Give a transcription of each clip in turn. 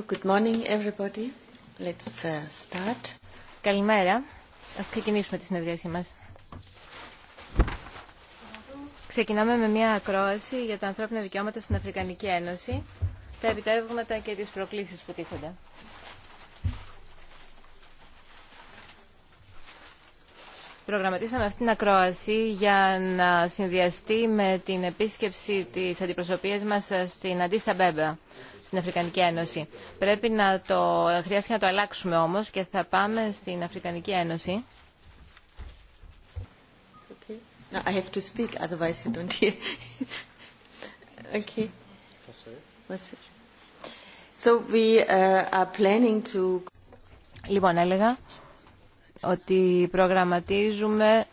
good morning everybody. Let's uh, start. Καλημέρα. Ας ξεκινήσουμε τη συνεδρίαση μας. Ξεκινάμε με μια ακρόαση για τα ανθρώπινα δικαιώματα στην Αφρικανική Ένωση, τα επιτεύγματα και τις προκλήσεις που τίθενται. Προγραμματίσαμε αυτήν την ακρόαση για να συνδυαστεί με την επίσκεψη της αντιπροσωπείας μας στην Αντίσα Μπέμπα, στην Αφρικανική Ένωση. Πρέπει να το, χρειάζεται να το αλλάξουμε όμως και θα πάμε στην Αφρικανική Ένωση. Okay. I have to speak, otherwise you don't hear. okay. So we uh, are planning to... Λοιπόν, έλεγα ότι προγραμματίζουμε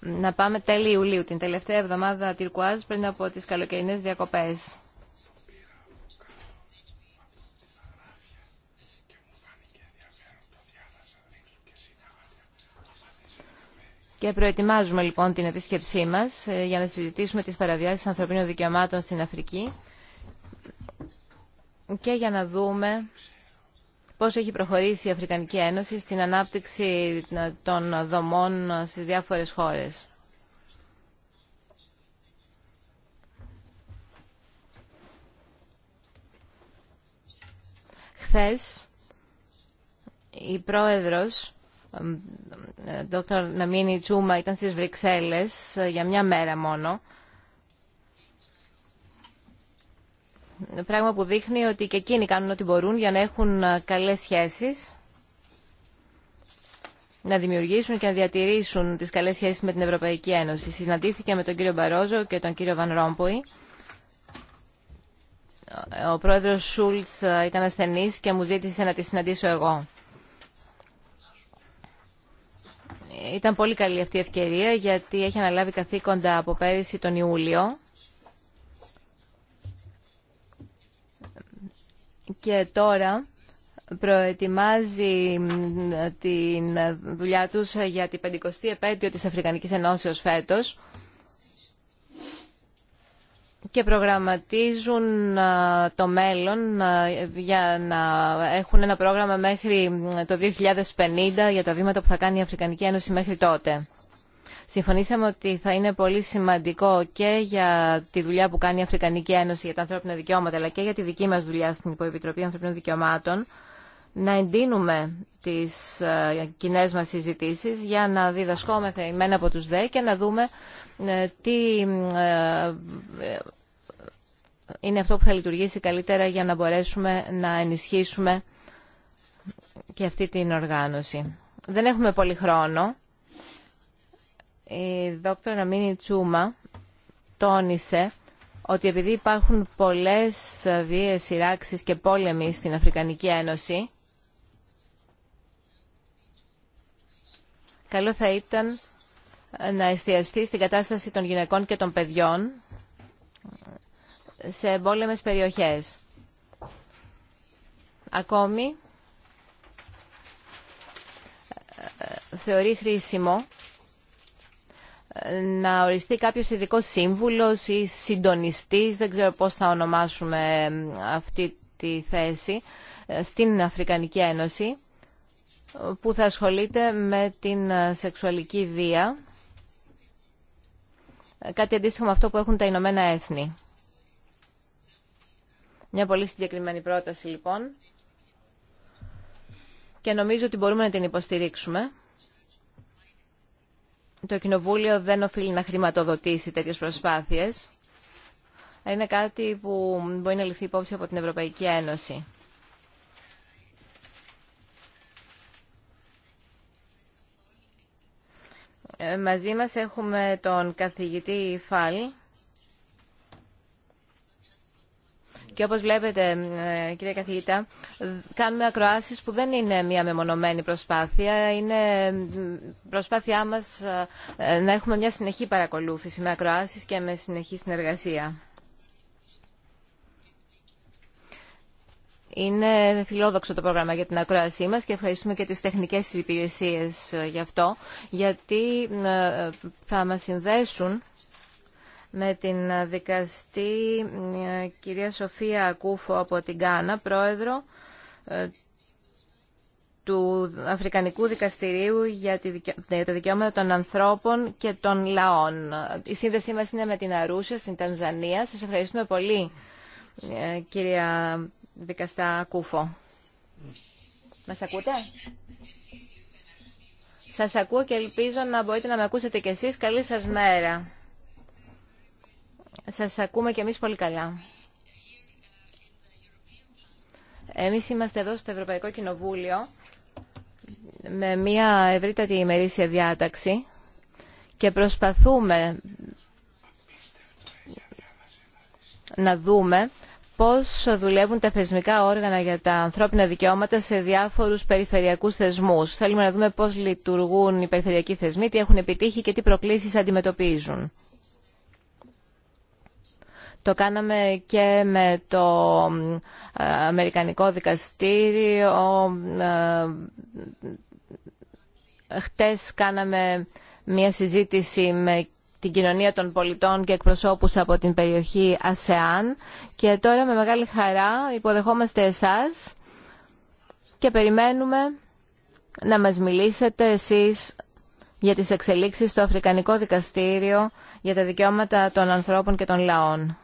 να πάμε τέλη Ιουλίου, την τελευταία εβδομάδα Τυρκουάζ πριν από τις καλοκαιρινές διακοπές. Και προετοιμάζουμε λοιπόν την επίσκεψή μας ε, για να συζητήσουμε τις παραβιάσεις ανθρωπίνων δικαιωμάτων στην Αφρική και για να δούμε πώς έχει προχωρήσει η Αφρικανική Ένωση στην ανάπτυξη των δομών σε διάφορες χώρες. Χθες, η πρόεδρος, ε, ε, ε, Δόκτωρ Ναμίνη Τσούμα, ήταν στις Βρυξέλλες για μια μέρα μόνο Πράγμα που δείχνει ότι και εκείνοι κάνουν ό,τι μπορούν για να έχουν ε, καλές σχέσεις, να δημιουργήσουν και να διατηρήσουν τις καλές σχέσεις με την Ευρωπαϊκή Ένωση. Συναντήθηκε με τον κύριο Μπαρόζο και τον κύριο Βαν Ρόμποη. Ο πρόεδρος Σούλτς ε, ήταν ασθενής και μου ζήτησε να τη συναντήσω εγώ. Ήταν πολύ καλή αυτή η ευκαιρία γιατί έχει αναλάβει καθήκοντα από πέρυσι τον Ιούλιο και τώρα προετοιμάζει τη δουλειά τους για την 50η επέτειο της Αφρικανικής Ενώσεως φέτος και προγραμματίζουν το μέλλον για να έχουν ένα πρόγραμμα μέχρι το 2050 για τα βήματα που θα κάνει η Αφρικανική Ένωση μέχρι τότε. Συμφωνήσαμε ότι θα είναι πολύ σημαντικό και για τη δουλειά που κάνει η Αφρικανική Ένωση για τα ανθρώπινα δικαιώματα, αλλά και για τη δική μας δουλειά στην Υποεπιτροπή Ανθρωπίνων Δικαιωμάτων, να εντείνουμε τις ε, κοινέ μας συζητήσεις για να διδασκόμεθα ημένα από τους ΔΕ και να δούμε ε, τι ε, είναι αυτό που θα λειτουργήσει καλύτερα για να μπορέσουμε να ενισχύσουμε και αυτή την οργάνωση. Δεν έχουμε πολύ χρόνο. Η ε, δόκτωρα Μίνι Τσούμα τόνισε ότι επειδή υπάρχουν πολλές βίες σειράξεις και πόλεμοι στην Αφρικανική Ένωση, καλό θα ήταν να εστιαστεί στην κατάσταση των γυναικών και των παιδιών σε εμπόλεμες περιοχές. Ακόμη, ε, θεωρεί χρήσιμο να οριστεί κάποιος ειδικό σύμβουλος ή συντονιστής, δεν ξέρω πώς θα ονομάσουμε αυτή τη θέση, στην Αφρικανική Ένωση, που θα ασχολείται με την σεξουαλική βία, κάτι αντίστοιχο με αυτό που έχουν τα Ηνωμένα Έθνη. Μια πολύ συγκεκριμένη πρόταση λοιπόν και νομίζω ότι μπορούμε να την υποστηρίξουμε το Κοινοβούλιο δεν οφείλει να χρηματοδοτήσει τέτοιες προσπάθειες. Είναι κάτι που μπορεί να ληφθεί υπόψη από την Ευρωπαϊκή Ένωση. Ε, μαζί μας έχουμε τον καθηγητή Φάλη, Και όπως βλέπετε, ε, κύριε καθηγήτα, κάνουμε ακροάσεις που δεν είναι μια μεμονωμένη προσπάθεια. Είναι προσπάθειά μας ε, ε, να έχουμε μια συνεχή παρακολούθηση με ακροάσεις και με συνεχή συνεργασία. Είναι φιλόδοξο το πρόγραμμα για την ακρόασή μας και ευχαριστούμε και τις τεχνικές υπηρεσίες γι' αυτό, γιατί θα μας συνδέσουν με την δικαστή κυρία Σοφία Ακούφο από την Κάνα, πρόεδρο ε, του Αφρικανικού Δικαστηρίου για τα δικαιώματα των ανθρώπων και των λαών. Η σύνδεσή μας είναι με την Αρούσια στην Τανζανία. Σας ευχαριστούμε πολύ, ε, κυρία δικαστά Κούφο. Μας ακούτε? Σας ακούω και ελπίζω να μπορείτε να με ακούσετε κι εσείς. Καλή σας μέρα. Σας ακούμε και εμείς πολύ καλά. Εμείς είμαστε εδώ στο Ευρωπαϊκό Κοινοβούλιο με μια ευρύτατη ημερήσια διάταξη και προσπαθούμε να δούμε πώς δουλεύουν τα θεσμικά όργανα για τα ανθρώπινα δικαιώματα σε διάφορους περιφερειακούς θεσμούς. Θέλουμε να δούμε πώς λειτουργούν οι περιφερειακοί θεσμοί, τι έχουν επιτύχει και τι προκλήσεις αντιμετωπίζουν. Το κάναμε και με το ε, Αμερικανικό Δικαστήριο. Ε, χτες κάναμε μια συζήτηση με την κοινωνία των πολιτών και εκπροσώπους από την περιοχή ΑΣΕΑΝ και τώρα με μεγάλη χαρά υποδεχόμαστε εσάς και περιμένουμε να μας μιλήσετε εσείς για τις εξελίξεις στο Αφρικανικό Δικαστήριο για τα δικαιώματα των ανθρώπων και των λαών.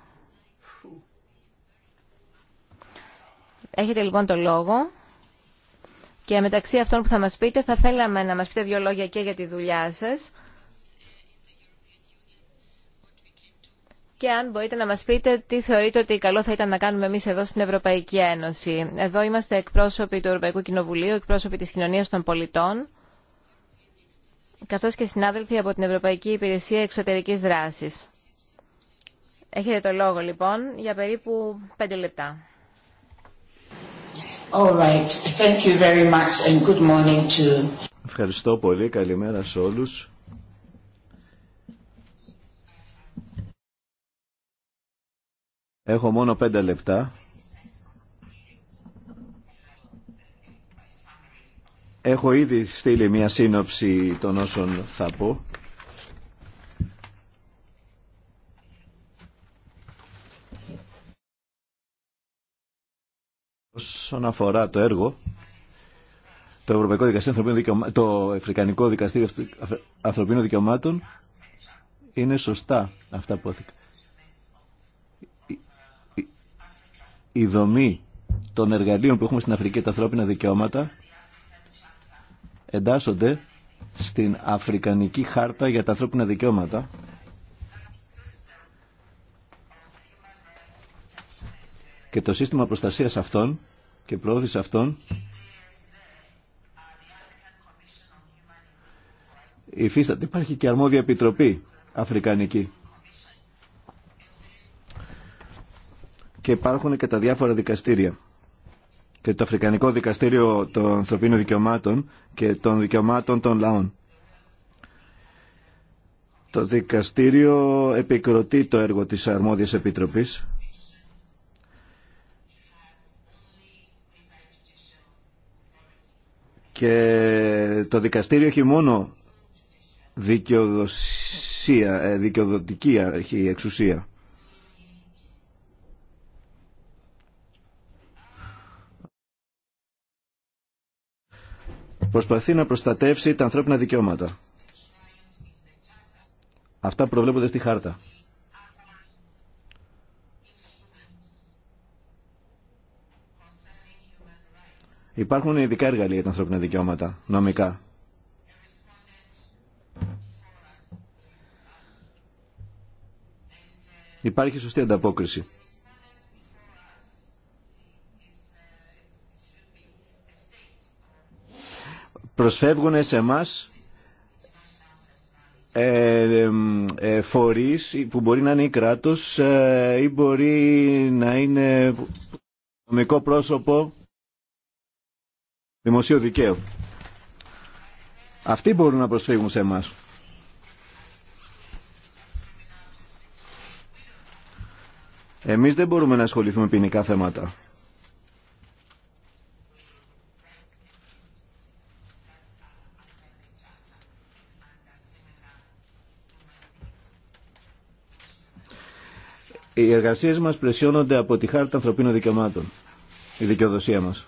Έχετε λοιπόν το λόγο και μεταξύ αυτών που θα μας πείτε θα θέλαμε να μας πείτε δύο λόγια και για τη δουλειά σας και αν μπορείτε να μας πείτε τι θεωρείτε ότι καλό θα ήταν να κάνουμε εμείς εδώ στην Ευρωπαϊκή Ένωση. Εδώ είμαστε εκπρόσωποι του Ευρωπαϊκού Κοινοβουλίου, εκπρόσωποι της κοινωνίας των πολιτών καθώς και συνάδελφοι από την Ευρωπαϊκή Υπηρεσία Εξωτερικής Δράσης. Έχετε το λόγο λοιπόν για περίπου πέντε λεπτά. Ευχαριστώ πολύ. Καλημέρα σε όλους. Έχω μόνο πέντε λεπτά. Έχω ήδη στείλει μια σύνοψη των όσων θα πω. Όσον αφορά το έργο, το Ευρωπαϊκό Δικαστήριο Ανθρωπίνων Δικαιωμάτων, το Αφρικανικό Δικαστήριο Ανθρωπίνων Δικαιωμάτων, είναι σωστά αυτά που έθηκα. Η, δομή των εργαλείων που έχουμε στην Αφρική τα ανθρώπινα δικαιώματα εντάσσονται στην Αφρικανική Χάρτα για τα ανθρώπινα δικαιώματα και το σύστημα προστασίας αυτών και προώθησης αυτών υφίσταται. Υπάρχει και αρμόδια επιτροπή αφρικανική. Και υπάρχουν και τα διάφορα δικαστήρια. Και το Αφρικανικό Δικαστήριο των Ανθρωπίνων Δικαιωμάτων και των Δικαιωμάτων των Λαών. Το δικαστήριο επικροτεί το έργο της αρμόδιας επιτροπής Και το δικαστήριο έχει μόνο δικαιοδοσία, ε, δικαιοδοτική αρχή, εξουσία. Προσπαθεί να προστατεύσει τα ανθρώπινα δικαιώματα. Αυτά προβλέπονται στη χάρτα. Υπάρχουν ειδικά εργαλεία για τα ανθρώπινα δικαιώματα, νομικά. Υπάρχει σωστή ανταπόκριση. Προσφεύγουν σε εμά ε, ε, που μπορεί να είναι ή κράτος ε, ή μπορεί να είναι νομικό πρόσωπο δημοσίου δικαίου. Αυτοί μπορούν να προσφύγουν σε εμάς. Εμείς δεν μπορούμε να ασχοληθούμε ποινικά θέματα. Οι εργασίες μας πλαισιώνονται από τη Χάρτα Ανθρωπίνων Δικαιωμάτων, η δικαιοδοσία μας.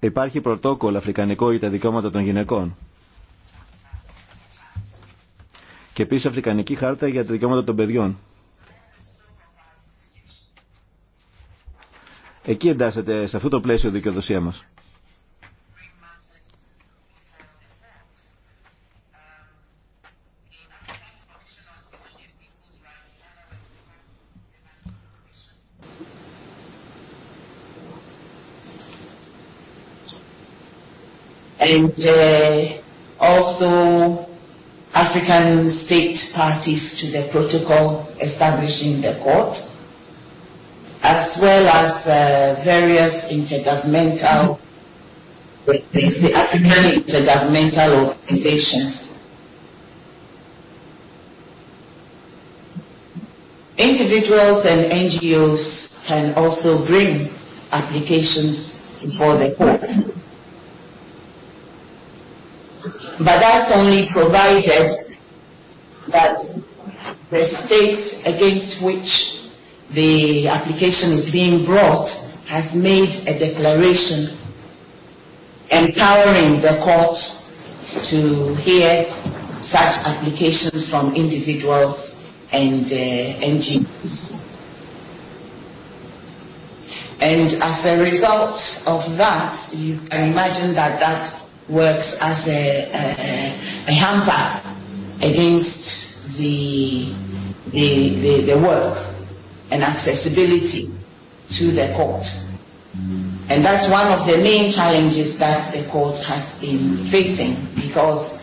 Υπάρχει πρωτόκολλο αφρικανικό για τα δικαιώματα των γυναικών. Και επίση αφρικανική χάρτα για τα δικαιώματα των παιδιών. Εκεί εντάσσεται σε αυτό το πλαίσιο δικαιοδοσία μας. and also African state parties to the protocol establishing the court, as well as various intergovernmental the African intergovernmental organizations. Individuals and NGOs can also bring applications before the court. But that's only provided that the state against which the application is being brought has made a declaration empowering the court to hear such applications from individuals and NGOs. And as a result of that, you can imagine that that works as a, a, a hamper against the, the, the, the work and accessibility to the court. And that's one of the main challenges that the court has been facing because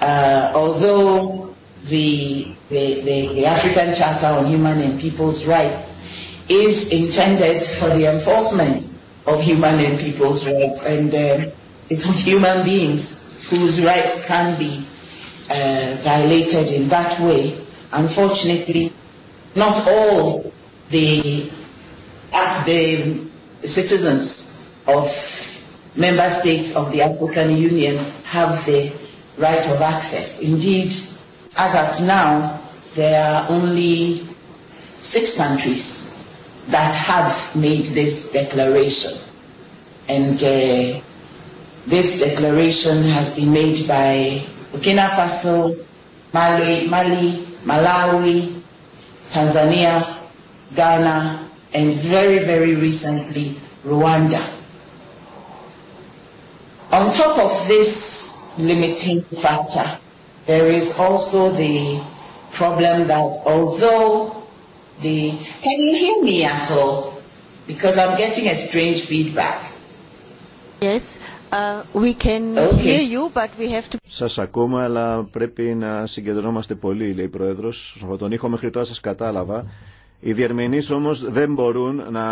uh, although the, the, the, the African Charter on Human and People's Rights is intended for the enforcement of human and people's rights and is human beings whose rights can be violated in that way. Unfortunately, not all the, the citizens of member states of the African Union have the right of access. Indeed, as at now, there are only six countries that have made this declaration. And This declaration has been made by Burkina Faso, Mali, Mali, Malawi, Tanzania, Ghana, and very, very recently, Rwanda. On top of this limiting factor, there is also the problem that although the... Can you hear me at all? Because I'm getting a strange feedback. Yes, Uh, we Σας ακούμε, αλλά πρέπει να συγκεντρώμαστε πολύ, λέει η Πρόεδρος. Από τον ήχο μέχρι τώρα σας κατάλαβα. Οι διερμηνείς όμως δεν μπορούν να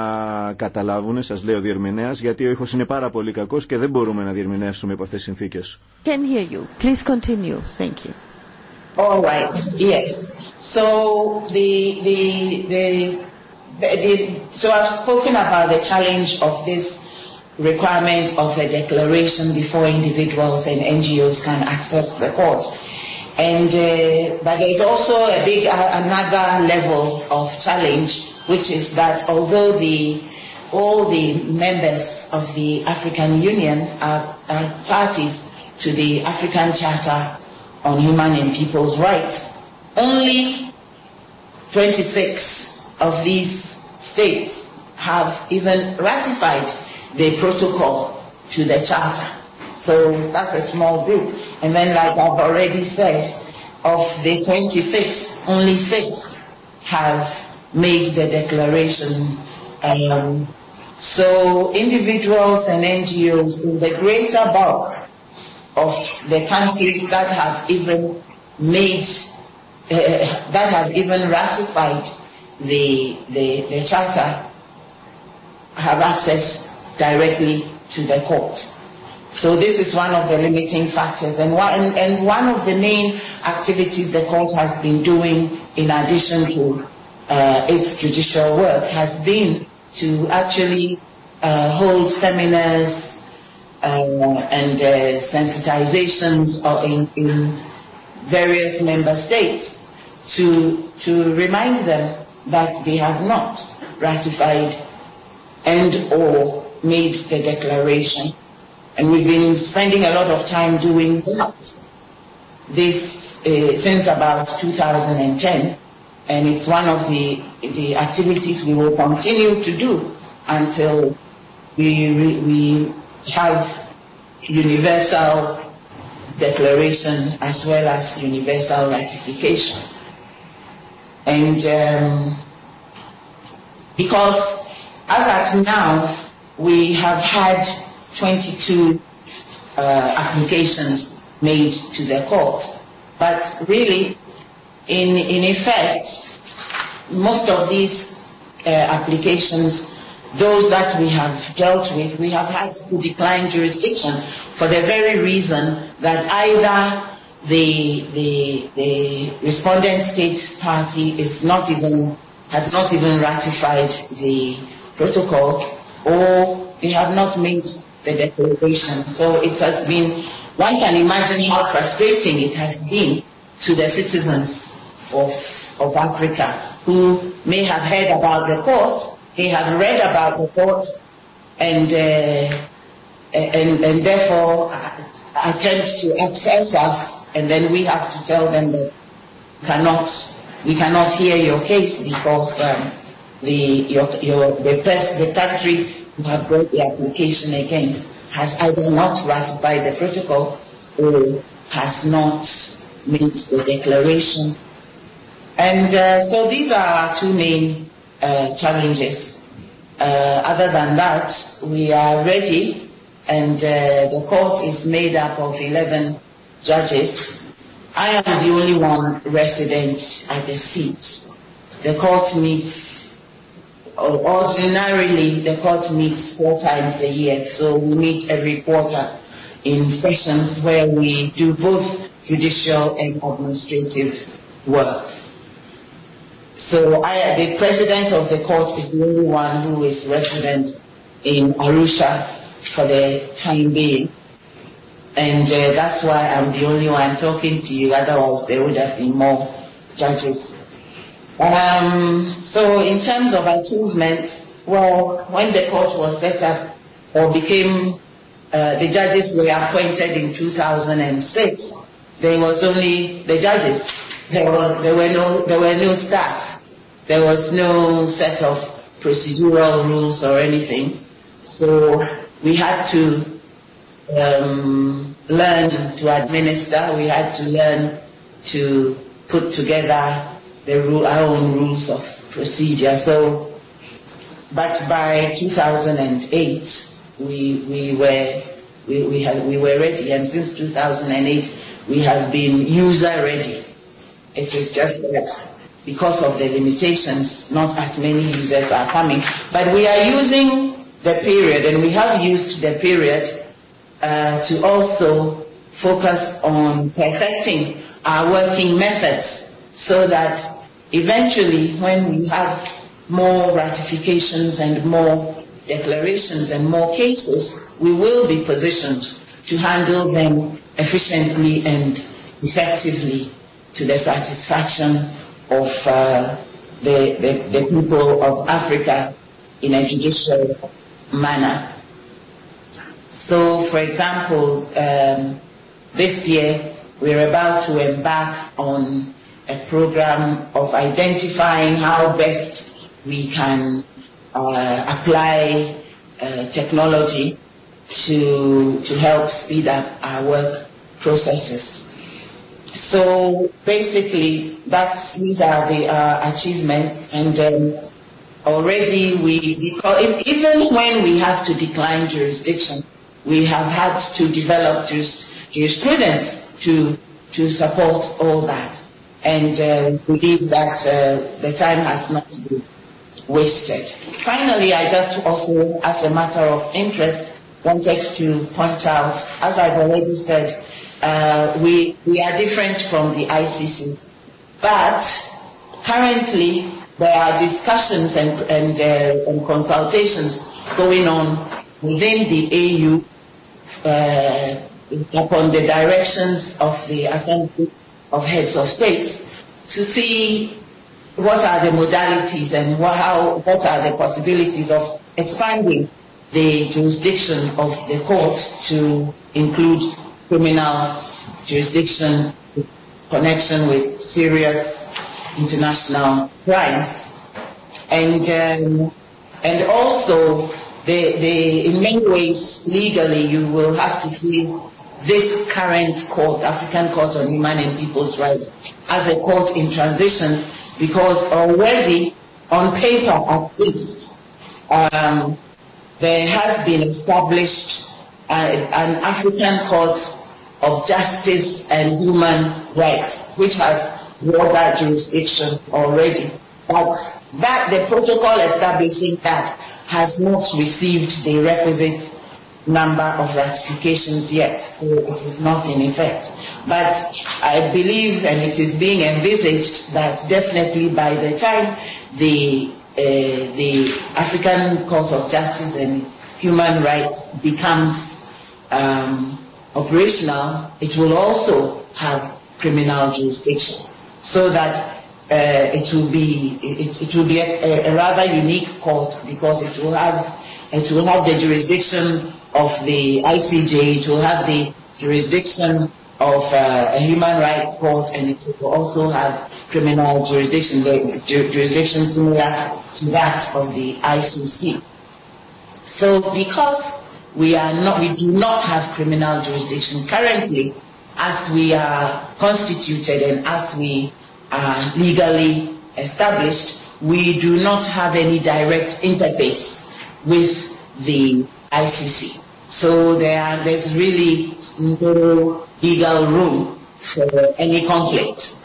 καταλάβουν, σας λέει ο διερμηνέας, γιατί ο ήχος είναι πάρα πολύ κακός και δεν μπορούμε να διερμηνεύσουμε υπό αυτές τις συνθήκες. Can hear you. Please continue. Thank you. All right. Yes. So the the the, the so I've spoken about the challenge of this requirement of a declaration before individuals and NGOs can access the court. And uh, but there's also a big uh, another level of challenge, which is that although the all the members of the African Union are, are parties to the African Charter on Human and People's Rights, only 26 of these states have even ratified the protocol to the charter. So that's a small group. And then, like I've already said, of the 26, only six have made the declaration. Um, so individuals and NGOs in the greater bulk of the countries that have even made, uh, that have even ratified the, the, the charter have access directly to the court. So this is one of the limiting factors and one, and, one of the main activities the court has been doing in addition to its judicial work has been to actually hold seminars and sensitizations or in, in various member states to, to remind them that they have not ratified and or made the declaration. And we've been spending a lot of time doing this uh, since about 2010. And it's one of the, the activities we will continue to do until we, we have universal declaration as well as universal ratification. And um, because as at now, We have had 22 applications made to the court. But really, in, in effect, most of these applications, those that we have dealt with, we have had to decline jurisdiction for the very reason that either the, the, the respondent state party is not even, has not even ratified the protocol or they have not made the declaration. So it has been, one can imagine how frustrating it has been to the citizens of, of Africa who may have heard about the court, they have read about the court, and, uh, and, and therefore attempt to access us, and then we have to tell them that cannot, we cannot hear your case because um, the your the person the country who have brought the application against has either not ratified the protocol or has not made the declaration. And so these are our two main challenges. other than that, we are ready, and the court is made up of 11 judges. I am the only one resident at the seat. The court meets ordinarily the court meets four times a year, so we meet every quarter in sessions where we do both judicial and administrative work. So I, the president of the court is the only one who is resident in Arusha for the time being. And uh, that's why I'm the only one talking to you, otherwise there would have been more judges Um, so in terms of achievements, well, when the court was set up or became, uh, the judges were appointed in 2006. There was only the judges. There was there were no there were no staff. There was no set of procedural rules or anything. So we had to um, learn to administer. We had to learn to put together the rule, our own rules of procedure. So, but by 2008, we, we were we, we, had, we were ready, and since 2008, we have been user ready. It is just that because of the limitations, not as many users are coming. But we are using the period, and we have used the period uh, to also focus on perfecting our working methods so that eventually when we have more ratifications and more declarations and more cases, we will be positioned to handle them efficiently and effectively to the satisfaction of the, the, the people of Africa in a judicial manner. So, for example, um, this year we're about to embark on a program of identifying how best we can uh, apply uh, technology to, to help speed up our work processes. So basically, that's, these are the uh, achievements and um, already we, even when we have to decline jurisdiction, we have had to develop jurisprudence to, to support all that and believe that the time has not been wasted. Finally, I just also, as a matter of interest, wanted to point out, as I've already said, uh, we, we are different from the ICC. But currently, there are discussions and, and, uh, and consultations going on within the AU uh, upon the directions of the Assembly of heads of states to see what are the modalities and what, how, what are the possibilities of expanding the jurisdiction of the court to include criminal jurisdiction in connection with serious international crimes. And, and also, the, the, in many ways, legally, you will have to see this current court, African Court on Human and People's Rights, as a court in transition because already on paper at least there has been established an African Court of Justice and Human Rights, which has broader jurisdiction already. But that the protocol establishing that has not received the requisite number of ratifications yet, so it is not in effect. But I believe, and it is being envisaged, that definitely by the time the uh, the African Court of Justice and Human Rights becomes um, operational, it will also have criminal jurisdiction, so that uh, it will be it, it will be a, a rather unique court because it will have it will have the jurisdiction of the ICJ, it will have the jurisdiction of a human rights court and it will also have criminal jurisdiction, jurisdiction similar to that of the ICC. So because we are not, we do not have criminal jurisdiction currently, as we are constituted and as we are legally established, we do not have any direct interface with the ICC. So there, there's really no legal room for any conflict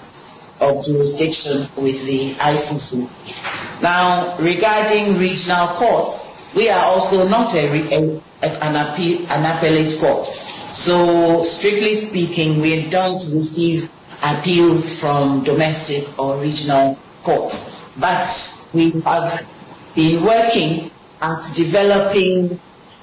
of jurisdiction with the ICC. Now, regarding regional courts, we are also not a, a, an, appeal, an appellate court. So, strictly speaking, we don't receive appeals from domestic or regional courts. But we have been working at developing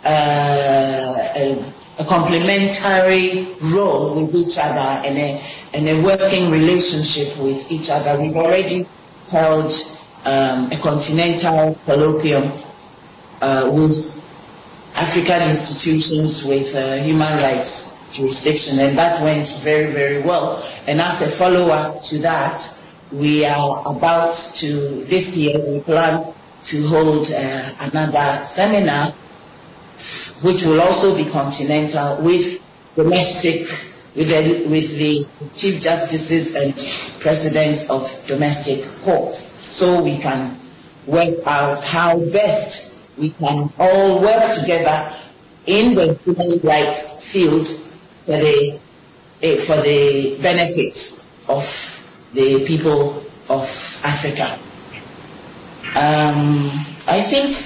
a complementary role with each other and a, and a working relationship with each other. We've already held um, a continental colloquium uh, with African institutions with uh, human rights jurisdiction and that went very, very well. And as a follow-up to that, we are about to, this year we plan to hold uh, another seminar which will also be continental with domestic, with the, with the chief justices and presidents of domestic courts. So we can work out how best we can all work together in the human rights field for the, for the benefit of the people of Africa. Um, I think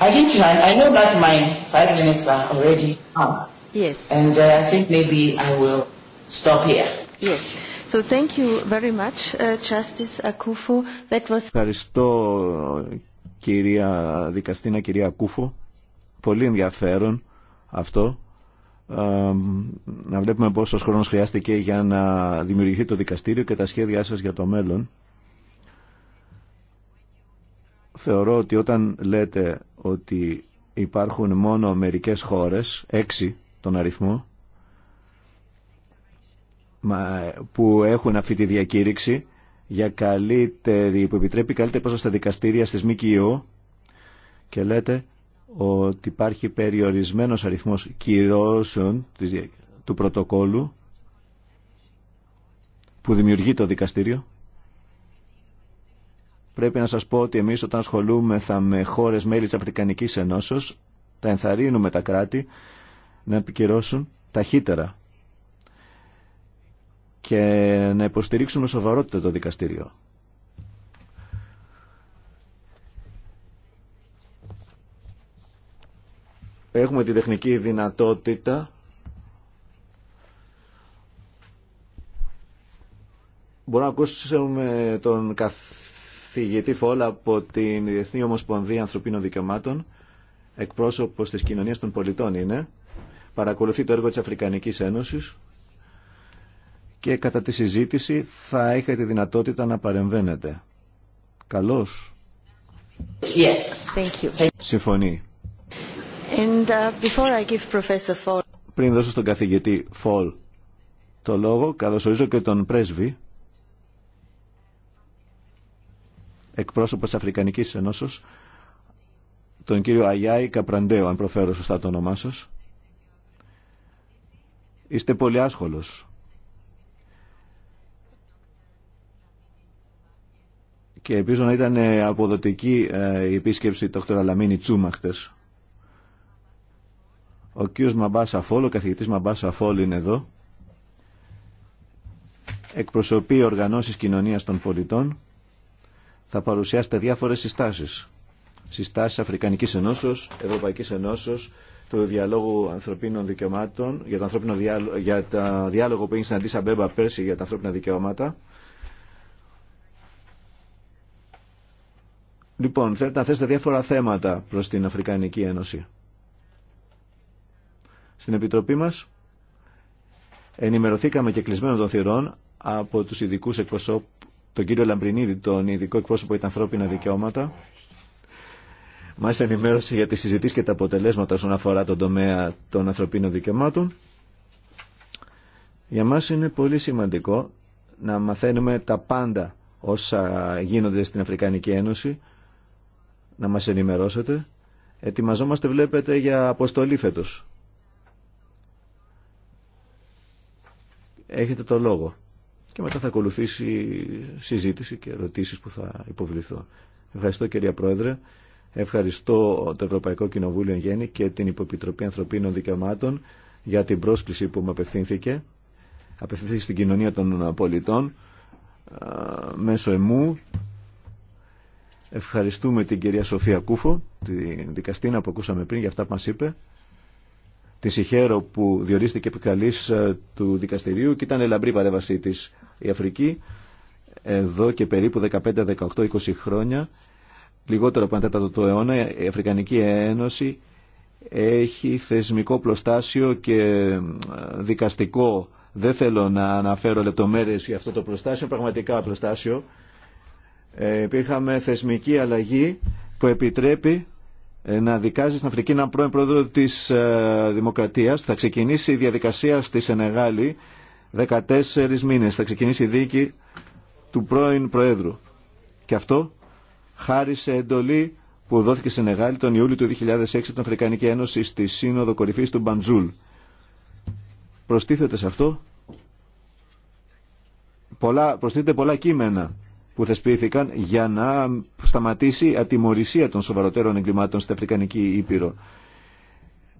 I think you I know that my five minutes are already up. Yes. And uh, I think maybe I will stop here. Yes. So thank you very much, uh, Justice Akufo. That was... Ευχαριστώ κυρία δικαστήνα, κυρία Ακούφο. Πολύ ενδιαφέρον αυτό. Ε, να βλέπουμε πόσος χρόνος χρειάστηκε για να δημιουργηθεί το δικαστήριο και τα σχέδιά σας για το μέλλον θεωρώ ότι όταν λέτε ότι υπάρχουν μόνο μερικές χώρες, έξι τον αριθμό, που έχουν αυτή τη διακήρυξη για καλύτερη, που επιτρέπει καλύτερη πρόσβαση στα δικαστήρια στις ΜΚΙΟ και λέτε ότι υπάρχει περιορισμένος αριθμός κυρώσεων του πρωτοκόλου που δημιουργεί το δικαστήριο Πρέπει να σας πω ότι εμείς όταν ασχολούμεθα με χώρες μέλη της Αφρικανικής Ενώσεως, τα ενθαρρύνουμε τα κράτη να επικυρώσουν ταχύτερα και να υποστηρίξουν με σοβαρότητα το δικαστήριο. Έχουμε τη τεχνική δυνατότητα Μπορούμε να ακούσουμε τον καθ καθηγητή Φόλα από την Διεθνή Ομοσπονδία Ανθρωπίνων Δικαιωμάτων, εκπρόσωπος της κοινωνίας των πολιτών είναι, παρακολουθεί το έργο της Αφρικανικής Ένωσης και κατά τη συζήτηση θα είχε τη δυνατότητα να παρεμβαίνετε. Καλώς. Yes. Thank you. Συμφωνεί. And, uh, I give Professor Fall... Πριν δώσω στον καθηγητή Φόλ το λόγο, καλωσορίζω και τον πρέσβη εκπρόσωπο τη Αφρικανική Ενώσεω, τον κύριο Αγιάη Καπραντέο, αν προφέρω σωστά το όνομά σα. Είστε πολύ άσχολο. Και ελπίζω να ήταν ε, αποδοτική ε, η επίσκεψη του Δ. Λαμίνη Τσούμα Ο κύριος Μαμπά Σαφόλ, ο καθηγητής Μαμπά Σαφόλ είναι εδώ. Εκπροσωπεί οργανώσεις κοινωνίας των πολιτών θα παρουσιάσετε διάφορες συστάσεις. Συστάσεις Αφρικανικής Ενώσεως, Ευρωπαϊκής Ενώσεως, του Διαλόγου Ανθρωπίνων Δικαιωμάτων, για, το ανθρώπινο διάλο... για τα διάλογο που έγινε στην Αντίσα Μπέμπα πέρσι για τα ανθρώπινα δικαιώματα. Λοιπόν, θέλετε να θέσετε διάφορα θέματα προς την Αφρικανική Ένωση. Στην Επιτροπή μας ενημερωθήκαμε και κλεισμένο των θυρών από τους ειδικού εκπροσώπους τον κύριο Λαμπρινίδη, τον ειδικό εκπρόσωπο για τα ανθρώπινα δικαιώματα. Μα ενημέρωσε για τι συζητήσει και τα αποτελέσματα όσον αφορά τον τομέα των ανθρωπίνων δικαιωμάτων. Για μας είναι πολύ σημαντικό να μαθαίνουμε τα πάντα όσα γίνονται στην Αφρικανική Ένωση, να μας ενημερώσετε. Ετοιμαζόμαστε, βλέπετε, για αποστολή φέτος. Έχετε το λόγο και μετά θα ακολουθήσει συζήτηση και ερωτήσεις που θα υποβληθώ. Ευχαριστώ κυρία Πρόεδρε. Ευχαριστώ το Ευρωπαϊκό Κοινοβούλιο Γέννη και την Υποπιτροπή Ανθρωπίνων Δικαιωμάτων για την πρόσκληση που μου απευθύνθηκε. Απευθύνθηκε στην κοινωνία των πολιτών μέσω εμού. Ευχαριστούμε την κυρία Σοφία Κούφο, την δικαστήνα που ακούσαμε πριν για αυτά που μας είπε τη Σιχέρο που διορίστηκε επικαλή ε, του δικαστηρίου και ήταν λαμπρή παρέμβασή τη η Αφρική εδώ και περίπου 15, 18, 20 χρόνια λιγότερο από ένα τέταρτο του αιώνα η Αφρικανική Ένωση έχει θεσμικό πλωστάσιο και ε, δικαστικό δεν θέλω να αναφέρω λεπτομέρειες για αυτό το πλωστάσιο, πραγματικά πλωστάσιο ε, υπήρχαμε θεσμική αλλαγή που επιτρέπει ε, να δικάζει στην Αφρική έναν πρώην πρόεδρο της ε, Δημοκρατίας. Θα ξεκινήσει η διαδικασία στη Σενεγάλη 14 μήνες. Θα ξεκινήσει η δίκη του πρώην Προέδρου. Και αυτό χάρη σε εντολή που δόθηκε στη Σενεγάλη τον Ιούλιο του 2006 την Αφρικανική Ένωση στη Σύνοδο Κορυφής του Μπαντζούλ. Προστίθεται σε αυτό πολλά, πολλά κείμενα που θεσπίθηκαν για να σταματήσει η ατιμορρησία των σοβαρότερων εγκλημάτων στην Αφρικανική Ήπειρο.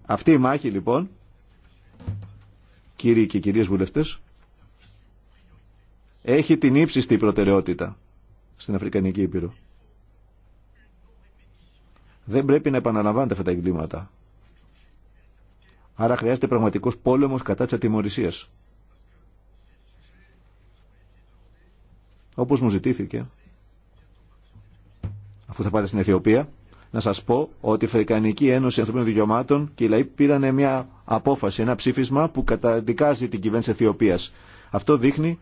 Αυτή η μάχη λοιπόν, κύριοι και κυρίες βουλευτές, έχει την ύψιστη προτεραιότητα στην Αφρικανική Ήπειρο. Δεν πρέπει να επαναλαμβάνεται αυτά τα εγκλήματα. Άρα χρειάζεται πραγματικός πόλεμος κατά της ατιμορρησίας. όπως μου ζητήθηκε, αφού θα πάτε στην Αιθιοπία, να σας πω ότι η Αφρικανική Ένωση Ανθρωπίνων Δικαιωμάτων και οι λαοί πήραν μια απόφαση, ένα ψήφισμα που καταδικάζει την κυβέρνηση Αιθιοπίας. Αυτό δείχνει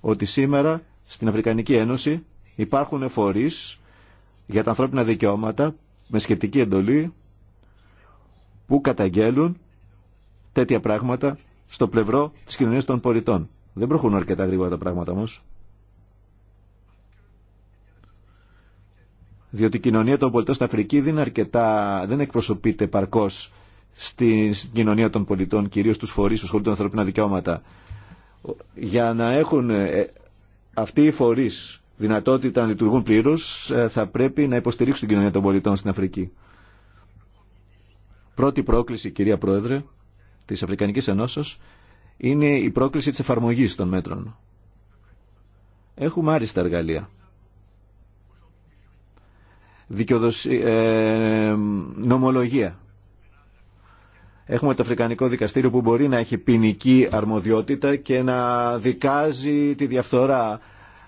ότι σήμερα στην Αφρικανική Ένωση υπάρχουν φορείς για τα ανθρώπινα δικαιώματα με σχετική εντολή που καταγγέλουν τέτοια πράγματα στο πλευρό της κοινωνίας των πολιτών. Δεν προχωρούν αρκετά γρήγορα τα πράγματα όμως. Διότι η κοινωνία των πολιτών στην Αφρική δεν, αρκετά, εκπροσωπείται παρκώ στην κοινωνία των πολιτών, κυρίω του φορεί που ασχολούνται με ανθρωπίνα δικαιώματα. Για να έχουν ε, αυτοί οι φορεί δυνατότητα να λειτουργούν πλήρω, ε, θα πρέπει να υποστηρίξουν την κοινωνία των πολιτών στην Αφρική. Πρώτη πρόκληση, κυρία Πρόεδρε, τη Αφρικανική Ενώσεω είναι η πρόκληση τη εφαρμογή των μέτρων. Έχουμε άριστα εργαλεία δικαιοδοσία, ε, νομολογία. Έχουμε το Αφρικανικό Δικαστήριο που μπορεί να έχει ποινική αρμοδιότητα και να δικάζει τη διαφθορά,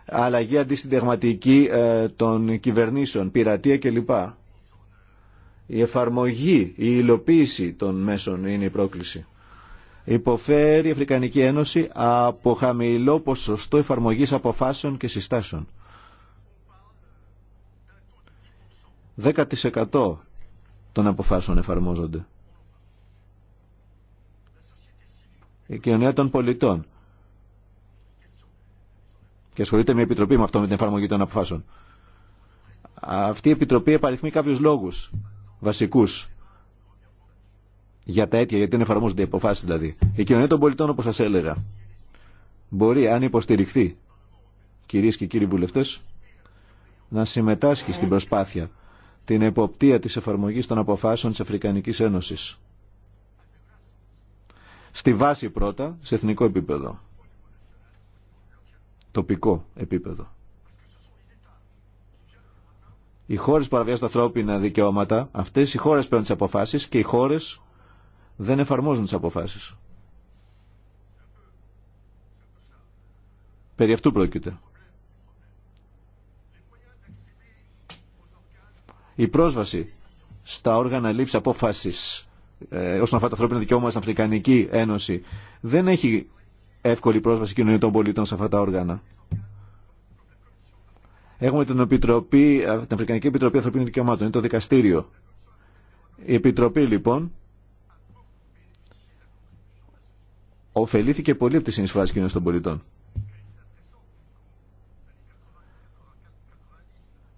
αλλαγή αντισυντεγματική ε, των κυβερνήσεων, πειρατεία κλπ. Η εφαρμογή, η υλοποίηση των μέσων είναι η πρόκληση. Υποφέρει η Αφρικανική Ένωση από χαμηλό ποσοστό εφαρμογής αποφάσεων και συστάσεων. 10% των αποφάσεων εφαρμόζονται. Η κοινωνία των πολιτών. Και ασχολείται μια επιτροπή με αυτό, με την εφαρμογή των αποφάσεων. Αυτή η επιτροπή επαριθμεί κάποιου λόγου βασικού για τα αίτια, γιατί δεν εφαρμόζονται οι αποφάσει δηλαδή. Η κοινωνία των πολιτών, όπω σα έλεγα, μπορεί, αν υποστηριχθεί, κυρίε και κύριοι βουλευτέ, να συμμετάσχει στην προσπάθεια την εποπτεία της εφαρμογής των αποφάσεων της Αφρικανικής Ένωσης. Στη βάση πρώτα, σε εθνικό επίπεδο. Τοπικό επίπεδο. Οι χώρες που παραβιάζουν τα ανθρώπινα δικαιώματα, αυτές οι χώρες παίρνουν τις αποφάσεις και οι χώρες δεν εφαρμόζουν τις αποφάσεις. Περί αυτού πρόκειται. η πρόσβαση στα όργανα λήψη απόφαση ε, όσον αφορά τα ανθρώπινα δικαιώματα στην Αφρικανική Ένωση δεν έχει εύκολη πρόσβαση κοινωνία των πολιτών σε αυτά τα όργανα. Έχουμε την, Επιτροπή, ε, την Αφρικανική Επιτροπή Ανθρωπίνων Δικαιωμάτων, είναι το δικαστήριο. Η Επιτροπή λοιπόν ωφελήθηκε πολύ από τη συνεισφορά τη κοινωνία των πολιτών.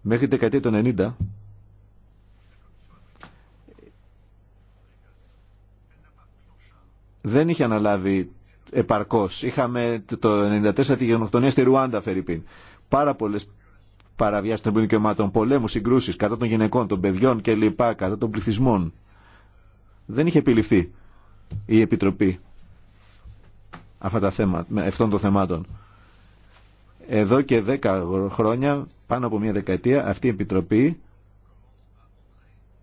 Μέχρι τη δεκαετία των 90 δεν είχε αναλάβει επαρκώς. Είχαμε το 1994 τη γενοκτονία στη Ρουάντα, Φερρυπίν. Πάρα πολλέ παραβιάσει των δικαιωμάτων, πολέμου, συγκρούσει κατά των γυναικών, των παιδιών κλπ. κατά των πληθυσμών. Δεν είχε επιληφθεί η Επιτροπή αυτά τα θέματα, αυτών των θεμάτων. Εδώ και δέκα χρόνια, πάνω από μια δεκαετία, αυτή η Επιτροπή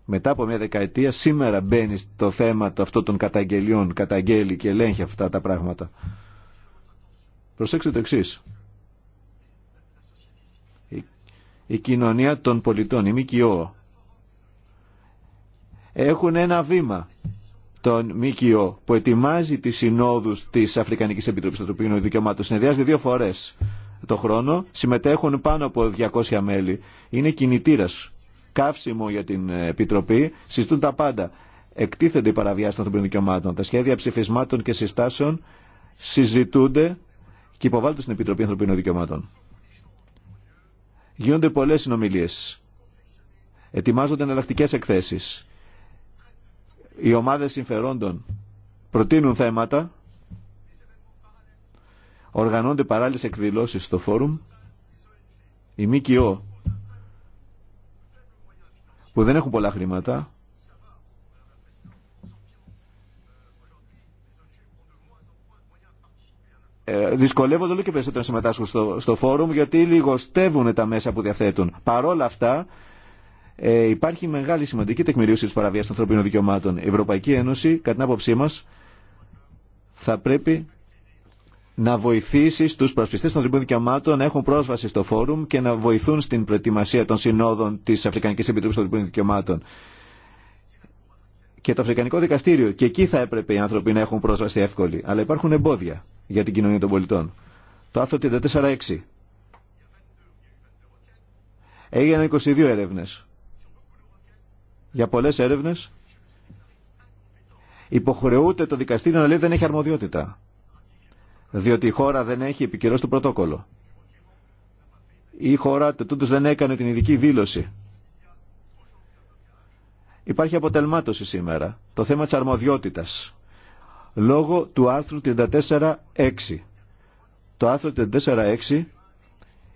μετά από μια δεκαετία σήμερα μπαίνει στο θέμα το αυτό των καταγγελιών, καταγγέλει και ελέγχει αυτά τα πράγματα. Προσέξτε το εξή. Η, η, κοινωνία των πολιτών, η ΜΚΟ, έχουν ένα βήμα τον ΜΚΟ που ετοιμάζει τις συνόδους της Αφρικανικής Επιτροπής του Τοπικών Δικαιωμάτων. Συνεδριάζεται δύο φορές το χρόνο, συμμετέχουν πάνω από 200 μέλη. Είναι κινητήρας καύσιμο για την Επιτροπή, συζητούν τα πάντα. Εκτίθενται οι παραβιάσει των ανθρωπίνων δικαιωμάτων. Τα σχέδια ψηφισμάτων και συστάσεων συζητούνται και υποβάλλονται στην Επιτροπή Ανθρωπίνων Δικαιωμάτων. Γίνονται πολλέ συνομιλίε. Ετοιμάζονται εναλλακτικέ εκθέσει. Οι ομάδε συμφερόντων προτείνουν θέματα. Οργανώνται παράλληλε εκδηλώσει στο φόρουμ. Η ΜΚΟ που δεν έχουν πολλά χρήματα. Ε, δυσκολεύονται όλο και περισσότερο να συμμετάσχουν στο, στο φόρουμ γιατί λιγοστεύουν τα μέσα που διαθέτουν. Παρόλα αυτά ε, υπάρχει μεγάλη σημαντική τεκμηρίωση της παραβίας των ανθρωπίνων δικαιωμάτων. Η Ευρωπαϊκή Ένωση, κατά την άποψή μας, θα πρέπει να βοηθήσει στου προσπιστέ των ανθρωπίνων δικαιωμάτων να έχουν πρόσβαση στο φόρουμ και να βοηθούν στην προετοιμασία των συνόδων τη Αφρικανική Επιτροπή των Ανθρωπίνων Δικαιωμάτων. Και το Αφρικανικό Δικαστήριο. Και εκεί θα έπρεπε οι άνθρωποι να έχουν πρόσβαση εύκολη. Αλλά υπάρχουν εμπόδια για την κοινωνία των πολιτών. Το άρθρο 34.6. Έγιναν 22 έρευνε. Για πολλέ έρευνε υποχρεούται το δικαστήριο να λέει δεν έχει αρμοδιότητα διότι η χώρα δεν έχει επικυρώσει το πρωτόκολλο. Η χώρα τούτος δεν έκανε την ειδική δήλωση. Υπάρχει αποτελμάτωση σήμερα. Το θέμα της αρμοδιότητας. Λόγω του άρθρου 34.6. Το άρθρο 34.6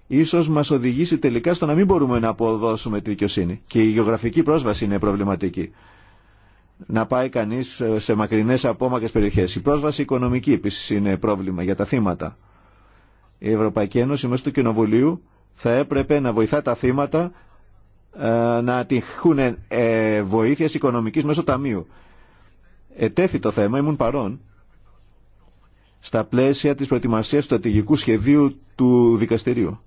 ίσως μας οδηγήσει τελικά στο να μην μπορούμε να αποδώσουμε τη δικαιοσύνη. Και η γεωγραφική πρόσβαση είναι προβληματική να πάει κανεί ε, σε μακρινέ απόμακρες περιοχέ. Η πρόσβαση οικονομική επίση είναι πρόβλημα για τα θύματα. Η Ευρωπαϊκή Ένωση μέσω του Κοινοβουλίου θα έπρεπε να βοηθά τα θύματα ε, να ατυχούν ε, βοήθειας οικονομικής μέσω ταμείου. Ετέθη το θέμα, ήμουν παρόν, στα πλαίσια της προετοιμασίας του στρατηγικού σχεδίου του δικαστηρίου.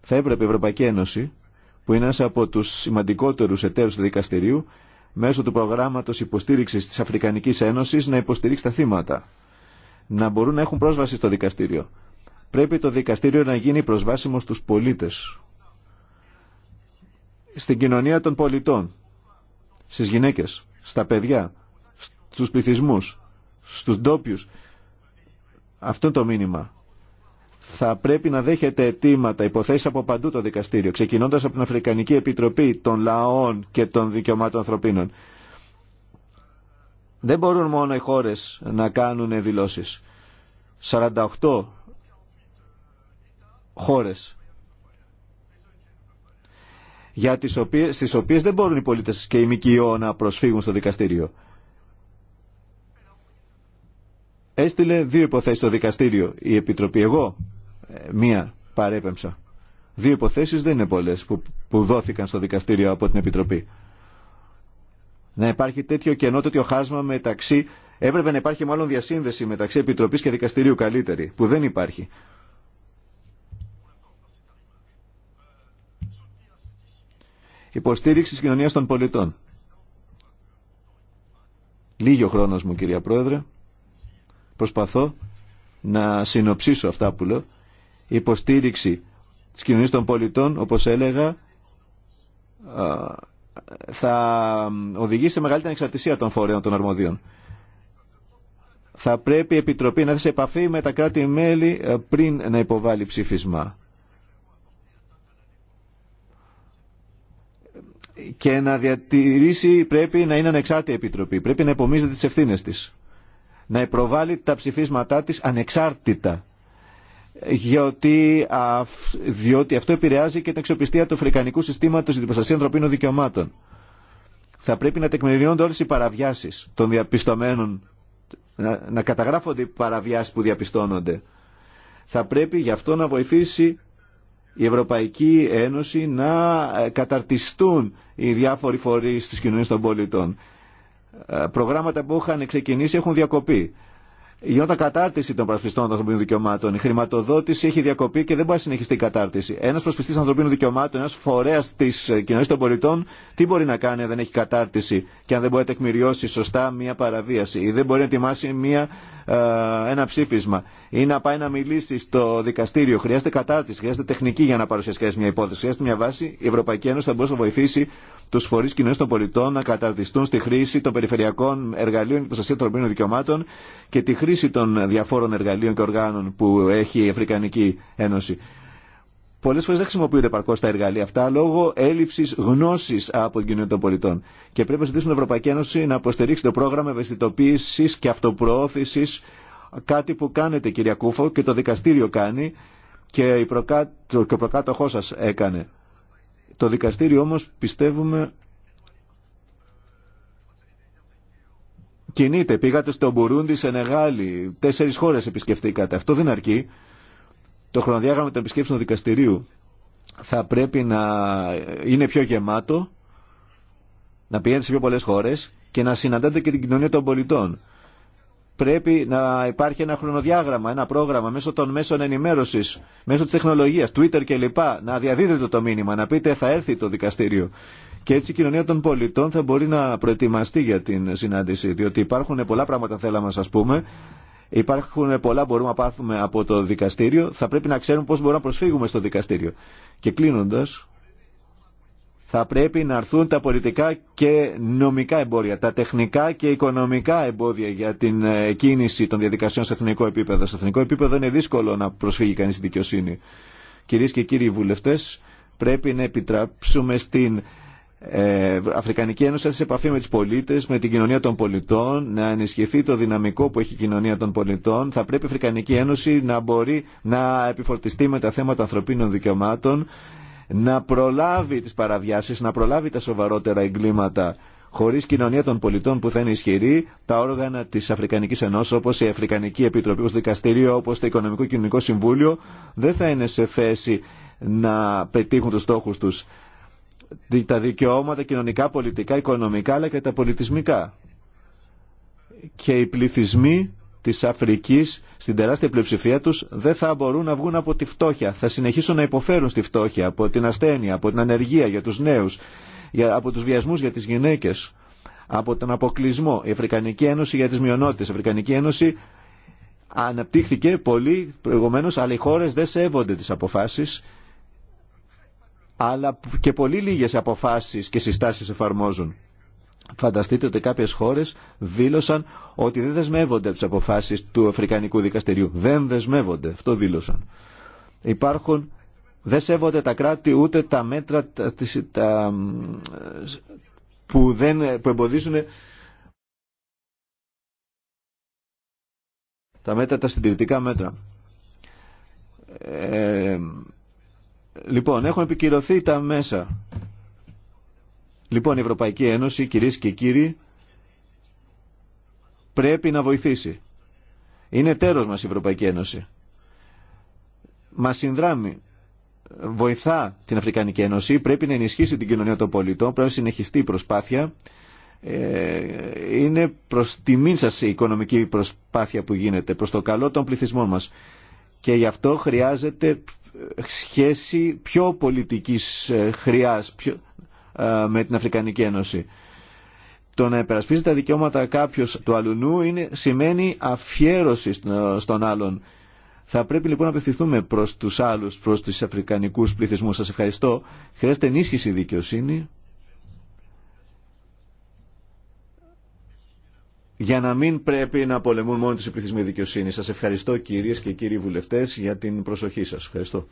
Θα έπρεπε η Ευρωπαϊκή Ένωση, που είναι ένας από τους σημαντικότερους εταίρους του δικαστηρίου, μέσω του προγράμματος υποστήριξης της Αφρικανικής Ένωσης να υποστηρίξει τα θύματα, να μπορούν να έχουν πρόσβαση στο δικαστήριο. Πρέπει το δικαστήριο να γίνει προσβάσιμο στου πολίτες, στην κοινωνία των πολιτών, στις γυναίκες, στα παιδιά, στους πληθυσμού, στους ντόπιου. Αυτό είναι το μήνυμα θα πρέπει να δέχεται αιτήματα, υποθέσει από παντού το δικαστήριο, ξεκινώντα από την Αφρικανική Επιτροπή των Λαών και των Δικαιωμάτων Ανθρωπίνων. Δεν μπορούν μόνο οι χώρε να κάνουν δηλώσει. 48 χώρε για τις οποίες, στις οποίες δεν μπορούν οι πολίτες και οι ΜΚΙΟ να προσφύγουν στο δικαστήριο. Έστειλε δύο υποθέσεις στο δικαστήριο η Επιτροπή. Εγώ ε, μία παρέπεμψα. Δύο υποθέσεις δεν είναι πολλές που, που δόθηκαν στο δικαστήριο από την Επιτροπή. Να υπάρχει τέτοιο κενό, τέτοιο χάσμα μεταξύ, έπρεπε να υπάρχει μάλλον διασύνδεση μεταξύ Επιτροπής και Δικαστηρίου καλύτερη, που δεν υπάρχει. Υποστήριξη της κοινωνίας των πολιτών. Λίγιο χρόνος μου, κυρία Πρόεδρε. Προσπαθώ να συνοψίσω αυτά που λέω υποστήριξη τη Κοινωνία των πολιτών, όπως έλεγα, θα οδηγήσει σε μεγαλύτερη ανεξαρτησία των φορέων των αρμοδίων. Θα πρέπει η Επιτροπή να έρθει σε επαφή με τα κράτη-μέλη ε, πριν να υποβάλει ψήφισμα. Και να διατηρήσει πρέπει να είναι ανεξάρτητη η Επιτροπή. Πρέπει να υπομίζεται τις ευθύνες της. Να υποβάλει τα ψηφίσματά της ανεξάρτητα διότι, αυτό επηρεάζει και την αξιοπιστία του Αφρικανικού συστήματο για την προστασία ανθρωπίνων δικαιωμάτων. Θα πρέπει να τεκμηριώνονται όλε οι παραβιάσει των διαπιστωμένων, να, να καταγράφονται οι παραβιάσει που διαπιστώνονται. Θα πρέπει γι' αυτό να βοηθήσει η Ευρωπαϊκή Ένωση να ε, καταρτιστούν οι διάφοροι φορεί τη κοινωνία των πολιτών. Ε, προγράμματα που είχαν ξεκινήσει έχουν διακοπεί Γινόταν κατάρτιση των προσπιστών των ανθρωπίνων δικαιωμάτων. Η χρηματοδότηση έχει διακοπεί και δεν μπορεί να συνεχιστεί η κατάρτιση. Ένα προσπιστή ανθρωπίνων δικαιωμάτων, ένα φορέα τη κοινωνία των πολιτών, τι μπορεί να κάνει αν δεν έχει κατάρτιση και αν δεν μπορεί να τεκμηριώσει σωστά μία παραβίαση ή δεν μπορεί να ετοιμάσει μία ε, ένα ψήφισμα ή να πάει να μιλήσει στο δικαστήριο. Χρειάζεται κατάρτιση, χρειάζεται τεχνική για να παρουσιάσει μια υπόθεση. Χρειάζεται μια βάση. Η Ευρωπαϊκή Ένωση θα μπορούσε να βοηθήσει του φορεί κοινωνία των πολιτών να καταρτιστούν στη χρήση των περιφερειακών εργαλείων και προστασία των ανθρωπίνων δικαιωμάτων και τη χρήση των διαφόρων εργαλείων και οργάνων που έχει η Αφρικανική Ένωση. Πολλέ φορέ δεν χρησιμοποιούνται παρκώ τα εργαλεία αυτά λόγω έλλειψη γνώση από την κοινωνία των πολιτών. Και πρέπει να ζητήσουμε την Ευρωπαϊκή Ένωση να υποστηρίξει το πρόγραμμα ευαισθητοποίηση και αυτοπροώθηση, κάτι που κάνετε, κυρία Κούφο, και το δικαστήριο κάνει και, η προκά... και ο προκάτοχό σα έκανε. Το δικαστήριο όμω πιστεύουμε κινείται. Πήγατε στο Μπουρούντι, σε Νεγάλη, τέσσερι χώρε επισκεφτήκατε. Αυτό δεν αρκεί το χρονοδιάγραμμα των επισκέψεων του δικαστηρίου θα πρέπει να είναι πιο γεμάτο, να πηγαίνετε σε πιο πολλές χώρες και να συναντάτε και την κοινωνία των πολιτών. Πρέπει να υπάρχει ένα χρονοδιάγραμμα, ένα πρόγραμμα μέσω των μέσων ενημέρωσης, μέσω της τεχνολογίας, Twitter κλπ. Να διαδίδετε το μήνυμα, να πείτε θα έρθει το δικαστήριο. Και έτσι η κοινωνία των πολιτών θα μπορεί να προετοιμαστεί για την συνάντηση, διότι υπάρχουν πολλά πράγματα θέλαμε να σας πούμε, Υπάρχουν πολλά μπορούμε να πάθουμε από το δικαστήριο. Θα πρέπει να ξέρουμε πώς μπορούμε να προσφύγουμε στο δικαστήριο. Και κλείνοντα, θα πρέπει να έρθουν τα πολιτικά και νομικά εμπόδια, τα τεχνικά και οικονομικά εμπόδια για την ε, κίνηση των διαδικασιών σε εθνικό επίπεδο. Σε εθνικό επίπεδο είναι δύσκολο να προσφύγει κανείς στη δικαιοσύνη. Κυρίες και κύριοι βουλευτές, πρέπει να επιτραψούμε στην ε, Αφρικανική Ένωση έρθει σε επαφή με τις πολίτες, με την κοινωνία των πολιτών, να ενισχυθεί το δυναμικό που έχει η κοινωνία των πολιτών. Θα πρέπει η Αφρικανική Ένωση να μπορεί να επιφορτιστεί με τα θέματα ανθρωπίνων δικαιωμάτων, να προλάβει τις παραβιάσεις, να προλάβει τα σοβαρότερα εγκλήματα. Χωρί κοινωνία των πολιτών που θα είναι ισχυρή, τα όργανα τη Αφρικανική Ενώση, όπω η Αφρικανική Επιτροπή, όπω το Δικαστήριο, όπω το Οικονομικό Κοινωνικό Συμβούλιο, δεν θα είναι σε θέση να πετύχουν του στόχου του τα δικαιώματα κοινωνικά, πολιτικά, οικονομικά αλλά και τα πολιτισμικά. Και οι πληθυσμοί της Αφρικής στην τεράστια πλειοψηφία τους δεν θα μπορούν να βγουν από τη φτώχεια. Θα συνεχίσουν να υποφέρουν στη φτώχεια, από την ασθένεια, από την ανεργία για τους νέους, από τους βιασμούς για τις γυναίκες, από τον αποκλεισμό. Η Αφρικανική Ένωση για τις μειονότητες, η Αφρικανική Ένωση αναπτύχθηκε πολύ προηγουμένω, αλλά οι χώρε δεν σέβονται τι αποφάσει αλλά και πολύ λίγες αποφάσεις και συστάσεις εφαρμόζουν. Φανταστείτε ότι κάποιες χώρες δήλωσαν ότι δεν δεσμεύονται από τις αποφάσεις του Αφρικανικού Δικαστηρίου. Δεν δεσμεύονται, αυτό δήλωσαν. Υπάρχουν, δεν σέβονται τα κράτη ούτε τα μέτρα τα, που, δεν, που εμποδίζουν τα μέτρα, τα συντηρητικά μέτρα. Ε, Λοιπόν, έχουν επικυρωθεί τα μέσα. Λοιπόν, η Ευρωπαϊκή Ένωση, κυρίε και κύριοι, πρέπει να βοηθήσει. Είναι τέρος μας η Ευρωπαϊκή Ένωση. Μας συνδράμει, βοηθά την Αφρικανική Ένωση, πρέπει να ενισχύσει την κοινωνία των πολιτών, πρέπει να συνεχιστεί η προσπάθεια. Ε, είναι προς τιμήν σας η οικονομική προσπάθεια που γίνεται, προς το καλό των πληθυσμών μας. Και γι' αυτό χρειάζεται σχέση πιο πολιτικής ε, χρειάς πιο, ε, με την Αφρικανική Ένωση. Το να επερασπίζει τα δικαιώματα κάποιος του αλουνού είναι, σημαίνει αφιέρωση ε, στον άλλον. Θα πρέπει λοιπόν να απευθυνθούμε προς τους άλλους, προς τους αφρικανικούς πληθυσμούς. Σας ευχαριστώ. Χρειάζεται ενίσχυση δικαιοσύνη. για να μην πρέπει να πολεμούν μόνο τους οι πληθυσμοί δικαιοσύνη. Σας ευχαριστώ κυρίες και κύριοι βουλευτές για την προσοχή σας. Ευχαριστώ.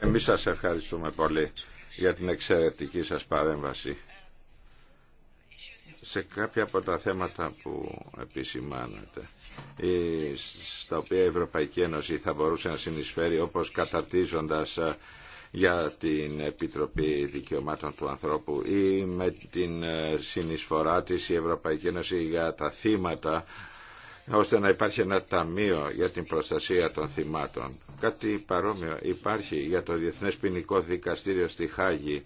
Εμείς σας ευχαριστούμε πολύ για την εξαιρετική σας παρέμβαση σε κάποια από τα θέματα που επισημάνατε στα οποία η Ευρωπαϊκή Ένωση θα μπορούσε να συνεισφέρει όπως καταρτίζοντας για την Επιτροπή Δικαιωμάτων του Ανθρώπου ή με την ε, συνεισφορά της η Ευρωπαϊκή Ένωση για τα θύματα ώστε να υπάρχει ένα ταμείο για την προστασία των θυμάτων. Κάτι παρόμοιο υπάρχει για το Διεθνές Ποινικό Δικαστήριο στη Χάγη.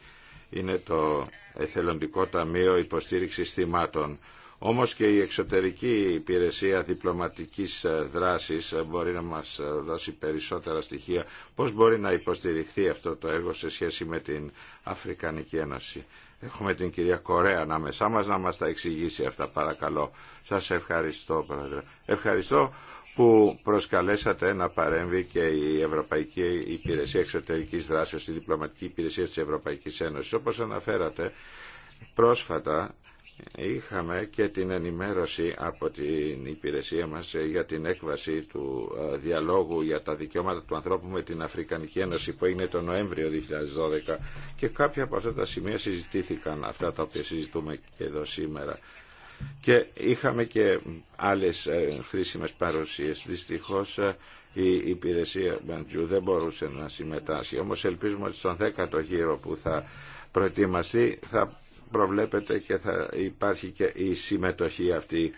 Είναι το Εθελοντικό Ταμείο Υποστήριξης Θυμάτων όμως και η εξωτερική υπηρεσία διπλωματικής ε, δράσης ε, μπορεί να μας ε, δώσει περισσότερα στοιχεία πώς μπορεί να υποστηριχθεί αυτό το έργο σε σχέση με την Αφρικανική Ένωση. Έχουμε την κυρία Κορέα ανάμεσά μας να μας τα εξηγήσει αυτά παρακαλώ. Σας ευχαριστώ πρόεδρε. Ευχαριστώ που προσκαλέσατε να παρέμβει και η Ευρωπαϊκή Υπηρεσία Εξωτερικής Δράσης, η Διπλωματική Υπηρεσία της Ευρωπαϊκής Ένωσης. Όπως αναφέρατε, πρόσφατα Είχαμε και την ενημέρωση από την υπηρεσία μας ε, για την έκβαση του ε, διαλόγου για τα δικαιώματα του ανθρώπου με την Αφρικανική Ένωση που έγινε το Νοέμβριο 2012 και κάποια από αυτά τα σημεία συζητήθηκαν αυτά τα οποία συζητούμε και εδώ σήμερα. Και είχαμε και άλλες ε, χρήσιμες παρουσίες. Δυστυχώς η υπηρεσία Μπαντζού δεν μπορούσε να συμμετάσχει. Όμως ελπίζουμε ότι στον 10ο γύρο που θα προετοιμαστεί θα προβλέπεται και θα υπάρχει και η συμμετοχή αυτή.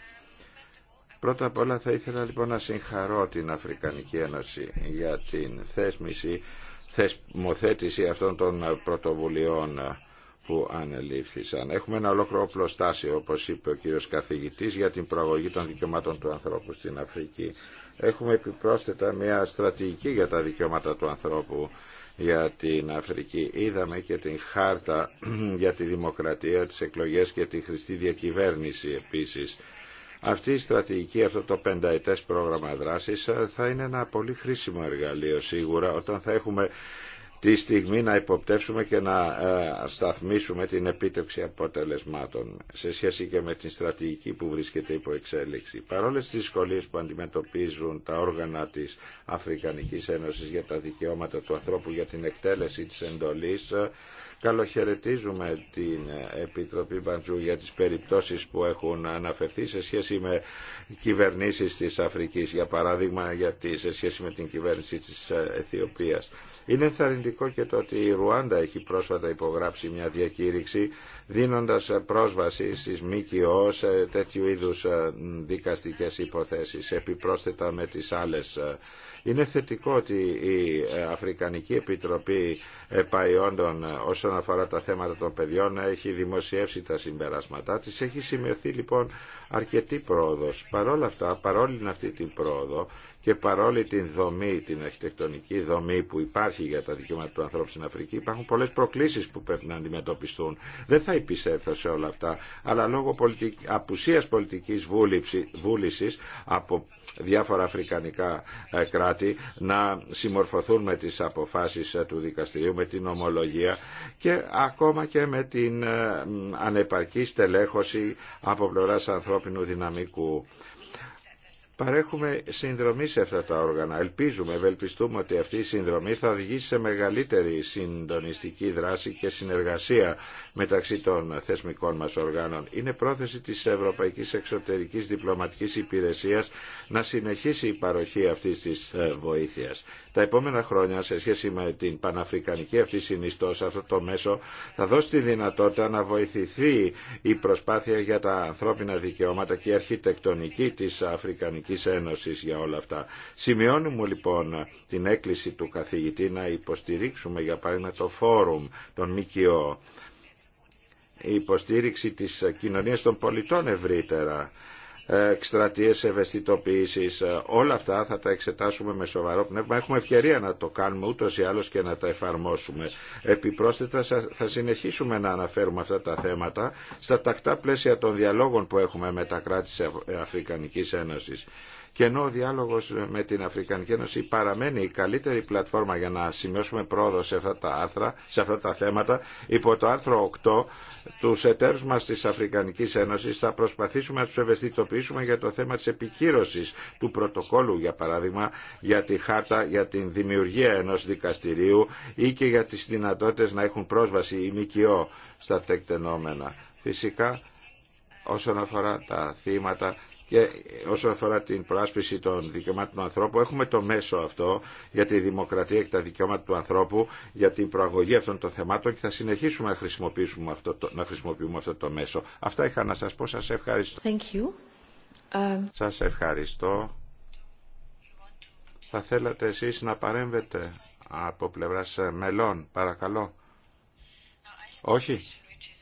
Πρώτα απ' όλα θα ήθελα λοιπόν να συγχαρώ την Αφρικανική Ένωση για την θέσμηση, θεσμοθέτηση αυτών των πρωτοβουλειών που ανελήφθησαν. Έχουμε ένα ολόκληρο πλωστάσιο, όπως είπε ο κύριος καθηγητής, για την προαγωγή των δικαιωμάτων του ανθρώπου στην Αφρική. Έχουμε επιπρόσθετα μια στρατηγική για τα δικαιώματα του ανθρώπου για την Αφρική. Είδαμε και την χάρτα για τη δημοκρατία, τις εκλογές και τη χρηστή διακυβέρνηση επίσης. Αυτή η στρατηγική, αυτό το πενταετές πρόγραμμα δράσης θα είναι ένα πολύ χρήσιμο εργαλείο σίγουρα όταν θα έχουμε τη στιγμή να υποπτεύσουμε και να ε, σταθμίσουμε την επίτευξη αποτελεσμάτων σε σχέση και με την στρατηγική που βρίσκεται υπό εξέλιξη. παρόλε τι δυσκολίε που αντιμετωπίζουν τα όργανα της Αφρικανικής Ένωση για τα δικαιώματα του ανθρώπου για την εκτέλεση της εντολής, Καλοχαιρετίζουμε την Επιτροπή Μπαντζού για τις περιπτώσεις που έχουν αναφερθεί σε σχέση με κυβερνήσεις της Αφρικής, για παράδειγμα τη σε σχέση με την κυβέρνηση της Αιθιοπίας. Είναι ενθαρρυντικό και το ότι η Ρουάντα έχει πρόσφατα υπογράψει μια διακήρυξη δίνοντας πρόσβαση στις ΜΚΟ σε τέτοιου είδους δικαστικές υποθέσεις, επιπρόσθετα με τις άλλες είναι θετικό ότι η ε, Αφρικανική Επιτροπή ε, παϊόντων ε, όσον αφορά τα θέματα των παιδιών έχει δημοσιεύσει τα συμπεράσματά της. Έχει σημειωθεί λοιπόν αρκετή πρόοδος. Παρόλα αυτά, παρόλη αυτή την πρόοδο, και παρόλη την δομή, την αρχιτεκτονική δομή που υπάρχει για τα δικαιώματα του ανθρώπου στην Αφρική, υπάρχουν πολλέ προκλήσει που πρέπει να αντιμετωπιστούν. Δεν θα υπησέλθω σε όλα αυτά, αλλά λόγω πολιτικ... απουσία πολιτική βούληση από διάφορα αφρικανικά ε, κράτη να συμμορφωθούν με τις αποφάσεις ε, του δικαστηρίου, με την ομολογία και ακόμα και με την ε, ανεπαρκή στελέχωση από πλευράς ανθρώπινου δυναμικού παρέχουμε συνδρομή σε αυτά τα όργανα. Ελπίζουμε, ευελπιστούμε ότι αυτή η συνδρομή θα οδηγήσει σε μεγαλύτερη συντονιστική δράση και συνεργασία μεταξύ των θεσμικών μας οργάνων. Είναι πρόθεση της Ευρωπαϊκής Εξωτερικής Διπλωματικής Υπηρεσίας να συνεχίσει η παροχή αυτής της ε, βοήθειας. Τα επόμενα χρόνια, σε σχέση με την Παναφρικανική αυτή συνιστόσα, αυτό το μέσο θα δώσει τη δυνατότητα να βοηθηθεί η προσπάθεια για τα ανθρώπινα δικαιώματα και η αρχιτεκτονική της Αφρικανικής Ευρωπαϊκής για όλα αυτά. Σημειώνουμε λοιπόν την έκκληση του καθηγητή να υποστηρίξουμε για παράδειγμα το φόρουμ των ΜΚΟ, η υποστήριξη της κοινωνίας των πολιτών ευρύτερα εκστρατείε ευαισθητοποίηση. Όλα αυτά θα τα εξετάσουμε με σοβαρό πνεύμα. Έχουμε ευκαιρία να το κάνουμε ούτω ή άλλω και να τα εφαρμόσουμε. Επιπρόσθετα θα συνεχίσουμε να αναφέρουμε αυτά τα θέματα στα τακτά πλαίσια των διαλόγων που έχουμε με τα κράτη τη Αφρικανική Ένωση. Και ενώ ο διάλογο με την Αφρικανική Ένωση παραμένει η καλύτερη πλατφόρμα για να σημειώσουμε πρόοδο σε αυτά τα άρθρα, σε αυτά τα θέματα, υπό το άρθρο 8 τους εταίρους μας της Αφρικανικής Ένωσης θα προσπαθήσουμε να τους ευαισθητοποιήσουμε για το θέμα της επικύρωσης του πρωτοκόλου για παράδειγμα για τη χάρτα για την δημιουργία ενός δικαστηρίου ή και για τις δυνατότητες να έχουν πρόσβαση η ΜΚΟ στα τεκτενόμενα. Φυσικά όσον αφορά τα θύματα και όσον αφορά την προάσπιση των δικαιωμάτων του ανθρώπου, έχουμε το μέσο αυτό για τη δημοκρατία και τα δικαιώματα του ανθρώπου, για την προαγωγή αυτών των θεμάτων και θα συνεχίσουμε να χρησιμοποιήσουμε αυτό το, να χρησιμοποιούμε αυτό το μέσο. Αυτά είχα να σας πω. Σας ευχαριστώ. Thank um, Σας ευχαριστώ. Θα θέλατε εσείς να παρέμβετε από πλευράς μελών, παρακαλώ. Όχι,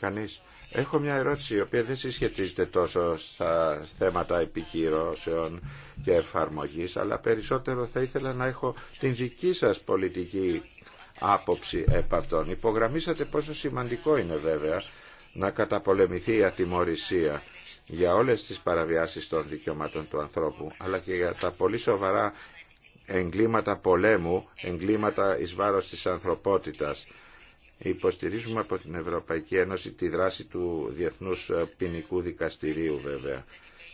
κανείς. Έχω μια ερώτηση η οποία δεν συσχετίζεται τόσο στα θέματα επικυρώσεων και εφαρμογής, αλλά περισσότερο θα ήθελα να έχω την δική σας πολιτική άποψη επ' αυτών. Υπογραμμίσατε πόσο σημαντικό είναι βέβαια να καταπολεμηθεί η ατιμορρησία για όλες τις παραβιάσεις των δικαιωμάτων του ανθρώπου, αλλά και για τα πολύ σοβαρά εγκλήματα πολέμου, εγκλήματα εις βάρος της ανθρωπότητας. Υποστηρίζουμε από την Ευρωπαϊκή Ένωση τη δράση του Διεθνούς Ποινικού Δικαστηρίου βέβαια.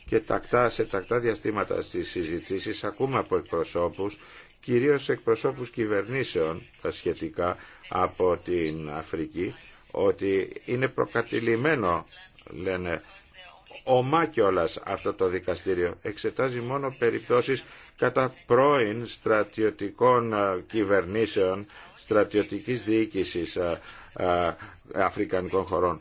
Και τακτά, σε τακτά διαστήματα στις συζητήσεις ακούμε από εκπροσώπους, κυρίως εκπροσώπους κυβερνήσεων τα σχετικά από την Αφρική, ότι είναι προκατηλημένο, λένε, ομά κιόλα αυτό το δικαστήριο. Εξετάζει μόνο περιπτώσεις κατά πρώην στρατιωτικών ε, κυβερνήσεων στρατιωτικής διοίκησης αφρικανικών χωρών.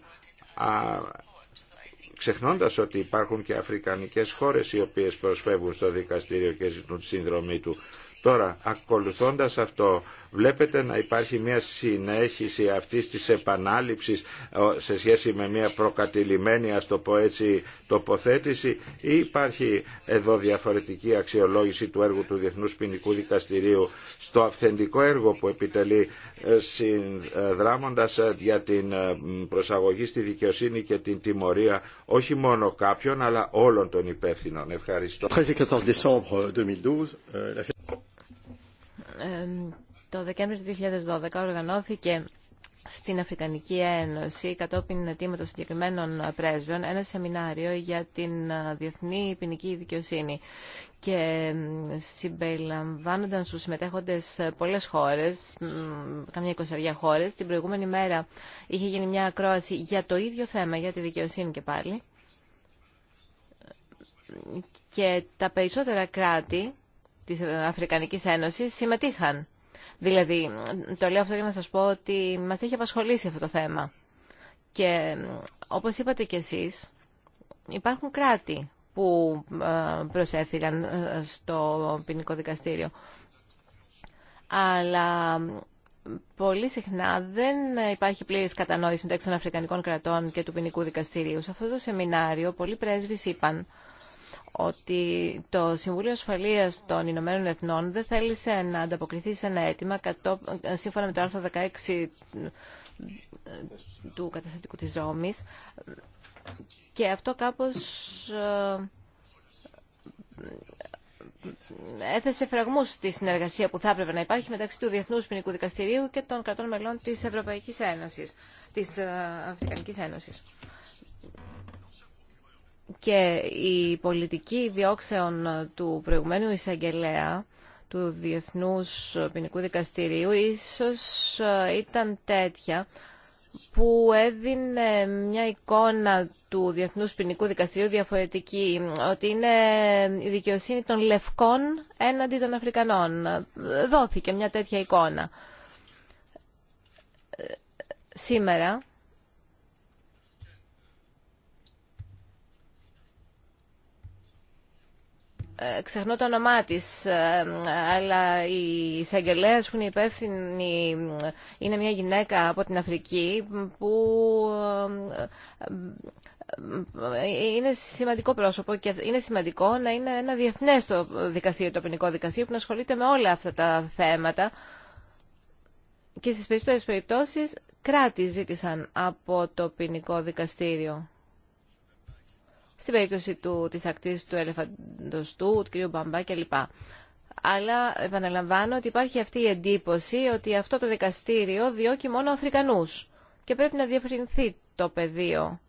Ξεχνώντας ότι υπάρχουν και αφρικανικές χώρες οι οποίες προσφεύγουν στο δικαστήριο και ζητούν τη σύνδρομή του. Τώρα, ακολουθώντας αυτό, βλέπετε να υπάρχει μια συνέχιση αυτή της επανάληψης ε, σε σχέση με μια προκατηλημένη ας το πω έτσι τοποθέτηση ή υπάρχει εδώ διαφορετική αξιολόγηση του έργου του Διεθνούς Ποινικού Δικαστηρίου στο αυθεντικό έργο που επιτελεί ε, συνδράμοντας ε, για την προσαγωγή στη δικαιοσύνη και την τιμωρία όχι μόνο κάποιων αλλά όλων των υπεύθυνων. Ευχαριστώ. 13 2012 το Δεκέμβριο του 2012 οργανώθηκε στην Αφρικανική Ένωση κατόπιν αιτήματο συγκεκριμένων πρέσβεων ένα σεμινάριο για την διεθνή ποινική δικαιοσύνη και συμπεριλαμβάνονταν στους συμμετέχοντες πολλές χώρες, καμιά εικοσαριά χώρες. Την προηγούμενη μέρα είχε γίνει μια ακρόαση για το ίδιο θέμα, για τη δικαιοσύνη και πάλι. Και τα περισσότερα κράτη της Αφρικανικής Ένωσης συμμετείχαν Δηλαδή, το λέω αυτό για να σας πω ότι μας έχει απασχολήσει αυτό το θέμα. Και όπως είπατε κι εσείς, υπάρχουν κράτη που ε, προσέφηγαν ε, στο ποινικό δικαστήριο. Αλλά πολύ συχνά δεν υπάρχει πλήρης κατανόηση μεταξύ των Αφρικανικών κρατών και του ποινικού δικαστηρίου. Σε αυτό το σεμινάριο πολλοί πρέσβεις είπαν ότι το Συμβούλιο Ασφαλείας των Ηνωμένων Εθνών δεν θέλησε να ανταποκριθεί σε ένα αίτημα σύμφωνα με το άρθρο 16 του καταστατικού της Ρώμης και αυτό κάπως ε, έθεσε φραγμού στη συνεργασία που θα έπρεπε να υπάρχει μεταξύ του Διεθνούς Ποινικού Δικαστηρίου και των κρατών μελών της Ευρωπαϊκής Ένωσης. τη ε, Αφρικανική Ένωση και η πολιτική διώξεων του προηγουμένου εισαγγελέα του Διεθνούς Ποινικού Δικαστηρίου ίσως ε, ήταν τέτοια που έδινε μια εικόνα του Διεθνούς Ποινικού Δικαστηρίου διαφορετική, ότι είναι η δικαιοσύνη των Λευκών έναντι των Αφρικανών. Δόθηκε μια τέτοια εικόνα. Ε, σήμερα Ε, ξεχνώ το όνομά ε, αλλά η εισαγγελέα που είναι υπεύθυνη ε, είναι μια γυναίκα από την Αφρική που είναι σημαντικό πρόσωπο και είναι σημαντικό να είναι ένα διεθνές το δικαστήριο, το ποινικό δικαστήριο που να ασχολείται με όλα αυτά τα θέματα και στις περισσότερες περιπτώσεις κράτη ζήτησαν από το ποινικό δικαστήριο στην περίπτωση του, της ακτής του ελεφαντοστού, του κ. Μπαμπά κλπ. Αλλά επαναλαμβάνω ότι υπάρχει αυτή η εντύπωση ότι αυτό το δικαστήριο διώκει μόνο Αφρικανούς και πρέπει να διευρυνθεί το πεδίο.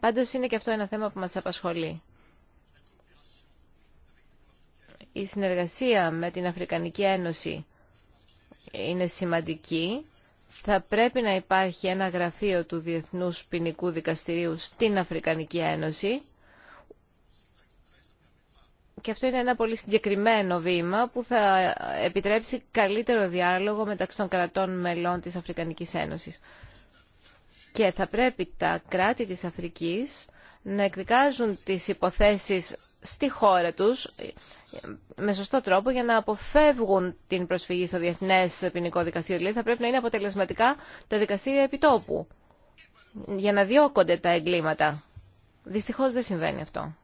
Πάντως είναι και αυτό ένα θέμα που μας απασχολεί. Η συνεργασία με την Αφρικανική Ένωση είναι σημαντική θα πρέπει να υπάρχει ένα γραφείο του Διεθνούς Ποινικού Δικαστηρίου στην Αφρικανική Ένωση και αυτό είναι ένα πολύ συγκεκριμένο βήμα που θα επιτρέψει καλύτερο διάλογο μεταξύ των κρατών μελών της Αφρικανικής Ένωσης. Και θα πρέπει τα κράτη της Αφρικής να εκδικάζουν τις υποθέσεις στη χώρα τους με σωστό τρόπο για να αποφεύγουν την προσφυγή στο Διεθνές Ποινικό Δικαστήριο. Δηλαδή θα πρέπει να είναι αποτελεσματικά τα δικαστήρια επιτόπου για να διώκονται τα εγκλήματα. Δυστυχώς δεν συμβαίνει αυτό.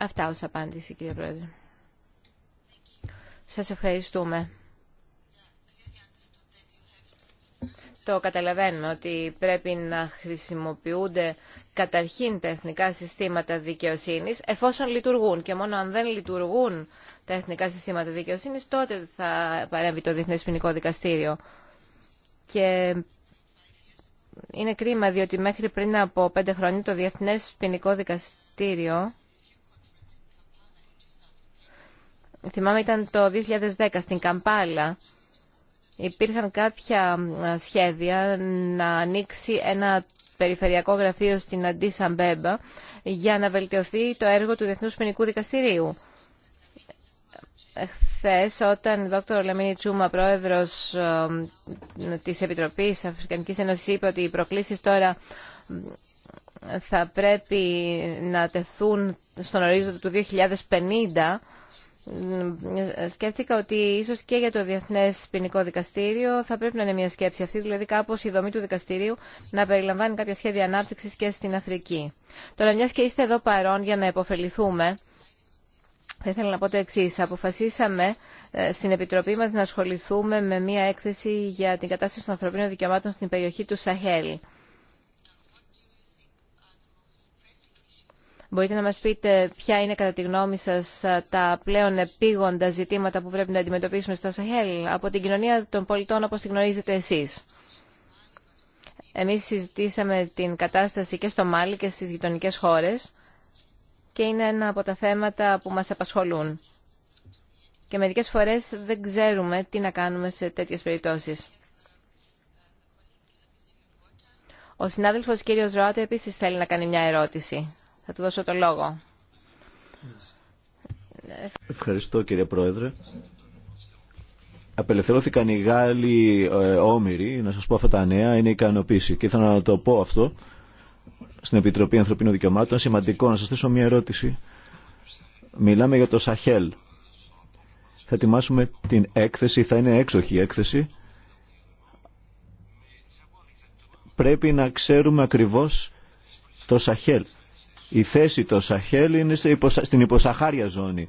Αυτά ως απάντηση, κύριε Πρόεδρε. Σας ευχαριστούμε. Το καταλαβαίνουμε ότι πρέπει να χρησιμοποιούνται καταρχήν τα εθνικά συστήματα δικαιοσύνης εφόσον λειτουργούν και μόνο αν δεν λειτουργούν τα εθνικά συστήματα δικαιοσύνης τότε θα παρέμβει το Διεθνές Ποινικό Δικαστήριο. Και είναι κρίμα διότι μέχρι πριν από πέντε χρόνια το Διεθνές Ποινικό Δικαστήριο θυμάμαι ήταν το 2010 στην Καμπάλα υπήρχαν κάποια ε, σχέδια να ανοίξει ένα περιφερειακό γραφείο στην Αντίσα Μπέμπα για να βελτιωθεί το έργο του Διεθνούς Ποινικού Δικαστηρίου. Χθε, όταν ο Δ. Λαμίνη Τσούμα, πρόεδρος ε, της Επιτροπής Αφρικανική Ένωση, είπε ότι οι προκλήσει τώρα ε, θα πρέπει να τεθούν στον ορίζοντα του 2050, σκέφτηκα ότι ίσως και για το Διεθνές Ποινικό Δικαστήριο θα πρέπει να είναι μια σκέψη αυτή, δηλαδή κάπως η δομή του δικαστηρίου να περιλαμβάνει κάποια σχέδια ανάπτυξης και στην Αφρική. Τώρα, μιας και είστε εδώ παρόν για να υποφεληθούμε, θα ήθελα να πω το εξή. Αποφασίσαμε ε, στην Επιτροπή μα να ασχοληθούμε με μία έκθεση για την κατάσταση των ανθρωπίνων δικαιωμάτων στην περιοχή του Σαχέλ. Μπορείτε να μας πείτε ποια είναι κατά τη γνώμη σας τα πλέον επίγοντα ζητήματα που πρέπει να αντιμετωπίσουμε στο ΣΑΧΕΛ από την κοινωνία των πολιτών όπως τη γνωρίζετε εσείς. Εμείς συζητήσαμε την κατάσταση και στο Μάλι και στις γειτονικές χώρες και είναι ένα από τα θέματα που μας απασχολούν. Και μερικές φορές δεν ξέρουμε τι να κάνουμε σε τέτοιες περιπτώσεις. Ο συνάδελφος κύριος Ρώτα επίσης θέλει να κάνει μια ερώτηση. Θα του δώσω το λόγο. Ευχαριστώ κύριε Πρόεδρε. Απελευθερώθηκαν οι Γάλλοι ε, όμοιροι, να σας πω αυτά τα νέα, είναι ικανοποίηση. Και ήθελα να το πω αυτό στην Επιτροπή Ανθρωπίνων Δικαιωμάτων. Είναι σημαντικό να σας θέσω μια ερώτηση. Μιλάμε για το Σαχέλ. Θα ετοιμάσουμε την έκθεση, θα είναι έξοχη η έκθεση. Πρέπει να ξέρουμε ακριβώς το Σαχέλ. Η θέση των Σαχέλ είναι στην υποσαχάρια ζώνη.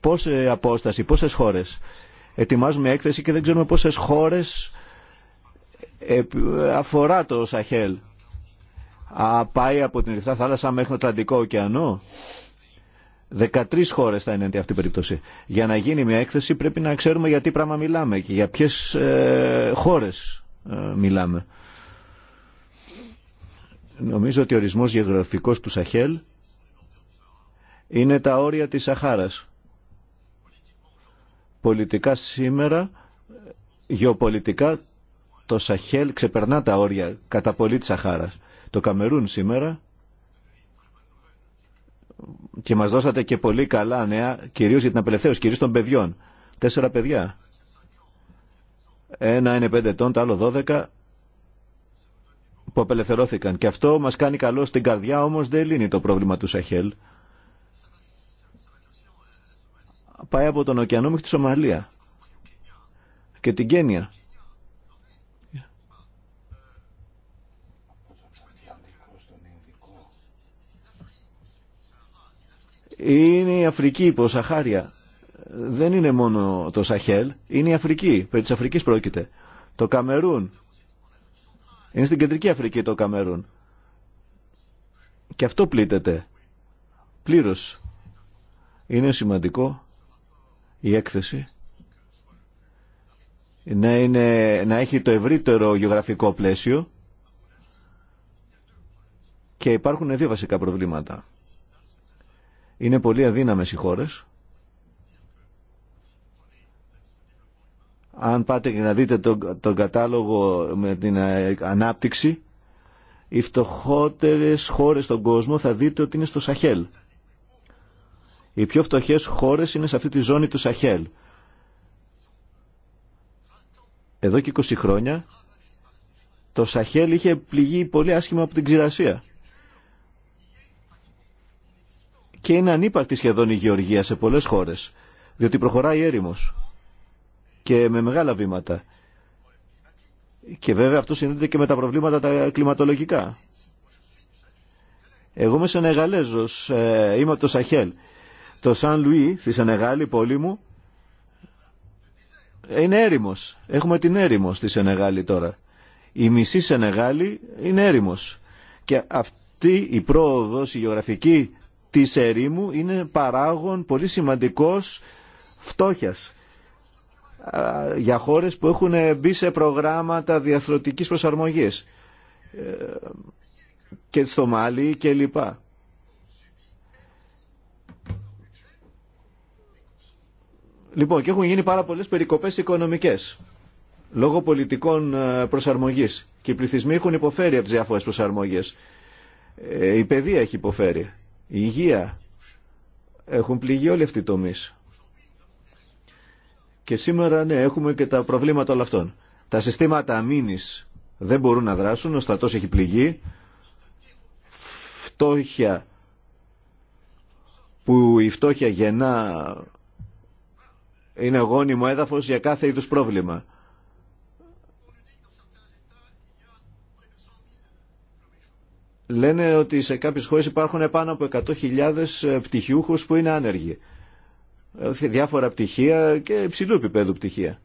Πόση απόσταση, πόσες χώρες. Ετοιμάζουμε έκθεση και δεν ξέρουμε πόσες χώρες αφορά το Σαχέλ. Α, πάει από την Ερυθρά Θάλασσα μέχρι τον Ατλαντικό Ωκεανό. 13 χώρες θα είναι αυτή η περίπτωση. Για να γίνει μια έκθεση πρέπει να ξέρουμε για τι πράγμα μιλάμε και για ποιες ε, χώρες ε, μιλάμε. Νομίζω ότι ο ορισμός γεωγραφικός του Σαχέλ είναι τα όρια της Σαχάρας. Πολιτικά σήμερα, γεωπολιτικά, το Σαχέλ ξεπερνά τα όρια κατά πολύ της Σαχάρας. Το Καμερούν σήμερα και μας δώσατε και πολύ καλά νέα, κυρίως για την απελευθέρωση, κυρίως των παιδιών. Τέσσερα παιδιά. Ένα είναι πέντε ετών, το άλλο δώδεκα που απελευθερώθηκαν. Και αυτό μας κάνει καλό στην καρδιά, όμως δεν λύνει το πρόβλημα του Σαχέλ. Πάει από τον ωκεανό μέχρι τη Σομαλία και την Κένια. Είναι η Αφρική υπό Σαχάρια. Δεν είναι μόνο το Σαχέλ, είναι η Αφρική. Περί της Αφρικής πρόκειται. Το Καμερούν, είναι στην Κεντρική Αφρική το Καμερούν. Και αυτό πλήττεται. Πλήρως. Είναι σημαντικό η έκθεση να, είναι, να έχει το ευρύτερο γεωγραφικό πλαίσιο και υπάρχουν δύο βασικά προβλήματα. Είναι πολύ αδύναμες οι χώρες Αν πάτε και να δείτε τον, τον κατάλογο με την ε, ανάπτυξη, οι φτωχότερες χώρες στον κόσμο θα δείτε ότι είναι στο Σαχέλ. Οι πιο φτωχές χώρες είναι σε αυτή τη ζώνη του Σαχέλ. Εδώ και 20 χρόνια το Σαχέλ είχε πληγεί πολύ άσχημα από την ξηρασία. Και είναι ανύπαρκτη σχεδόν η γεωργία σε πολλές χώρες, διότι προχωράει έρημος και με μεγάλα βήματα. Και βέβαια αυτό συνδέεται και με τα προβλήματα τα κλιματολογικά. Εγώ είμαι Σενεγαλέζος, ε, είμαι από το Σαχέλ. Το Σαν Λουί, στη Σενεγάλη, πόλη μου, είναι έρημος. Έχουμε την έρημο στη Σενεγάλη τώρα. Η μισή Σενεγάλη είναι έρημος. Και αυτή η πρόοδος, η γεωγραφική της ερήμου είναι παράγον πολύ σημαντικός φτώχειας. Ε, για χώρες που έχουν μπει σε προγράμματα διαθροτικής προσαρμογής ε, και στο Μάλι και λοιπά. Λοιπόν, και έχουν γίνει πάρα πολλές περικοπές οικονομικές λόγω πολιτικών ε, προσαρμογής και οι πληθυσμοί έχουν υποφέρει από τις διάφορες προσαρμογές. Η παιδεία έχει υποφέρει, η υγεία έχουν πληγεί όλοι αυτοί οι τομείς. Και σήμερα ναι, έχουμε και τα προβλήματα όλων αυτών. Τα συστήματα αμήνη δεν μπορούν να δράσουν, ο στρατό έχει πληγεί, φτώχεια που η φτώχεια γεννά είναι γόνιμο έδαφος για κάθε είδους πρόβλημα. Λένε ότι σε κάποιες χώρες υπάρχουν πάνω από 100.000 πτυχιούχους που είναι άνεργοι. Ε, διάφορα πτυχία και υψηλού επίπεδου πτυχία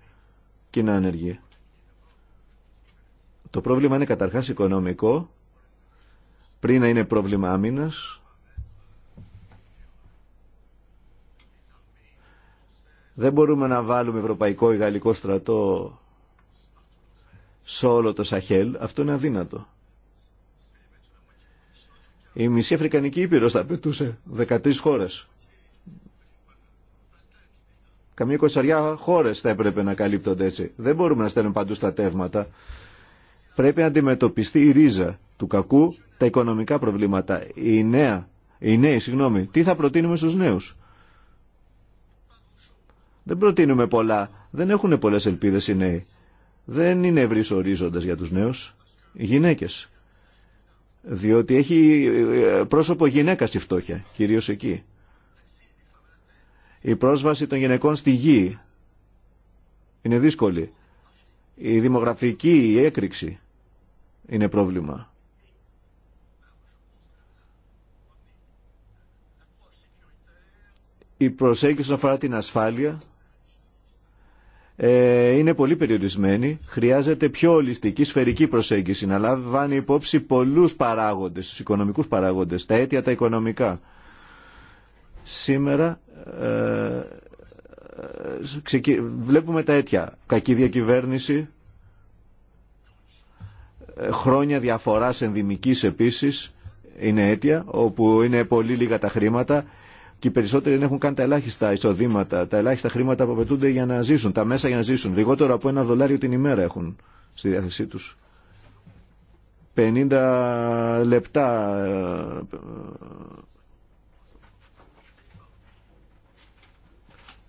κοινά ανεργία. Το πρόβλημα είναι καταρχάς οικονομικό, πριν να είναι πρόβλημα άμυνας, Δεν μπορούμε να βάλουμε ευρωπαϊκό ή γαλλικό στρατό σε όλο το Σαχέλ. Αυτό είναι αδύνατο. Η μισή Αφρικανική Ήπειρος θα πετούσε 13 χώρες. Καμία κοσαριά χώρε θα έπρεπε να καλύπτονται έτσι. Δεν μπορούμε να στέλνουμε παντού τεύματα. Πρέπει να αντιμετωπιστεί η ρίζα του κακού, τα οικονομικά προβλήματα. Η νέα, οι νέοι, συγγνώμη, τι θα προτείνουμε στου νέου. Δεν προτείνουμε πολλά. Δεν έχουν πολλέ ελπίδε οι νέοι. Δεν είναι ευρύ ορίζοντα για του νέου. Οι γυναίκε. Διότι έχει ε, πρόσωπο γυναίκα στη φτώχεια, κυρίω εκεί. Η πρόσβαση των γυναικών στη γη είναι δύσκολη. Η δημογραφική η έκρηξη είναι πρόβλημα. Η προσέγγιση όσον αφορά την ασφάλεια ε, είναι πολύ περιορισμένη. Χρειάζεται πιο ολιστική, σφαιρική προσέγγιση να λάβει υπόψη πολλούς παράγοντες, τους οικονομικούς παράγοντες, τα αίτια τα οικονομικά. Σήμερα βλέπουμε τα αίτια. Κακή διακυβέρνηση, ε, χρόνια διαφοράς ενδημικής επίσης είναι αίτια, όπου είναι πολύ λίγα τα χρήματα και οι περισσότεροι δεν έχουν καν τα ελάχιστα εισοδήματα, τα ελάχιστα χρήματα που απαιτούνται για να ζήσουν, τα μέσα για να ζήσουν. Λιγότερο από ένα δολάριο την ημέρα έχουν στη διάθεσή τους. 50 λεπτά ε,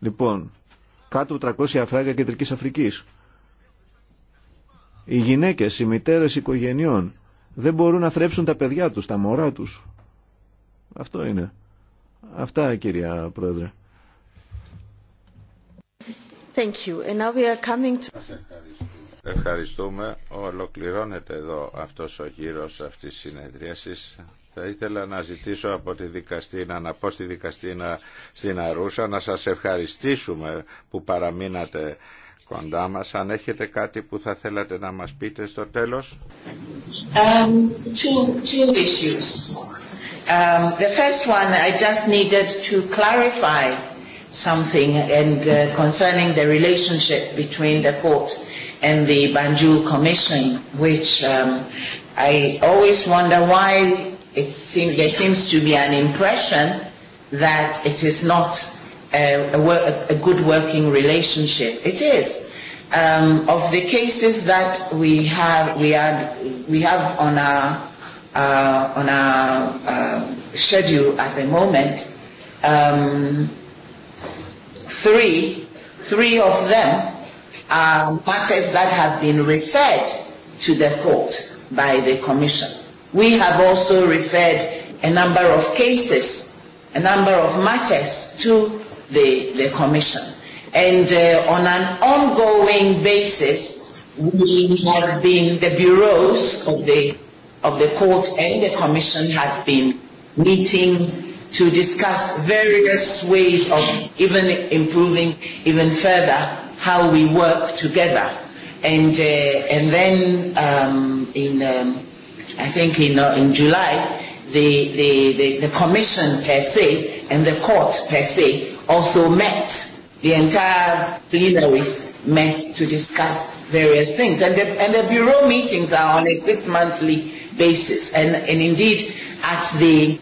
Λοιπόν, κάτω από 300 φράγκα κεντρικής Αφρικής. Οι γυναίκες, οι μητέρες οικογενειών δεν μπορούν να θρέψουν τα παιδιά τους, τα μωρά τους. Αυτό είναι. Αυτά κυρία Πρόεδρε. Thank you. And now we are coming to... Ευχαριστούμε. Ολοκληρώνεται εδώ αυτός ο γύρος αυτής της συνεδρίασης. Θα ήθελα να ζητήσω από τη δικαστήνα, να πω στη δικαστήνα στην Αρούσα να σας ευχαριστήσουμε που παραμείνατε κοντά μας. Αν έχετε κάτι που θα θέλατε να μας πείτε στο τέλος. Um, two, two issues. Um, the first one, I just needed to clarify something and concerning the relationship between the court and the Banjul Commission, which um, I always wonder why it there seems to be an impression that it is not a good working relationship. It is. Of the cases that we have we we have on our on our schedule at the moment, um three three of them are matters that have been referred to the court by the Commission. We have also referred a number of cases, a number of matters to the, the Commission. And on an ongoing basis, we have been, the bureaus of the, of the court and the Commission have been meeting to discuss various ways of even improving even further how we work together. And, and then um, in I think in, July, the, the, the, commission per se and the court per se also met. The entire plenaries met to discuss various things. And the, and the bureau meetings are on a six-monthly basis. And, and indeed, at the,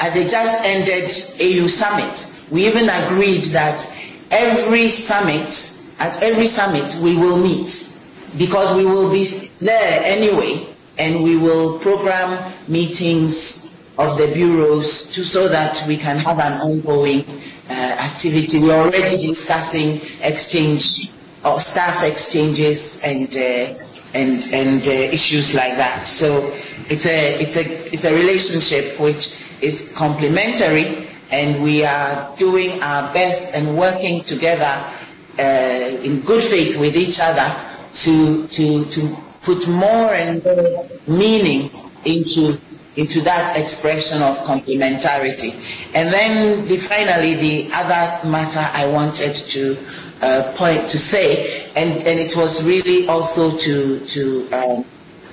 at the just-ended AU summit, we even agreed that every summit, at every summit, we will meet because we will be there anyway and we will program meetings of the bureaus to, so that we can have an ongoing activity. We are already discussing exchange or staff exchanges and and and issues like that. So it's a it's a it's a relationship which is complementary and we are doing our best and working together in good faith with each other to to to put more and more meaning into into that expression of complementarity. And then the, finally, the other matter I wanted to uh, point to say, and, and it was really also to to um,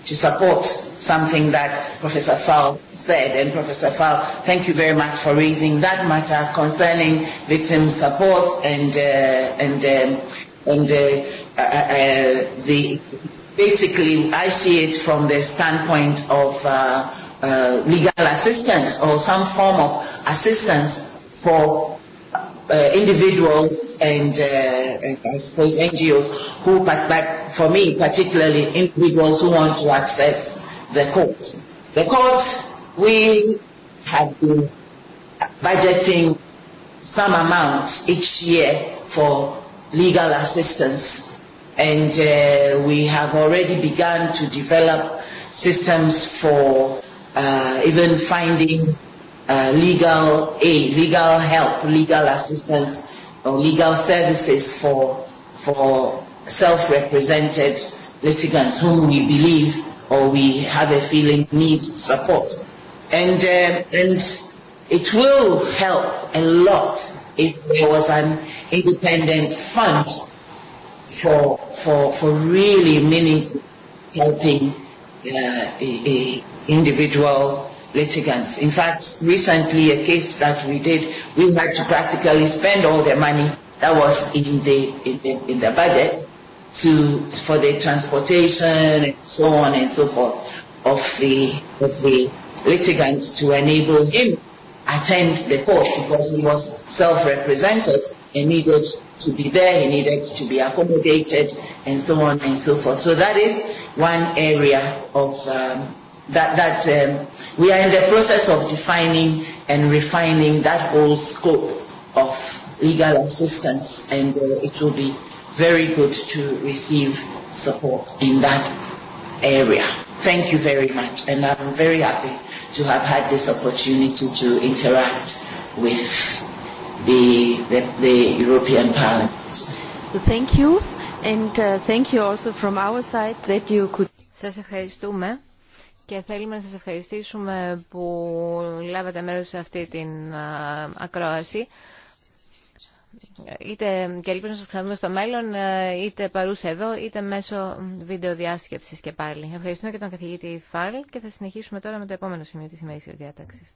to support something that Professor Fowl said. And Professor Fowl, thank you very much for raising that matter concerning victim support and uh, and um, and uh, uh, uh, the basically I see it from the standpoint of legal assistance or some form of assistance for individuals and I suppose NGOs who, but for me particularly, individuals who want to access the court. The court, we have been budgeting some amounts each year for legal assistance and we have already begun to develop systems for even finding legal aid, legal help, legal assistance or legal services for for self-represented litigants whom we believe or we have a feeling need support. And, and it will help a lot if there was an independent fund for, for, for really meaningful helping uh, a, individual litigants. In fact, recently a case that we did, we had to practically spend all the money that was in the in the, in the budget to for the transportation and so on and so forth of the of the litigant to enable him attend the court because he was self-represented and needed to be there, he needed to be accommodated, and so on and so forth. So that is one area of um, that, that um, we are in the process of defining and refining that whole scope of legal assistance, and uh, it will be very good to receive support in that area. Thank you very much, and I'm very happy to have had this opportunity to interact with the, European Parliament. thank you and uh, thank you also from our side that you could... Σας ευχαριστούμε και θέλουμε να σας ευχαριστήσουμε που λάβατε μέρος σε αυτή την ακρόαση. Είτε και ελπίζω να σας ξαναδούμε στο μέλλον, ε, είτε παρούσε εδώ, είτε μέσω βίντεο διάσκεψης και πάλι. Ευχαριστούμε και τον καθηγητή Φάλ και θα συνεχίσουμε τώρα με το επόμενο σημείο της ημερήσιας διάταξης.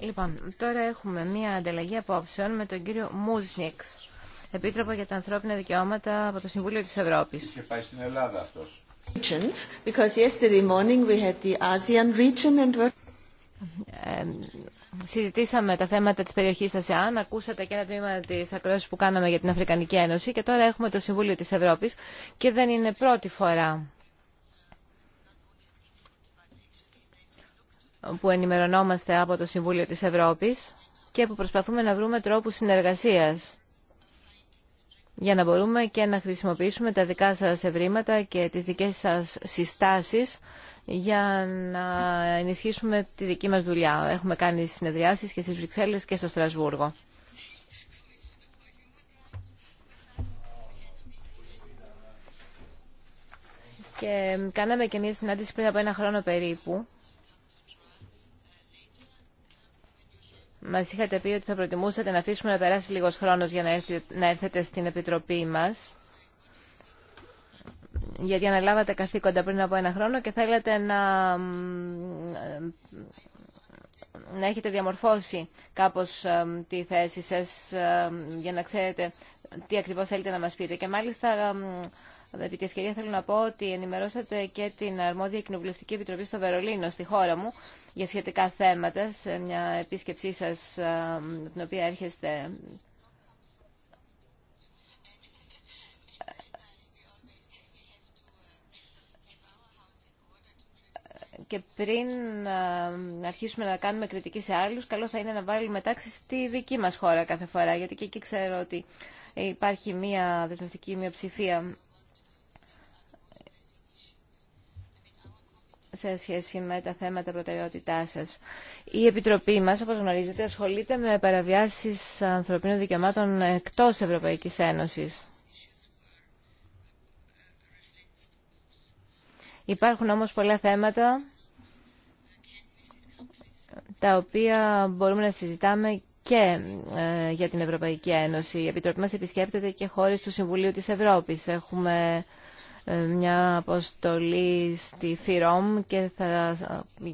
Λοιπόν, τώρα έχουμε μία ανταλλαγή απόψεων με τον κύριο Μούσνιξ, Επίτροπο για τα Ανθρώπινα Δικαιώματα από το Συμβούλιο της Ευρώπης. Είχε πάει στην Ελλάδα αυτός. συζητήσαμε τα θέματα της περιοχής ΑΣΕΑΝ, ακούσατε και ένα τμήμα της ακρόασης που κάναμε για την Αφρικανική Ένωση και τώρα έχουμε το Συμβούλιο της Ευρώπης και δεν είναι πρώτη φορά που ενημερωνόμαστε από το Συμβούλιο της Ευρώπης και που προσπαθούμε να βρούμε τρόπους συνεργασίας για να μπορούμε και να χρησιμοποιήσουμε τα δικά σας ευρήματα και τις δικές σας συστάσεις για να ενισχύσουμε τη δική μας δουλειά. Έχουμε κάνει συνεδριάσεις και στις Βρυξέλλες και στο Στρασβούργο. Και κάναμε και μια συνάντηση πριν από ένα χρόνο περίπου Μα είχατε πει ότι θα προτιμούσατε να αφήσουμε να περάσει λίγο χρόνο για να έρθετε, στην Επιτροπή μα, γιατί αναλάβατε καθήκοντα πριν από ένα χρόνο και θέλετε να, έχετε διαμορφώσει κάπως τη θέση σας για να ξέρετε τι ακριβώς θέλετε να μας πείτε. Και μάλιστα, επί τη ευκαιρία θέλω να πω ότι ενημερώσατε και την Αρμόδια Κοινοβουλευτική Επιτροπή στο Βερολίνο, στη χώρα μου, για σχετικά θέματα σε μια επίσκεψή σας ε, την οποία έρχεστε και πριν ε, να αρχίσουμε να κάνουμε κριτική σε άλλους, καλό θα είναι να βάλουμε τάξη στη δική μας χώρα κάθε φορά, γιατί και εκεί ξέρω ότι υπάρχει μία δεσμευτική μειοψηφία σε σχέση με τα θέματα προτεραιότητά σας. Η Επιτροπή μας, όπως γνωρίζετε, ασχολείται με παραβιάσεις ανθρωπίνων δικαιωμάτων εκτός Ευρωπαϊκής Ένωσης. Υπάρχουν όμως πολλά θέματα τα οποία μπορούμε να συζητάμε και ε, για την Ευρωπαϊκή Ένωση. Η Επιτροπή μας επισκέπτεται και χώρες του Συμβουλίου της Ευρώπης. Έχουμε ε, μια αποστολή στη ΦΥΡΟΜ και θα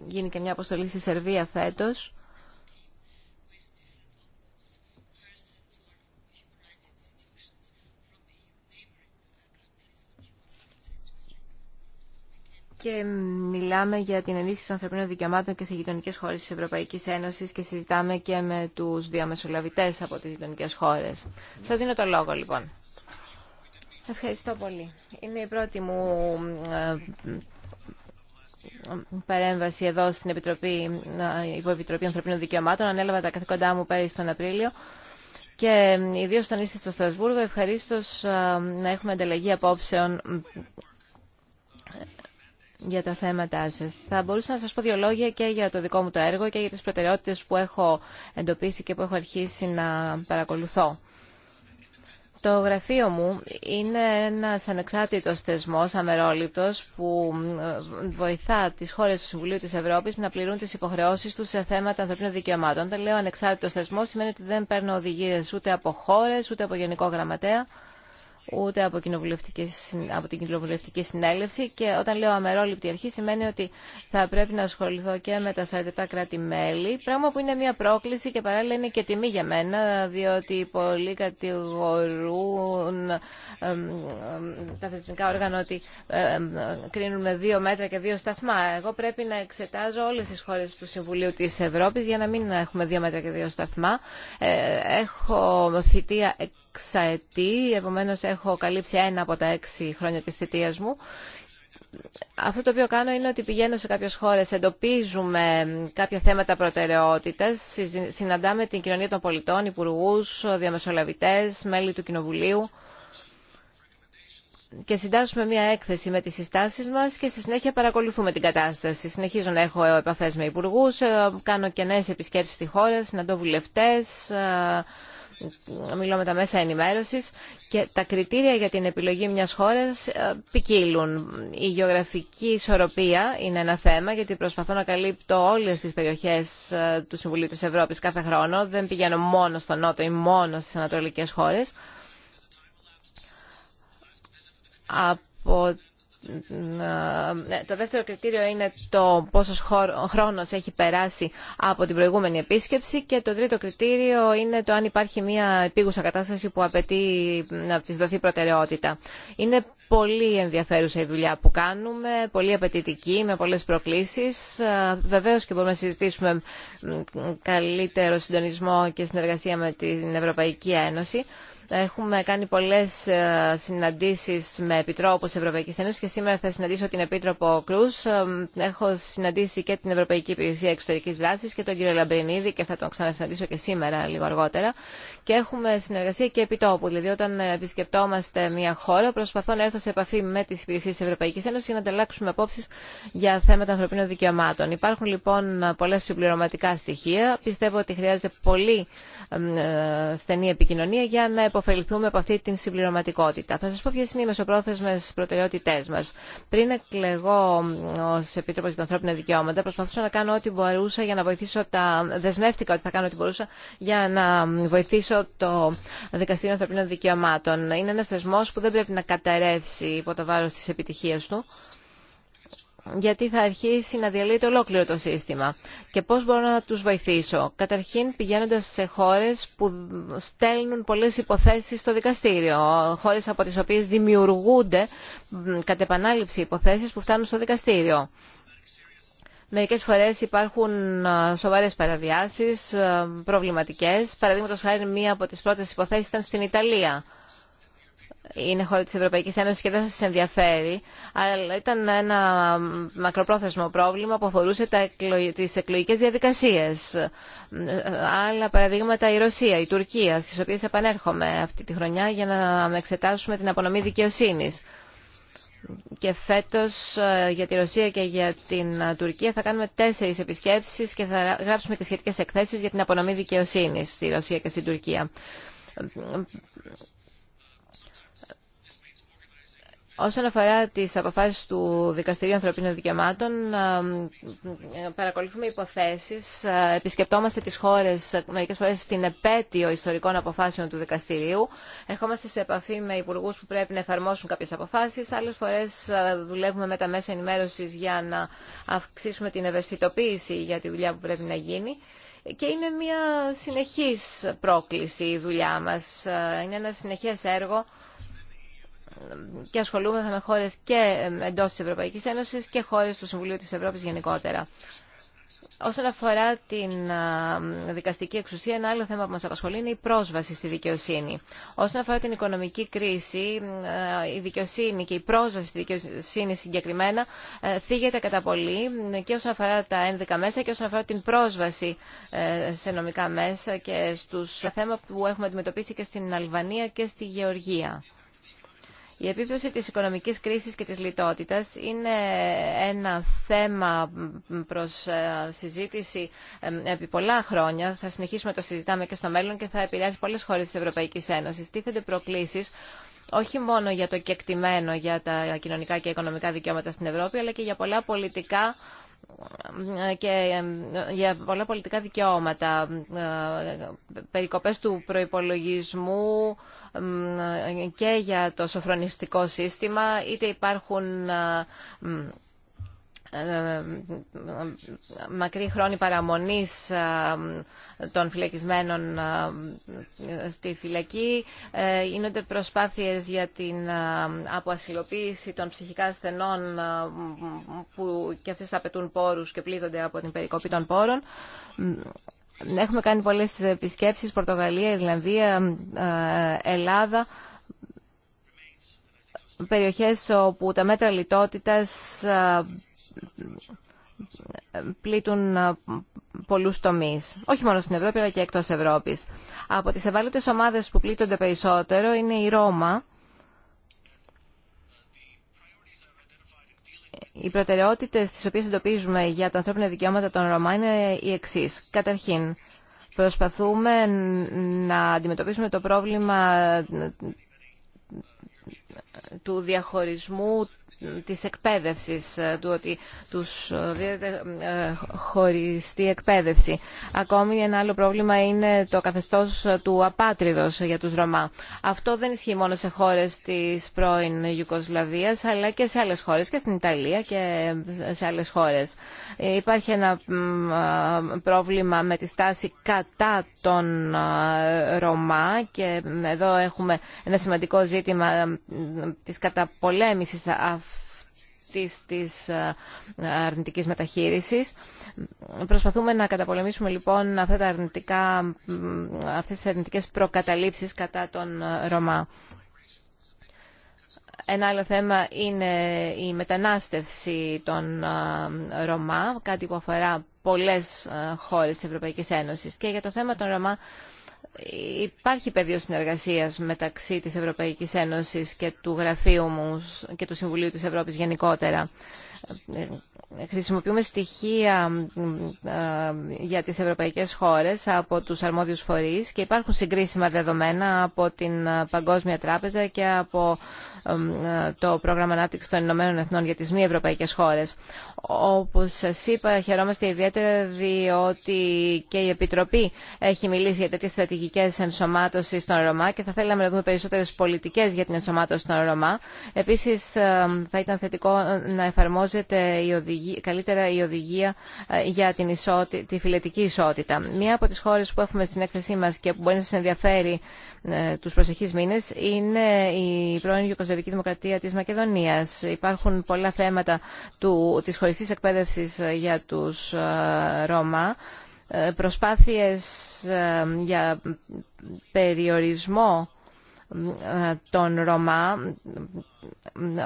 γίνει και μια αποστολή στη Σερβία φέτος. και μιλάμε για την ενίσχυση των ανθρωπίνων δικαιωμάτων και στι γειτονικέ χώρε τη Ευρωπαϊκή Ένωση και συζητάμε και με του διαμεσολαβητέ από τι γειτονικέ χώρε. Σα δίνω το λόγο, λοιπόν. Ευχαριστώ πολύ. Είναι η πρώτη μου ε, παρέμβαση εδώ στην Επιτροπή, ε, Υποεπιτροπή Ανθρωπίνων Δικαιωμάτων. Ανέλαβα τα καθήκοντά μου πέρυσι τον Απρίλιο και ε, ιδίω όταν είστε στο Στρασβούργο ευχαρίστω να έχουμε ανταλλαγή απόψεων για τα θέματα σα. Θα μπορούσα να σα πω δύο λόγια και για το δικό μου το έργο και για τι προτεραιότητε που έχω εντοπίσει και που έχω αρχίσει να παρακολουθώ. Το γραφείο μου είναι ένας ανεξάρτητος θεσμός, αμερόληπτος, που ε, βοηθά τις χώρες του Συμβουλίου της Ευρώπης να πληρούν τις υποχρεώσεις τους σε θέματα ανθρωπίνων δικαιωμάτων. Όταν λέω ανεξάρτητος θεσμός σημαίνει ότι δεν παίρνω οδηγίες ούτε από χώρες, ούτε από Γενικό Γραμματέα, ούτε από, από την κοινοβουλευτική συνέλευση και όταν λέω αμερόληπτη αρχή σημαίνει ότι θα πρέπει να ασχοληθώ και με τα 47 κράτη-μέλη, πράγμα που είναι μια πρόκληση και παράλληλα είναι και τιμή για μένα, διότι πολλοί κατηγορούν τα θεσμικά όργανα ότι κρίνουν με δύο μέτρα και δύο σταθμά. Εγώ πρέπει να εξετάζω όλες τις χώρες του Συμβουλίου της Ευρώπης για να μην έχουμε δύο μέτρα και δύο σταθμά. Ε, έχω φοιτεία εξαετή, επομένως έχω καλύψει ένα από τα έξι χρόνια της θητείας μου αυτό το οποίο κάνω είναι ότι πηγαίνω σε κάποιες χώρες, εντοπίζουμε κάποια θέματα προτεραιότητας, συναντάμε την κοινωνία των πολιτών, υπουργού, διαμεσολαβητές, μέλη του Κοινοβουλίου και συντάσσουμε μια έκθεση με τις συστάσεις μας και στη συνέχεια παρακολουθούμε την κατάσταση. Συνεχίζω να έχω επαφές με υπουργούς, ε, κάνω και νέες επισκέψεις στη χώρα, συναντώ βουλευτές, ε, μιλώ με τα μέσα ενημέρωσης και τα κριτήρια για την επιλογή μιας χώρας ε, ποικίλουν. Η γεωγραφική ισορροπία είναι ένα θέμα γιατί προσπαθώ να καλύπτω όλες τις περιοχές ε, του Συμβουλίου της Ευρώπης κάθε χρόνο. Δεν πηγαίνω μόνο στο Νότο ή μόνο στις ανατολικές χώρες. Από ναι, το δεύτερο κριτήριο είναι το πόσος χρόνος έχει περάσει από την προηγούμενη επίσκεψη και το τρίτο κριτήριο είναι το αν υπάρχει μια επίγουσα κατάσταση που απαιτεί να της δοθεί προτεραιότητα. Είναι πολύ ενδιαφέρουσα η δουλειά που κάνουμε, πολύ απαιτητική, με πολλές προκλήσεις. Βεβαίως και μπορούμε να συζητήσουμε καλύτερο συντονισμό και συνεργασία με την Ευρωπαϊκή Ένωση. Έχουμε κάνει πολλέ ε, συναντήσει με επιτρόπους Ευρωπαϊκή Ένωση και σήμερα θα συναντήσω την Επίτροπο Κρού. Ε, έχω συναντήσει και την Ευρωπαϊκή Υπηρεσία Εξωτερική δράση και τον κύριο Λαμπρινίδη και θα τον ξανασυναντήσω και σήμερα λίγο αργότερα. Και έχουμε συνεργασία και επιτόπου. Δηλαδή όταν επισκεπτόμαστε μια χώρα προσπαθώ να έρθω σε επαφή με τι υπηρεσίε τη Ευρωπαϊκής Ένωση για να ανταλλάξουμε απόψει για θέματα ανθρωπίνων δικαιωμάτων. Υπάρχουν λοιπόν πολλά συμπληρωματικά στοιχεία. Πιστεύω ότι χρειάζεται πολύ ε, στενή επικοινωνία για να υποφεληθούμε από αυτή την συμπληρωματικότητα. Θα σα πω ποιε είναι οι μεσοπρόθεσμε προτεραιότητέ μα. Πριν εκλεγώ ω Επίτροπο για τα ανθρώπινα δικαιώματα, προσπαθούσα να κάνω ό,τι μπορούσα για να βοηθήσω τα... Δεσμεύτηκα ότι θα κάνω ό,τι μπορούσα για να βοηθήσω το Δικαστήριο Ανθρωπίνων Δικαιωμάτων. Είναι ένα θεσμό που δεν πρέπει να καταρρεύσει υπό το βάρο τη επιτυχία του γιατί θα αρχίσει να διαλύεται ολόκληρο το σύστημα. Και πώς μπορώ να τους βοηθήσω. Καταρχήν πηγαίνοντας σε χώρες που στέλνουν πολλές υποθέσεις στο δικαστήριο. Χώρες από τις οποίες δημιουργούνται κατ' επανάληψη υποθέσεις που φτάνουν στο δικαστήριο. Μερικές φορές υπάρχουν σοβαρές παραβιάσεις, προβληματικές. Παραδείγματος χάρη μία από τις πρώτες υποθέσεις ήταν στην Ιταλία είναι χώρα της Ευρωπαϊκής Ένωσης και δεν θα σας ενδιαφέρει, αλλά ήταν ένα μακροπρόθεσμο πρόβλημα που αφορούσε τι τις εκλογικές διαδικασίες. Άλλα παραδείγματα η Ρωσία, η Τουρκία, στις οποίες επανέρχομαι αυτή τη χρονιά για να εξετάσουμε την απονομή δικαιοσύνη. Και φέτος ε, για τη Ρωσία και για την ε, Τουρκία θα κάνουμε τέσσερις επισκέψεις και θα γράψουμε τις σχετικές εκθέσεις για την απονομή δικαιοσύνης στη Ρωσία και στην Τουρκία Όσον αφορά τι αποφάσει του Δικαστηρίου Ανθρωπίνων Δικαιωμάτων, παρακολουθούμε υποθέσεις, ε, επισκεπτόμαστε τις χώρες, μερικέ φορέ στην επέτειο ιστορικών αποφάσεων του Δικαστηρίου, ερχόμαστε σε επαφή με υπουργού που πρέπει να εφαρμόσουν κάποιε αποφάσει. Άλλε φορέ ε, δουλεύουμε με τα μέσα ενημέρωση για να αυξήσουμε την ευαισθητοποίηση για τη δουλειά που πρέπει να γίνει και είναι μια συνεχής πρόκληση η δουλειά μας. Ε, είναι ένα συνεχές έργο και ασχολούμεθα με χώρε και εντό τη Ευρωπαϊκή Ένωση και χώρε του Συμβουλίου τη Ευρώπη γενικότερα. Όσον αφορά την δικαστική εξουσία, ένα άλλο θέμα που μας απασχολεί είναι η πρόσβαση στη δικαιοσύνη. Όσον αφορά την οικονομική κρίση, η δικαιοσύνη και η πρόσβαση στη δικαιοσύνη συγκεκριμένα ε, θίγεται κατά πολύ και όσον αφορά τα ένδικα μέσα και όσον αφορά την πρόσβαση ε, σε νομικά μέσα και στους θέματα που έχουμε αντιμετωπίσει και στην Αλβανία και στη Γεωργία. Η επίπτωση της οικονομικής κρίσης και της λιτότητας είναι ένα θέμα προς ε, συζήτηση ε, επί πολλά χρόνια. Θα συνεχίσουμε να το συζητάμε και στο μέλλον και θα επηρεάσει πολλές χώρες της Ευρωπαϊκής Ένωσης. Τίθενται προκλήσεις όχι μόνο για το κεκτημένο για τα κοινωνικά και οικονομικά δικαιώματα στην Ευρώπη, αλλά και για πολλά πολιτικά και για πολλά πολιτικά δικαιώματα, ε, περικοπές του προϋπολογισμού ε, και για το σοφρονιστικό σύστημα, είτε υπάρχουν ε, ε, μακρύ χρόνη παραμονής ε, των φυλακισμένων ε, στη φυλακή. Γίνονται προσπάθειες για την αποασυλοποίηση των ψυχικά ασθενών που και αυτές θα απαιτούν πόρους και πλήττονται από την περικοπή των πόρων. Έχουμε κάνει πολλές επισκέψεις, Πορτογαλία, Ιρλανδία, Ελλάδα περιοχές όπου τα μέτρα λιτότητας πλήττουν ε, πολλούς τομείς, όχι μόνο στην Ευρώπη αλλά και εκτός Ευρώπης. Από τις ευάλωτες ομάδες που πλήττονται περισσότερο είναι η Ρώμα. Οι προτεραιότητες τις οποίες εντοπίζουμε για τα ανθρώπινα δικαιώματα των Ρωμά είναι οι εξής. Καταρχήν, προσπαθούμε να αντιμετωπίσουμε το πρόβλημα του διαχωρισμού της εκπαίδευσης, ε, του ότι τους ε, δίνεται ε, χωριστή εκπαίδευση. Ακόμη ένα άλλο πρόβλημα είναι το καθεστώς του απάτριδος για τους Ρωμά. Αυτό δεν ισχύει μόνο σε χώρες της πρώην Ιουκοσλαβίας, αλλά και σε άλλες χώρες, και στην Ιταλία και σε άλλες χώρες. Υπάρχει ένα πρόβλημα με τη στάση κατά των Ρωμά και εδώ έχουμε ένα σημαντικό ζήτημα της καταπολέμησης αυτού της της ε, αρνητικής μεταχείρισης. Προσπαθούμε να καταπολεμήσουμε λοιπόν αυτά τα αρνητικά, αυτές τις αρνητικές προκαταλήψεις κατά τον ε, Ρωμά. Ένα άλλο θέμα είναι η μετανάστευση των ε, Ρωμά, κάτι που αφορά πολλές χώρες της Ευρωπαϊκής Ένωσης. Και για το θέμα των Ρωμά Υπάρχει πεδίο συνεργασίας μεταξύ της Ευρωπαϊκής Ένωσης και του Γραφείου μου και του Συμβουλίου της Ευρώπης γενικότερα. Χρησιμοποιούμε στοιχεία ε, για τις ευρωπαϊκές χώρες από τους αρμόδιους φορείς και υπάρχουν συγκρίσιμα δεδομένα από την Παγκόσμια Τράπεζα και από ε, το Πρόγραμμα Ανάπτυξη των Ηνωμένων Εθνών για τις μη ευρωπαϊκές χώρες. Όπως σας είπα, χαιρόμαστε ιδιαίτερα διότι και η Επιτροπή έχει μιλήσει για στρατηγικέ ενσωμάτωση των Ρωμά και θα θέλαμε να δούμε περισσότερε πολιτικέ για την ενσωμάτωση των Ρωμά. Επίση, ε, θα ήταν θετικό να εφαρμόζεται η οδηγία, καλύτερα η οδηγία ε, για την ισότη, τη φιλετική ισότητα. Μία από τι χώρε που έχουμε στην έκθεσή μα και που μπορεί να σα ενδιαφέρει ε, του προσεχεί μήνε είναι η πρώην Ιουκοσλαβική Δημοκρατία τη Μακεδονία. Υπάρχουν πολλά θέματα τη χωριστή εκπαίδευση για του Ρώμα ε, προσπάθειες ε, για περιορισμό ε, των Ρωμά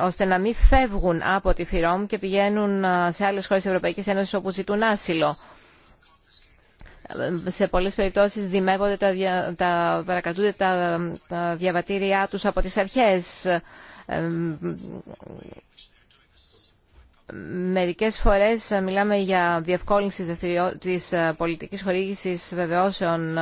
ώστε να μην φεύγουν από τη Φιρόμ και πηγαίνουν σε άλλες χώρες της Ευρωπαϊκής Ένωσης όπου ζητούν άσυλο. Σε πολλές περιπτώσεις δημεύονται, τα, τα, τα διαβατήριά τους από τις αρχές Μερικές φορές ε, μιλάμε για διευκόλυνση της ε, πολιτικής χορήγησης βεβαιώσεων ε,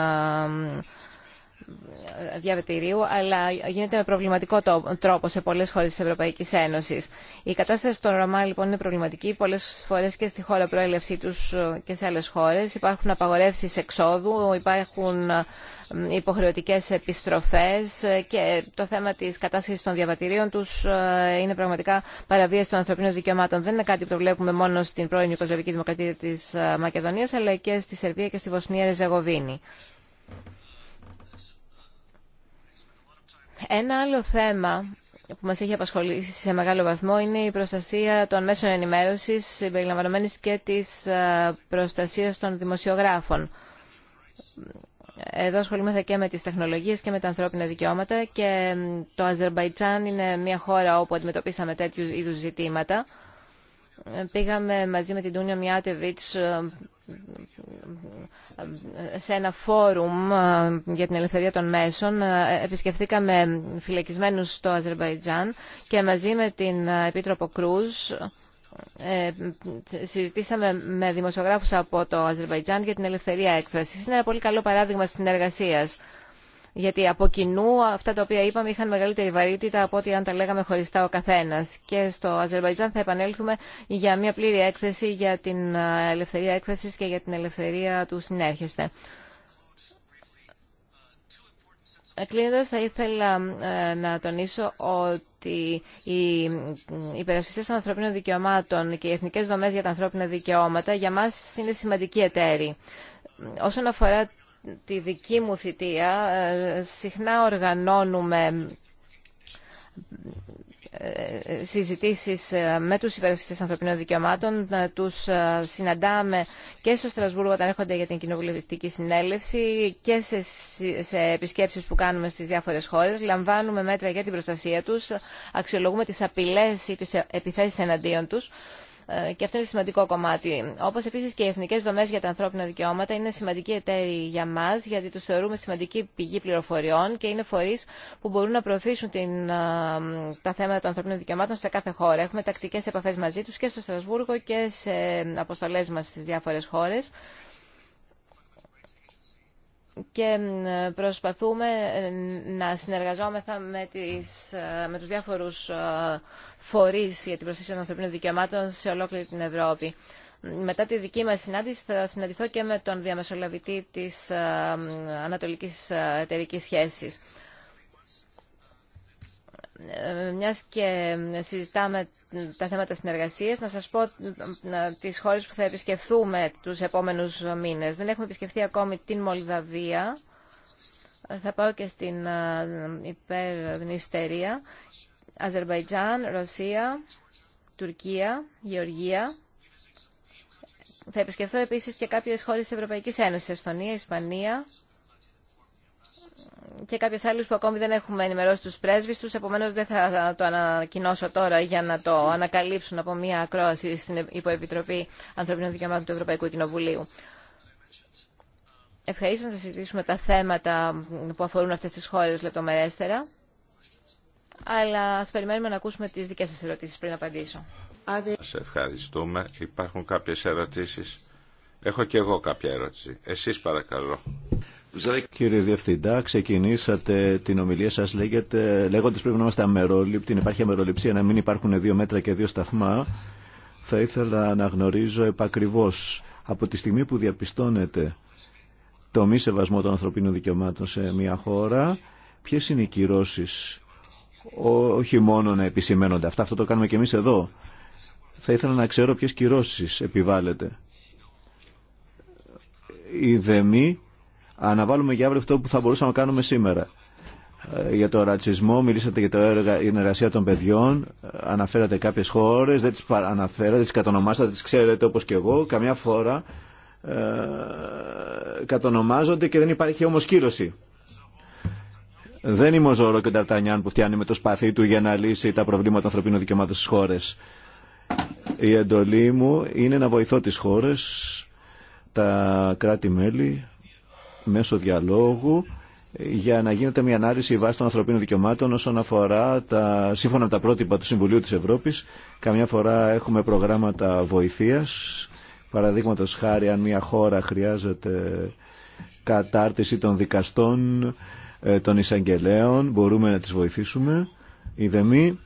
διαβατηρίου, αλλά γίνεται με προβληματικό τρόπο σε πολλές χώρες της Ευρωπαϊκής Ένωσης. Η κατάσταση των Ρωμά λοιπόν είναι προβληματική. Πολλές φορέ και στη χώρα προέλευσή τους και σε άλλες χώρες υπάρχουν απαγορεύσεις εξόδου, υπάρχουν υποχρεωτικές επιστροφές και το θέμα της κατάσταση των διαβατηρίων τους ε, είναι πραγματικά παραβίαση των ανθρωπίνων δικαιωμάτων. Δεν είναι κάτι που το βλέπουμε μόνο στην πρώην Ιουκοσλαβική Δημοκρατία της ε, Μακεδονίας, αλλά και στη Σερβία και στη Βοσνία Ρεζεγοβίνη. Ένα άλλο θέμα που μας έχει απασχολήσει σε μεγάλο βαθμό είναι η προστασία των μέσων ενημέρωσης συμπεριλαμβανομένης και της ε, προστασίας των δημοσιογράφων. Εδώ ασχολούμαστε και με τις τεχνολογίες και με τα ανθρώπινα δικαιώματα και το Αζερμπαϊτζάν είναι μια χώρα όπου αντιμετωπίσαμε τέτοιου είδους ζητήματα. Πήγαμε μαζί με την Τούνια Μιάτεβιτς ε, ε, σε ένα φόρουμ ε, για την ελευθερία των μέσων. Επισκεφθήκαμε φυλακισμένους στο Αζερβαϊτζάν και μαζί με την Επίτροπο Κρούζ συζητήσαμε με δημοσιογράφους από το Αζερβαϊτζάν για την ελευθερία έκφρασης. Είναι ένα πολύ καλό παράδειγμα συνεργασίας γιατί από κοινού αυτά τα οποία είπαμε είχαν μεγαλύτερη βαρύτητα από ό,τι αν τα λέγαμε χωριστά ο καθένα. Και στο Αζερβαϊτζάν θα επανέλθουμε για μια πλήρη έκθεση για την ε, ελευθερία έκφραση και για την ελευθερία του συνέρχεστε. Κλείνοντα, θα ήθελα ε, να τονίσω ότι οι υπερασπιστές των ανθρωπίνων δικαιωμάτων και οι εθνικές δομές για τα ανθρώπινα δικαιώματα για μας είναι σημαντικοί εταίροι. Όσον αφορά τη δική μου θητεία ε, συχνά οργανώνουμε ε, συζητήσεις ε, με τους υπερασπιστές ανθρωπινών δικαιωμάτων. Τους συναντάμε και στο Στρασβούργο όταν έρχονται για την κοινοβουλευτική συνέλευση και σε, σε επισκέψεις που κάνουμε στις διάφορες χώρες. Λαμβάνουμε μέτρα για την προστασία τους, αξιολογούμε τις απειλές ή τις επιθέσεις εναντίον τους. Ε, και αυτό είναι σημαντικό κομμάτι. Όπω επίση και οι εθνικέ δομέ για τα ανθρώπινα δικαιώματα είναι σημαντική εταίροι για μα, γιατί του θεωρούμε σημαντική πηγή πληροφοριών και είναι φορεί που μπορούν να προωθήσουν την, ε, τα θέματα των ανθρώπινων δικαιωμάτων σε κάθε χώρα. Έχουμε τακτικέ επαφέ μαζί του και στο Στρασβούργο και σε αποστολέ μα στι διάφορε χώρε και προσπαθούμε ε, να συνεργαζόμεθα με, τις, ε, με τους διάφορους ε, φορείς για την προστασία των ανθρωπίνων δικαιωμάτων σε ολόκληρη την Ευρώπη. Μετά τη δική μας συνάντηση θα συναντηθώ και με τον διαμεσολαβητή της Ανατολικής Εταιρικής Σχέσης. Μιας και συζητάμε τα θέματα συνεργασίας. Να σας πω τις χώρες που θα επισκεφθούμε τους επόμενους μήνες. Δεν έχουμε επισκεφθεί ακόμη την Μολδαβία. Θα πάω και στην υπερδνηστερία. Αζερβαϊτζάν, Ρωσία, Τουρκία, Γεωργία. Θα επισκεφθώ επίσης και κάποιες χώρες της Ευρωπαϊκής Ένωσης, Εστονία, Ισπανία, και κάποιε άλλε που ακόμη δεν έχουμε ενημερώσει τους πρέσβει τους, επομένως δεν θα το ανακοινώσω τώρα για να το ανακαλύψουν από μια ακρόαση στην Υποεπιτροπή Ανθρωπίνων Δικαιωμάτων του Ευρωπαϊκού Κοινοβουλίου. Ευχαριστώ να συζητήσουμε τα θέματα που αφορούν αυτές τις χώρες λεπτομερέστερα. Αλλά α περιμένουμε να ακούσουμε τι δικέ σα ερωτήσει πριν απαντήσω. Σε ευχαριστούμε. Υπάρχουν κάποιε ερωτήσει. Έχω και εγώ κάποια ερώτηση. Εσείς παρακαλώ. Κύριε Διευθυντά, ξεκινήσατε την ομιλία σας λέγεται, λέγοντας πρέπει να είμαστε αμερόληπτοι, να υπάρχει αμεροληψία, να μην υπάρχουν δύο μέτρα και δύο σταθμά. Θα ήθελα να γνωρίζω επακριβώς από τη στιγμή που διαπιστώνεται το μη σεβασμό των ανθρωπίνων δικαιωμάτων σε μια χώρα, ποιε είναι οι κυρώσει, όχι μόνο να επισημαίνονται αυτά, αυτό το κάνουμε και εμεί εδώ. Θα ήθελα να ξέρω ποιε κυρώσει επιβάλλεται οι αναβάλουμε για αύριο αυτό που θα μπορούσαμε να κάνουμε σήμερα. Ε, για το ρατσισμό, μιλήσατε για το έργα, την εργασία των παιδιών, ε, αναφέρατε κάποιες χώρες, δεν τις αναφέρατε, τις κατονομάσατε, τις ξέρετε όπως και εγώ, καμιά φορά ε, κατονομάζονται και δεν υπάρχει όμως κύρωση. Δεν είμαι ο Ζωρό και ο Νταρτανιάν που φτιάνει με το σπαθί του για να λύσει τα προβλήματα ανθρωπίνων δικαιωμάτων στι χώρες. Η εντολή μου είναι να βοηθώ τις χώρες τα κράτη-μέλη μέσω διαλόγου για να γίνεται μια ανάλυση βάσει των ανθρωπίνων δικαιωμάτων όσον αφορά τα, σύμφωνα με τα πρότυπα του Συμβουλίου της Ευρώπης. Καμιά φορά έχουμε προγράμματα βοηθείας. Παραδείγματο χάρη αν μια χώρα χρειάζεται κατάρτιση των δικαστών, ε, των εισαγγελέων, μπορούμε να τις βοηθήσουμε. Η δεμή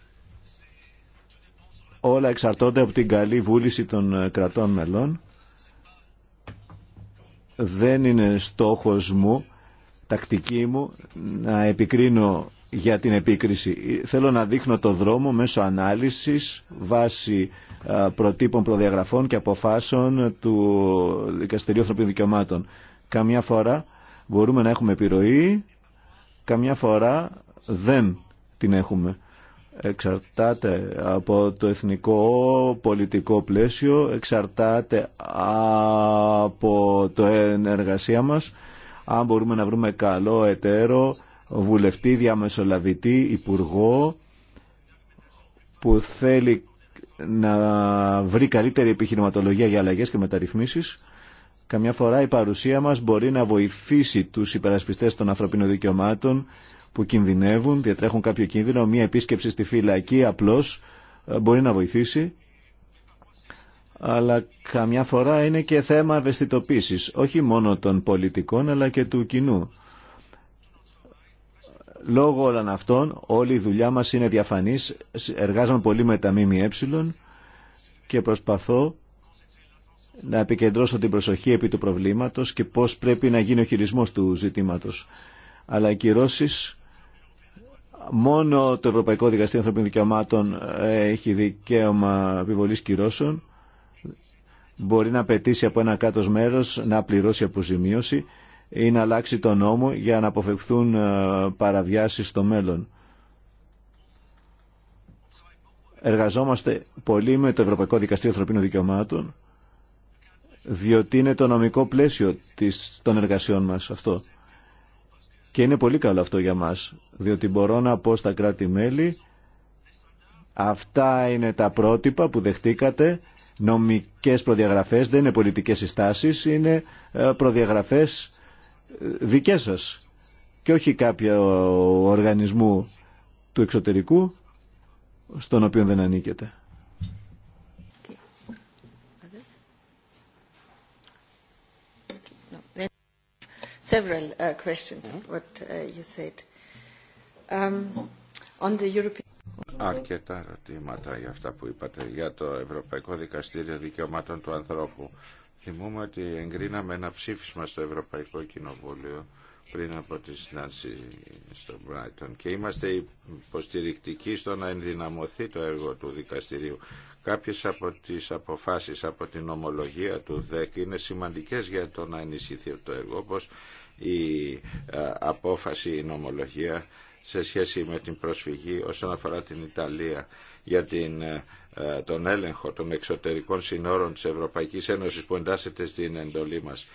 όλα εξαρτώνται από την καλή βούληση των ε, κρατών μελών δεν είναι στόχος μου, τακτική μου, να επικρίνω για την επίκριση. Θέλω να δείχνω το δρόμο μέσω ανάλυσης βάσει προτύπων προδιαγραφών και αποφάσεων του Δικαστηρίου Ανθρωπίνων Δικαιωμάτων. Καμιά φορά μπορούμε να έχουμε επιρροή, καμιά φορά δεν την έχουμε εξαρτάται από το εθνικό πολιτικό πλαίσιο, εξαρτάται από το ενεργασία μας, αν μπορούμε να βρούμε καλό εταίρο, βουλευτή, διαμεσολαβητή, υπουργό, που θέλει να βρει καλύτερη επιχειρηματολογία για αλλαγές και μεταρρυθμίσεις. Καμιά φορά η παρουσία μας μπορεί να βοηθήσει τους υπερασπιστές των ανθρωπίνων δικαιωμάτων που κινδυνεύουν, διατρέχουν κάποιο κίνδυνο, μία επίσκεψη στη φυλακή απλώς ε, μπορεί να βοηθήσει. Αλλά καμιά φορά είναι και θέμα ευαισθητοποίησης, όχι μόνο των πολιτικών αλλά και του κοινού. Λόγω όλων αυτών όλη η δουλειά μας είναι διαφανής, εργάζομαι πολύ με τα ΜΜΕ και προσπαθώ να επικεντρώσω την προσοχή επί του προβλήματος και πώς πρέπει να γίνει ο χειρισμός του ζητήματος. Αλλά οι κυρώσεις μόνο το Ευρωπαϊκό Δικαστήριο Ανθρωπίνων Δικαιωμάτων ε, έχει δικαίωμα επιβολής κυρώσεων. Μπορεί να απαιτήσει από ένα κάτω μέρος να πληρώσει αποζημίωση ή να αλλάξει τον νόμο για να αποφευχθούν ε, παραβιάσεις στο μέλλον. Εργαζόμαστε πολύ με το Ευρωπαϊκό Δικαστήριο Ανθρωπίνων Δικαιωμάτων διότι είναι το νομικό πλαίσιο των εργασιών μας αυτό. Και είναι πολύ καλό αυτό για μας, διότι μπορώ να πω στα κράτη-μέλη αυτά είναι τα πρότυπα που δεχτήκατε, νομικές προδιαγραφές, δεν είναι πολιτικές συστάσεις, είναι ε, προδιαγραφές ε, δικές σας και όχι κάποιο οργανισμού του εξωτερικού στον οποίο δεν ανήκετε. several Αρκετά ερωτήματα για αυτά που είπατε για το Ευρωπαϊκό Δικαστήριο Δικαιωμάτων του Ανθρώπου. Θυμούμε ότι εγκρίναμε ένα ψήφισμα στο Ευρωπαϊκό Κοινοβούλιο πριν από τη συνάντηση στο Brighton και είμαστε υποστηρικτικοί στο να ενδυναμωθεί το έργο του δικαστηρίου. Κάποιες από τις αποφάσεις από την ομολογία του ΔΕΚ είναι σημαντικές για το να ενισχυθεί το έργο όπως η ε, απόφαση, η νομολογία σε σχέση με την προσφυγή όσον αφορά την Ιταλία για την, ε, τον έλεγχο των εξωτερικών συνόρων της Ευρωπαϊκής Ένωσης που εντάσσεται στην εντολή μας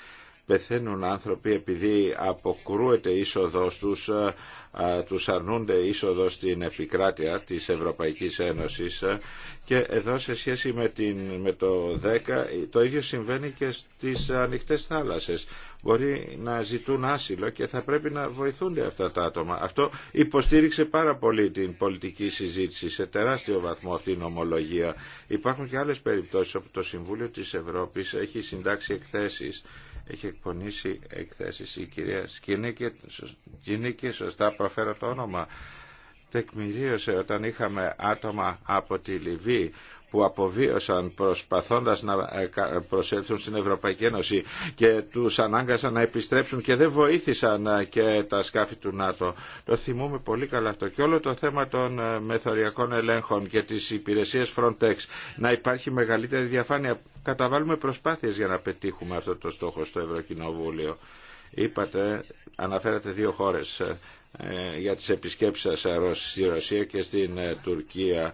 πεθαίνουν άνθρωποι επειδή αποκρούεται είσοδο είσοδος τους, ε, ε, τους αρνούνται είσοδο στην επικράτεια της Ευρωπαϊκής Ένωσης ε, και εδώ σε σχέση με, την, με το 10 το ίδιο συμβαίνει και στις ανοιχτές θάλασσες. Μπορεί να ζητούν άσυλο και θα πρέπει να βοηθούνται αυτά τα άτομα. Αυτό υποστήριξε πάρα πολύ την πολιτική συζήτηση σε τεράστιο βαθμό αυτή η νομολογία. Υπάρχουν και άλλες περιπτώσεις όπου το Συμβούλιο της Ευρώπης έχει συντάξει εκθέσεις έχει εκπονήσει εκθέσεις η κυρία Σκίνη και, σωστά προφέρω το όνομα τεκμηρίωσε όταν είχαμε άτομα από τη Λιβύη που αποβίωσαν προσπαθώντας να ε, ε, προσέλθουν στην Ευρωπαϊκή Ένωση και τους ανάγκασαν να επιστρέψουν και δεν βοήθησαν ε, και τα σκάφη του ΝΑΤΟ. Το θυμούμε πολύ καλά αυτό. Και όλο το θέμα των μεθοριακών ελέγχων και της υπηρεσίας Frontex να υπάρχει μεγαλύτερη διαφάνεια. Καταβάλουμε προσπάθειες για να πετύχουμε αυτό το στόχο στο Ευρωκοινοβούλιο. Είπατε, αναφέρατε δύο χώρες για τις επισκέψεις σας στη Ρωσία και στην Τουρκία.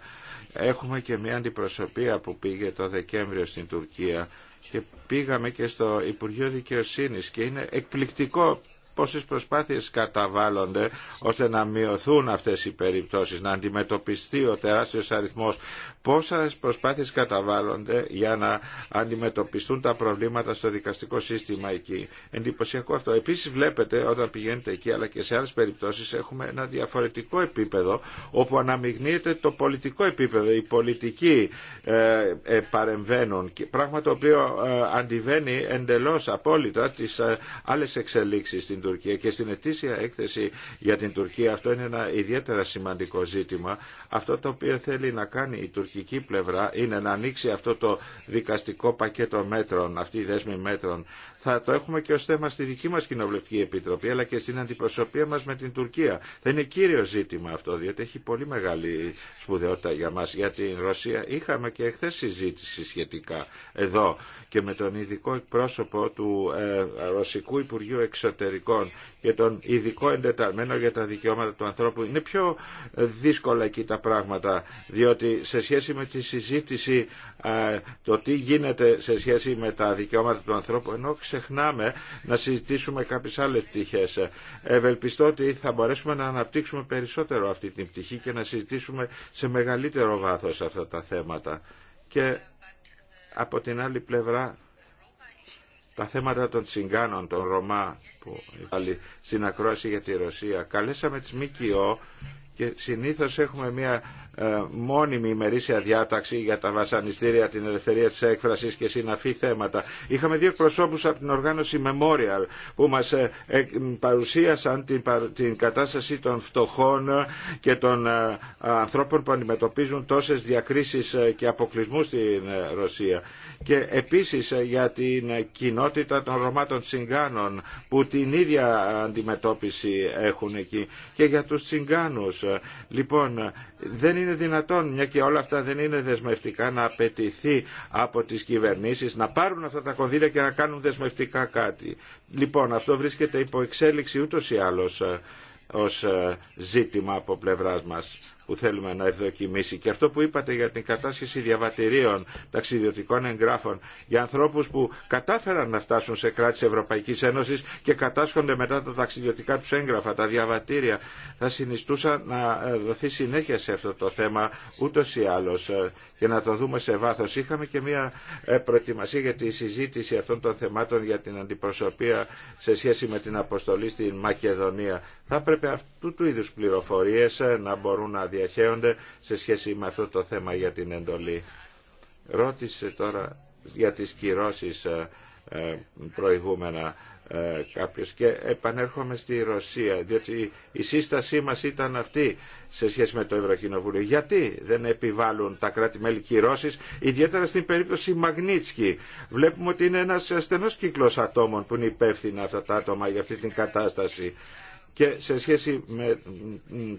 Έχουμε και μια αντιπροσωπεία που πήγε το Δεκέμβριο στην Τουρκία και πήγαμε και στο Υπουργείο Δικαιοσύνης και είναι εκπληκτικό πόσες προσπάθειες καταβάλλονται ώστε να μειωθούν αυτές οι περιπτώσεις, να αντιμετωπιστεί ο τεράστιος αριθμός, πόσες προσπάθειες καταβάλλονται για να αντιμετωπιστούν τα προβλήματα στο δικαστικό σύστημα εκεί. Εντυπωσιακό αυτό. Επίσης βλέπετε όταν πηγαίνετε εκεί αλλά και σε άλλες περιπτώσεις έχουμε ένα διαφορετικό επίπεδο όπου αναμειγνύεται το πολιτικό επίπεδο. Οι πολιτικοί ε, ε, παρεμβαίνουν, πράγμα το οποίο ε, αντιβαίνει εντελώς απόλυτα τις ε, άλλες εξελίξεις στην Τουρκία και στην ετήσια έκθεση για την Τουρκία αυτό είναι ένα ιδιαίτερα σημαντικό ζήτημα. Αυτό το οποίο θέλει να κάνει η τουρκική πλευρά είναι να ανοίξει αυτό το δικαστικό πακέτο μέτρων, αυτή η δέσμη μέτρων θα το έχουμε και ω θέμα στη δική μας Κοινοβουλευτική Επιτροπή αλλά και στην αντιπροσωπεία μας με την Τουρκία. Θα είναι κύριο ζήτημα αυτό διότι έχει πολύ μεγάλη σπουδαιότητα για μας. Για την Ρωσία είχαμε και εχθές συζήτηση σχετικά εδώ και με τον ειδικό εκπρόσωπο του ε, Ρωσικού Υπουργείου Εξωτερικών και τον ειδικό εντεταλμένο για τα δικαιώματα του ανθρώπου. Είναι πιο δύσκολα εκεί τα πράγματα, διότι σε σχέση με τη συζήτηση το τι γίνεται σε σχέση με τα δικαιώματα του ανθρώπου, ενώ ξεχνάμε να συζητήσουμε κάποιες άλλες πτυχές. Ευελπιστώ ότι θα μπορέσουμε να αναπτύξουμε περισσότερο αυτή την πτυχή και να συζητήσουμε σε μεγαλύτερο βάθος αυτά τα θέματα. Και από την άλλη πλευρά τα θέματα των τσιγκάνων, των Ρωμά που στην ακρόαση για τη Ρωσία. Καλέσαμε τις ΜΚΟ και συνήθως έχουμε μια ε, μόνιμη ημερήσια διάταξη για τα βασανιστήρια, την ελευθερία της έκφρασης και συναφή θέματα. Είχαμε δύο προσώπους από την οργάνωση Memorial που μας ε, ε, παρουσίασαν την, κατάσταση των φτωχών και των ανθρώπων που αντιμετωπίζουν τόσες διακρίσεις και αποκλεισμού στην Ρωσία. Και επίσης για την κοινότητα των Ρωμάτων Τσιγκάνων που την ίδια αντιμετώπιση έχουν εκεί και για τους Τσιγκάνους ε, λοιπόν, δεν είναι δυνατόν, μια και όλα αυτά δεν είναι δεσμευτικά, να απαιτηθεί από τις κυβερνήσεις να πάρουν αυτά τα κονδύλια και να κάνουν δεσμευτικά κάτι. Λοιπόν, αυτό βρίσκεται υπό εξέλιξη ούτως ή άλλως ε, ως ε, ζήτημα από πλευράς μας που θέλουμε να ευδοκιμήσει. Και αυτό που είπατε για την κατάσχεση διαβατηρίων ταξιδιωτικών εγγράφων για ανθρώπου που κατάφεραν να φτάσουν σε κράτη Ευρωπαϊκή Ένωση και κατάσχονται μετά τα ταξιδιωτικά του έγγραφα, τα διαβατήρια. Θα συνιστούσα να ε, δοθεί συνέχεια σε αυτό το θέμα ούτω ή άλλω ε, και να το δούμε σε βάθο. Είχαμε και μια ε, προετοιμασία για τη συζήτηση αυτών των θεμάτων για την αντιπροσωπεία σε σχέση με την αποστολή στην Μακεδονία. Θα έπρεπε αυτού του είδου πληροφορίε να μπορούν να διαχέονται σε σχέση με αυτό το θέμα για την εντολή. Ρώτησε τώρα για τις κυρώσεις ε, ε, προηγούμενα ε, κάποιος και επανέρχομαι στη Ρωσία διότι η σύστασή μας ήταν αυτή σε σχέση με το Ευρωκοινοβούλιο γιατί δεν επιβάλλουν τα κράτη-μέλη κυρώσεις ιδιαίτερα στην περίπτωση Μαγνίτσκι βλέπουμε ότι είναι ένας στενός κύκλος ατόμων που είναι υπεύθυνα αυτά τα άτομα για αυτή την κατάσταση και σε σχέση με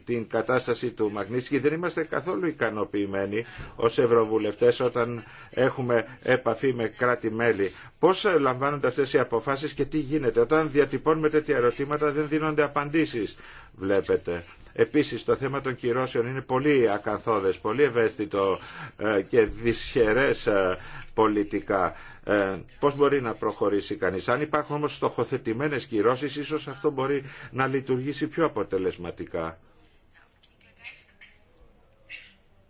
την κατάσταση του Μαγνίσκη δεν είμαστε καθόλου ικανοποιημένοι ως Ευρωβουλευτές όταν έχουμε επαφή με κράτη-μέλη. Πώς λαμβάνονται αυτές οι αποφάσεις και τι γίνεται. Όταν διατυπώνουμε τέτοια ερωτήματα δεν δίνονται απαντήσεις, βλέπετε. Επίσης το θέμα των κυρώσεων είναι πολύ ακαθόδες, πολύ ευαίσθητο ε, και δυσχερές ε, πολιτικά. Ε, πώς μπορεί να προχωρήσει κανείς. Αν υπάρχουν όμως στοχοθετημένες κυρώσεις, ίσως αυτό μπορεί να λειτουργήσει πιο αποτελεσματικά.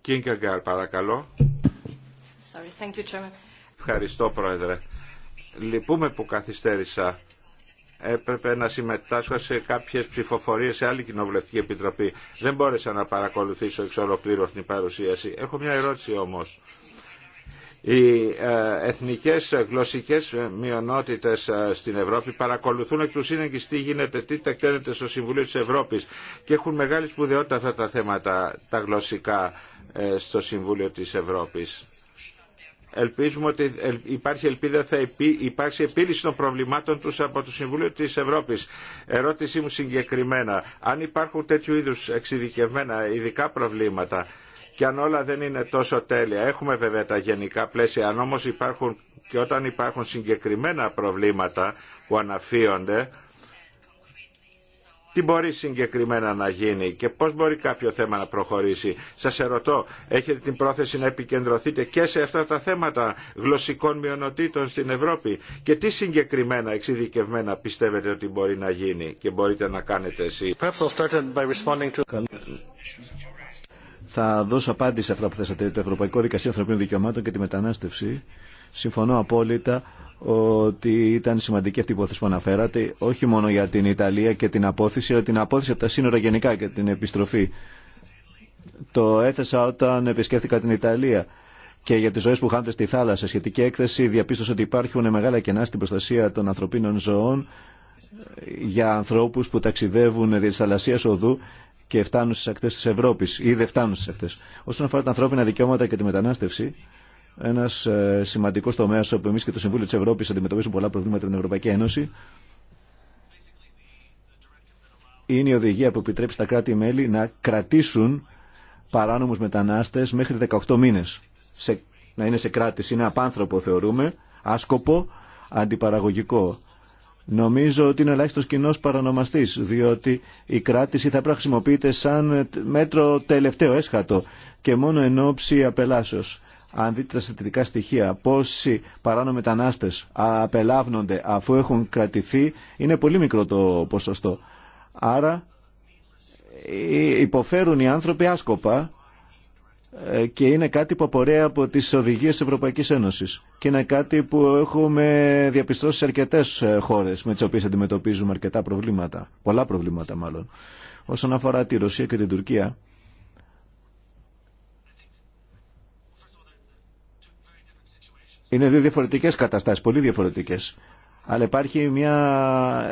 Κίνκα παρακαλώ. Sorry, thank you, Ευχαριστώ, Πρόεδρε. Λυπούμε που καθυστέρησα έπρεπε να συμμετάσχω σε κάποιες ψηφοφορίες σε άλλη κοινοβουλευτική επιτροπή. Δεν μπόρεσα να παρακολουθήσω εξ ολοκλήρου την παρουσίαση. Έχω μια ερώτηση όμως. Οι ε, εθνικές ε, γλωσσικές ε, μειονότητες στην Ευρώπη παρακολουθούν εκ του σύνεγγυς τι γίνεται, τι τεκταίνεται στο Συμβουλίο της Ευρώπης και έχουν μεγάλη σπουδαιότητα αυτά τα θέματα, τα γλωσσικά, στο Συμβούλιο της Ευρώπης. Ελπίζουμε ότι υπάρχει ελπίδα θα υπάρξει επίλυση των προβλημάτων τους από το Συμβούλιο της Ευρώπης. Ερώτησή μου συγκεκριμένα, αν υπάρχουν τέτοιου είδους εξειδικευμένα ειδικά προβλήματα, και αν όλα δεν είναι τόσο τέλεια. Έχουμε βέβαια τα γενικά πλαίσια, αν όμως υπάρχουν και όταν υπάρχουν συγκεκριμένα προβλήματα που αναφύονται, τι μπορεί συγκεκριμένα να γίνει και πώς μπορεί κάποιο θέμα να προχωρήσει. Σας ερωτώ, έχετε την πρόθεση να επικεντρωθείτε και σε αυτά τα θέματα γλωσσικών μειονοτήτων στην Ευρώπη και τι συγκεκριμένα εξειδικευμένα πιστεύετε ότι μπορεί να γίνει και μπορείτε να κάνετε εσείς θα δώσω απάντηση σε αυτά που θέσατε. Το Ευρωπαϊκό Δικαστήριο Ανθρωπίνων Δικαιωμάτων και τη Μετανάστευση. Συμφωνώ απόλυτα ότι ήταν σημαντική αυτή η υπόθεση που αναφέρατε, όχι μόνο για την Ιταλία και την απόθεση, αλλά την απόθεση από τα σύνορα γενικά και την επιστροφή. Το έθεσα όταν επισκέφθηκα την Ιταλία και για τι ζωέ που χάνονται στη θάλασσα. Σχετική έκθεση διαπίστωσε ότι υπάρχουν μεγάλα κενά στην προστασία των ανθρωπίνων ζωών για ανθρώπου που ταξιδεύουν δια τη οδού και φτάνουν στι ακτέ τη Ευρώπη ή δεν φτάνουν στι ακτέ. Όσον αφορά τα ανθρώπινα δικαιώματα και τη μετανάστευση, ένα ε, σημαντικό τομέα όπου εμεί και το Συμβούλιο τη Ευρώπη αντιμετωπίζουμε πολλά προβλήματα με την Ευρωπαϊκή Ένωση είναι η οδηγία που επιτρέπει στα κράτη-μέλη να κρατήσουν παράνομου μετανάστε μέχρι 18 μήνε, να είναι σε κράτηση, είναι απάνθρωπο θεωρούμε, άσκοπο, αντιπαραγωγικό. Νομίζω ότι είναι ελάχιστο κοινό παρανομαστή, διότι η κράτηση θα πρέπει να χρησιμοποιείται σαν μέτρο τελευταίο έσχατο και μόνο εν ώψη απελάσεω. Αν δείτε τα στατιστικά στοιχεία, πόσοι παράνομοι μετανάστε απελάβνονται αφού έχουν κρατηθεί, είναι πολύ μικρό το ποσοστό. Άρα ε, υποφέρουν οι άνθρωποι άσκοπα ε, και είναι κάτι που απορρέει από τις οδηγίες της Ευρωπαϊκής Ένωσης και είναι κάτι που έχουμε διαπιστώσει σε αρκετές ε, χώρες με τις οποίες αντιμετωπίζουμε αρκετά προβλήματα, πολλά προβλήματα μάλλον. Όσον αφορά τη Ρωσία και την Τουρκία, είναι δύο διαφορετικές καταστάσεις, πολύ διαφορετικές. Αλλά υπάρχει μια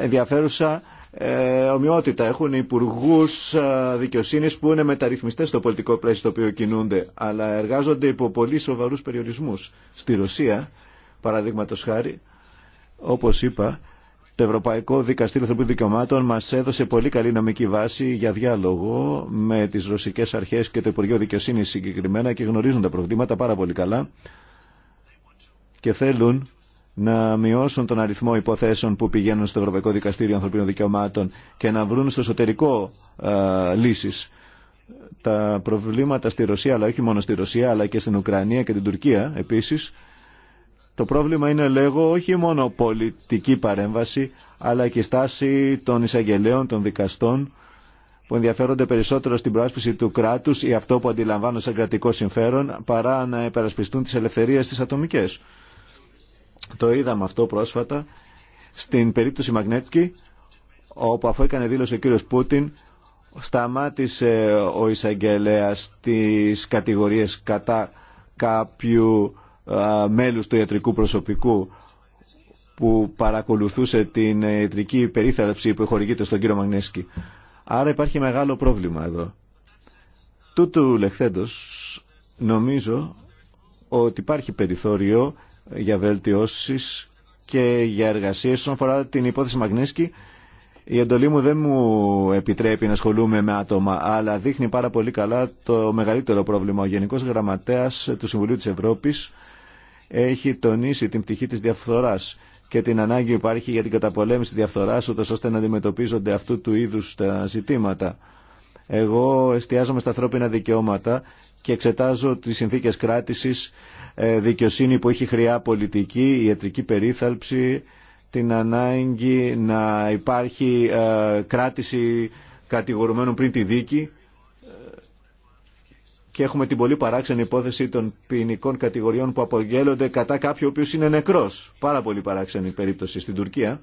ενδιαφέρουσα ε, ομοιότητα. Έχουν υπουργού ε, δικαιοσύνη που είναι μεταρρυθμιστέ στο πολιτικό πλαίσιο στο οποίο κινούνται, αλλά εργάζονται υπό πολύ σοβαρού περιορισμού. Στη Ρωσία, παραδείγματο χάρη, όπω είπα, το Ευρωπαϊκό Δικαστήριο Ανθρωπίνων Δικαιωμάτων μα έδωσε πολύ καλή νομική βάση για διάλογο με τι ρωσικέ αρχέ και το Υπουργείο Δικαιοσύνη συγκεκριμένα και γνωρίζουν τα προβλήματα πάρα πολύ καλά και θέλουν να μειώσουν τον αριθμό υποθέσεων που πηγαίνουν στο Ευρωπαϊκό Δικαστήριο Ανθρωπίνων Δικαιωμάτων και να βρουν στο εσωτερικό ε, λύσεις. Τα προβλήματα στη Ρωσία, αλλά όχι μόνο στη Ρωσία, αλλά και στην Ουκρανία και την Τουρκία επίσης, το πρόβλημα είναι, λέγω, όχι μόνο πολιτική παρέμβαση, αλλά και η στάση των εισαγγελέων, των δικαστών, που ενδιαφέρονται περισσότερο στην προάσπιση του κράτου ή αυτό που αντιλαμβάνουν σαν κρατικό συμφέρον, παρά να υπερασπιστούν τι ελευθερίε τι ατομικέ. Το είδαμε αυτό πρόσφατα στην περίπτωση Μαγνέτσκι, όπου αφού έκανε δήλωση ο κύριος Πούτιν, σταμάτησε ο εισαγγελέα τις κατηγορίες κατά κάποιου μέλους του ιατρικού προσωπικού που παρακολουθούσε την ιατρική περίθαλψη που χορηγείται στον κύριο Μαγνέσκι. Άρα υπάρχει μεγάλο πρόβλημα εδώ. Τούτου λεχθέντος νομίζω ότι υπάρχει περιθώριο για βελτιώσει και για εργασίες. Όσον αφορά την υπόθεση Μαγνίσκη, η εντολή μου δεν μου επιτρέπει να ασχολούμαι με άτομα, αλλά δείχνει πάρα πολύ καλά το μεγαλύτερο πρόβλημα. Ο Γενικός Γραμματέας του Συμβουλίου της Ευρώπης έχει τονίσει την πτυχή της διαφθοράς και την ανάγκη που υπάρχει για την καταπολέμηση της διαφθοράς, ώστε να αντιμετωπίζονται αυτού του είδου τα ζητήματα. Εγώ εστιάζομαι στα ανθρώπινα δικαιώματα και εξετάζω τις συνθήκες κράτησης, ε, δικαιοσύνη που έχει χρειά πολιτική, ιατρική περίθαλψη, την ανάγκη να υπάρχει ε, κράτηση κατηγορουμένων πριν τη δίκη ε, και έχουμε την πολύ παράξενη υπόθεση των ποινικών κατηγοριών που απογγέλλονται κατά κάποιου ο οποίος είναι νεκρός. Πάρα πολύ παράξενη περίπτωση στην Τουρκία.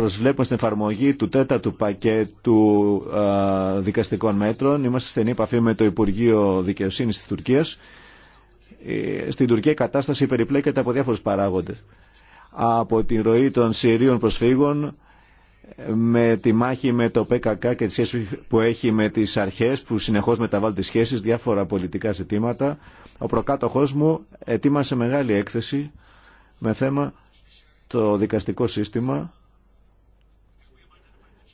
προσβλέπουμε στην εφαρμογή του τέταρτου πακέτου δικαστικών μέτρων. Είμαστε στενή επαφή με το Υπουργείο Δικαιοσύνης της Τουρκίας. Ε, στην Τουρκία η κατάσταση περιπλέκεται από διάφορου παράγοντε, Από την ροή των Συρίων προσφύγων, με τη μάχη με το ΠΚΚ και τη σχέση που έχει με τι αρχέ που συνεχώ μεταβάλλουν τις σχέσεις, διάφορα πολιτικά ζητήματα. Ο προκάτοχό μου ετοίμασε μεγάλη έκθεση με θέμα το δικαστικό σύστημα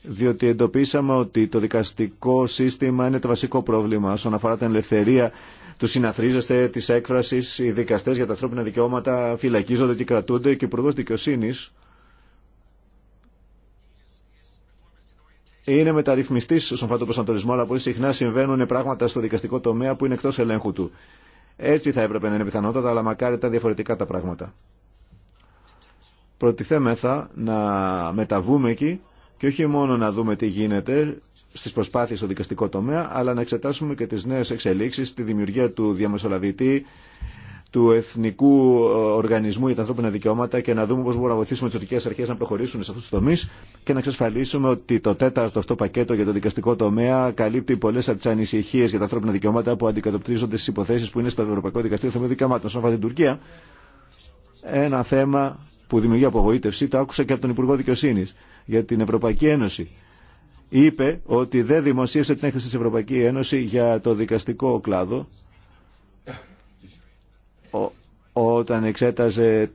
διότι εντοπίσαμε ότι το δικαστικό σύστημα είναι το βασικό πρόβλημα όσον αφορά την ελευθερία του συναθρίζεστε, τη έκφραση. Οι δικαστέ για τα ανθρώπινα δικαιώματα φυλακίζονται και κρατούνται και ο Υπουργό Δικαιοσύνη είναι μεταρρυθμιστή όσον αφορά προσανατολισμό, αλλά πολύ συχνά συμβαίνουν πράγματα στο δικαστικό τομέα που είναι εκτό ελέγχου του. Έτσι θα έπρεπε να είναι πιθανότατα, αλλά μακάρι τα διαφορετικά τα πράγματα. Προτιθέμεθα να μεταβούμε εκεί και όχι μόνο να δούμε τι γίνεται στι προσπάθειε στο δικαστικό τομέα, αλλά να εξετάσουμε και τι νέε εξελίξει, τη δημιουργία του διαμεσολαβητή, του Εθνικού ε, Οργανισμού για τα Ανθρώπινα Δικαιώματα και να δούμε πώ μπορούμε να βοηθήσουμε τι τουρκικέ αρχέ να προχωρήσουν σε αυτού του τομεί και να εξασφαλίσουμε ότι το τέταρτο αυτό πακέτο για το δικαστικό τομέα καλύπτει πολλέ από τι ανησυχίε για τα ανθρώπινα δικαιώματα που αντικατοπτρίζονται στι υποθέσει που είναι στο Ευρωπαϊκό Δικαστήριο Θεμελιών Δικαιωμάτων. Σαν την Τουρκία, ένα θέμα που δημιουργεί απογοήτευση, το άκουσα και από τον Υπουργό Δικαιοσύνη για την Ευρωπαϊκή Ένωση είπε ότι δεν δημοσίευσε την έκθεση της Ευρωπαϊκή Ένωση για το δικαστικό κλάδο όταν εξέταζε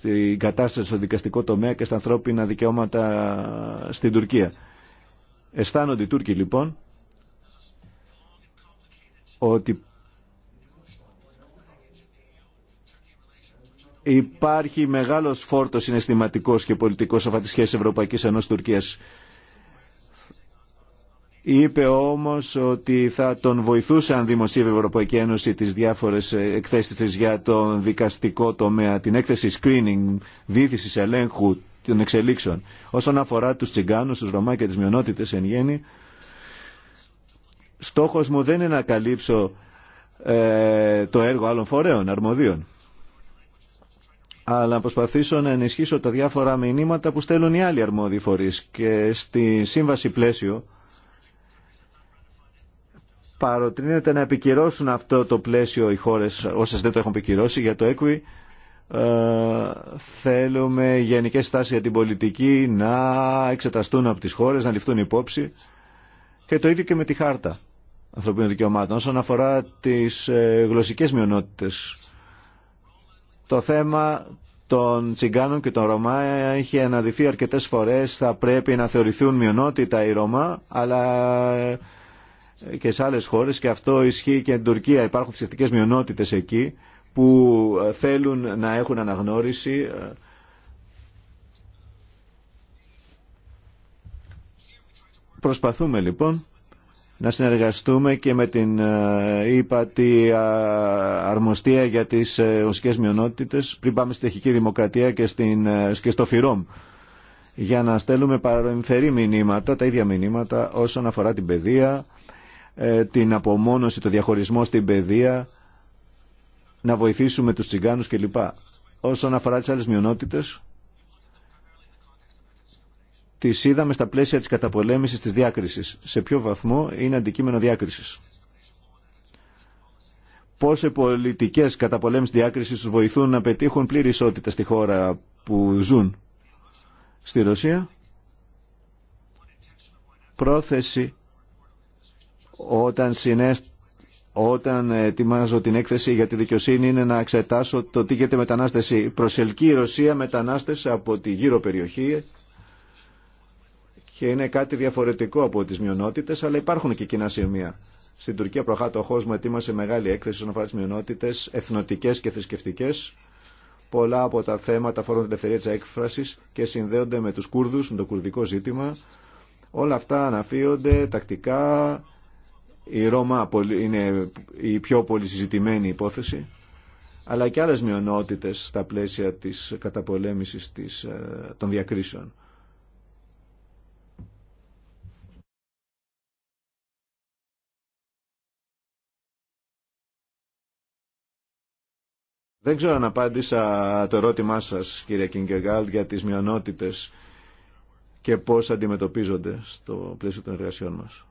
την κατάσταση στο δικαστικό τομέα και στα ανθρώπινα δικαιώματα στην Τουρκία. Αισθάνονται οι Τούρκοι λοιπόν ότι Υπάρχει μεγάλος φόρτος συναισθηματικός και πολιτικός αυτή τη σχέση Ευρωπαϊκής Ένωση Τουρκίας. Είπε όμως ότι θα τον βοηθούσε αν δημοσίευε η Ευρωπαϊκή Ένωση τις διάφορες εκθέσεις για τον δικαστικό τομέα, την έκθεση screening, δίθηση ελέγχου των εξελίξεων. Όσον αφορά τους τσιγκάνους, τους Ρωμά και τις μειονότητες εν γέννη, στόχος μου δεν είναι να καλύψω ε, το έργο άλλων φορέων, αρμοδίων αλλά να προσπαθήσω να ενισχύσω τα διάφορα μηνύματα που στέλνουν οι άλλοι αρμόδιοι φορείς και στη σύμβαση πλαίσιο παροτρύνεται να επικυρώσουν αυτό το πλαίσιο οι χώρες όσες δεν το έχουν επικυρώσει για το ΕΚΒΙ θέλουμε γενικές στάσεις για την πολιτική να εξεταστούν από τις χώρες, να ληφθούν υπόψη και το ίδιο και με τη χάρτα ανθρωπίνων δικαιωμάτων όσον αφορά τις ε, γλωσσικές μειονότητες το θέμα των Τσιγκάνων και των Ρωμά έχει αναδειθεί αρκετές φορές. Θα πρέπει να θεωρηθούν μειονότητα οι Ρωμά, αλλά ε, και σε άλλες χώρες και αυτό ισχύει και στην Τουρκία. Υπάρχουν θρησκευτικές μειονότητες εκεί που ε, θέλουν να έχουν αναγνώριση. Ε. Προσπαθούμε λοιπόν να συνεργαστούμε και με την ύπατη ε, αρμοστία για τις ε, ουσικές μειονότητες πριν πάμε στη τεχική δημοκρατία και, στην, ε, και στο ΦΥΡΟΜ για να στέλνουμε παρεμφερή μηνύματα, τα ίδια μηνύματα όσον αφορά την παιδεία, την απομόνωση, το διαχωρισμό στην παιδεία, να βοηθήσουμε τους τσιγκάνους κλπ. Όσον αφορά τις άλλες μειονότητες, τις είδαμε στα πλαίσια τη καταπολέμησης τη διάκρισης. Σε ποιο βαθμό είναι αντικείμενο διάκρισης. πόσε πολιτικέ πολιτικές καταπολέμησης διάκρισης βοηθούν να πετύχουν πλήρη ισότητα στη χώρα που ζουν. Στη Ρωσία, πρόθεση όταν συνέστη όταν ετοιμάζω την έκθεση για τη δικαιοσύνη είναι να εξετάσω το τι γίνεται μετανάστευση. Προσελκύει η Ρωσία μετανάστες από τη γύρω περιοχή και είναι κάτι διαφορετικό από τι μειονότητε, αλλά υπάρχουν και κοινά σημεία. Στην Τουρκία ο μου ετοίμασε μεγάλη έκθεση όσον αφορά τι μειονότητε, εθνοτικέ και θρησκευτικέ, Πολλά από τα θέματα αφορούν την ελευθερία τη έκφραση και συνδέονται με του Κούρδους, με το κουρδικό ζήτημα. Όλα αυτά αναφύονται τακτικά. Η Ρώμα είναι η πιο πολύ συζητημένη υπόθεση αλλά και άλλε μειονότητε στα πλαίσια τη καταπολέμηση ε, των διακρίσεων. Δεν ξέρω αν απάντησα το ερώτημά σας, κύριε Κιγκεγκάλ, για τις μειονότητες και πώς αντιμετωπίζονται στο πλαίσιο των εργασιών μας.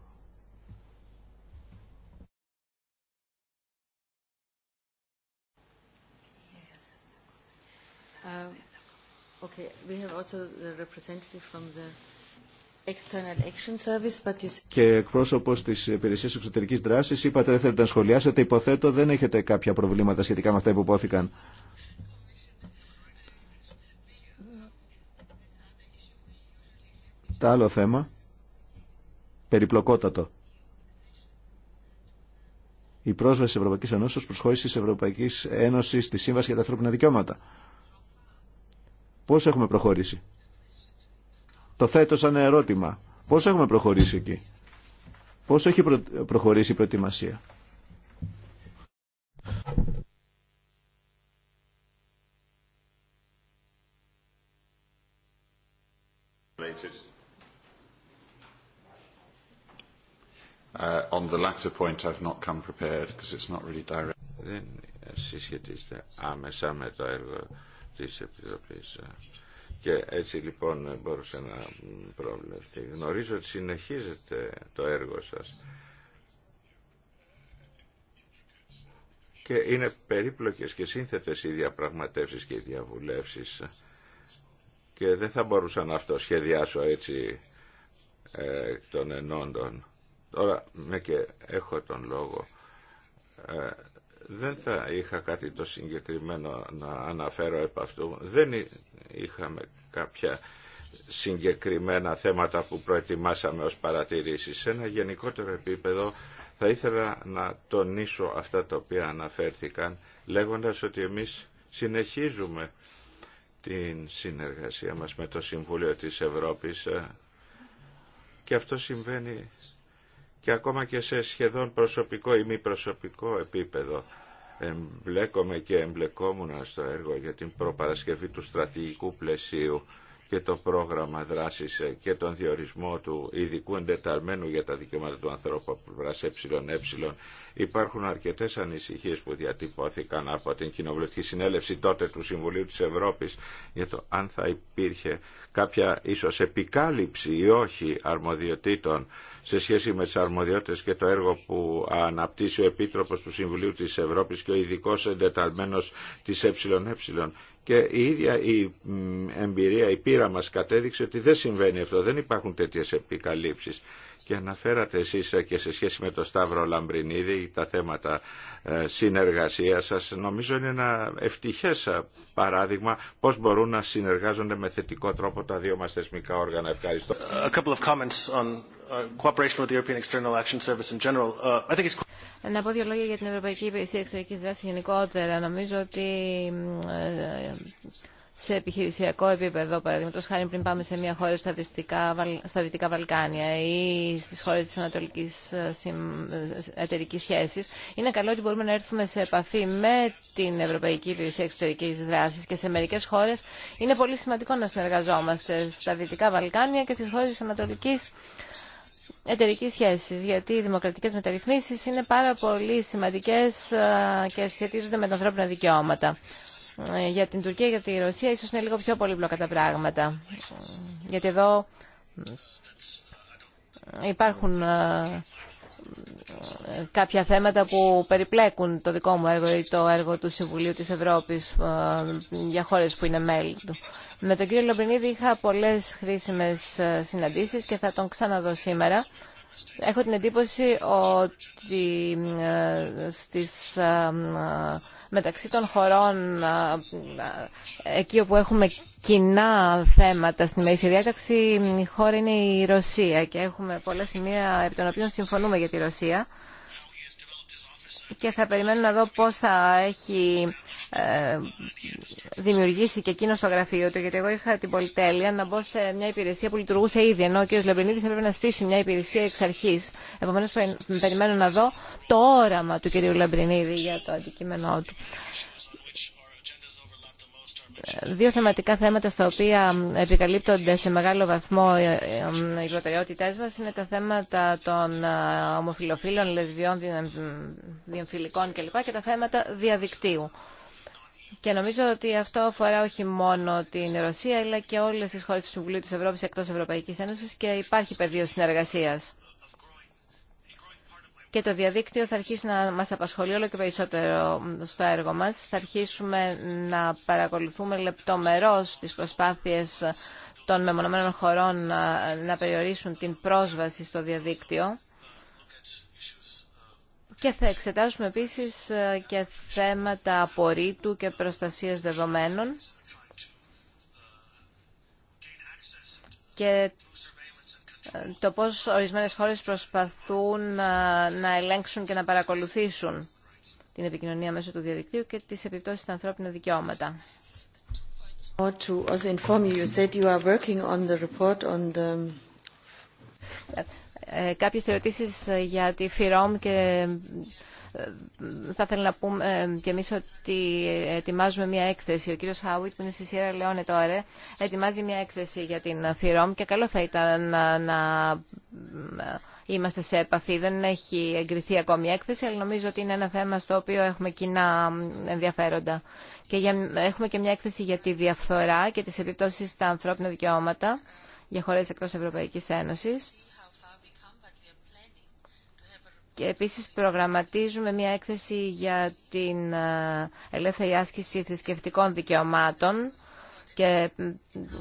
Uh, okay, και εκπρόσωπο τη Υπηρεσία Εξωτερική Δράση, είπατε δεν θέλετε να σχολιάσετε. Υποθέτω δεν έχετε κάποια προβλήματα σχετικά με αυτά που υπόθηκαν. Τα άλλο θέμα, περιπλοκότατο. Η πρόσβαση τη Ευρωπαϊκή Ένωση προ χώρε τη Ευρωπαϊκή Ένωση στη Σύμβαση για τα Ανθρώπινα Δικαιώματα. Πώ έχουμε προχωρήσει. Το θέτω σαν ερώτημα. Πώς έχουμε προχωρήσει εκεί. Πώς έχει προ... προχωρήσει η προετοιμασία. Δεν συσχετίζεται άμεσα με το έργο της Επιτροπής. Και έτσι λοιπόν μπορούσε να προβλεφθεί. Γνωρίζω ότι συνεχίζεται το έργο σας. Και είναι περίπλοκες και σύνθετες οι διαπραγματεύσεις και οι διαβουλεύσεις. Και δεν θα μπορούσα να αυτό σχεδιάσω έτσι ε, των ενόντων. Τώρα, με ναι, και έχω τον λόγο, ε, δεν θα είχα κάτι το συγκεκριμένο να αναφέρω επ' αυτού. Δεν είχαμε κάποια συγκεκριμένα θέματα που προετοιμάσαμε ως παρατηρήσεις. Σε ένα γενικότερο επίπεδο θα ήθελα να τονίσω αυτά τα οποία αναφέρθηκαν λέγοντας ότι εμείς συνεχίζουμε την συνεργασία μας με το Συμβούλιο της Ευρώπης ε, και αυτό συμβαίνει και ακόμα και σε σχεδόν προσωπικό ή μη προσωπικό επίπεδο. Εμπλέκομαι και εμπλεκόμουνα στο έργο για την προπαρασκευή του στρατηγικού πλαισίου και το πρόγραμμα δράσης και τον διορισμό του ειδικού εντεταλμένου για τα δικαιώματα του ανθρώπου από πλευράς ΕΕ. Υπάρχουν αρκετές ανησυχίες που διατυπώθηκαν από την Κοινοβουλευτική Συνέλευση τότε του Συμβουλίου της Ευρώπης για το αν θα υπήρχε κάποια ίσως επικάλυψη ή όχι αρμοδιοτήτων σε σχέση με τις αρμοδιότητες και το έργο που αναπτύσσει ο Επίτροπος του Συμβουλίου της Ευρώπης και ο ειδικό εντεταλμένος της ΕΕ. Και η ίδια η εμπειρία, η πείρα μας κατέδειξε ότι δεν συμβαίνει αυτό, δεν υπάρχουν τέτοιες επικαλύψεις. Και αναφέρατε εσείς ε, και σε σχέση με τον Σταύρο Λαμπρινίδη τα θέματα ε, συνεργασίας σας. Νομίζω είναι ένα ευτυχές ε, παράδειγμα πώς μπορούν να συνεργάζονται με θετικό τρόπο τα δύο μας θεσμικά όργανα. Ευχαριστώ cooperation να πω δύο λόγια για την Ευρωπαϊκή Υπηρεσία Εξωτερικής Δράσης γενικότερα. Νομίζω ότι ε, σε επιχειρησιακό επίπεδο, παραδείγματο χάρη πριν πάμε σε μια χώρα στα, δυτικά, Βαλκάνια ή στι χώρε τη Ανατολική ε, ε, εταιρική σχέση, είναι καλό ότι μπορούμε να έρθουμε σε επαφή με την Ευρωπαϊκή Υπηρεσία Εξωτερική δράση και σε μερικέ χώρε είναι πολύ σημαντικό να συνεργαζόμαστε στα Δυτικά Βαλκάνια και στις χώρες της Ανατολική εταιρική σχέση, γιατί οι δημοκρατικές μεταρρυθμίσεις είναι πάρα πολύ σημαντικές ε, και σχετίζονται με τα ανθρώπινα δικαιώματα. Ε, για την Τουρκία, για τη Ρωσία, ίσως είναι λίγο πιο πολύπλοκα τα πράγματα. Ε, γιατί εδώ υπάρχουν ε, κάποια θέματα που περιπλέκουν το δικό μου έργο ή το έργο του Συμβουλίου της Ευρώπης ε, για χώρες που είναι μέλη του. Με τον κύριο Λομπρινίδη είχα πολλές χρήσιμες ε, συναντήσεις και θα τον ξαναδώ σήμερα. Έχω την εντύπωση ότι στις μεταξύ των χωρών εκεί όπου έχουμε κοινά θέματα στη μέση διάταξη η χώρα είναι η Ρωσία και έχουμε πολλά σημεία επί των οποίων συμφωνούμε για τη Ρωσία και θα περιμένω να δω πώς θα έχει ε, δημιουργήσει και εκείνο στο γραφείο του, γιατί εγώ είχα την πολυτέλεια να μπω σε μια υπηρεσία που λειτουργούσε ήδη, ενώ ο κ. Λεμπρινίδης έπρεπε να στήσει μια υπηρεσία εξ αρχή. Επομένω, περιμένω να δω το όραμα του κ. Λεμπρινίδη για το αντικείμενό του δύο θεματικά θέματα στα οποία επικαλύπτονται σε μεγάλο βαθμό ε, ε, οι προτεραιότητέ μα είναι τα θέματα των ε, ομοφιλοφίλων, λεσβιών, διεμφυλικών κλπ. και τα θέματα διαδικτύου. Και νομίζω ότι αυτό αφορά όχι μόνο την Ρωσία αλλά και όλες τις χώρες του Συμβουλίου τη Ευρώπης εκτός Ευρωπαϊκής Ένωση, και υπάρχει πεδίο συνεργασία και το διαδίκτυο θα αρχίσει να μας απασχολεί όλο και περισσότερο στο έργο μας. Θα αρχίσουμε να παρακολουθούμε λεπτομερώς τις προσπάθειες των μεμονωμένων χωρών να, περιορίσουν την πρόσβαση στο διαδίκτυο. Και θα εξετάσουμε επίσης ε, και θέματα απορρίτου και προστασίας δεδομένων και το πώς ορισμένες χώρες προσπαθούν ε, να ελέγξουν και να παρακολουθήσουν την επικοινωνία μέσω του διαδικτύου και τις επιπτώσεις στα ανθρώπινα δικαιώματα. Ε, ε, κάποιες ερωτήσεις για τη ΦΥΡΟΜ και θα ήθελα να πούμε ε, κι εμείς ότι ετοιμάζουμε μια έκθεση. Ο κύριος Χάουιτ που είναι στη Σιέρα Λεόνε τώρα ετοιμάζει μια έκθεση για την ΦΥΡΟΜ και καλό θα ήταν να, ε, είμαστε σε επαφή. Δεν έχει εγκριθεί ακόμη η έκθεση, αλλά νομίζω ότι είναι ένα θέμα στο οποίο έχουμε κοινά ενδιαφέροντα. Και έχουμε και μια έκθεση για τη διαφθορά και τις επιπτώσεις στα ανθρώπινα δικαιώματα για χώρες εκτός Ευρωπαϊκή Ένωση. Και επίσης προγραμματίζουμε μια έκθεση για την ε, ελεύθερη άσκηση θρησκευτικών δικαιωμάτων και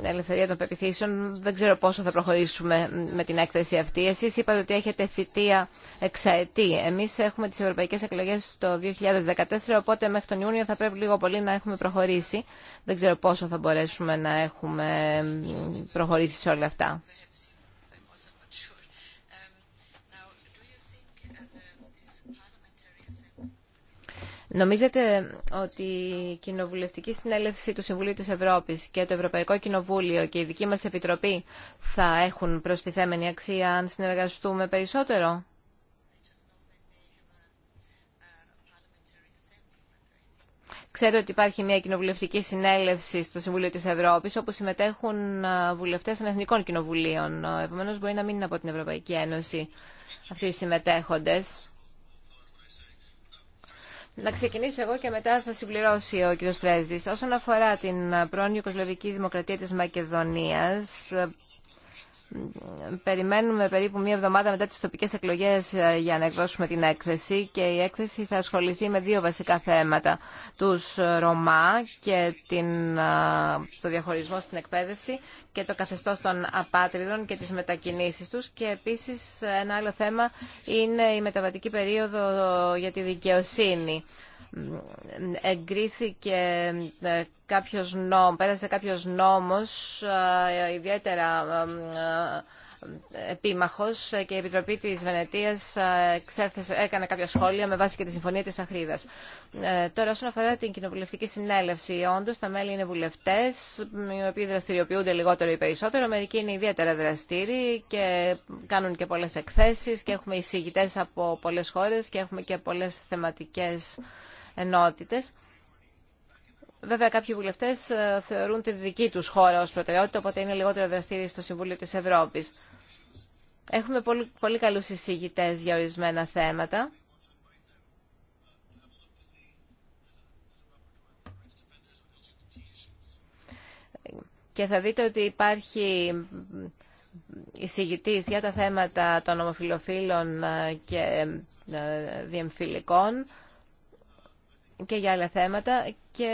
ελευθερία των πεπιθήσεων. Δεν ξέρω πόσο θα προχωρήσουμε με την έκθεση αυτή. Εσείς είπατε ότι έχετε φοιτεία εξαετή. Εμείς έχουμε τις ευρωπαϊκές εκλογές το 2014, οπότε μέχρι τον Ιούνιο θα πρέπει λίγο πολύ να έχουμε προχωρήσει. Δεν ξέρω πόσο θα μπορέσουμε να έχουμε προχωρήσει σε όλα αυτά. Νομίζετε ότι η Κοινοβουλευτική Συνέλευση του Συμβουλίου της Ευρώπης και το Ευρωπαϊκό Κοινοβούλιο και η δική μας Επιτροπή θα έχουν προστιθέμενη αξία αν συνεργαστούμε περισσότερο? Ξέρω ότι υπάρχει μια κοινοβουλευτική συνέλευση στο Συμβούλιο της Ευρώπης όπου συμμετέχουν βουλευτές των Εθνικών Κοινοβουλίων. Επομένως μπορεί να μην είναι από την Ευρωπαϊκή Ένωση αυτοί οι συμμετέχοντες. Να ξεκινήσω εγώ και μετά θα συμπληρώσει ο κύριος Πρέσβης. Όσον αφορά την πρώην Ιουκοσλαβική Δημοκρατία της Μακεδονίας, Περιμένουμε περίπου μία εβδομάδα μετά τις τοπικές εκλογές ε, για να εκδώσουμε την έκθεση και η έκθεση θα ασχοληθεί με δύο βασικά θέματα. Τους ε, Ρωμά και την, ε, το διαχωρισμό στην εκπαίδευση και το καθεστώς των απάτριδων και τις μετακινήσεις τους και επίσης ένα άλλο θέμα είναι η μεταβατική περίοδο για τη δικαιοσύνη εγκρίθηκε ε, κάποιος νόμος, πέρασε κάποιος νόμος ε, ιδιαίτερα ε, επίμαχος και η Επιτροπή της Βενετίας εξέθεσε, έκανε κάποια σχόλια με βάση και τη Συμφωνία της Αχρίδας. Τώρα, όσον αφορά την κοινοβουλευτική συνέλευση, όντως τα μέλη είναι βουλευτές, οι οποίοι δραστηριοποιούνται λιγότερο ή περισσότερο. Μερικοί είναι ιδιαίτερα δραστήριοι και κάνουν και πολλές εκθέσεις και έχουμε εισηγητές από πολλές χώρες και έχουμε και πολλές θεματικές ενότητες. Βέβαια, κάποιοι βουλευτέ ε, θεωρούν τη δική του χώρα ω προτεραιότητα, οπότε είναι λιγότερο δραστήριοι στο Συμβούλιο τη Ευρώπη. Έχουμε πολύ, πολύ καλού εισηγητέ για ορισμένα θέματα. Και θα δείτε ότι υπάρχει εισηγητή για τα θέματα των ομοφιλοφίλων ε, και ε, διεμφυλικών και για άλλα θέματα και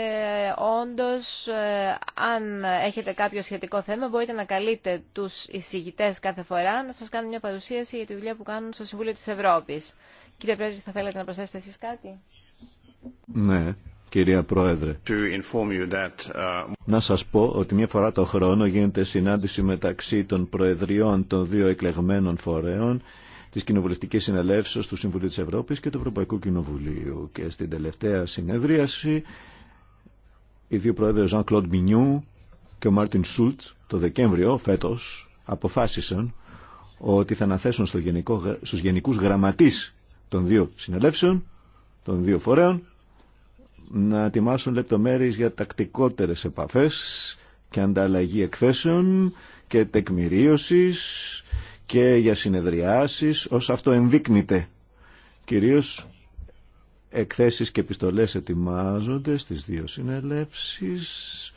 όντως ε, αν έχετε κάποιο σχετικό θέμα μπορείτε να καλείτε τους εισηγητές κάθε φορά να σας κάνουν μια παρουσίαση για τη δουλειά που κάνουν στο Συμβούλιο της Ευρώπης. Κύριε Πρόεδρε, θα θέλατε να προσθέσετε εσείς κάτι? Ναι, κυρία Πρόεδρε. Uh, να σας πω ότι μια φορά το χρόνο γίνεται συνάντηση μεταξύ των Προεδριών των δύο εκλεγμένων φορέων της Κοινοβουλευτικής Συνελεύσεως του Συμβουλίου της Ευρώπης και του Ευρωπαϊκού Κοινοβουλίου. Και στην τελευταία συνεδρίαση οι δύο πρόεδροι Ζαν Κλοντ Μινιού και ο Μάρτιν Σούλτ το Δεκέμβριο φέτος αποφάσισαν ότι θα αναθέσουν στο γενικό, στους γενικούς γραμματείς των δύο συνελεύσεων, των δύο φορέων, να ετοιμάσουν λεπτομέρειες για τακτικότερες επαφές και ανταλλαγή εκθέσεων και τεκμηρίωσης και για συνεδριάσεις, ως αυτό ενδείκνυται. Κυρίως εκθέσεις και επιστολές ετοιμάζονται στις δύο συνελεύσεις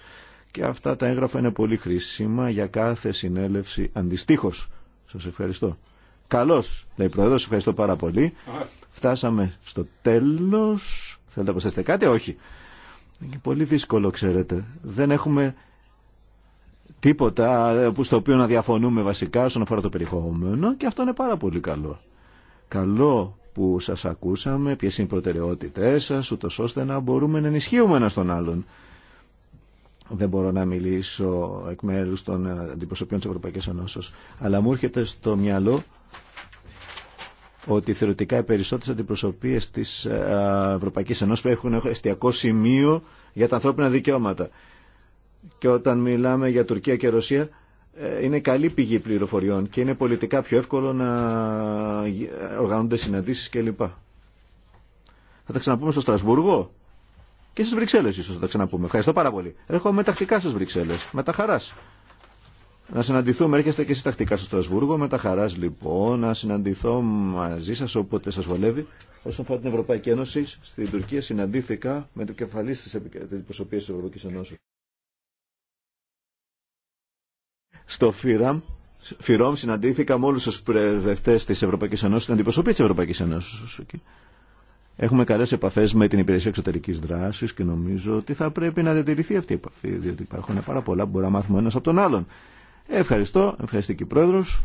και αυτά τα έγγραφα είναι πολύ χρήσιμα για κάθε συνέλευση αντιστοίχως. Σας ευχαριστώ. Καλώς, λέει Πρόεδρος, σας ευχαριστώ πάρα πολύ. Φτάσαμε στο τέλος. Θέλετε να προσθέσετε κάτι, όχι. Είναι πολύ δύσκολο, ξέρετε. Δεν έχουμε τίποτα ε, που στο οποίο να διαφωνούμε βασικά όσον αφορά το περιεχόμενο και αυτό είναι πάρα πολύ καλό. Καλό που σας ακούσαμε, ποιε είναι οι προτεραιότητές σας, ούτω ώστε να μπορούμε να ενισχύουμε ένα τον άλλον. Δεν μπορώ να μιλήσω εκ μέρου των αντιπροσωπείων της Ευρωπαϊκής Ενώσεως, αλλά μου έρχεται στο μυαλό ότι θεωρητικά οι περισσότερες αντιπροσωπείες της ε, Ευρωπαϊκής Ενώσεως έχουν εστιακό σημείο για τα ανθρώπινα δικαιώματα και όταν μιλάμε για Τουρκία και Ρωσία ε, είναι καλή πηγή πληροφοριών και είναι πολιτικά πιο εύκολο να οργανώνται συναντήσεις κλπ. Θα τα ξαναπούμε στο Στρασβούργο και στις Βρυξέλλες ίσως θα τα ξαναπούμε. Ευχαριστώ πάρα πολύ. Έρχομαι τακτικά στις Βρυξέλλες. Με τα χαράς. Να συναντηθούμε, έρχεστε και εσείς τακτικά στο Στρασβούργο. Με τα χαράς λοιπόν να συναντηθώ μαζί σας όποτε σας βολεύει. Όσον αφορά την Ευρωπαϊκή Ένωση, στην Τουρκία συναντήθηκα με το κεφαλής της αντιπροσωπείας της Ένωσης. Στο ΦΥΡΑΜ, ΦΥΡΟΜ συναντήθηκα με όλου του της τη Ευρωπαϊκή Ενώση, την αντιπροσωπή τη Ευρωπαϊκή Ενώση. Έχουμε καλές επαφές με την Υπηρεσία εξωτερικής δράσης και νομίζω ότι θα πρέπει να διατηρηθεί αυτή η επαφή, διότι υπάρχουν πάρα πολλά που μπορούμε να μάθουμε ένα από τον άλλον. Ευχαριστώ, ευχαριστήκη πρόεδρος.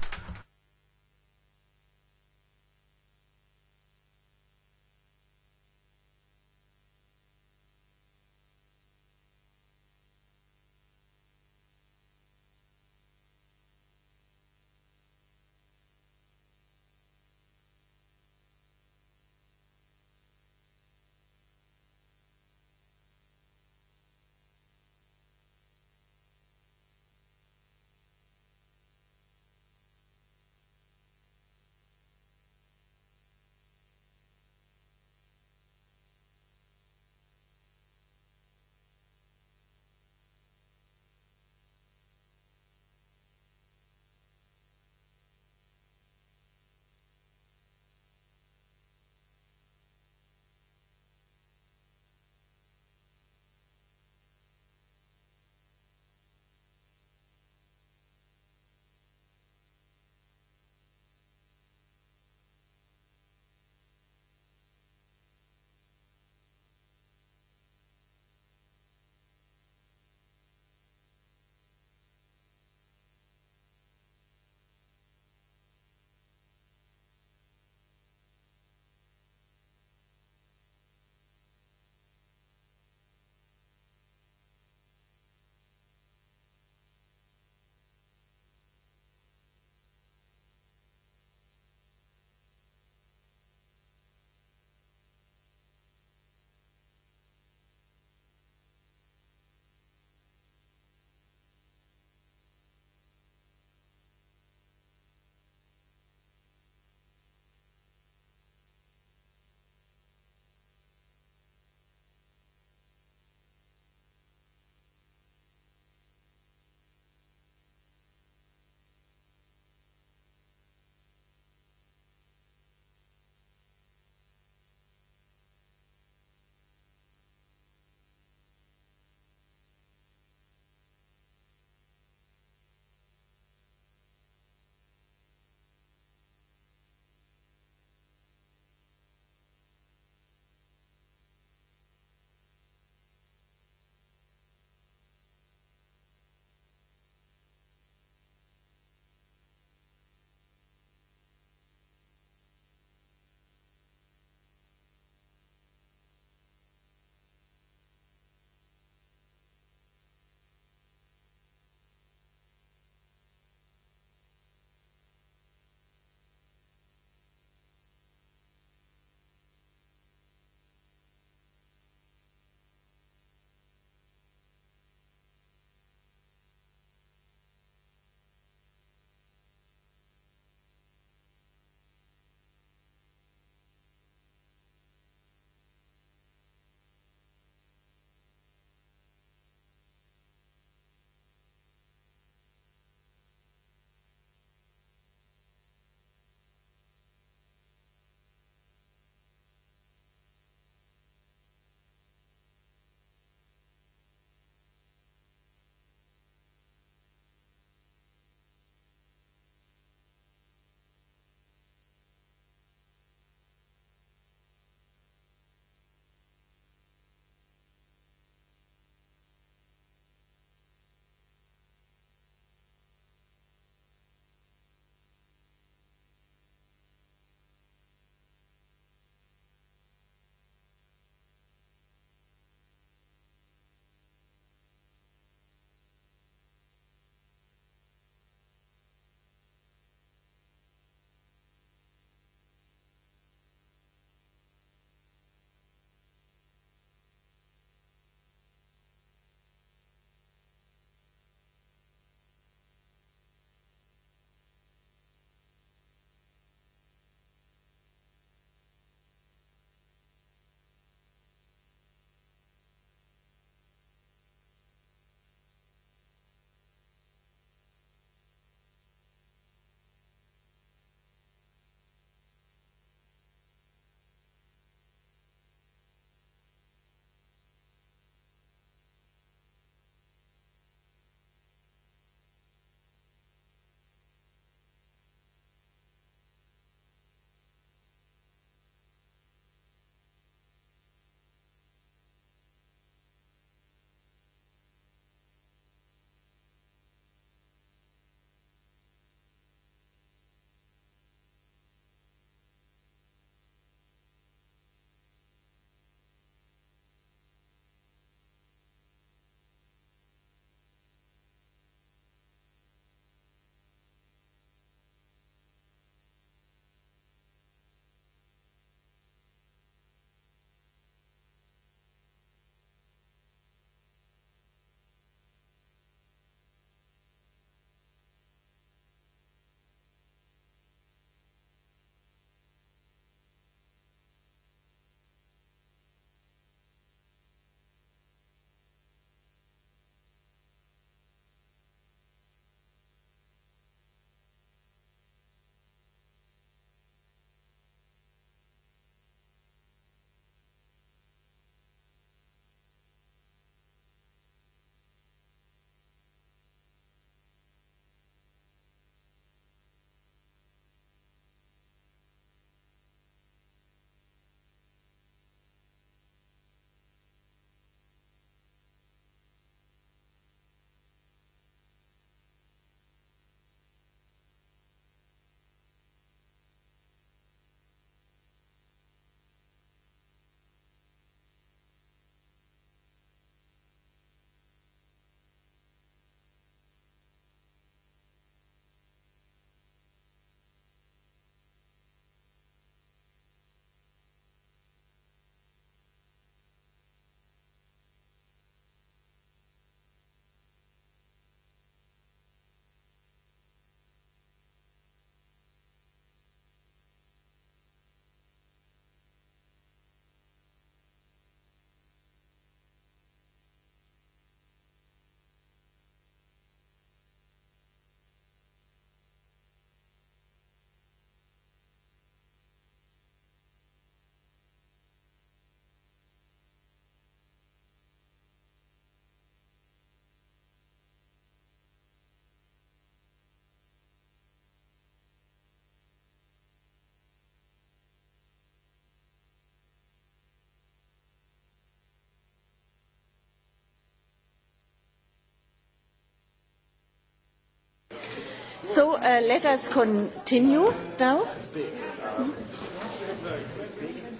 So uh, let us continue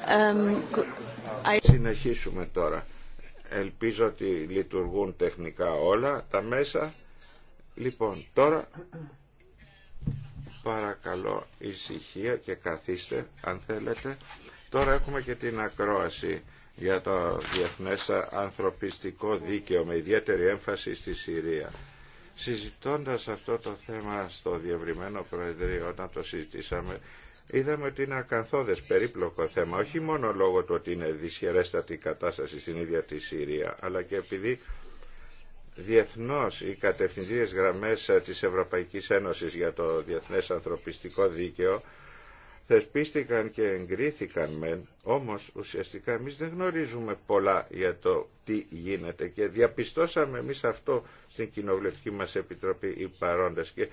um, Συνεχίσουμε τώρα. Ελπίζω ότι λειτουργούν τεχνικά όλα τα μέσα. Λοιπόν, τώρα παρακαλώ ησυχία και καθίστε αν θέλετε. Τώρα έχουμε και την ακρόαση για το διεθνές ανθρωπιστικό δίκαιο με ιδιαίτερη έμφαση στη Συρία. Συζητώντας αυτό το θέμα στο διευρυμένο Προεδρείο όταν το συζητήσαμε, είδαμε ότι είναι ακαθόδες περίπλοκο θέμα, όχι μόνο λόγω του ότι είναι δυσχερέστατη η κατάσταση στην ίδια τη Συρία, αλλά και επειδή διεθνώς οι κατευθυντήριες γραμμές ε, της Ευρωπαϊκής Ένωσης για το Διεθνές Ανθρωπιστικό Δίκαιο θεσπίστηκαν και εγκρίθηκαν μεν, όμως ουσιαστικά εμείς δεν γνωρίζουμε πολλά για το τι γίνεται και διαπιστώσαμε εμείς αυτό στην κοινοβουλευτική μας επιτροπή οι παρόντες και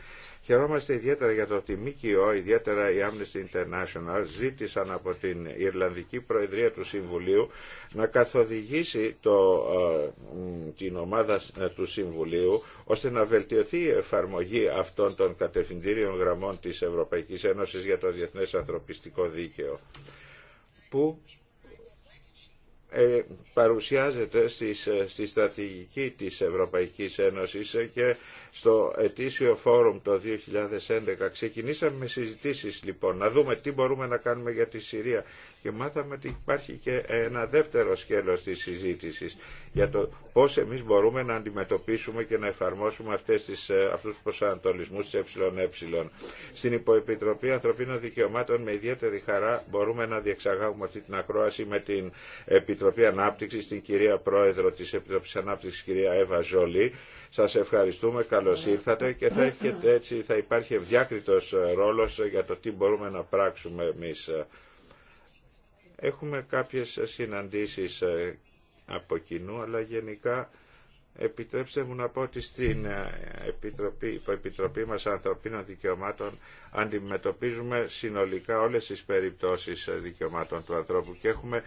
Χαιρόμαστε ιδιαίτερα για το ότι ΜΚΟ, ιδιαίτερα η Amnesty International, ζήτησαν από την Ιρλανδική Προεδρία του Συμβουλίου να καθοδηγήσει το, ε, την ομάδα ε, του Συμβουλίου ώστε να βελτιωθεί η εφαρμογή αυτών των κατευθυντήριων γραμμών της Ευρωπαϊκής Ένωσης για το Διεθνές Ανθρωπιστικό Δίκαιο που ε, παρουσιάζεται στη στρατηγική της Ευρωπαϊκής Ένωσης και στο ετήσιο φόρουμ το 2011. Ξεκινήσαμε με συζητήσεις λοιπόν, να δούμε τι μπορούμε να κάνουμε για τη Συρία και μάθαμε ότι υπάρχει και ένα δεύτερο σκέλος της συζήτησης για το πώς εμείς μπορούμε να αντιμετωπίσουμε και να εφαρμόσουμε αυτές τις, ε, αυτούς τους προσανατολισμούς της ΕΕ. Στην Υποεπιτροπή Ανθρωπίνων Δικαιωμάτων με ιδιαίτερη χαρά μπορούμε να διεξαγάγουμε αυτή την ακρόαση με την Επιτροπή Ανάπτυξης, την κυρία Πρόεδρο της Επιτροπής Ανάπτυξης, κυρία Εύα Ζολή. Σας ευχαριστούμε καλώ ήρθατε και θα, έχετε, έτσι, θα υπάρχει ευδιάκριτο ρόλο για το τι μπορούμε να πράξουμε εμεί. Έχουμε κάποιες συναντήσεις ε, από κοινού, αλλά γενικά Επιτρέψτε μου να πω ότι στην ε, Επιτροπή, μα μας Ανθρωπίνων Δικαιωμάτων αντιμετωπίζουμε συνολικά όλες τις περιπτώσεις ε, δικαιωμάτων του ανθρώπου και έχουμε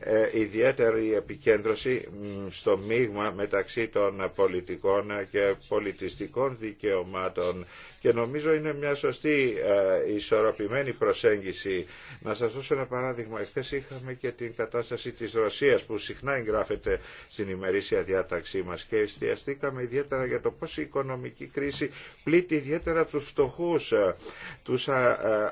ε, ιδιαίτερη επικέντρωση στο μείγμα μεταξύ των πολιτικών και πολιτιστικών δικαιωμάτων και νομίζω είναι μια σωστή ε, ισορροπημένη προσέγγιση. Να σας δώσω ένα παράδειγμα. Εχθές είχαμε και την κατάσταση της Ρωσίας που συχνά εγγράφεται στην ημερήσια διάταξή μας και εστιαστήκαμε ιδιαίτερα για το πώς η οικονομική κρίση πλήττει ιδιαίτερα τους φτωχούς, ε, τους ε,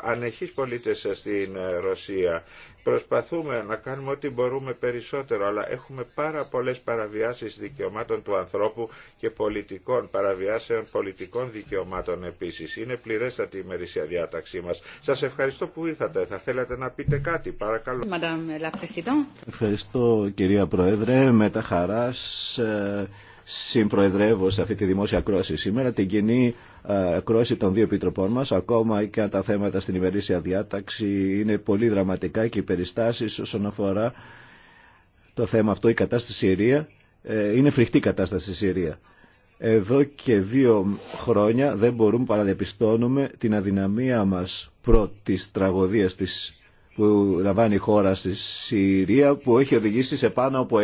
ανεχείς πολίτες στην Ρωσία Προσπαθούμε να κάνουμε ό,τι μπορούμε περισσότερο, αλλά έχουμε πάρα πολλές παραβιάσεις δικαιωμάτων του ανθρώπου και πολιτικών, παραβιάσεων πολιτικών δικαιωμάτων επίσης. Είναι πληρέστατη η ημερήσια διάταξή μας. Σας ευχαριστώ που ήρθατε. Θα θέλατε να πείτε κάτι, παρακαλώ. Ευχαριστώ κυρία Πρόεδρε. Με τα χαρά ε, συμπροεδρεύω σε αυτή τη δημόσια κρόση σήμερα την κοινή κρόση των δύο επιτροπών μας, ακόμα και αν τα θέματα στην ημερήσια διάταξη είναι πολύ δραματικά και οι περιστάσεις όσον αφορά το θέμα αυτό, η κατάσταση στη Συρία, ε, είναι φρικτή η κατάσταση στη Συρία. Εδώ και δύο χρόνια δεν μπορούμε παρά διαπιστώνουμε την αδυναμία μας της τραγωδίας της που λαμβάνει η χώρα στη Συρία που έχει οδηγήσει σε πάνω από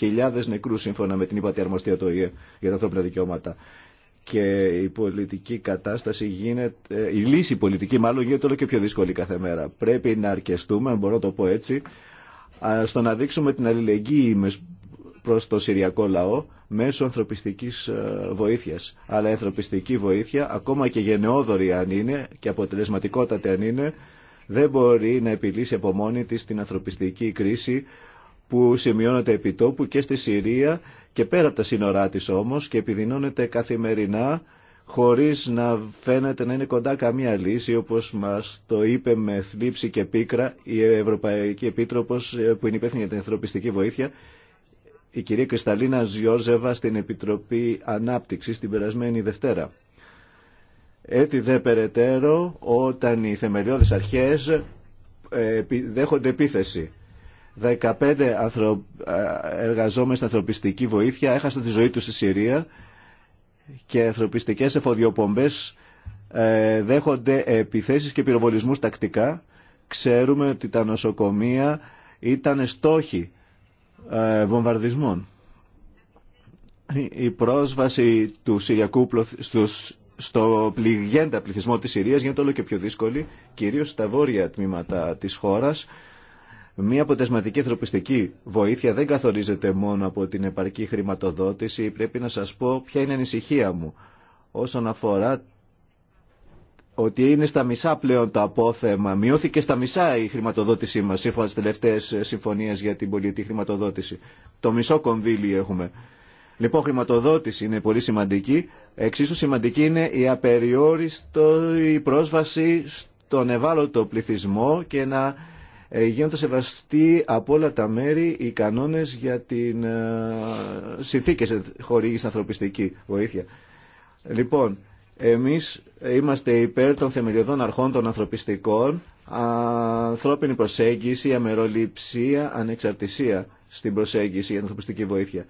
60.000 νεκρούς σύμφωνα με την υπατιαρμοστία του ΟΗΕ για τα ανθρώπινα δικαιώματα και η πολιτική κατάσταση γίνεται, ε, η λύση πολιτική μάλλον γίνεται όλο και πιο δύσκολη κάθε μέρα. Πρέπει να αρκεστούμε, αν μπορώ να το πω έτσι, στο να δείξουμε την αλληλεγγύη προς το Συριακό λαό μέσω ανθρωπιστικής ε, βοήθειας. Αλλά η ανθρωπιστική βοήθεια, ακόμα και γενναιόδορη αν είναι και αποτελεσματικότατη αν είναι, δεν μπορεί να επιλύσει από μόνη την ανθρωπιστική κρίση που σημειώνεται επιτόπου και στη Συρία και πέρα από τα σύνορά της όμως και επιδεινώνεται καθημερινά χωρίς να φαίνεται να είναι κοντά καμία λύση όπως μας το είπε με θλίψη και πίκρα η Ευρωπαϊκή Επίτροπος ε, που είναι υπεύθυνη για την ανθρωπιστική βοήθεια η κυρία Κρυσταλίνα Ζιόρζεβα στην Επιτροπή Ανάπτυξης την περασμένη Δευτέρα. Έτσι δε περαιτέρω όταν οι θεμελιώδεις αρχές ε, δέχονται επίθεση 15 ανθρω... εργαζόμενοι στην ανθρωπιστική βοήθεια έχασαν τη ζωή τους στη Συρία και ανθρωπιστικές εφοδιοπομπές ε, δέχονται επιθέσεις και πυροβολισμούς τακτικά. Ξέρουμε ότι τα νοσοκομεία ήταν στόχοι ε, βομβαρδισμών. Η πρόσβαση του Συριακού στους στο πληγέντα πληθυσμό της Συρίας γίνεται όλο και πιο δύσκολη, κυρίως στα βόρεια τμήματα της χώρας Μία αποτελεσματική ανθρωπιστική βοήθεια δεν καθορίζεται μόνο από την επαρκή χρηματοδότηση. Πρέπει να σας πω ποια είναι η ανησυχία μου όσον αφορά ότι είναι στα μισά πλέον το απόθεμα. Μειώθηκε στα μισά η χρηματοδότησή μας σύμφωνα στις τελευταίες συμφωνίες για την πολιτική χρηματοδότηση. Το μισό κονδύλι έχουμε. Λοιπόν, χρηματοδότηση είναι πολύ σημαντική. Εξίσου σημαντική είναι η απεριόριστη πρόσβαση στον ευάλωτο πληθυσμό και να ε, γίνονται σεβαστοί από όλα τα μέρη οι κανόνες για την ε, συνθήκες χορήγηση ανθρωπιστική βοήθεια. Λοιπόν, εμείς είμαστε υπέρ των θεμελιωδών αρχών των ανθρωπιστικών, ανθρώπινη προσέγγιση, αμεροληψία, ανεξαρτησία στην προσέγγιση για την ανθρωπιστική βοήθεια.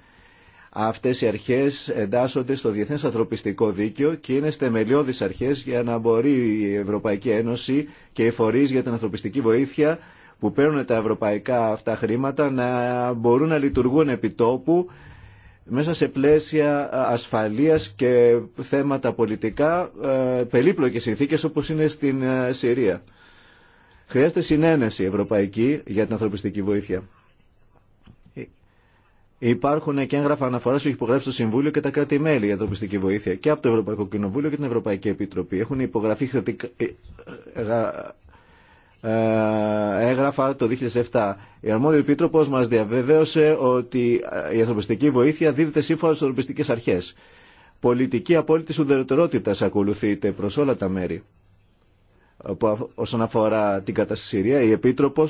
Αυτές οι αρχές εντάσσονται στο Διεθνές Ανθρωπιστικό Δίκαιο και είναι στεμελιώδεις αρχές για να μπορεί η Ευρωπαϊκή Ένωση και οι φορείς για την ανθρωπιστική βοήθεια που παίρνουν τα ευρωπαϊκά αυτά χρήματα να μπορούν να λειτουργούν επί τόπου μέσα σε πλαίσια ασφαλείας και θέματα πολιτικά ε, περίπλοκες συνθήκες όπως είναι στην ε, Συρία. Χρειάζεται συνένεση ευρωπαϊκή για την ανθρωπιστική βοήθεια. Ε, υπάρχουν και έγγραφα αναφορά που έχει υπογράψει το Συμβούλιο και τα κράτη-μέλη για ανθρωπιστική βοήθεια και από το Ευρωπαϊκό Κοινοβούλιο και την Ευρωπαϊκή Επιτροπή. Έχουν υπογραφεί ε, έγραφα το 2007. Η αρμόδιο επίτροπο μα διαβεβαίωσε ότι ε, η ανθρωπιστική βοήθεια δίδεται σύμφωνα στι ανθρωπιστικέ αρχέ. Πολιτική απόλυτη ουδετερότητα ακολουθείται προ όλα τα μέρη. όσον αφορά την κατάσταση Συρία, η επίτροπο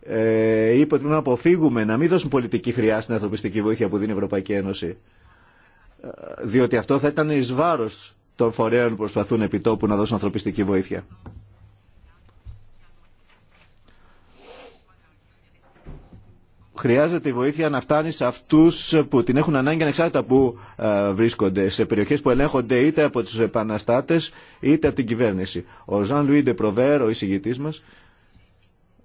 ε, είπε ότι πρέπει να αποφύγουμε να μην δώσουν πολιτική χρειά στην ανθρωπιστική βοήθεια που δίνει η Ευρωπαϊκή Ένωση. Ε, διότι αυτό θα ήταν ει βάρο των φορέων που προσπαθούν επιτόπου να δώσουν ανθρωπιστική βοήθεια. χρειάζεται η βοήθεια να φτάνει σε αυτού που την έχουν ανάγκη ανεξάρτητα που ε, βρίσκονται σε περιοχέ που ελέγχονται είτε από του επαναστάτε είτε από την κυβέρνηση. Ο Ζαν Λουίντε Προβέρ, ο εισηγητή μα,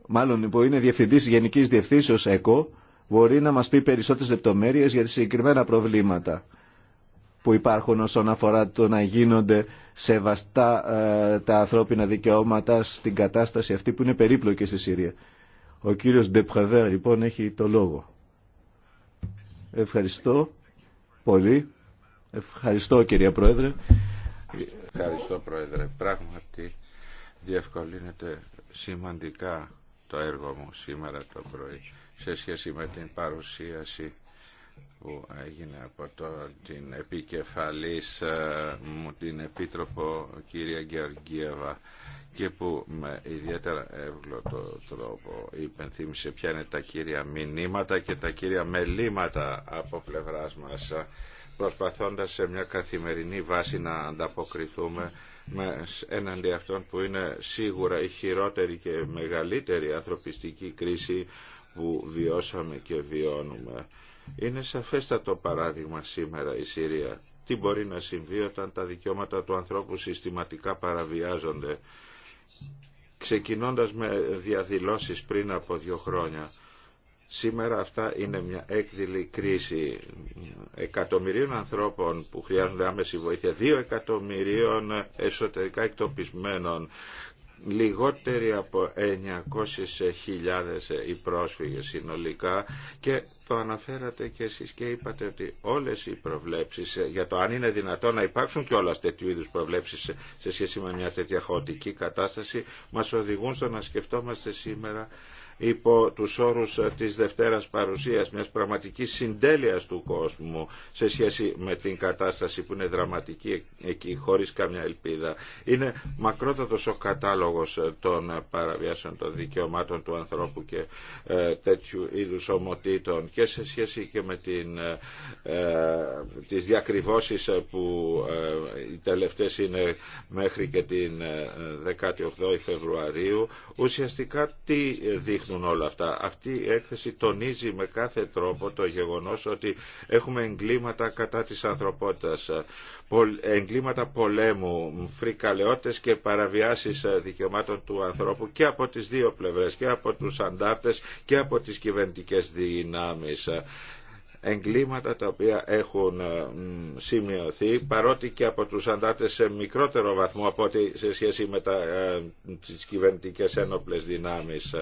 μάλλον που είναι διευθυντή γενική Διευθύνσεω ΕΚΟ, μπορεί να μα πει περισσότερε λεπτομέρειε για τις συγκεκριμένα προβλήματα που υπάρχουν όσον αφορά το να γίνονται σεβαστά ε, τα ανθρώπινα δικαιώματα στην κατάσταση αυτή που είναι περίπλοκη στη Συρία. Ο κύριος Ντεπχαβέρ λοιπόν έχει το λόγο. Ευχαριστώ πολύ. Ευχαριστώ κυρία Πρόεδρε. Ευχαριστώ Πρόεδρε. Πράγματι διευκολύνεται σημαντικά το έργο μου σήμερα το πρωί σε σχέση με την παρουσίαση που έγινε από το, την επικεφαλής ε, μου την Επίτροπο κυρία Γεωργίεβα και που με ιδιαίτερα εύγλωτο τρόπο υπενθύμισε ποια είναι τα κύρια μηνύματα και τα κύρια μελήματα από πλευράς μας προσπαθώντας σε μια καθημερινή βάση να ανταποκριθούμε με, έναντι αυτών που είναι σίγουρα η χειρότερη και μεγαλύτερη ανθρωπιστική κρίση που βιώσαμε και βιώνουμε. Είναι σαφέστατο παράδειγμα σήμερα η Συρία. Τι μπορεί να συμβεί όταν τα δικαιώματα του ανθρώπου συστηματικά παραβιάζονται ξεκινώντας με διαδηλώσεις πριν από δύο χρόνια. Σήμερα αυτά είναι μια έκδηλη κρίση εκατομμυρίων ανθρώπων που χρειάζονται άμεση βοήθεια, δύο εκατομμυρίων εσωτερικά εκτοπισμένων λιγότεροι από 900.000 οι πρόσφυγες συνολικά και το αναφέρατε και εσείς και είπατε ότι όλες οι προβλέψεις για το αν είναι δυνατόν να υπάρξουν και όλα τέτοιου είδους προβλέψεις σε σχέση με μια τέτοια χαοτική κατάσταση μας οδηγούν στο να σκεφτόμαστε σήμερα υπό τους όρους ε, της Δευτέρας Παρουσίας, μιας πραγματικής συντέλειας του κόσμου σε σχέση με την κατάσταση που είναι δραματική εκεί, χωρίς καμιά ελπίδα. Είναι μακρότατος ο κατάλογος ε, των παραβιάσεων των δικαιωμάτων του ανθρώπου και ε, τέτοιου είδους ομοτήτων και σε σχέση και με την, ε, τις διακριβώσεις που οι τελευταίες είναι μέχρι και την 18η Φεβρουαρίου. Ουσιαστικά τι δείχνει δείχνουν όλα αυτά. Αυτή η έκθεση τονίζει με κάθε τρόπο το γεγονός ότι έχουμε εγκλήματα κατά της ανθρωπότητας, εγκλήματα πολέμου, φρικαλαιότητες και παραβιάσεις ε, δικαιωμάτων του ανθρώπου και από τις δύο πλευρές, και από τους αντάρτες και από τις κυβερνητικές δυνάμεις εγκλήματα τα οποία έχουν ε, σημειωθεί παρότι και από τους αντάρτες σε μικρότερο βαθμό από ό,τι σε σχέση με τα, ε, τις κυβερνητικές ένοπλες δυνάμεις.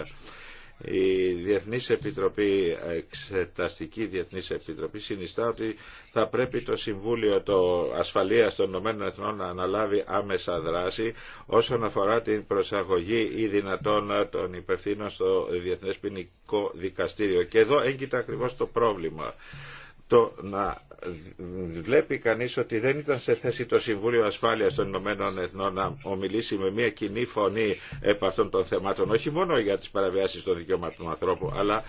Η Διεθνής Επιτροπή, Εξεταστική Διεθνής Επιτροπή συνιστά ότι θα πρέπει το Συμβούλιο το Ασφαλείας των ΗΠΑ Εθνών να αναλάβει άμεσα δράση όσον αφορά την προσαγωγή ή δυνατόν των υπευθύνων στο Διεθνές Ποινικό Δικαστήριο. Και εδώ έγκυται ακριβώς το πρόβλημα. Το να βλέπει κανείς ότι δεν ήταν σε θέση το Συμβούλιο Ασφάλειας των Ηνωμένων Εθνών να ομιλήσει με μια κοινή φωνή επ' αυτών των θεμάτων, όχι μόνο για τις παραβιάσεις των δικαιωμάτων του ανθρώπου, αλλά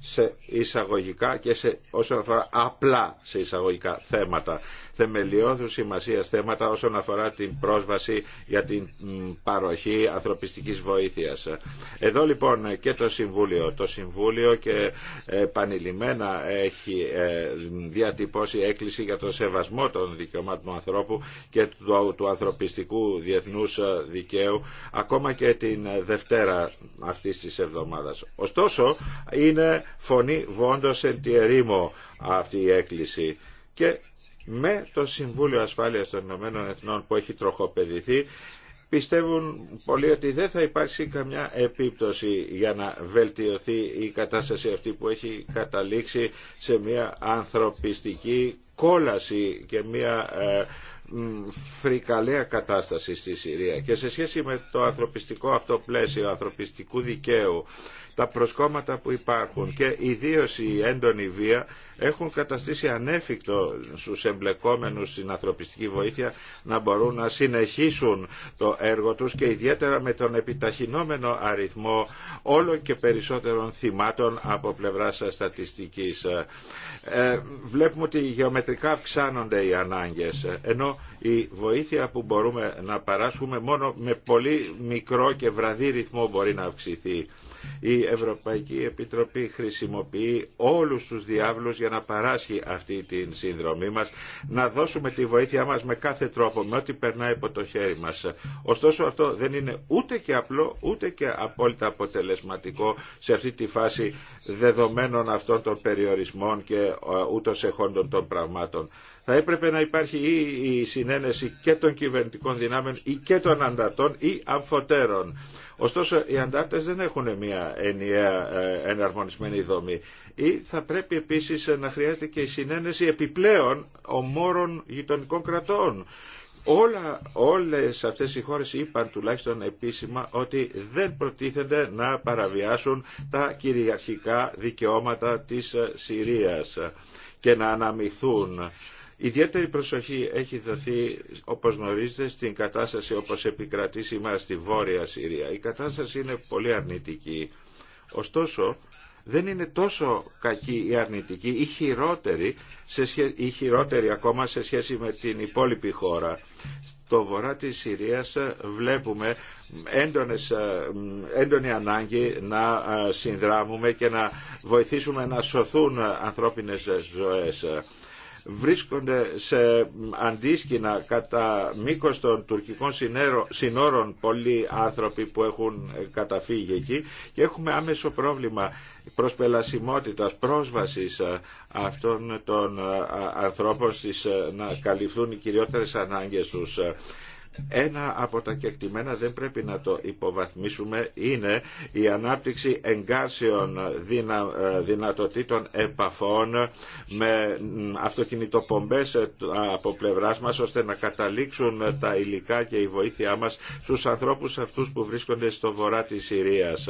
σε εισαγωγικά και σε όσον αφορά απλά σε εισαγωγικά θέματα. Θεμελιώδους σημασία θέματα όσον αφορά την πρόσβαση για την παροχή ανθρωπιστικής βοήθειας. Εδώ λοιπόν και το Συμβούλιο. Το Συμβούλιο και ε, επανειλημμένα έχει ε, διατυπώσει έκκληση για το σεβασμό των δικαιωμάτων του ανθρώπου και του, ανθρωπιστικού διεθνούς ε, δικαίου ακόμα και την Δευτέρα αυτής της εβδομάδας. Ωστόσο, είναι φωνή βόντος εν τη ερήμο αυτή η έκκληση. Και με το Συμβούλιο Ασφάλειας των Ηνωμένων Εθνών που έχει τροχοπεδηθεί πιστεύουν πολλοί ότι δεν θα υπάρξει καμιά επίπτωση για να βελτιωθεί η κατάσταση αυτή που έχει καταλήξει σε μια ανθρωπιστική κόλαση και μια ε, κατάσταση στη Συρία. Και σε σχέση με το ανθρωπιστικό αυτό πλαίσιο ανθρωπιστικού δικαίου τα προσκόμματα που υπάρχουν και ιδίως η έντονη βία έχουν καταστήσει ανέφικτο στους εμπλεκόμενους στην ανθρωπιστική βοήθεια να μπορούν να συνεχίσουν το έργο τους και ιδιαίτερα με τον επιταχυνόμενο αριθμό όλων και περισσότερων θυμάτων από πλευράς στατιστικής. Ε, βλέπουμε ότι γεωμετρικά αυξάνονται οι ανάγκες, ενώ η βοήθεια που μπορούμε να παράσχουμε μόνο με πολύ μικρό και βραδύ ρυθμό μπορεί να αυξηθεί. Η Ευρωπαϊκή Επιτροπή χρησιμοποιεί όλους τους να παράσχει αυτή την σύνδρομή μας, να δώσουμε τη βοήθειά μας με κάθε τρόπο, με ό,τι περνάει από το χέρι μας. Ωστόσο αυτό δεν είναι ούτε και απλό, ούτε και απόλυτα αποτελεσματικό σε αυτή τη φάση δεδομένων αυτών των περιορισμών και ε, ούτως εχόντων των πραγμάτων. Θα έπρεπε να υπάρχει ή η συνένεση και των κυβερνητικών δυνάμεων ή και των αντατών ή αμφωτέρων. Ωστόσο, οι αντάρτες δεν έχουν μια ενιαία ε, εναρμονισμένη δομή. Ή θα πρέπει επίσης να χρειάζεται και η συνένεση επιπλέον ομόρων γειτονικών κρατών Όλα, όλες αυτές οι χώρες είπαν τουλάχιστον επίσημα ότι δεν προτίθενται να παραβιάσουν τα κυριαρχικά δικαιώματα της ε, Συρίας και να αναμειχθούν. Ιδιαίτερη προσοχή έχει δοθεί, όπως γνωρίζετε, στην κατάσταση όπως επικρατεί σήμερα στη Βόρεια Συρία. Η κατάσταση είναι πολύ αρνητική. Ωστόσο, δεν είναι τόσο κακή ή αρνητική ή χειρότερη, σε χειρότερη ακόμα σε σχέση με την υπόλοιπη χώρα. Στο βορρά της Συρίας ε, βλέπουμε έντονες, ε, έντονη ανάγκη να ε, συνδράμουμε και να βοηθήσουμε να σωθούν ανθρώπινες ζωές βρίσκονται σε αντίσκηνα κατά μήκος των τουρκικών συνόρων πολλοί άνθρωποι που έχουν καταφύγει εκεί και έχουμε άμεσο πρόβλημα προσπελασιμότητας, πρόσβασης ε, αυτών των ε, ανθρώπων στις ε, να καλυφθούν οι κυριότερες ανάγκες τους. Ένα από τα κεκτημένα δεν πρέπει να το υποβαθμίσουμε είναι η ανάπτυξη εγκάρσεων ε, δυνατοτήτων επαφών με αυτοκινητοπομπές ε, από πλευράς μας ώστε να καταλήξουν τα υλικά και η βοήθειά μας στους ανθρώπους αυτούς που βρίσκονται στο βορρά της Συρίας.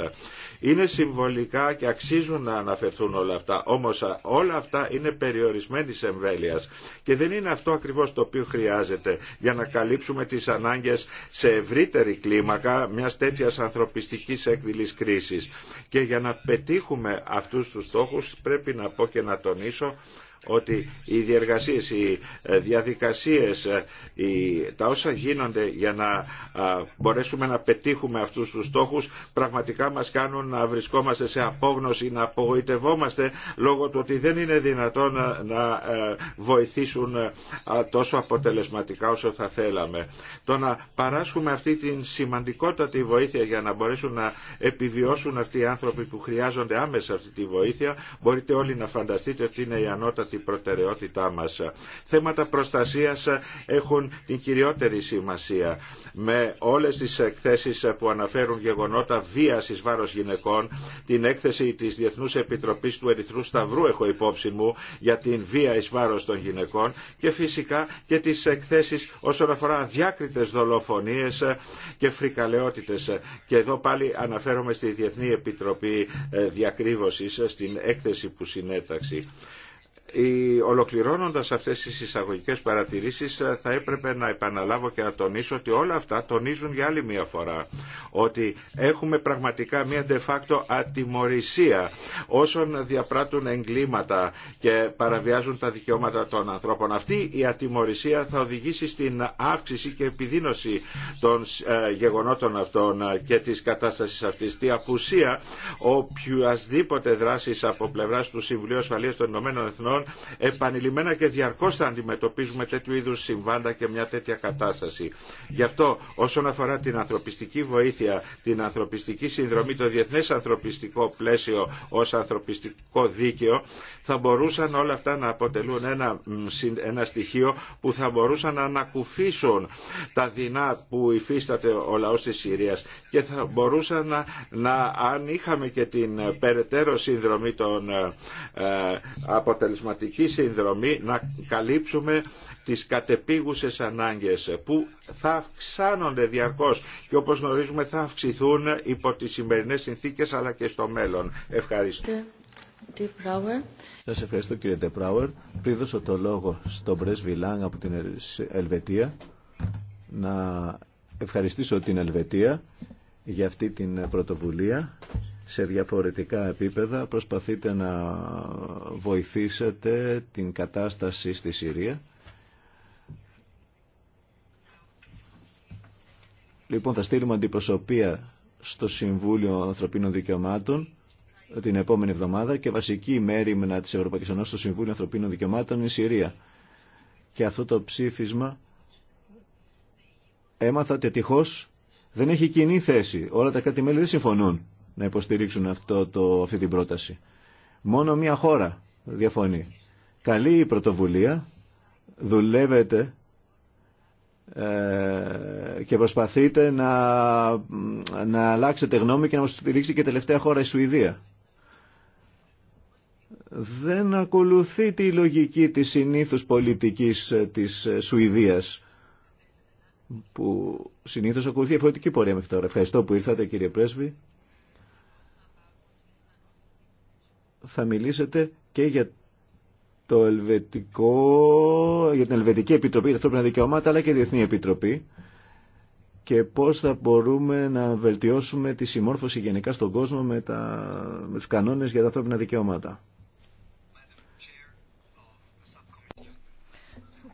Είναι συμβολικά και αξίζουν να αναφερθούν όλα αυτά. Όμως όλα αυτά είναι περιορισμένης εμβέλειας και δεν είναι αυτό ακριβώς το οποίο χρειάζεται για να καλύψουμε τις ανάγκες σε ευρύτερη κλίμακα μιας τέτοιας ανθρωπιστικής έκδηλης κρίσης. Και για να πετύχουμε αυτούς τους στόχους πρέπει να πω και να τονίσω ότι οι διεργασίες, οι ε, διαδικασίες, ε, οι, τα όσα γίνονται για να μπορέσουμε να πετύχουμε αυτούς τους στόχους πραγματικά μας κάνουν να βρισκόμαστε σε απόγνωση, να απογοητευόμαστε λόγω του ότι δεν είναι δυνατόν ε, να, βοηθήσουν τόσο αποτελεσματικά όσο θα θέλαμε. Το να παράσχουμε αυτή την σημαντικότατη βοήθεια για να μπορέσουν να επιβιώσουν αυτοί οι άνθρωποι που χρειάζονται άμεσα αυτή τη βοήθεια μπορείτε όλοι να φανταστείτε ότι είναι η ανώτατη πρώτη προτεραιότητά μας. Θέματα προστασίας έχουν την κυριότερη σημασία. Με όλες τις εκθέσεις που αναφέρουν γεγονότα βίας εις βάρος γυναικών, την έκθεση της Διεθνούς Επιτροπής του Ερυθρού Σταυρού έχω υπόψη μου για την βία εις βάρος των γυναικών και φυσικά και τις εκθέσεις όσον αφορά διάκριτέ δολοφονίε και φρικαλαιότητες. Και εδώ πάλι αναφέρομαι στη Διεθνή Επιτροπή ε, Διακρύβωσης στην έκθεση που συνέταξε ολοκληρώνοντας αυτές τις εισαγωγικές παρατηρήσεις ε, θα έπρεπε να επαναλάβω και να τονίσω ότι όλα αυτά τονίζουν για άλλη μια φορά ότι έχουμε πραγματικά μια de facto ατιμορρησία όσων διαπράττουν εγκλήματα και παραβιάζουν τα δικαιώματα των ανθρώπων. Αυτή η ατιμορρησία θα οδηγήσει στην αύξηση και επιδείνωση των ε, γεγονότων αυτών ε, και της κατάστασης αυτής. Τη απουσία οποιασδήποτε δράσης από πλευράς του Συμβουλίου Ασφαλείας των Ηνωμένων Εθνών λοιπόν επανειλημμένα και διαρκώς θα αντιμετωπίζουμε τέτοιου είδους συμβάντα και μια τέτοια κατάσταση. Γι' αυτό όσον αφορά την ανθρωπιστική βοήθεια, την ανθρωπιστική συνδρομή, το διεθνές ανθρωπιστικό πλαίσιο ως ανθρωπιστικό δίκαιο, θα μπορούσαν όλα αυτά να αποτελούν ένα, ένα στοιχείο που θα μπορούσαν να ανακουφίσουν τα δεινά που υφίσταται ο λαός της Συρίας και θα μπορούσαν να, αν είχαμε και την ε, περαιτέρω σύνδρομη των ε, ε, αποτελεσματική σύνδρομη να καλύψουμε τις κατεπίγουσες ανάγκες που θα αυξάνονται διαρκώς και όπως γνωρίζουμε θα αυξηθούν υπό τις σημερινές συνθήκες αλλά και στο μέλλον. Ευχαριστώ. Σα ευχαριστώ κύριε το λόγο στον πρέσβη από την Ελβετία να ευχαριστήσω την Ελβετία για αυτή την πρωτοβουλία σε διαφορετικά επίπεδα. Προσπαθείτε να βοηθήσετε την κατάσταση στη Συρία. Λοιπόν, θα στείλουμε αντιπροσωπεία στο Συμβούλιο Ανθρωπίνων Δικαιωμάτων την επόμενη εβδομάδα και βασική μέρη της Ευρωπαϊκής Ενώσης στο Συμβούλιο Ανθρωπίνων Δικαιωμάτων είναι η Συρία. Και αυτό το ψήφισμα έμαθα ότι ατυχώς δεν έχει κοινή θέση. Όλα τα κράτη-μέλη δεν συμφωνούν να υποστηρίξουν αυτό το, αυτή την πρόταση. Μόνο μία χώρα διαφωνεί. Καλή η πρωτοβουλία, δουλεύετε ε, και προσπαθείτε να, να αλλάξετε γνώμη και να μας στηρίξει και τελευταία χώρα η Σουηδία. Δεν ακολουθεί τη λογική της συνήθους πολιτικής ε, της ε, Σουηδίας που συνήθως ακολουθεί διαφορετική πορεία μέχρι τώρα. Ευχαριστώ που ήρθατε κύριε Πρέσβη. Θα μιλήσετε και για το ελβετικό, για την Ελβετική Επιτροπή για τα Ανθρώπινα Δικαιώματα, αλλά και η Διεθνή Επιτροπή και πώς θα μπορούμε να βελτιώσουμε τη συμμόρφωση γενικά στον κόσμο με, τα, με τους κανόνες για τα ανθρώπινα δικαιώματα.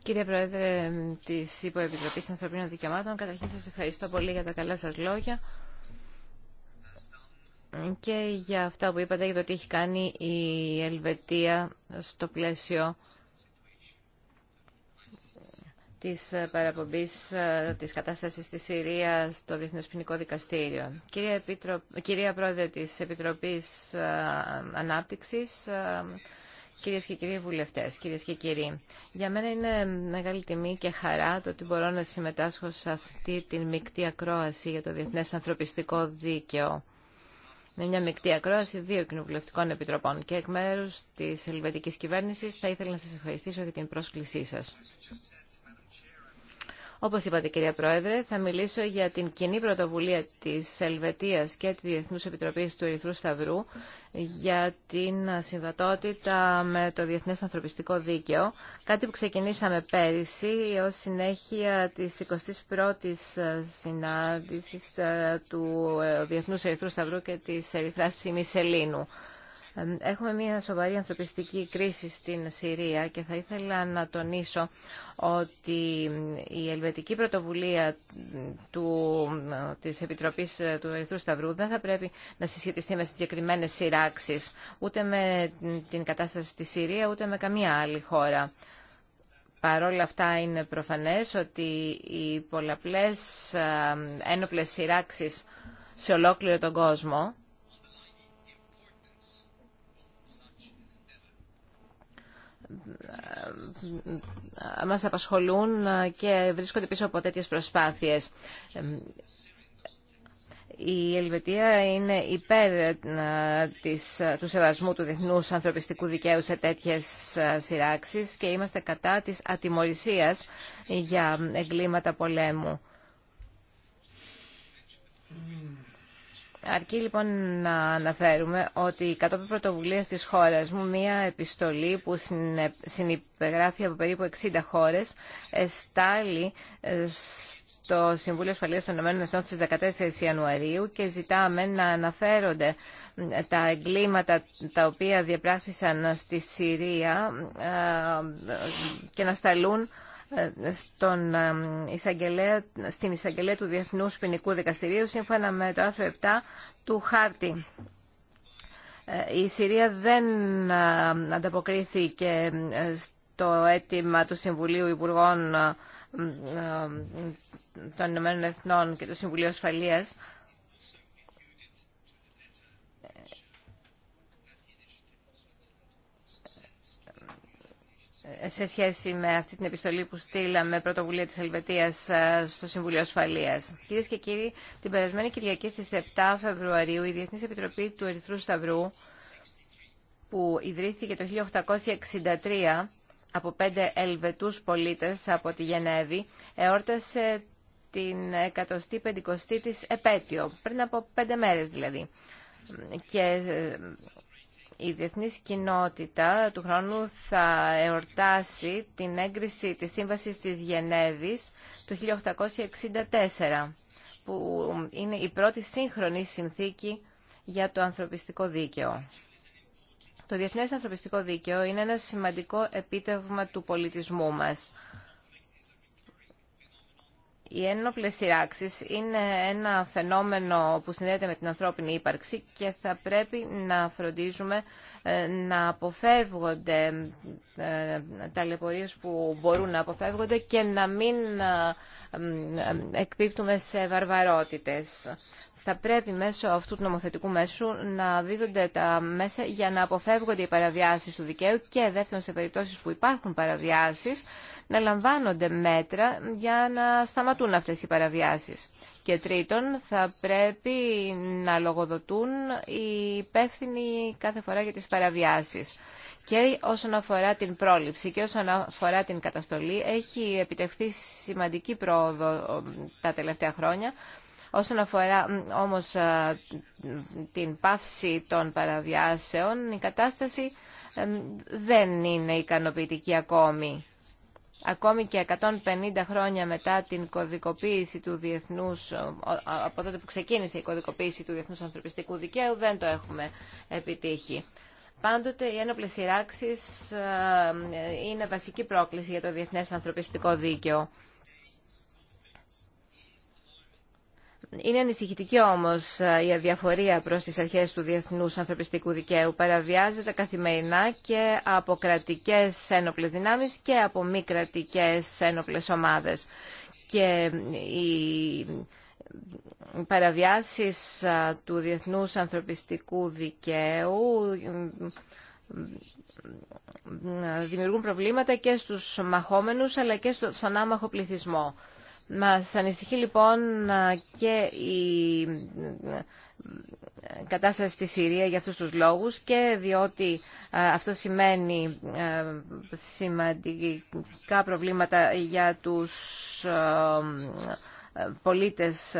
Κύριε Πρόεδρε της Υποεπιτροπής Ανθρωπίνων Δικαιωμάτων, καταρχήν σας ευχαριστώ πολύ για τα καλά σας λόγια και για αυτά που είπατε για το τι έχει κάνει η Ελβετία στο πλαίσιο της παραπομπής της κατάστασης της Συρίας στο Διεθνές Ποινικό Δικαστήριο. Κυρία, Επίτρο... Κυρία Πρόεδρε της Επιτροπής ε, Ανάπτυξης, ε, Κυρίες και κύριοι βουλευτές, κυρίες και κύριοι, για μένα είναι μεγάλη τιμή και χαρά το ότι μπορώ να συμμετάσχω σε αυτή την μεικτή ακρόαση για το Διεθνές Ανθρωπιστικό Δίκαιο. Με μια μεικτή ακρόαση δύο κοινοβουλευτικών επιτροπών και εκ μέρου τη ελβετική κυβέρνηση θα ήθελα να σα ευχαριστήσω για την πρόσκλησή σα. Όπως είπατε κυρία Πρόεδρε, θα μιλήσω για την κοινή πρωτοβουλία της Ελβετίας και της Διεθνούς Επιτροπής του Ερυθρού Σταυρού για την συμβατότητα με το Διεθνές Ανθρωπιστικό Δίκαιο, κάτι που ξεκινήσαμε πέρυσι ως συνέχεια της 21ης συνάντησης ε, του ε, Διεθνούς Ερυθρού Σταυρού και της Ερυθράς Σιμισελίνου. Ε, έχουμε μια σοβαρή ανθρωπιστική κρίση στην Συρία και θα ήθελα να τονίσω ότι η Ελβετία ελβετική πρωτοβουλία του, ε, της Επιτροπής ε, του Ερυθρού Σταυρού δεν θα πρέπει να συσχετιστεί με συγκεκριμένες σειράξεις, ούτε με την κατάσταση στη Συρία, ούτε με καμία άλλη χώρα. Παρόλα αυτά είναι προφανές ότι οι πολλαπλές ε, ένοπλες σειράξεις σε ολόκληρο τον κόσμο μας απασχολούν ε, και βρίσκονται πίσω από τέτοιες προσπάθειες. Ε, η Ελβετία είναι υπέρ ε, της, του σεβασμού του διεθνούς ανθρωπιστικού δικαίου σε τέτοιες σειράξεις και είμαστε κατά της ατιμορρησίας για εγκλήματα πολέμου. Αρκεί λοιπόν να αναφέρουμε ότι κατόπιν πρωτοβουλία της χώρας μου, μία επιστολή που συνυπεγράφει από περίπου 60 χώρες, εστάλει ε, στο Συμβούλιο Ασφαλείας των Ηνωμένων Εθνών στις 14 Ιανουαρίου και ζητάμε να αναφέρονται ε, τα εγκλήματα τα οποία διαπράχθησαν στη Συρία ε, και να σταλούν ε, ε, στην εισαγγελέα του Διεθνούς Ποινικού Δικαστηρίου σύμφωνα με το άρθρο 7 του χάρτη. Ε, η Συρία δεν ανταποκρίθηκε στο αίτημα του Συμβουλίου Υπουργών των Ηνωμένων Εθνών και του Συμβουλίου Ασφαλείας σε σχέση με αυτή την επιστολή που στείλαμε πρωτοβουλία της Ελβετίας ε, στο Συμβουλίο Ασφαλείας. Κυρίε και κύριοι, την περασμένη Κυριακή στις 7 Φεβρουαρίου η Διεθνής Επιτροπή του Ερυθρού Σταυρού που ιδρύθηκε το 1863 από πέντε Ελβετούς πολίτες από τη Γενέβη εόρτασε την 150η της επέτειο, πριν από πέντε μέρες δηλαδή. Και ε, η διεθνής κοινότητα του χρόνου θα εορτάσει την έγκριση της Σύμβασης της Γενέβης του 1864, που είναι η πρώτη σύγχρονη συνθήκη για το ανθρωπιστικό δίκαιο. Το Διεθνές Ανθρωπιστικό Δίκαιο είναι ένα σημαντικό επίτευγμα του πολιτισμού μας. Οι ένοπλες σειράξει είναι ένα φαινόμενο που συνδέεται με την ανθρώπινη ύπαρξη και θα πρέπει να φροντίζουμε ε, να αποφεύγονται ε, ταλαιπωρίες που μπορούν να αποφεύγονται και να μην ε, εκπίπτουμε σε βαρβαρότητες. Θα πρέπει μέσω αυτού του νομοθετικού μέσου να δίδονται τα μέσα για να αποφεύγονται οι παραβιάσεις του δικαίου και δεύτερον σε περιπτώσεις που υπάρχουν παραβιάσεις να λαμβάνονται μέτρα για να σταματούν αυτές οι παραβιάσεις. Και τρίτον, θα πρέπει να λογοδοτούν οι υπεύθυνοι κάθε φορά για τις παραβιάσεις. Και όσον αφορά την πρόληψη και όσον αφορά την καταστολή, έχει επιτευχθεί σημαντική πρόοδο ε, τα τελευταία χρόνια Όσον αφορά όμως ε, την πάυση των παραβιάσεων, η κατάσταση ε, δεν είναι ικανοποιητική ακόμη. Ακόμη και 150 χρόνια μετά την κωδικοποίηση του διεθνούς, ε, από τότε που ξεκίνησε η κωδικοποίηση του διεθνούς ανθρωπιστικού δικαίου, δεν το έχουμε επιτύχει. Πάντοτε οι ένοπλες σειράξεις είναι βασική πρόκληση για το διεθνές ανθρωπιστικό δίκαιο. Είναι ανησυχητική όμω ε, η αδιαφορία προ τι αρχέ του διεθνού ανθρωπιστικού δικαίου. Παραβιάζεται καθημερινά και από κρατικέ ένοπλε δυνάμει και από μη κρατικέ ένοπλε ομάδε. Και οι παραβιάσεις ε, του διεθνούς ανθρωπιστικού δικαίου ε, δημιουργούν προβλήματα και στους μαχόμενους αλλά και στον άμαχο πληθυσμό. Μας ανησυχεί λοιπόν και η κατάσταση στη Συρία για αυτούς τους λόγους και διότι ε, αυτό σημαίνει ε, σημαντικά προβλήματα για τους ε, πολίτες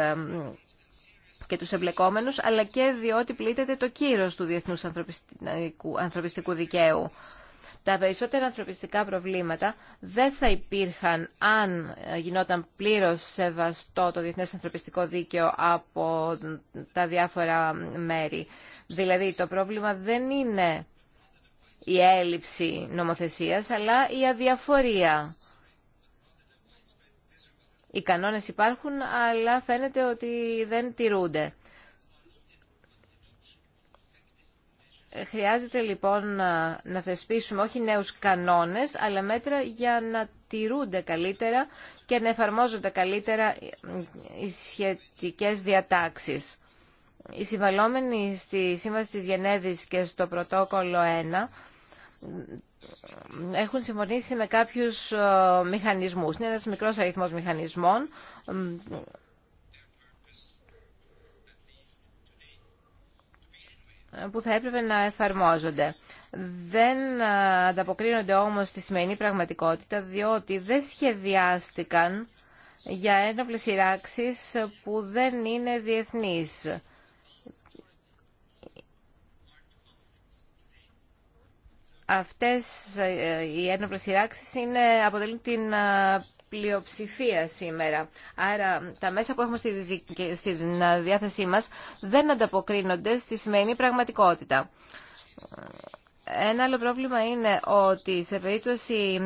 και τους εμπλεκόμενους, αλλά και διότι πλήττεται το κύρος του διεθνούς ανθρωπιστικού δικαίου. Τα περισσότερα ανθρωπιστικά προβλήματα δεν θα υπήρχαν αν ε, γινόταν πλήρως σεβαστό το διεθνές ανθρωπιστικό δίκαιο από τα διάφορα μέρη. Δηλαδή το πρόβλημα δεν είναι η έλλειψη νομοθεσίας, αλλά η αδιαφορία. Οι κανόνες υπάρχουν, αλλά φαίνεται ότι δεν τηρούνται. Χρειάζεται λοιπόν να θεσπίσουμε όχι νέους κανόνες, αλλά μέτρα για να τηρούνται καλύτερα και να εφαρμόζονται καλύτερα οι σχετικές διατάξεις. Οι συμβαλόμενοι στη Σύμβαση της Γενέβης και στο Πρωτόκολλο 1 έχουν συμφωνήσει με κάποιους ε, μηχανισμούς. Είναι ένας μικρός αριθμός μηχανισμών που θα έπρεπε να εφαρμόζονται. Δεν ε, ανταποκρίνονται όμως στη σημερινή πραγματικότητα, διότι δεν σχεδιάστηκαν για ένοπλες σειράξεις που δεν είναι διεθνείς. Αυτές ε, οι ένοπλες σειράξεις είναι, αποτελούν την ε, πλειοψηφία σήμερα. Άρα τα μέσα που έχουμε στη, ε, διάθεσή μας δεν ανταποκρίνονται στη σημερινή πραγματικότητα. Ένα άλλο πρόβλημα είναι ότι σε περίπτωση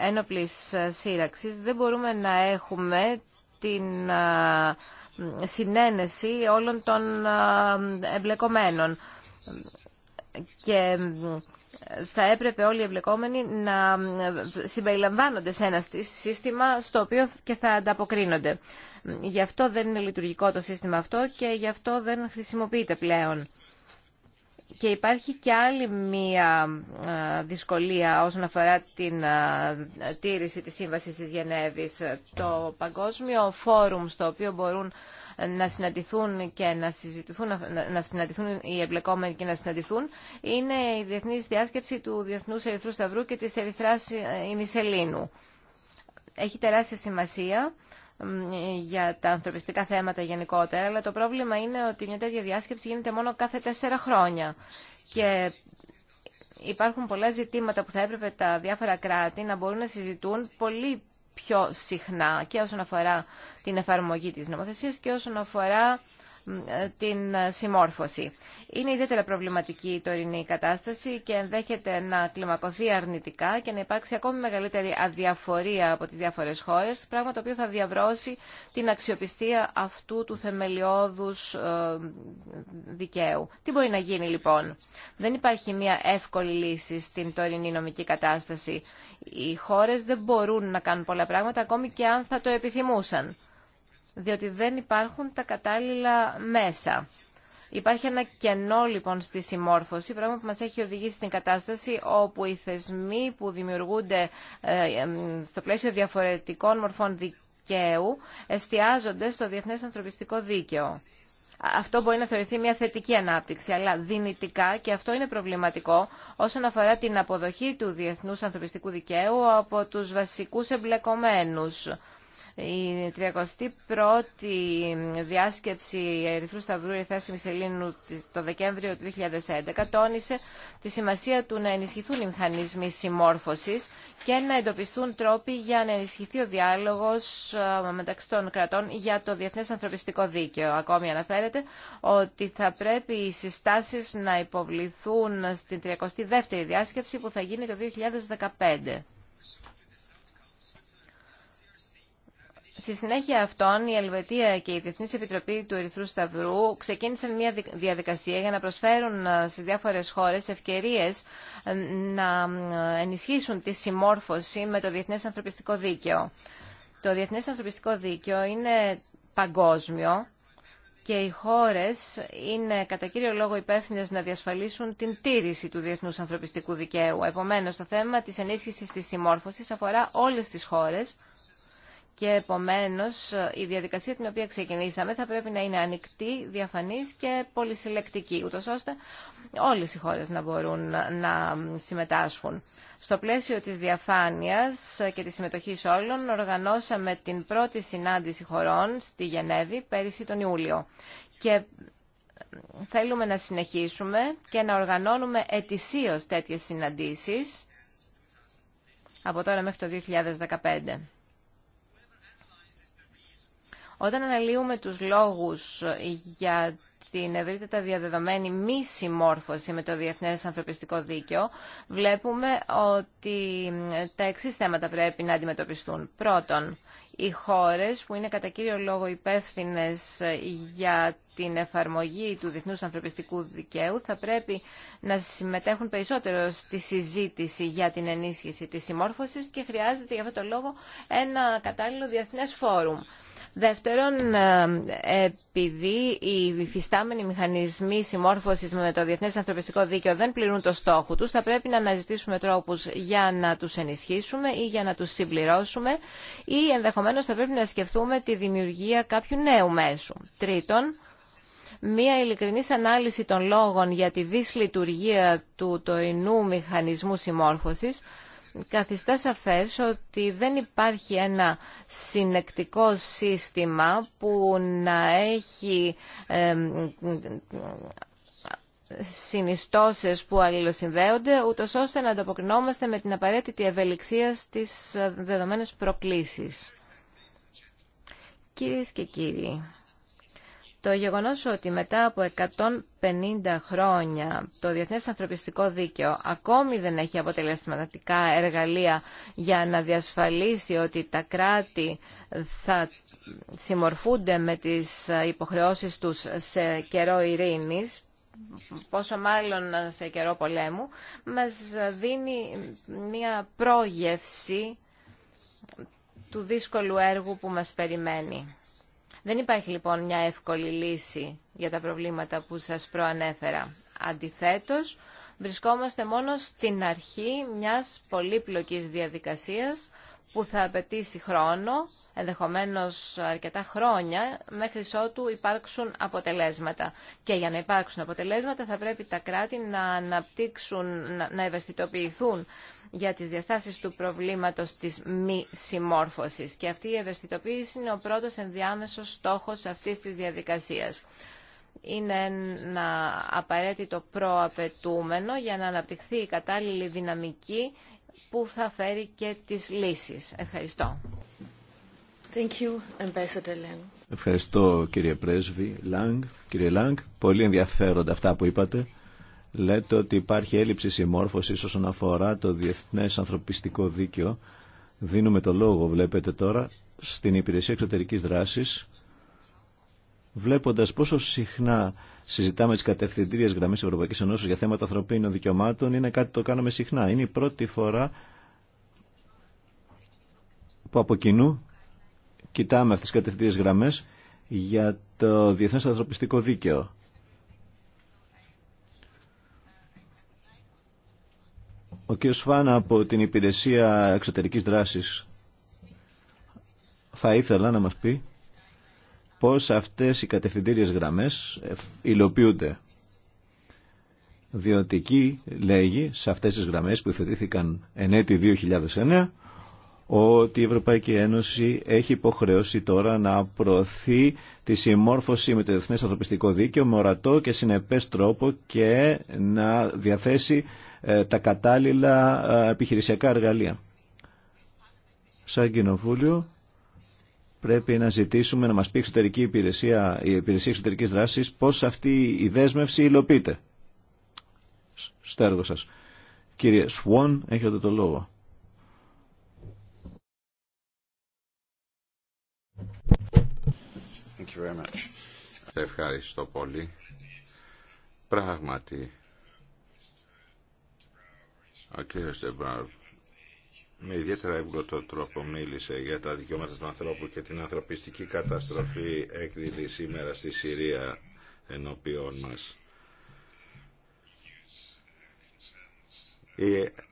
ένοπλης σύραξης δεν μπορούμε να έχουμε την συνένεση όλων των εμπλεκομένων θα έπρεπε όλοι οι εμπλεκόμενοι να συμπεριλαμβάνονται σε ένα σύστημα στο οποίο και θα ανταποκρίνονται. Γι' αυτό δεν είναι λειτουργικό το σύστημα αυτό και γι' αυτό δεν χρησιμοποιείται πλέον. Και υπάρχει και άλλη μία δυσκολία όσον αφορά την τήρηση της Σύμβασης της Γενέβης. Το Παγκόσμιο Φόρουμ στο οποίο μπορούν να συναντηθούν και να συζητηθούν, να συναντηθούν οι εμπλεκόμενοι και να συναντηθούν, είναι η διεθνή διάσκεψη του διεθνού Ερυθρού Σταυρού και τη Ερυθρά ε, Ημισελίνου. Έχει τεράστια σημασία για τα ανθρωπιστικά θέματα γενικότερα, αλλά το πρόβλημα είναι ότι μια τέτοια διάσκεψη γίνεται μόνο κάθε τέσσερα χρόνια. Και υπάρχουν πολλά ζητήματα που θα έπρεπε τα διάφορα κράτη να μπορούν να συζητούν πολύ πιο συχνά και όσον αφορά την εφαρμογή της νομοθεσίας και όσον αφορά την συμμόρφωση. Είναι ιδιαίτερα προβληματική η τωρινή κατάσταση και ενδέχεται να κλιμακωθεί αρνητικά και να υπάρξει ακόμη μεγαλύτερη αδιαφορία από τις διάφορες χώρες, πράγμα το οποίο θα διαβρώσει την αξιοπιστία αυτού του θεμελιώδους ε, δικαίου. Τι μπορεί να γίνει λοιπόν. Δεν υπάρχει μια εύκολη λύση στην τωρινή νομική κατάσταση. Οι χώρες δεν μπορούν να κάνουν πολλά πράγματα ακόμη και αν θα το επιθυμούσαν διότι δεν υπάρχουν τα κατάλληλα μέσα. Υπάρχει ένα κενό λοιπόν στη συμμόρφωση, πράγμα που μας έχει οδηγήσει στην κατάσταση όπου οι θεσμοί που δημιουργούνται ε, στο πλαίσιο διαφορετικών μορφών δικαίου εστιάζονται στο διεθνές ανθρωπιστικό δίκαιο. Αυτό μπορεί να θεωρηθεί μια θετική ανάπτυξη, αλλά δυνητικά και αυτό είναι προβληματικό όσον αφορά την αποδοχή του διεθνούς ανθρωπιστικού δικαίου από τους βασικούς εμπλεκομένους η 31η διάσκεψη Ερυθρού Σταυρού Θέση Μισελίνου το Δεκέμβριο του 2011 τόνισε τη σημασία του να ενισχυθούν οι μηχανισμοί συμμόρφωσης και να εντοπιστούν τρόποι για να ενισχυθεί ο διάλογο ε, μεταξύ των κρατών για το διεθνές ανθρωπιστικό δίκαιο. Ακόμη αναφέρεται ότι θα πρέπει οι συστάσεις να υποβληθούν στην 32η διάσκεψη που θα γίνει το 2015. Στη συνέχεια αυτών, η Ελβετία και η Διεθνής Επιτροπή του Ερυθρού Σταυρού ξεκίνησαν μια διαδικασία για να προσφέρουν ε, στι διάφορες χώρες ευκαιρίε ε, να ε, ενισχύσουν τη συμμόρφωση με το Διεθνές Ανθρωπιστικό Δίκαιο. Το Διεθνές Ανθρωπιστικό Δίκαιο είναι παγκόσμιο και οι χώρες είναι κατά κύριο λόγο υπεύθυνε να διασφαλίσουν την τήρηση του διεθνού ανθρωπιστικού δικαίου. Επομένω, το θέμα τη ενίσχυση τη συμμόρφωσης αφορά όλε τι χώρε. Και επομένως η διαδικασία την οποία ξεκινήσαμε θα πρέπει να είναι ανοιχτή, διαφανής και πολυσυλλεκτική, ούτως ώστε όλες οι χώρες να μπορούν να συμμετάσχουν. Στο πλαίσιο της διαφάνειας και της συμμετοχής όλων, οργανώσαμε την πρώτη συνάντηση χωρών στη Γενέβη πέρυσι τον Ιούλιο. Και θέλουμε να συνεχίσουμε και να οργανώνουμε ετησίως τέτοιες συναντήσεις από τώρα μέχρι το 2015. Όταν αναλύουμε τους λόγους για την ευρύτερα διαδεδομένη μη συμμόρφωση με το Διεθνές Ανθρωπιστικό Δίκαιο, βλέπουμε ότι τα εξή θέματα πρέπει να αντιμετωπιστούν. Πρώτον, οι χώρες που είναι κατά κύριο λόγο υπεύθυνε για την εφαρμογή του διεθνούς ανθρωπιστικού δικαίου θα πρέπει να συμμετέχουν περισσότερο στη συζήτηση για την ενίσχυση της συμμόρφωσης και χρειάζεται για αυτό το λόγο ένα κατάλληλο διεθνές φόρουμ. Δεύτερον, ε, επειδή οι φυστάμενοι μηχανισμοί συμμόρφωσης με το Διεθνές Ανθρωπιστικό Δίκαιο δεν πληρούν το στόχο τους, θα πρέπει να αναζητήσουμε τρόπους για να τους ενισχύσουμε ή για να τους συμπληρώσουμε ή ενδεχομένως θα πρέπει να σκεφτούμε τη δημιουργία κάποιου νέου μέσου. Τρίτον, Μία ειλικρινής ανάλυση των λόγων για τη δυσλειτουργία του τωρινού μηχανισμού συμμόρφωσης καθιστά σαφές ότι δεν υπάρχει ένα συνεκτικό σύστημα που να έχει συνιστώσεις που αλληλοσυνδέονται, ούτως ώστε να ανταποκρινόμαστε με την απαραίτητη ευελιξία στις ε, δεδομένες προκλήσεις. Κυρίες και κύριοι, το γεγονός ότι μετά από 150 χρόνια το Διεθνές Ανθρωπιστικό Δίκαιο ακόμη δεν έχει αποτελεσματικά εργαλεία για να διασφαλίσει ότι τα κράτη θα συμμορφούνται με τις υποχρεώσεις τους σε καιρό ειρήνης, πόσο μάλλον σε καιρό πολέμου, μας δίνει μια πρόγευση του δύσκολου έργου που μας περιμένει. Δεν υπάρχει λοιπόν μια εύκολη λύση για τα προβλήματα που σας προανέφερα. Αντιθέτως, βρισκόμαστε μόνο στην αρχή μιας πολύπλοκης διαδικασίας που θα απαιτήσει χρόνο, ενδεχομένως αρκετά χρόνια, μέχρι ότου υπάρξουν αποτελέσματα. Και για να υπάρξουν αποτελέσματα θα πρέπει τα κράτη να αναπτύξουν, να ευαισθητοποιηθούν για τις διαστάσεις του προβλήματος της μη συμμόρφωσης. Και αυτή η ευαισθητοποίηση είναι ο πρώτος ενδιάμεσος στόχος αυτής της διαδικασίας είναι ένα απαραίτητο προαπαιτούμενο για να αναπτυχθεί η κατάλληλη δυναμική που θα φέρει και τις λύσεις. Ευχαριστώ. Thank you, Ambassador Lang. Ευχαριστώ κύριε Πρέσβη Λάγκ. Κύριε Λάγκ, πολύ ενδιαφέροντα αυτά που είπατε. Λέτε ότι υπάρχει έλλειψη συμμόρφωσης όσον αφορά το διεθνές ανθρωπιστικό δίκαιο. Δίνουμε το λόγο, βλέπετε τώρα, στην Υπηρεσία Εξωτερικής Δράσης, βλέποντας πόσο συχνά συζητάμε τι κατευθυντήριε γραμμέ Ευρωπαϊκή Ένωση για θέματα ανθρωπίνων δικαιωμάτων είναι κάτι το κάνουμε συχνά. Είναι η πρώτη φορά που από κοινού κοιτάμε αυτέ τι κατευθυντήριε γραμμέ για το διεθνέ ανθρωπιστικό δίκαιο. Ο κ. Φάνα από την Υπηρεσία Εξωτερικής Δράσης θα ήθελα να μας πει πώς αυτές οι κατευθυντήριες γραμμές υλοποιούνται. Διότι εκεί λέγει, σε αυτές τις γραμμές που θετήθηκαν εν έτη 2009, ότι η Ευρωπαϊκή Ένωση έχει υποχρεώσει τώρα να προωθεί τη συμμόρφωση με το Διεθνές Ανθρωπιστικό Δίκαιο με ορατό και συνεπές τρόπο και να διαθέσει ε, τα κατάλληλα ε, επιχειρησιακά εργαλεία. Σαν κοινοβούλιο πρέπει να ζητήσουμε να μας πει εξωτερική υπηρεσία, η υπηρεσία εξωτερικής δράσης πώς αυτή η δέσμευση υλοποιείται στο έργο σας. Κύριε Σουόν, έχετε το λόγο. Ευχαριστώ πολύ. Πράγματι, ο κύριος με ιδιαίτερα ευγωτό τρόπο μίλησε για τα δικαιώματα του ανθρώπου και την ανθρωπιστική καταστροφή έκδηλη σήμερα στη Συρία ενώπιόν μας.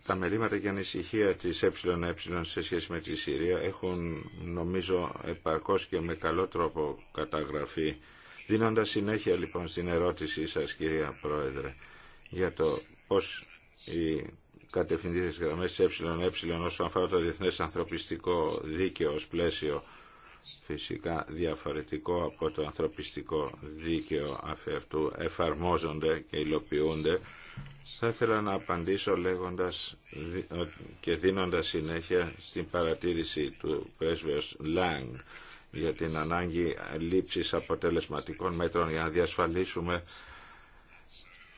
Τα μελήματα και ανησυχία της ΕΕ σε σχέση με τη Συρία έχουν νομίζω επαρκώς και με καλό τρόπο καταγραφεί. Δίνοντας συνέχεια λοιπόν στην ερώτησή σας κυρία Πρόεδρε για το πώς η τη γραμμές ΕΕ όσον αφορά το διεθνές ανθρωπιστικό δίκαιο ω πλαίσιο φυσικά διαφορετικό από το ανθρωπιστικό δίκαιο αφιευτού εφαρμόζονται και υλοποιούνται θα ήθελα να απαντήσω λέγοντας και δίνοντας συνέχεια στην παρατήρηση του πρέσβεως Λάγκ για την ανάγκη λήψης αποτελεσματικών μέτρων για να διασφαλίσουμε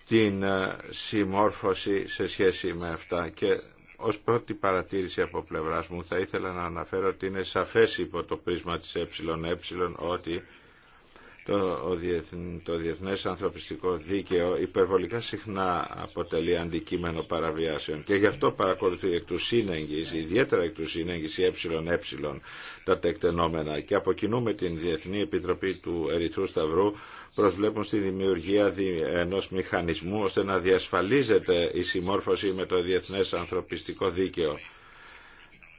την ε, συμμόρφωση σε σχέση με αυτά. Και ως πρώτη παρατήρηση από πλευράς μου θα ήθελα να αναφέρω ότι είναι σαφές υπό το πρίσμα της ΕΕ ότι το, το Διεθνές Ανθρωπιστικό Δίκαιο υπερβολικά συχνά αποτελεί αντικείμενο παραβιάσεων και γι' αυτό παρακολουθεί εκ του σύνεγγης, ιδιαίτερα εκ του σύνεγγης ΕΕ τα τεκτενόμενα και αποκοινούμε την Διεθνή Επιτροπή του Ερυθρού Σταυρού προσβλέπουν στη δημιουργία ενός μηχανισμού ώστε να διασφαλίζεται η συμμόρφωση με το Διεθνές Ανθρωπιστικό Δίκαιο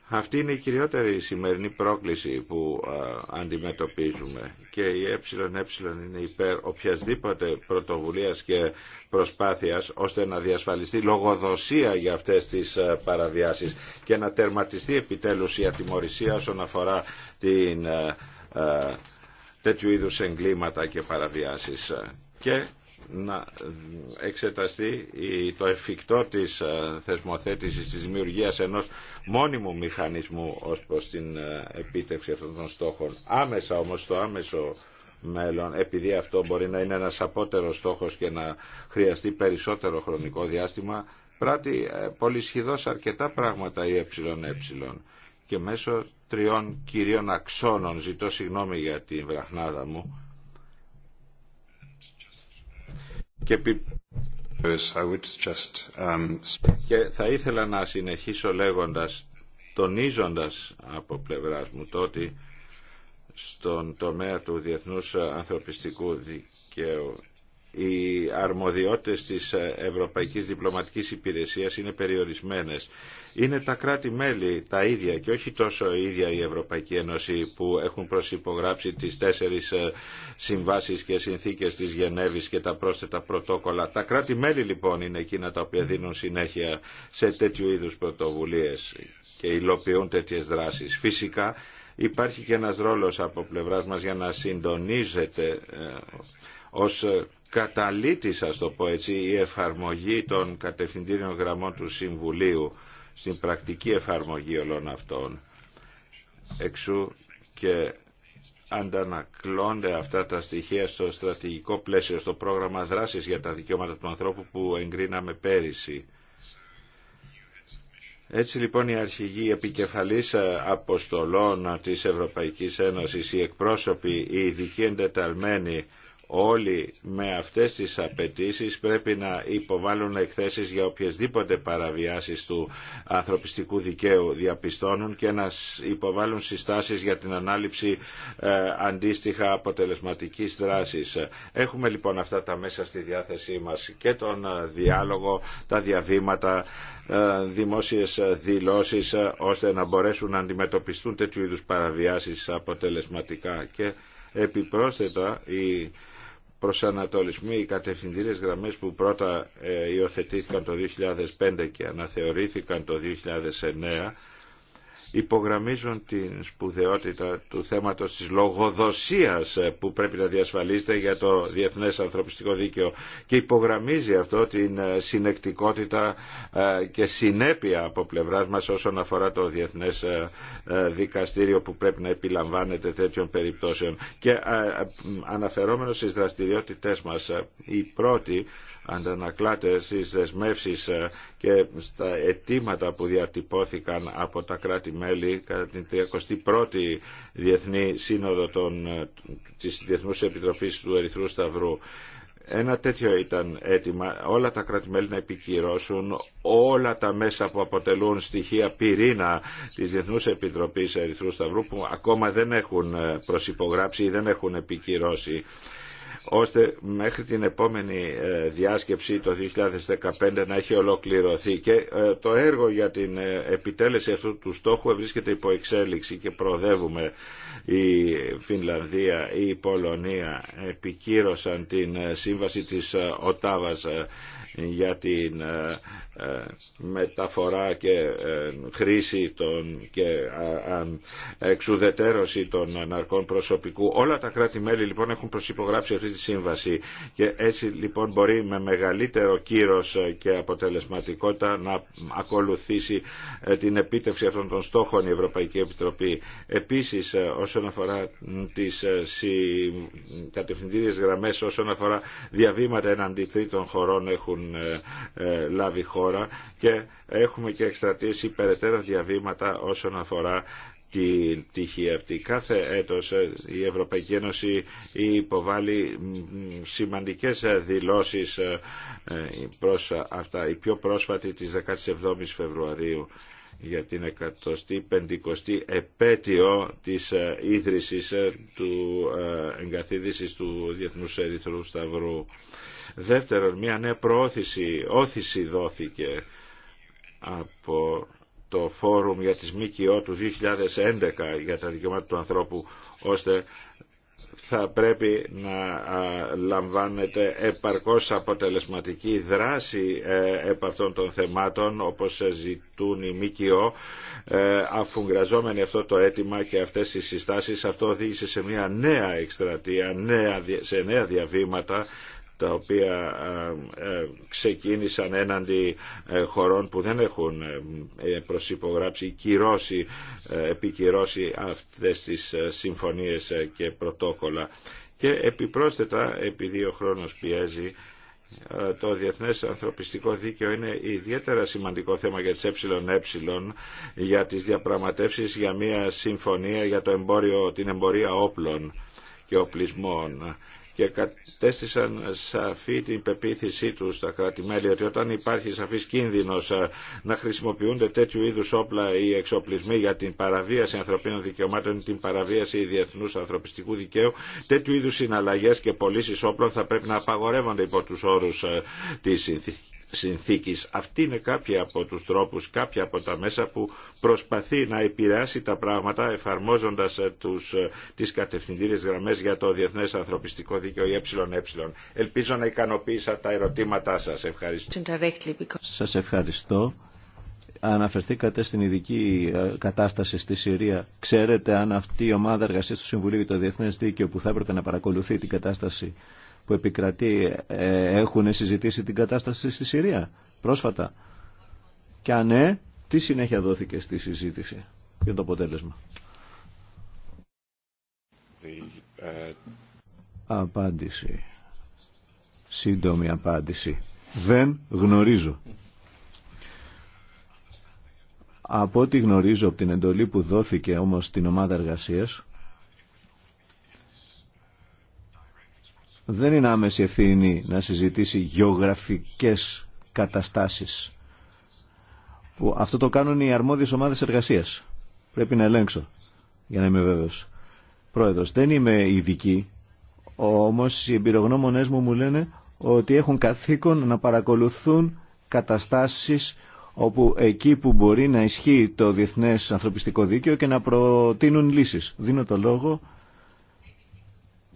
αυτή είναι η κυριότερη σημερινή πρόκληση που αντιμετωπίζουμε και η ΕΕ είναι υπέρ οποιασδήποτε πρωτοβουλίας και προσπάθειας ώστε να διασφαλιστεί λογοδοσία για αυτές τις παραβιάσεις και να τερματιστεί επιτέλους η ατιμορρησία όσον αφορά την, τέτοιου είδους εγκλήματα και παραβιάσεις. Και να εξεταστεί το εφικτό της ε, θεσμοθέτησης της δημιουργία ενός μόνιμου μηχανισμού ως προς την ε, επίτευξη αυτών των στόχων. Άμεσα όμως το άμεσο μέλλον, επειδή αυτό μπορεί να είναι ένας απότερος στόχος και να χρειαστεί περισσότερο χρονικό διάστημα, πράττει ε, σχεδόν αρκετά πράγματα η ΕΕ και μέσω τριών κυρίων αξώνων, ζητώ συγγνώμη για την βραχνάδα μου, Um, Και... θα ήθελα να συνεχίσω λέγοντας, τονίζοντας από πλευράς μου το ότι στον τομέα του διεθνούς ανθρωπιστικού δικαίου οι αρμοδιότητες της Ευρωπαϊκής Διπλωματικής Υπηρεσίας είναι περιορισμένες. Είναι τα κράτη-μέλη τα ίδια και όχι τόσο ίδια η Ευρωπαϊκή Ένωση που έχουν προσυπογράψει τις τέσσερις ε, συμβάσεις και συνθήκες της Γενέβης και τα πρόσθετα πρωτόκολλα. Τα κράτη-μέλη λοιπόν είναι εκείνα τα οποία δίνουν συνέχεια σε τέτοιου είδους πρωτοβουλίες και υλοποιούν τέτοιες δράσεις. Φυσικά υπάρχει και ένας ρόλος από πλευράς μας για να συντονίζεται ε, ως ε, καταλήτης, ας το πω έτσι, η εφαρμογή των κατευθυντήριων γραμμών του Συμβουλίου στην πρακτική εφαρμογή όλων αυτών. Εξού και αντανακλώνται αυτά τα στοιχεία στο στρατηγικό πλαίσιο, στο πρόγραμμα δράσης για τα δικαιώματα του ανθρώπου που εγκρίναμε πέρυσι. Έτσι λοιπόν η αρχηγοί επικεφαλής ε, αποστολών της Ευρωπαϊκής Ένωσης, οι εκπρόσωποι, οι ειδικοί εντεταλμένοι όλοι με αυτές τις απαιτήσεις πρέπει να υποβάλουν εκθέσεις για οποιασδήποτε παραβιάσεις του ανθρωπιστικού δικαίου διαπιστώνουν και να υποβάλουν συστάσεις για την ανάληψη ε, αντίστοιχα αποτελεσματικής δράσης. Έχουμε λοιπόν αυτά τα μέσα στη διάθεσή μας και τον ε, διάλογο, τα διαβήματα, ε, δημόσιες δηλώσεις ώστε να μπορέσουν να αντιμετωπιστούν τέτοιου είδους παραβιάσεις αποτελεσματικά και επιπρόσθετα η προσανατολισμοί, οι κατευθυντήριες γραμμές που πρώτα ε, υιοθετήθηκαν το 2005 και αναθεωρήθηκαν το 2009 υπογραμμίζουν την σπουδαιότητα του θέματος της λογοδοσίας που πρέπει να διασφαλίζεται για το διεθνές ανθρωπιστικό δίκαιο και υπογραμμίζει αυτό την συνεκτικότητα ε, και συνέπεια από πλευράς μας όσον αφορά το διεθνές ε, ε, δικαστήριο που πρέπει να επιλαμβάνεται τέτοιων περιπτώσεων. Και αναφερόμενο στις δραστηριότητές μας, η πρώτη αντανακλάτε στις δεσμεύσεις ε, και στα αιτήματα που διατυπώθηκαν από τα κράτη-μέλη κατά την 31η Διεθνή Σύνοδο των, της Διεθνούς Επιτροπής του Ερυθρού Σταυρού. Ένα τέτοιο ήταν αίτημα όλα τα κράτη-μέλη να επικυρώσουν όλα τα μέσα που αποτελούν στοιχεία πυρήνα της Διεθνούς Επιτροπής Ερυθρού Σταυρού που ακόμα δεν έχουν ε, προσυπογράψει ή δεν έχουν επικυρώσει ώστε μέχρι την επόμενη ε, διάσκεψη το 2015 να έχει ολοκληρωθεί και ε, το έργο για την ε, επιτέλεση αυτού του στόχου βρίσκεται υπό εξέλιξη και προοδεύουμε η Φινλανδία ή η Πολωνία επικύρωσαν την σύμβαση της Οτάβας για την ε, ε, μεταφορά και ε, χρήση των και εξουδετέρωση των ναρκών προσωπικού. Όλα τα κράτη-μέλη λοιπόν έχουν προσυπογράψει αυτή τη σύμβαση και έτσι λοιπόν μπορεί με μεγαλύτερο κύρος και αποτελεσματικότητα να ακολουθήσει την επίτευξη αυτών των στόχων η Ευρωπαϊκή Επιτροπή. Επίσης όσον αφορά τις κατευθυντήριες γραμμές όσον αφορά διαβήματα εναντί τρίτων χωρών έχουν έχουν ε, ε, λάβει χώρα και έχουμε και εξτρατήσει υπεραιτέρω διαβήματα όσον αφορά την τύχη αυτή. Κάθε έτος ε, η Ευρωπαϊκή Ένωση υποβάλλει σημαντικές δηλώσεις προς αυτά. Η πιο πρόσφατη της 17ης Φεβρουαρίου για την 150η επέτειο της ε, ίδρυσης ε, του ε, εγκαθίδησης του Διεθνούς Ερυθρού Σταυρού. Δεύτερον, μια νέα προώθηση, όθηση δόθηκε από το Φόρουμ για τις ΜΚΟ του 2011 για τα δικαιώματα του ανθρώπου, ώστε θα πρέπει να λαμβάνεται επαρκώς αποτελεσματική δράση ε, επ' αυτών των θεμάτων όπως ζητούν οι ΜΚΟ ε, αφού γραζόμενοι αυτό το αίτημα και αυτές οι συστάσεις αυτό οδήγησε σε μια νέα εκστρατεία σε νέα διαβήματα τα οποία ε, ξεκίνησαν έναντι ε, χωρών που δεν έχουν ε, προσυπογράψει ή κυρώσει, επικυρώσει αυτές τις συμφωνίες και πρωτόκολλα. Και επιπρόσθετα, επειδή ο χρόνος πιέζει, το διεθνές ανθρωπιστικό δίκαιο είναι ιδιαίτερα σημαντικό θέμα για τις ΕΕ, για τις διαπραγματεύσεις, για μια συμφωνία για το εμπόριο, την εμπορία όπλων και οπλισμών και κατέστησαν σαφή την πεποίθησή του στα κράτη-μέλη ότι όταν υπάρχει σαφής κίνδυνο ε, να χρησιμοποιούνται τέτοιου είδους όπλα ή εξοπλισμοί για την παραβίαση ανθρωπίνων δικαιωμάτων ή την παραβίαση διεθνού ανθρωπιστικού δικαίου, τέτοιου είδους συναλλαγέ και πωλήσει όπλων θα πρέπει να απαγορεύονται υπό του όρου ε, τη. συνθήκη συνθήκης. Αυτή είναι κάποια από τους τρόπους, κάποια από τα μέσα που προσπαθεί να επηρεάσει τα πράγματα εφαρμόζοντας ε, τους, ε, τις κατευθυντήριες γραμμές για το Διεθνές Ανθρωπιστικό Δίκαιο ΕΕ. Ελπίζω να ικανοποίησα τα ερωτήματά σας. Ευχαριστώ. Σας ευχαριστώ. Αναφερθήκατε στην ειδική ε, κατάσταση στη Συρία. Ξέρετε αν αυτή η ομάδα εργασία του Συμβουλίου για το Διεθνέ Δίκαιο που θα έπρεπε να παρακολουθεί την κατάσταση που επικρατεί ε, έχουν συζητήσει την κατάσταση στη Συρία πρόσφατα. Και αν ναι, τι συνέχεια δόθηκε στη συζήτηση. για το αποτέλεσμα. The, ε, Απάντηση. Σύντομη απάντηση. Δεν γνωρίζω. Από ό,τι γνωρίζω από την εντολή που δόθηκε όμως στην ομάδα εργασίας, δεν είναι άμεση ευθύνη να συζητήσει γεωγραφικές καταστάσεις. αυτό το κάνουν οι αρμόδιες ομάδες εργασίας. Πρέπει να ελέγξω για να είμαι βέβαιος. Πρόεδρος, δεν είμαι ειδική, όμως οι εμπειρογνώμονές μου μου λένε ότι έχουν καθήκον να παρακολουθούν καταστάσεις όπου εκεί που μπορεί να ισχύει το διεθνές ανθρωπιστικό δίκαιο και να προτείνουν λύσεις. Δίνω το λόγο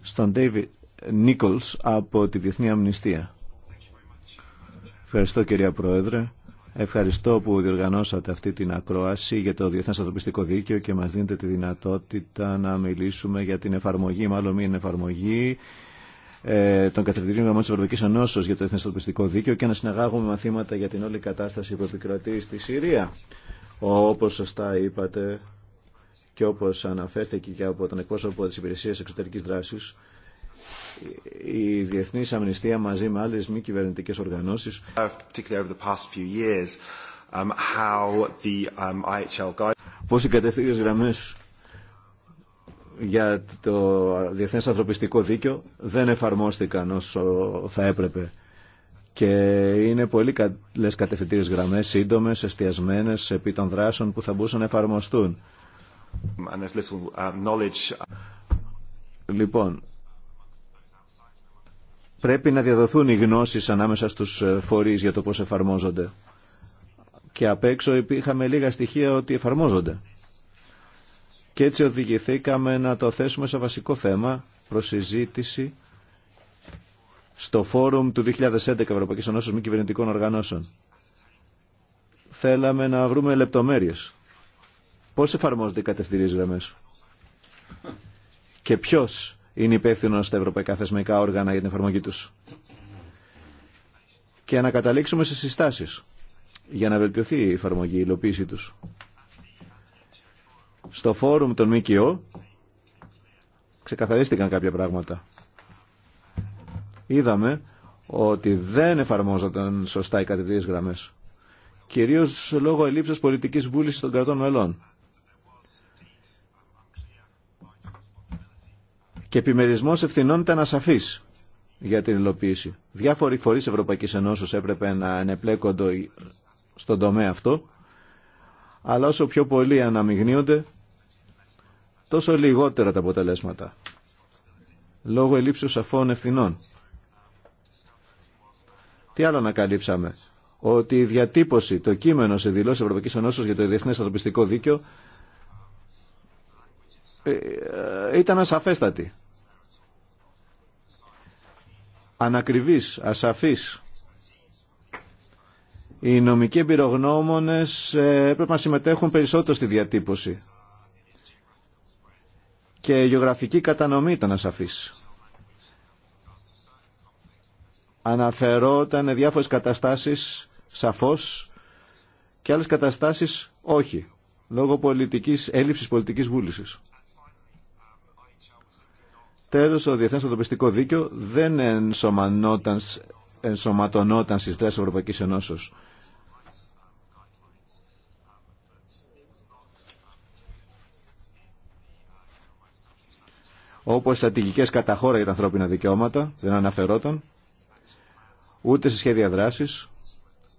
στον David Νίκολς από τη Διεθνή Αμνηστία. Ευχαριστώ κυρία Πρόεδρε. Ευχαριστώ που διοργανώσατε αυτή την ακρόαση για το Διεθνές Ανθρωπιστικό Δίκαιο και μας δίνετε τη δυνατότητα να μιλήσουμε για την εφαρμογή, μάλλον μην εφαρμογή, ε, των κατευθυντήριων γραμμών τη Ευρωπαϊκή Ενώσεω για το Διεθνές Ανθρωπιστικό Δίκαιο και να συναγάγουμε μαθήματα για την όλη κατάσταση που επικρατεί στη Συρία. Όπω σωστά είπατε και όπω αναφέρθηκε και από τον εκπρόσωπο τη Υπηρεσία Εξωτερική Δράση, η Διεθνής Αμνηστία μαζί με άλλες μη κυβερνητικές οργανώσεις πώς οι κατευθύνες γραμμές για το Διεθνές Ανθρωπιστικό Δίκαιο δεν εφαρμόστηκαν όσο θα έπρεπε και είναι πολύ καλέ κατευθυντήρες γραμμές, σύντομες, εστιασμένες επί των δράσεων που θα μπορούσαν να εφαρμοστούν. Um, little, um, λοιπόν, Πρέπει να διαδοθούν οι γνώσεις ανάμεσα στους ε, φορείς για το πώς εφαρμόζονται. Και απ' έξω είχαμε λίγα στοιχεία ότι εφαρμόζονται. Και έτσι οδηγηθήκαμε να το θέσουμε σε βασικό θέμα προς στο φόρουμ του 2011 Ευρωπαϊκής Ενώσεως Μη Κυβερνητικών Οργανώσεων. Θέλαμε να βρούμε λεπτομέρειες. Πώς εφαρμόζονται οι κατευθυντήριες γραμμές και ποιος είναι υπεύθυνο στα ευρωπαϊκά θεσμικά όργανα για την εφαρμογή του. Και να καταλήξουμε στις συστάσεις για να βελτιωθεί η εφαρμογή, η υλοποίησή τους. Στο φόρουμ των ΜΚΟ ξεκαθαρίστηκαν κάποια πράγματα. Είδαμε ότι δεν εφαρμόζονταν σωστά οι κατευθυντικές γραμμές. Κυρίως λόγω ελλείψης πολιτικής βούλησης των κρατών μελών. και επιμερισμός ευθυνών ήταν ασαφής για την υλοποίηση. Διάφοροι φορείς Ευρωπαϊκής Ενώσεως έπρεπε να ενεπλέκονται στον τομέα αυτό, αλλά όσο πιο πολλοί αναμειγνύονται, τόσο λιγότερα τα αποτελέσματα, λόγω ελήψεως σαφών ευθυνών. Τι άλλο ανακαλύψαμε. Ότι η διατύπωση, το κείμενο σε δηλώσει Ευρωπαϊκή Ενώσεως για το Διεθνέ Δίκαιο ε, ε, ήταν ασαφέστατη ανακριβής, ασαφής. Οι νομικοί εμπειρογνώμονες ε, έπρεπε να συμμετέχουν περισσότερο στη διατύπωση. Και η γεωγραφική κατανομή ήταν ασαφής. Αναφερόταν διάφορες καταστάσεις σαφώς και άλλες καταστάσεις όχι, λόγω πολιτικής, έλλειψης πολιτικής βούλησης. Τέλος, ο Διεθνές Ανθρωπιστικό Δίκαιο δεν ενσωματωνόταν στις δράσεις Ευρωπαϊκής Ενώσεως. όπως στρατηγικές κατά χώρα για τα ανθρώπινα δικαιώματα, δεν αναφερόταν, ούτε σε σχέδια δράσης,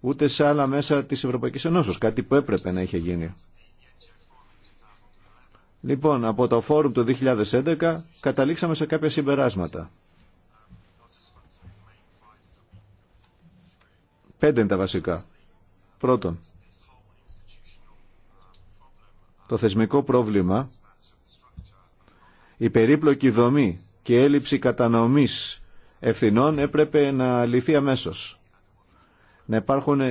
ούτε σε άλλα μέσα της Ευρωπαϊκής Ενώσεως, κάτι που έπρεπε να είχε γίνει. Λοιπόν, από το φόρουμ του 2011 καταλήξαμε σε κάποια συμπεράσματα. Πέντε είναι τα βασικά. Πρώτον, το θεσμικό πρόβλημα, η περίπλοκη δομή και έλλειψη κατανομής ευθυνών έπρεπε να λυθεί αμέσως. Να υπάρχουν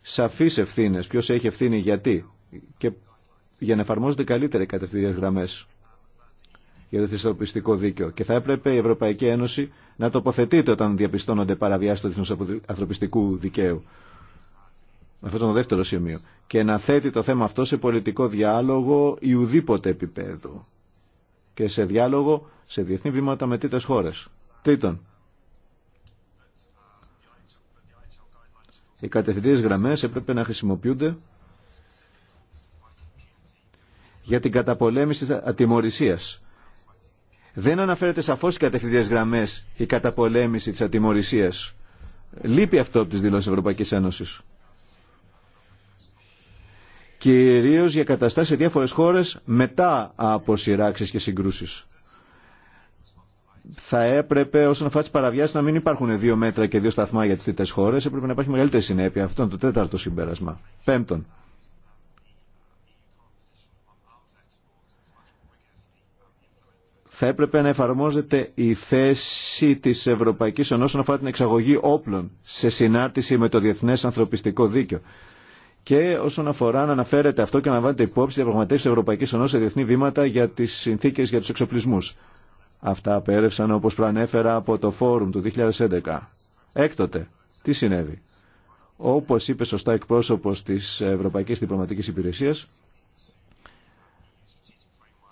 σαφείς ευθύνες, ποιος έχει ευθύνη γιατί και για να εφαρμόζονται καλύτερα οι κατευθυντικές γραμμές για το θησαυροπιστικό δίκαιο. Και θα έπρεπε η Ευρωπαϊκή Ένωση να τοποθετείται όταν διαπιστώνονται παραβιάσει του διεθνού ανθρωπιστικού δικαίου. Αυτό είναι το δεύτερο σημείο. Και να θέτει το θέμα αυτό σε πολιτικό διάλογο ή ουδήποτε επίπεδο. Και σε διάλογο σε διεθνή βήματα με τρίτε χώρε. Τρίτον, οι κατευθυντήριε γραμμέ έπρεπε να χρησιμοποιούνται για την καταπολέμηση της ατιμορρησίας. Δεν αναφέρεται σαφώς οι κατευθυντές γραμμές η καταπολέμηση της ατιμορρησίας. Λείπει αυτό από τις δηλώσεις της Ευρωπαϊκής Ένωσης. Κυρίως για καταστάσεις σε διάφορες χώρες μετά από σειράξεις και συγκρούσεις. Θα έπρεπε όσον αφορά τι παραβιάσει να μην υπάρχουν δύο μέτρα και δύο σταθμά για τις τρίτες χώρες. Έπρεπε να υπάρχει μεγαλύτερη συνέπεια. Αυτό είναι το τέταρτο συμπέρασμα. Πέμπτον, θα έπρεπε να εφαρμόζεται η θέση της Ευρωπαϊκής όσον αφορά την εξαγωγή όπλων σε συνάρτηση με το Διεθνές Ανθρωπιστικό Δίκαιο. Και όσον αφορά να αναφέρεται αυτό και να λαμβάνεται υπόψη διαπραγματεύσει τη Ευρωπαϊκή Ενώση σε διεθνή βήματα για τι συνθήκε για του εξοπλισμού. Αυτά απέρευσαν όπω προανέφερα από το Φόρουμ του 2011. Έκτοτε, τι συνέβη. Όπω είπε σωστά εκπρόσωπο τη Ευρωπαϊκή Διπλωματική Υπηρεσία,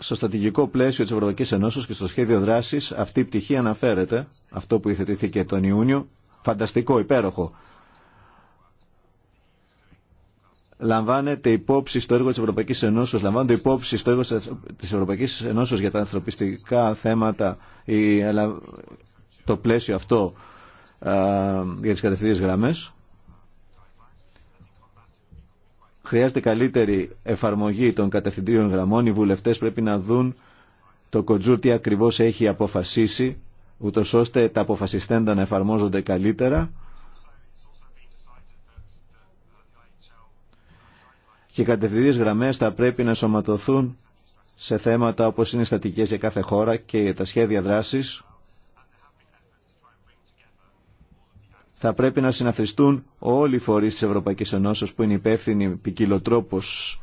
στο στρατηγικό πλαίσιο της Ευρωπαϊκής Ενώσεως και στο σχέδιο δράσης αυτή η πτυχή αναφέρεται, αυτό που υθετήθηκε τον Ιούνιο, φανταστικό, υπέροχο. Λαμβάνεται υπόψη στο έργο της Ευρωπαϊκής Ενώσης, λαμβάνεται υπόψη στο έργο της Ευρωπαϊκής Ένωση για τα ανθρωπιστικά θέματα, το πλαίσιο αυτό για τις κατευθυντικές γραμμές Χρειάζεται καλύτερη εφαρμογή των κατευθυντήριων γραμμών. Οι βουλευτές πρέπει να δουν το κοντζού τι ακριβώς έχει αποφασίσει, ούτω ώστε τα αποφασιστέντα να εφαρμόζονται καλύτερα. Και οι κατευθυντήριες γραμμές θα πρέπει να σωματωθούν σε θέματα όπως είναι οι στατικές για κάθε χώρα και τα σχέδια δράσης θα πρέπει να συναθριστούν όλοι οι φορείς της Ευρωπαϊκής Ενώσεως που είναι υπεύθυνοι ποικιλοτρόπως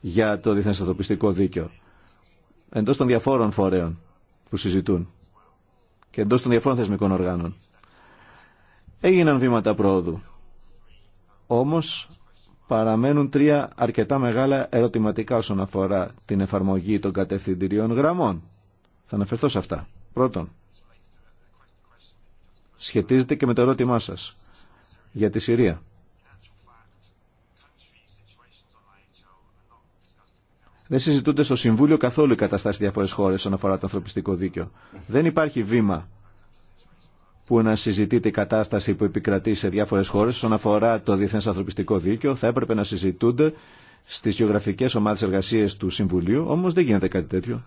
για το διεθνές δίκαιο. Εντός των διαφόρων φορέων που συζητούν και εντός των διαφόρων θεσμικών οργάνων. Έγιναν βήματα πρόοδου. Όμως παραμένουν τρία αρκετά μεγάλα ερωτηματικά όσον αφορά την εφαρμογή των κατευθυντηριών γραμμών. Θα αναφερθώ σε αυτά. Πρώτον, σχετίζεται και με το ερώτημά σας για τη Συρία. Δεν συζητούνται στο Συμβούλιο καθόλου οι καταστάσει διάφορε χώρε όσον αφορά το ανθρωπιστικό δίκαιο. Δεν υπάρχει βήμα που να συζητείται η κατάσταση που επικρατεί σε διάφορε χώρε όσον αφορά το διεθνέ ανθρωπιστικό δίκαιο. Θα έπρεπε να συζητούνται στι γεωγραφικέ ομάδε εργασία του Συμβουλίου, όμω δεν γίνεται κάτι τέτοιο.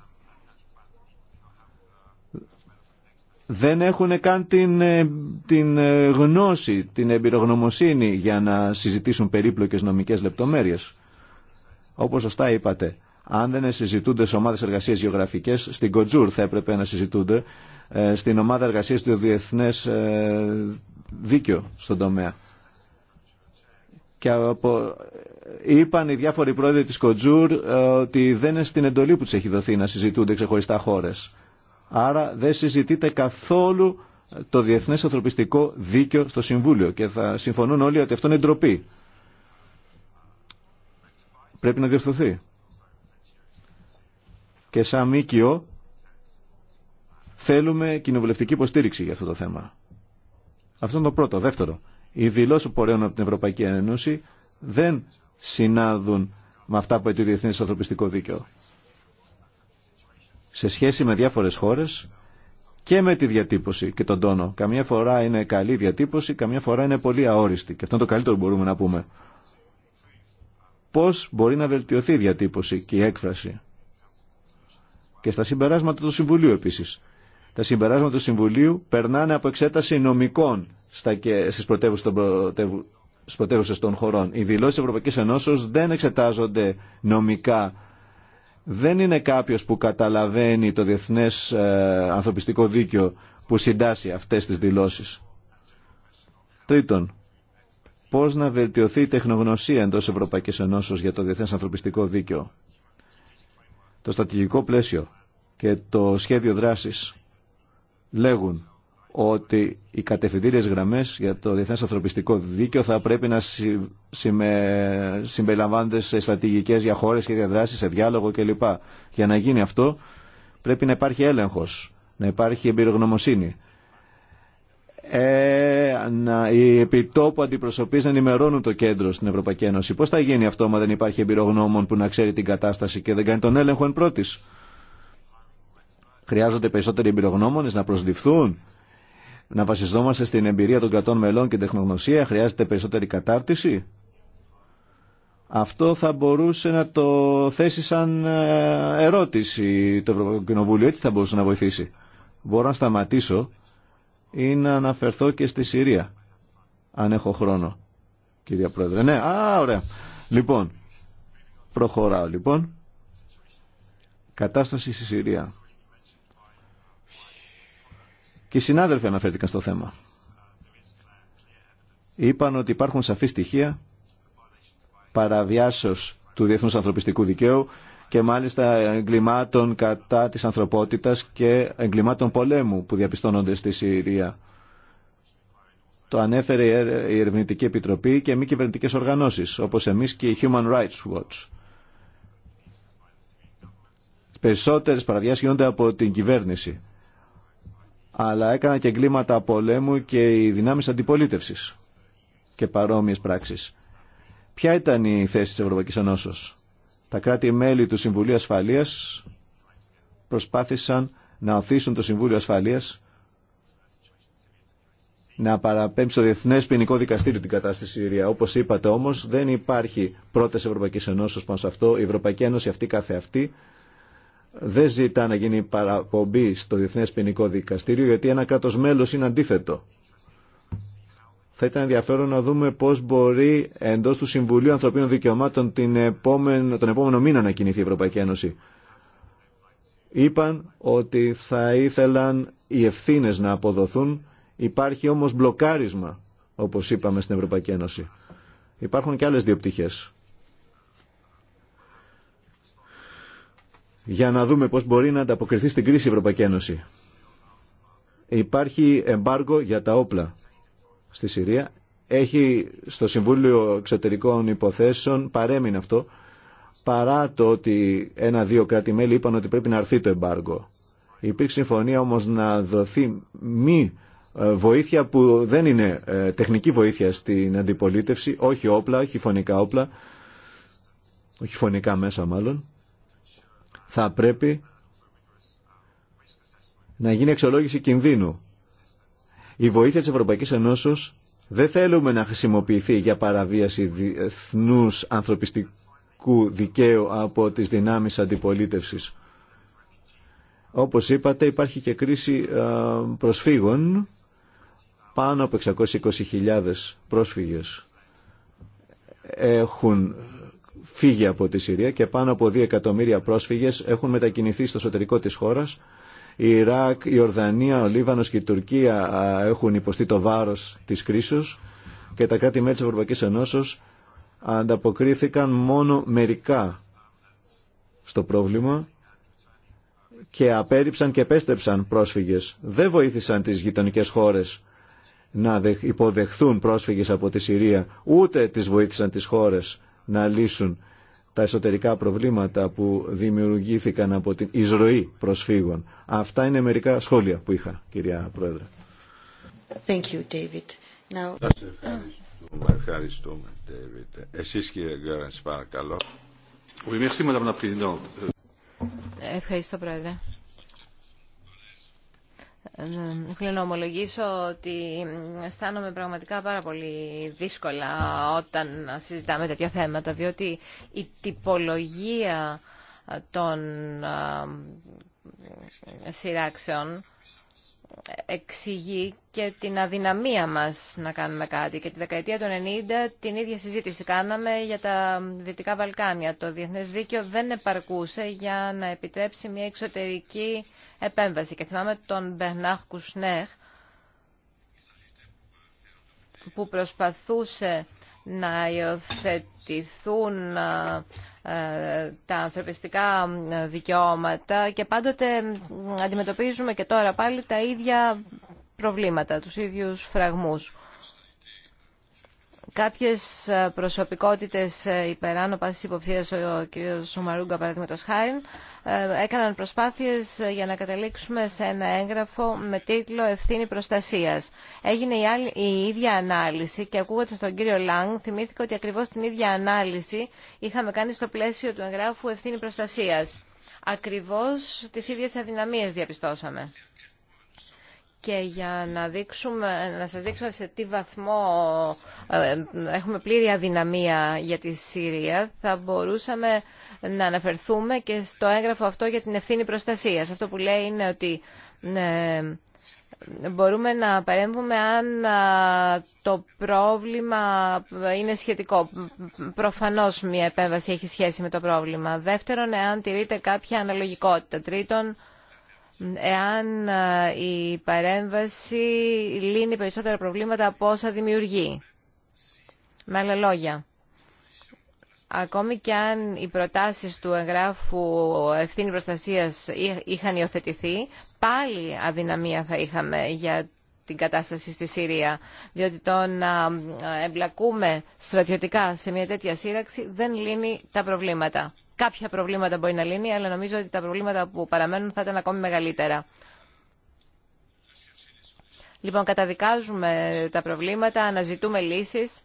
δεν έχουν καν την, ε, την ε, γνώση, την εμπειρογνωμοσύνη για να συζητήσουν περίπλοκες νομικές λεπτομέρειες. Όπως σωστά είπατε, αν δεν συζητούνται σε ομάδες εργασίας γεωγραφικές, στην Κοντζούρ θα έπρεπε να συζητούνται, ε, στην ομάδα εργασίας του Διεθνές Δίκαιο στον τομέα. Και από... Είπαν οι διάφοροι πρόεδροι της Κοντζούρ ότι δεν είναι στην εντολή που τους έχει δοθεί να συζητούνται ξεχωριστά χώρες. Άρα δεν συζητείται καθόλου το διεθνές ανθρωπιστικό δίκαιο στο Συμβούλιο και θα συμφωνούν όλοι ότι αυτό είναι ντροπή. Πρέπει να διορθωθεί. Και σαν Μίκιο θέλουμε κοινοβουλευτική υποστήριξη για αυτό το θέμα. Αυτό είναι το πρώτο. Δεύτερο, οι δηλώσει πορέων από την Ευρωπαϊκή Ένωση δεν συνάδουν με αυτά που έτσι το διεθνές Ανθρωπιστικό Δίκαιο σε σχέση με διάφορες χώρες και με τη διατύπωση και τον τόνο. Καμιά φορά είναι καλή διατύπωση, καμιά φορά είναι πολύ αόριστη. Και αυτό είναι το καλύτερο που μπορούμε να πούμε. Πώς μπορεί να βελτιωθεί η διατύπωση και η έκφραση. Και στα συμπεράσματα του Συμβουλίου επίσης. Τα συμπεράσματα του Συμβουλίου περνάνε από εξέταση νομικών στις πρωτεύουσες των χωρών. Οι δηλώσεις Ευρωπαϊκής Ενώσεως δεν εξετάζονται νομικά δεν είναι κάποιος που καταλαβαίνει το διεθνές ε, ανθρωπιστικό δίκαιο που συντάσσει αυτές τις δηλώσεις. Τρίτον, πώς να βελτιωθεί η τεχνογνωσία εντός Ευρωπαϊκής Ενώσεως για το διεθνές ανθρωπιστικό δίκαιο. Το στρατηγικό πλαίσιο και το σχέδιο δράσης λέγουν ότι οι κατευθυντήριες γραμμές για το διεθνές ανθρωπιστικό δίκαιο θα πρέπει να συμπεριλαμβάνονται σε στρατηγικές για χώρες και διαδράσεις, σε διάλογο κλπ. Για να γίνει αυτό πρέπει να υπάρχει έλεγχος, να υπάρχει εμπειρογνωμοσύνη. Ε, να, οι επιτόπου αντιπροσωπείς να ενημερώνουν το κέντρο στην Ευρωπαϊκή Ένωση. Πώς θα γίνει αυτό άμα δεν υπάρχει εμπειρογνώμων που να ξέρει την κατάσταση και δεν κάνει τον έλεγχο εν πρώτης. Χρειάζονται περισσότεροι εμπειρογνώμονε να προσληφθούν να βασιζόμαστε στην εμπειρία των κρατών μελών και τεχνογνωσία, χρειάζεται περισσότερη κατάρτιση. Αυτό θα μπορούσε να το θέσει σαν ε, ερώτηση το Ευρωπαϊκό Κοινοβούλιο. Έτσι θα μπορούσε να βοηθήσει. Μπορώ να σταματήσω ή να αναφερθώ και στη Συρία, αν έχω χρόνο, κυρία Πρόεδρε. Ναι, α, ωραία. Λοιπόν, προχωράω λοιπόν. Κατάσταση στη Συρία. Και οι συνάδελφοι αναφέρθηκαν στο θέμα. Είπαν ότι υπάρχουν σαφή στοιχεία παραβιάσεως του διεθνούς ανθρωπιστικού δικαίου και μάλιστα εγκλημάτων κατά της ανθρωπότητας και εγκλημάτων πολέμου που διαπιστώνονται στη Συρία. Το ανέφερε η Ερευνητική Επιτροπή και μη κυβερνητικέ οργανώσεις, όπως εμείς και η Human Rights Watch. περισσότερες γίνονται από την κυβέρνηση αλλά έκανα και εγκλήματα πολέμου και οι δυνάμεις αντιπολίτευσης και παρόμοιες πράξεις. Ποια ήταν η θέση της Ευρωπαϊκής Ενώσεως. Τα κράτη-μέλη του Συμβουλίου Ασφαλείας προσπάθησαν να οθήσουν το Συμβούλιο Ασφαλείας να παραπέμψει στο Διεθνές Ποινικό Δικαστήριο την κατάσταση στη Συρία. Όπως είπατε όμως δεν υπάρχει πρώτες Ευρωπαϊκής Ενώσεως πάνω σε αυτό. Η Ευρωπαϊκή Ένωση αυτή καθεαυτή δεν ζητά να γίνει παραπομπή στο διεθνέ Ποινικό Δικαστήριο γιατί ένα κράτο μέλο είναι αντίθετο. Θα ήταν ενδιαφέρον να δούμε πώς μπορεί εντός του Συμβουλίου Ανθρωπίνων Δικαιωμάτων την επόμενο, τον επόμενο μήνα να κινηθεί η Ευρωπαϊκή Ένωση. Είπαν ότι θα ήθελαν οι ευθύνε να αποδοθούν. Υπάρχει όμως μπλοκάρισμα, όπως είπαμε στην Ευρωπαϊκή Ένωση. Υπάρχουν και άλλε δύο για να δούμε πώς μπορεί να ανταποκριθεί στην κρίση η Ευρωπαϊκή Ένωση. Υπάρχει εμπάργο για τα όπλα στη Συρία. Έχει στο Συμβούλιο Εξωτερικών Υποθέσεων παρέμεινε αυτό παρά το ότι ένα-δύο κράτη-μέλη είπαν ότι πρέπει να αρθεί το εμπάργο. Υπήρξε συμφωνία όμως να δοθεί μη ε, βοήθεια που δεν είναι ε, τεχνική βοήθεια στην αντιπολίτευση, όχι όπλα, όχι φωνικά όπλα, όχι φωνικά μέσα μάλλον θα πρέπει να γίνει εξολόγηση κινδύνου. Η βοήθεια της Ευρωπαϊκής Ενώσεως δεν θέλουμε να χρησιμοποιηθεί για παραβίαση διεθνούς ανθρωπιστικού δικαίου από τις δυνάμεις αντιπολίτευσης. Όπως είπατε υπάρχει και κρίση ε, προσφύγων, πάνω από 620.000 πρόσφυγες έχουν φύγει από τη Συρία και πάνω από 2 εκατομμύρια πρόσφυγες έχουν μετακινηθεί στο εσωτερικό της χώρας. Η Ιράκ, η Ορδανία, ο Λίβανος και η Τουρκία έχουν υποστεί το βάρος της κρίσης και τα κράτη-μέλη της Ευρωπαϊκής Ενώσεως ανταποκρίθηκαν μόνο μερικά στο πρόβλημα και απέρριψαν και επέστρεψαν πρόσφυγες. Δεν βοήθησαν τις γειτονικές χώρες να υποδεχθούν πρόσφυγες από τη Συρία, ούτε τις βοήθησαν τις χώρες να λύσουν τα εσωτερικά προβλήματα που δημιουργήθηκαν από την εισρωή προσφύγων. Αυτά είναι μερικά σχόλια που είχα, κυρία Πρόεδρε. Thank you, David. Now... ευχαριστούμε, David. Εσείς, κύριε Γκέρανς, παρακαλώ. Ευχαριστώ, Πρόεδρε. Θέλω να ομολογήσω ότι αισθάνομαι πραγματικά πάρα πολύ δύσκολα όταν συζητάμε τέτοια θέματα, διότι η τυπολογία των σειράξεων εξηγεί και την αδυναμία μας να κάνουμε κάτι. Και τη δεκαετία των 90 την ίδια συζήτηση κάναμε για τα Δυτικά Βαλκάνια. Το Διεθνές Δίκαιο δεν επαρκούσε για να επιτρέψει μια εξωτερική επέμβαση. Και θυμάμαι τον Μπερνάχ Κουσνέχ που προσπαθούσε να υιοθετηθούν ε, τα ανθρωπιστικά δικαιώματα και πάντοτε αντιμετωπίζουμε και τώρα πάλι τα ίδια προβλήματα, τους ίδιους φραγμούς. Κάποιες ε, προσωπικότητες ε, υπεράνω πάσης υποψίας, ο κ. Σουμαρούγκα παραδείγματο χάρη, ε, έκαναν προσπάθειες για να καταλήξουμε σε ένα έγγραφο με τίτλο «Ευθύνη προστασίας». Έγινε η, ίδια ανάλυση και ακούγοντα τον κύριο Λάγκ, θυμήθηκα ότι ακριβώς την ίδια ανάλυση είχαμε κάνει στο πλαίσιο του εγγράφου «Ευθύνη προστασίας». Ακριβώς τις ίδιες αδυναμίες διαπιστώσαμε και για να, δείξουμε, να σας δείξω σε τι βαθμό ε, έχουμε πλήρη αδυναμία για τη Συρία, θα μπορούσαμε να αναφερθούμε και στο έγγραφο αυτό για την ευθύνη προστασίας. Αυτό που λέει είναι ότι ε, μπορούμε να παρέμβουμε αν ε, το πρόβλημα είναι σχετικό. Προφανώς μια επέμβαση έχει σχέση με το πρόβλημα. Δεύτερον, εάν τηρείται κάποια αναλογικότητα. Τρίτον, εάν ε, η παρέμβαση λύνει περισσότερα προβλήματα από όσα δημιουργεί. Με άλλα λόγια, ακόμη και αν οι προτάσεις του εγγράφου ευθύνη προστασίας είχαν υιοθετηθεί, πάλι αδυναμία θα είχαμε για την κατάσταση στη Συρία. Διότι το να ε, εμπλακούμε στρατιωτικά σε μια τέτοια σύραξη δεν λύνει τα προβλήματα κάποια προβλήματα μπορεί να λύνει, αλλά νομίζω ότι τα προβλήματα που παραμένουν θα ήταν ακόμη μεγαλύτερα. Λοιπόν, καταδικάζουμε τα προβλήματα, αναζητούμε λύσεις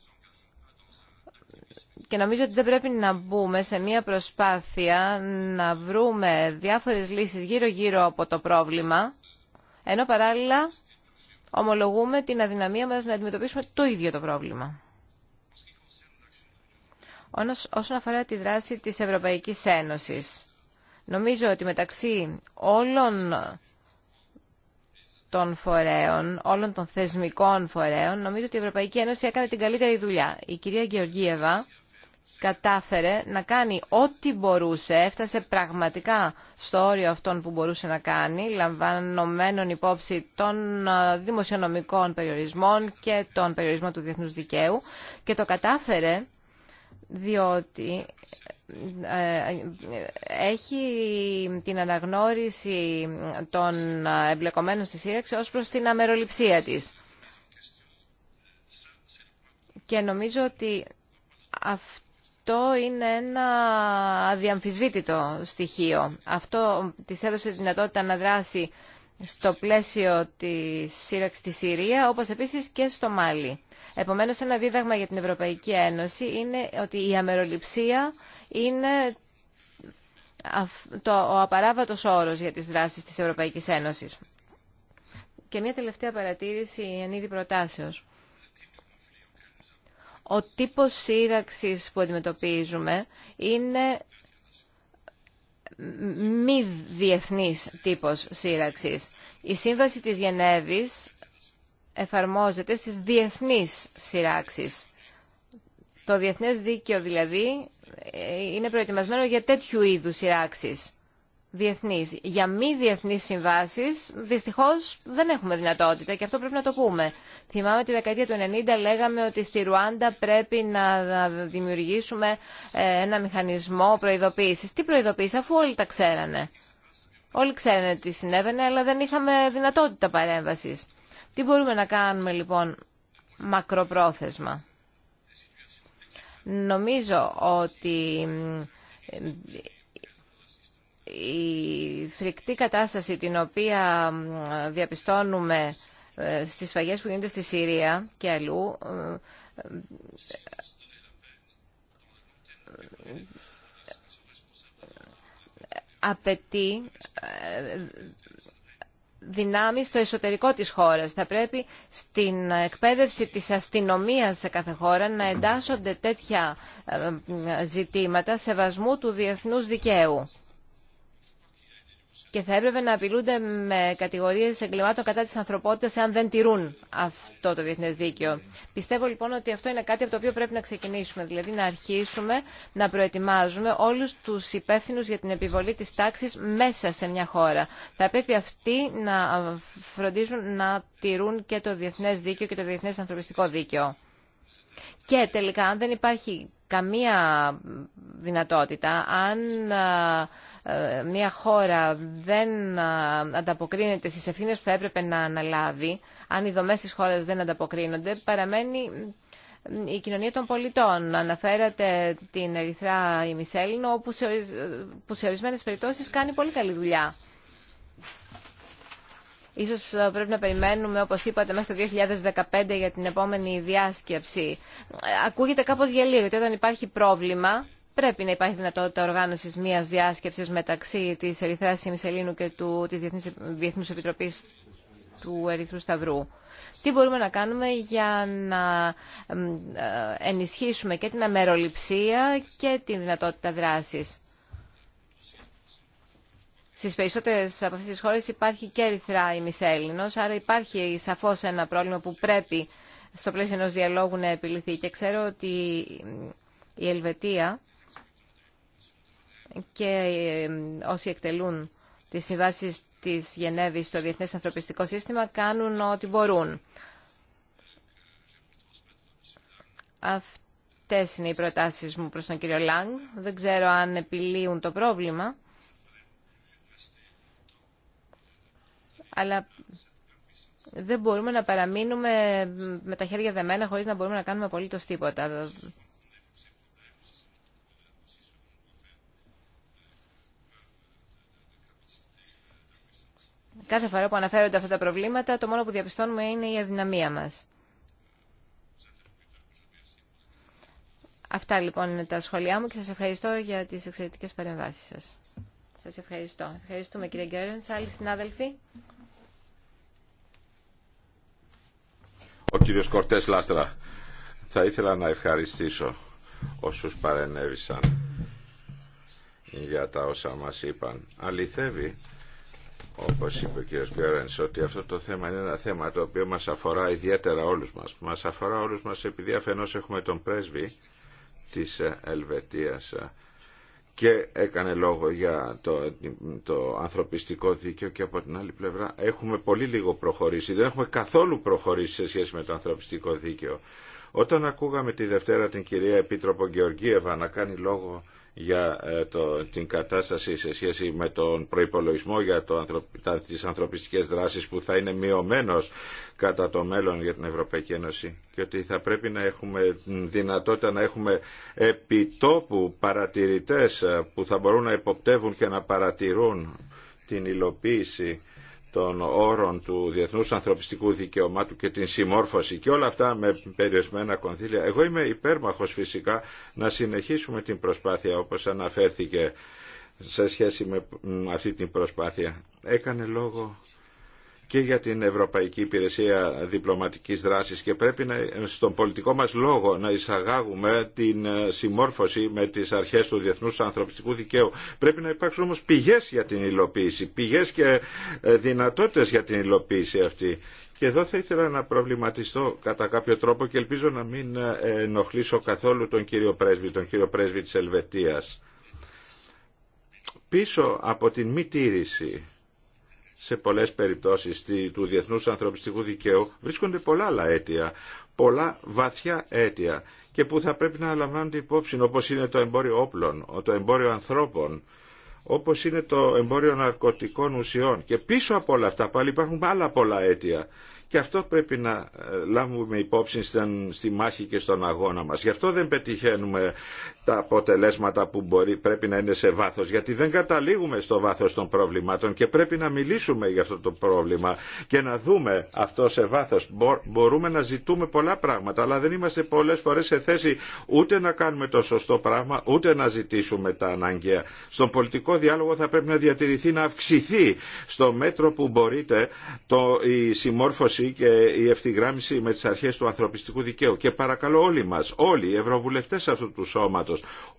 και νομίζω ότι δεν πρέπει να μπούμε σε μια προσπάθεια να βρούμε διάφορες λύσεις γύρω-γύρω από το πρόβλημα, ενώ παράλληλα ομολογούμε την αδυναμία μας να αντιμετωπίσουμε το ίδιο το πρόβλημα όσον αφορά τη δράση της Ευρωπαϊκής Ένωσης. Νομίζω ότι μεταξύ όλων των φορέων, όλων των θεσμικών φορέων, νομίζω ότι η Ευρωπαϊκή Ένωση έκανε την καλύτερη δουλειά. Η κυρία Γεωργίεβα κατάφερε να κάνει ό,τι μπορούσε, έφτασε πραγματικά στο όριο αυτών που μπορούσε να κάνει, λαμβανωμένων υπόψη των ε, δημοσιονομικών περιορισμών και των περιορισμών του διεθνούς δικαίου και το κατάφερε διότι ε, έχει την αναγνώριση των εμπλεκομένων στη σύραξη ως προς την αμεροληψία της. Και νομίζω ότι αυτό είναι ένα αδιαμφισβήτητο στοιχείο. Αυτό της έδωσε τη δυνατότητα να δράσει στο πλαίσιο της σύραξη στη Συρία, όπως επίσης και στο Μάλι. Επομένως, ένα δίδαγμα για την Ευρωπαϊκή Ένωση είναι ότι η αμεροληψία είναι το, ο απαράβατος όρος για τις δράσεις της Ευρωπαϊκής Ένωσης. Και μια τελευταία παρατήρηση εν είδη προτάσεως. Ο τύπος σύραξης που αντιμετωπίζουμε είναι μη διεθνής τύπος σύραξης. Η σύμβαση της Γενέβης εφαρμόζεται στις διεθνείς σειράξεις. Το διεθνές δίκαιο δηλαδή ε, είναι προετοιμασμένο για τέτοιου είδους συράξει διεθνείς. Για μη διεθνείς συμβάσεις δυστυχώς δεν έχουμε δυνατότητα και αυτό πρέπει να το πούμε. Θυμάμαι τη δεκαετία του 90 λέγαμε ότι στη Ρουάντα πρέπει να δημιουργήσουμε ε, ένα μηχανισμό προειδοποίησης. Τι προειδοποίηση αφού όλοι τα ξέρανε. Όλοι ξέρανε τι συνέβαινε αλλά δεν είχαμε δυνατότητα παρέμβασης. Τι μπορούμε να κάνουμε λοιπόν μακροπρόθεσμα. Νομίζω ότι η φρικτή κατάσταση την οποία διαπιστώνουμε ε, στις σφαγές που γίνονται στη Συρία και αλλού ε, απαιτεί ε, δυνάμεις στο εσωτερικό της χώρας. Θα πρέπει στην εκπαίδευση της αστυνομίας σε κάθε χώρα να εντάσσονται τέτοια ζητήματα σεβασμού του διεθνούς δικαίου και θα έπρεπε να απειλούνται με κατηγορίε εγκλημάτων κατά της ανθρωπότητας αν δεν τηρούν αυτό το διεθνέ δίκαιο. Πιστεύω λοιπόν ότι αυτό είναι κάτι από το οποίο πρέπει να ξεκινήσουμε, δηλαδή να αρχίσουμε να προετοιμάζουμε όλου του υπεύθυνου για την επιβολή τη τάξη μέσα σε μια χώρα. Θα πρέπει αυτοί να φροντίζουν να τηρούν και το διεθνέ δίκαιο και το διεθνέ ανθρωπιστικό δίκαιο. Και τελικά, αν δεν υπάρχει καμία δυνατότητα, αν ε, μια χώρα δεν ανταποκρίνεται στις ευθύνες που θα έπρεπε να αναλάβει, αν οι δομές της χώρας δεν ανταποκρίνονται, παραμένει η κοινωνία των πολιτών. Αναφέρατε την Ερυθρά ημισέλινο, που σε, που σε ορισμένες περιπτώσεις κάνει πολύ καλή δουλειά. Ίσως πρέπει να περιμένουμε, όπως είπατε, μέχρι το 2015 για την επόμενη διάσκεψη. Ε, ακούγεται κάπως γελίο, γιατί όταν υπάρχει πρόβλημα, πρέπει να υπάρχει δυνατότητα οργάνωση μια διάσκεψη μεταξύ τη Ερυθράς Σιμισελίνου και τη Διεθνού Επιτροπή του Ερυθρού Σταυρού. Τι μπορούμε να κάνουμε για να ε, ενισχύσουμε και την αμεροληψία και την δυνατότητα δράση. Στι περισσότερε από αυτέ τι χώρε υπάρχει και ερυθρά ημισέλινο, άρα υπάρχει σαφώ ένα πρόβλημα που πρέπει στο πλαίσιο ενό διαλόγου να επιληθεί. Και ξέρω ότι η Ελβετία και όσοι εκτελούν τις συμβάσεις της Γενέβης στο Διεθνές Ανθρωπιστικό Σύστημα κάνουν ό,τι μπορούν. Αυτές είναι οι προτάσεις μου προς τον κύριο Λάγκ. Δεν ξέρω αν επιλύουν το πρόβλημα. Αλλά δεν μπορούμε να παραμείνουμε με τα χέρια δεμένα χωρίς να μπορούμε να κάνουμε απολύτως τίποτα. κάθε φορά που αναφέρονται αυτά τα προβλήματα, το μόνο που διαπιστώνουμε είναι η αδυναμία μας. Αυτά λοιπόν είναι τα σχόλιά μου και σας ευχαριστώ για τις εξαιρετικές παρεμβάσεις σας. Σας ευχαριστώ. Ευχαριστούμε κύριε Γκέρενς. Άλλοι συνάδελφοι. Ο κύριος Κορτές Λάστρα. Θα ήθελα να ευχαριστήσω όσους παρενέβησαν για τα όσα μας είπαν. Αληθεύει όπως είπε ο κ. Γκέρανς, ότι αυτό το θέμα είναι ένα θέμα το οποίο μας αφορά ιδιαίτερα όλους μας. Μας αφορά όλους μας επειδή αφενός έχουμε τον πρέσβη της ε, Ελβετίας ε, και έκανε λόγο για το, το ανθρωπιστικό δίκαιο και από την άλλη πλευρά έχουμε πολύ λίγο προχωρήσει. Δεν έχουμε καθόλου προχωρήσει σε σχέση με το ανθρωπιστικό δίκαιο. Όταν ακούγαμε τη Δευτέρα την κυρία Επίτροπο Γεωργίευα να κάνει λόγο για ε, την κατάσταση σε σχέση με τον προϋπολογισμό για το, τα, τις ανθρωπιστικές δράσεις που θα είναι μειωμένος κατά το μέλλον για την Ευρωπαϊκή Ένωση και ότι θα πρέπει να έχουμε δυνατότητα να έχουμε επιτόπου παρατηρητές ε, που θα μπορούν να υποπτεύουν και να παρατηρούν την υλοποίηση των όρων του Διεθνούς Ανθρωπιστικού Δικαιωμάτου και την συμμόρφωση και όλα αυτά με περιορισμένα κονδύλια. Εγώ είμαι υπέρμαχος φυσικά να συνεχίσουμε την προσπάθεια όπως αναφέρθηκε σε σχέση με αυτή την προσπάθεια. Έκανε λόγο και για την Ευρωπαϊκή Υπηρεσία Διπλωματικής Δράσης και πρέπει να, στον πολιτικό μας λόγο να εισαγάγουμε την ε, συμμόρφωση με τις αρχές του Διεθνούς Ανθρωπιστικού Δικαίου. Πρέπει να υπάρξουν όμως πηγές για την υλοποίηση, πηγές και ε, δυνατότητες για την υλοποίηση αυτή. Και εδώ θα ήθελα να προβληματιστώ κατά κάποιο τρόπο και ελπίζω να μην ε, ενοχλήσω καθόλου τον κύριο πρέσβη, τον κύριο πρέσβη της Ελβετίας. Πίσω από την μη σε πολλές περιπτώσεις του διεθνούς ανθρωπιστικού δικαίου βρίσκονται πολλά άλλα αίτια, πολλά βαθιά αίτια και που θα πρέπει να λαμβάνονται υπόψη όπως είναι το εμπόριο όπλων, το εμπόριο ανθρώπων, όπως είναι το εμπόριο ναρκωτικών ουσιών και πίσω από όλα αυτά πάλι υπάρχουν άλλα πολλά αίτια και αυτό πρέπει να ε, λάβουμε υπόψη στη μάχη και στον αγώνα μας. Γι' αυτό δεν πετυχαίνουμε τα αποτελέσματα που μπορεί, πρέπει να είναι σε βάθος γιατί δεν καταλήγουμε στο βάθος των προβλημάτων και πρέπει να μιλήσουμε για αυτό το πρόβλημα και να δούμε αυτό σε βάθος. Μπορούμε να ζητούμε πολλά πράγματα αλλά δεν είμαστε πολλές φορές σε θέση ούτε να κάνουμε το σωστό πράγμα ούτε να ζητήσουμε τα αναγκαία. Στον πολιτικό διάλογο θα πρέπει να διατηρηθεί να αυξηθεί στο μέτρο που μπορείτε το, η συμμόρφωση και η ευθυγράμμιση με τις αρχές του ανθρωπιστικού δικαίου και παρακαλώ όλοι μας, όλοι οι ευρωβουλευτές αυτού του σώματος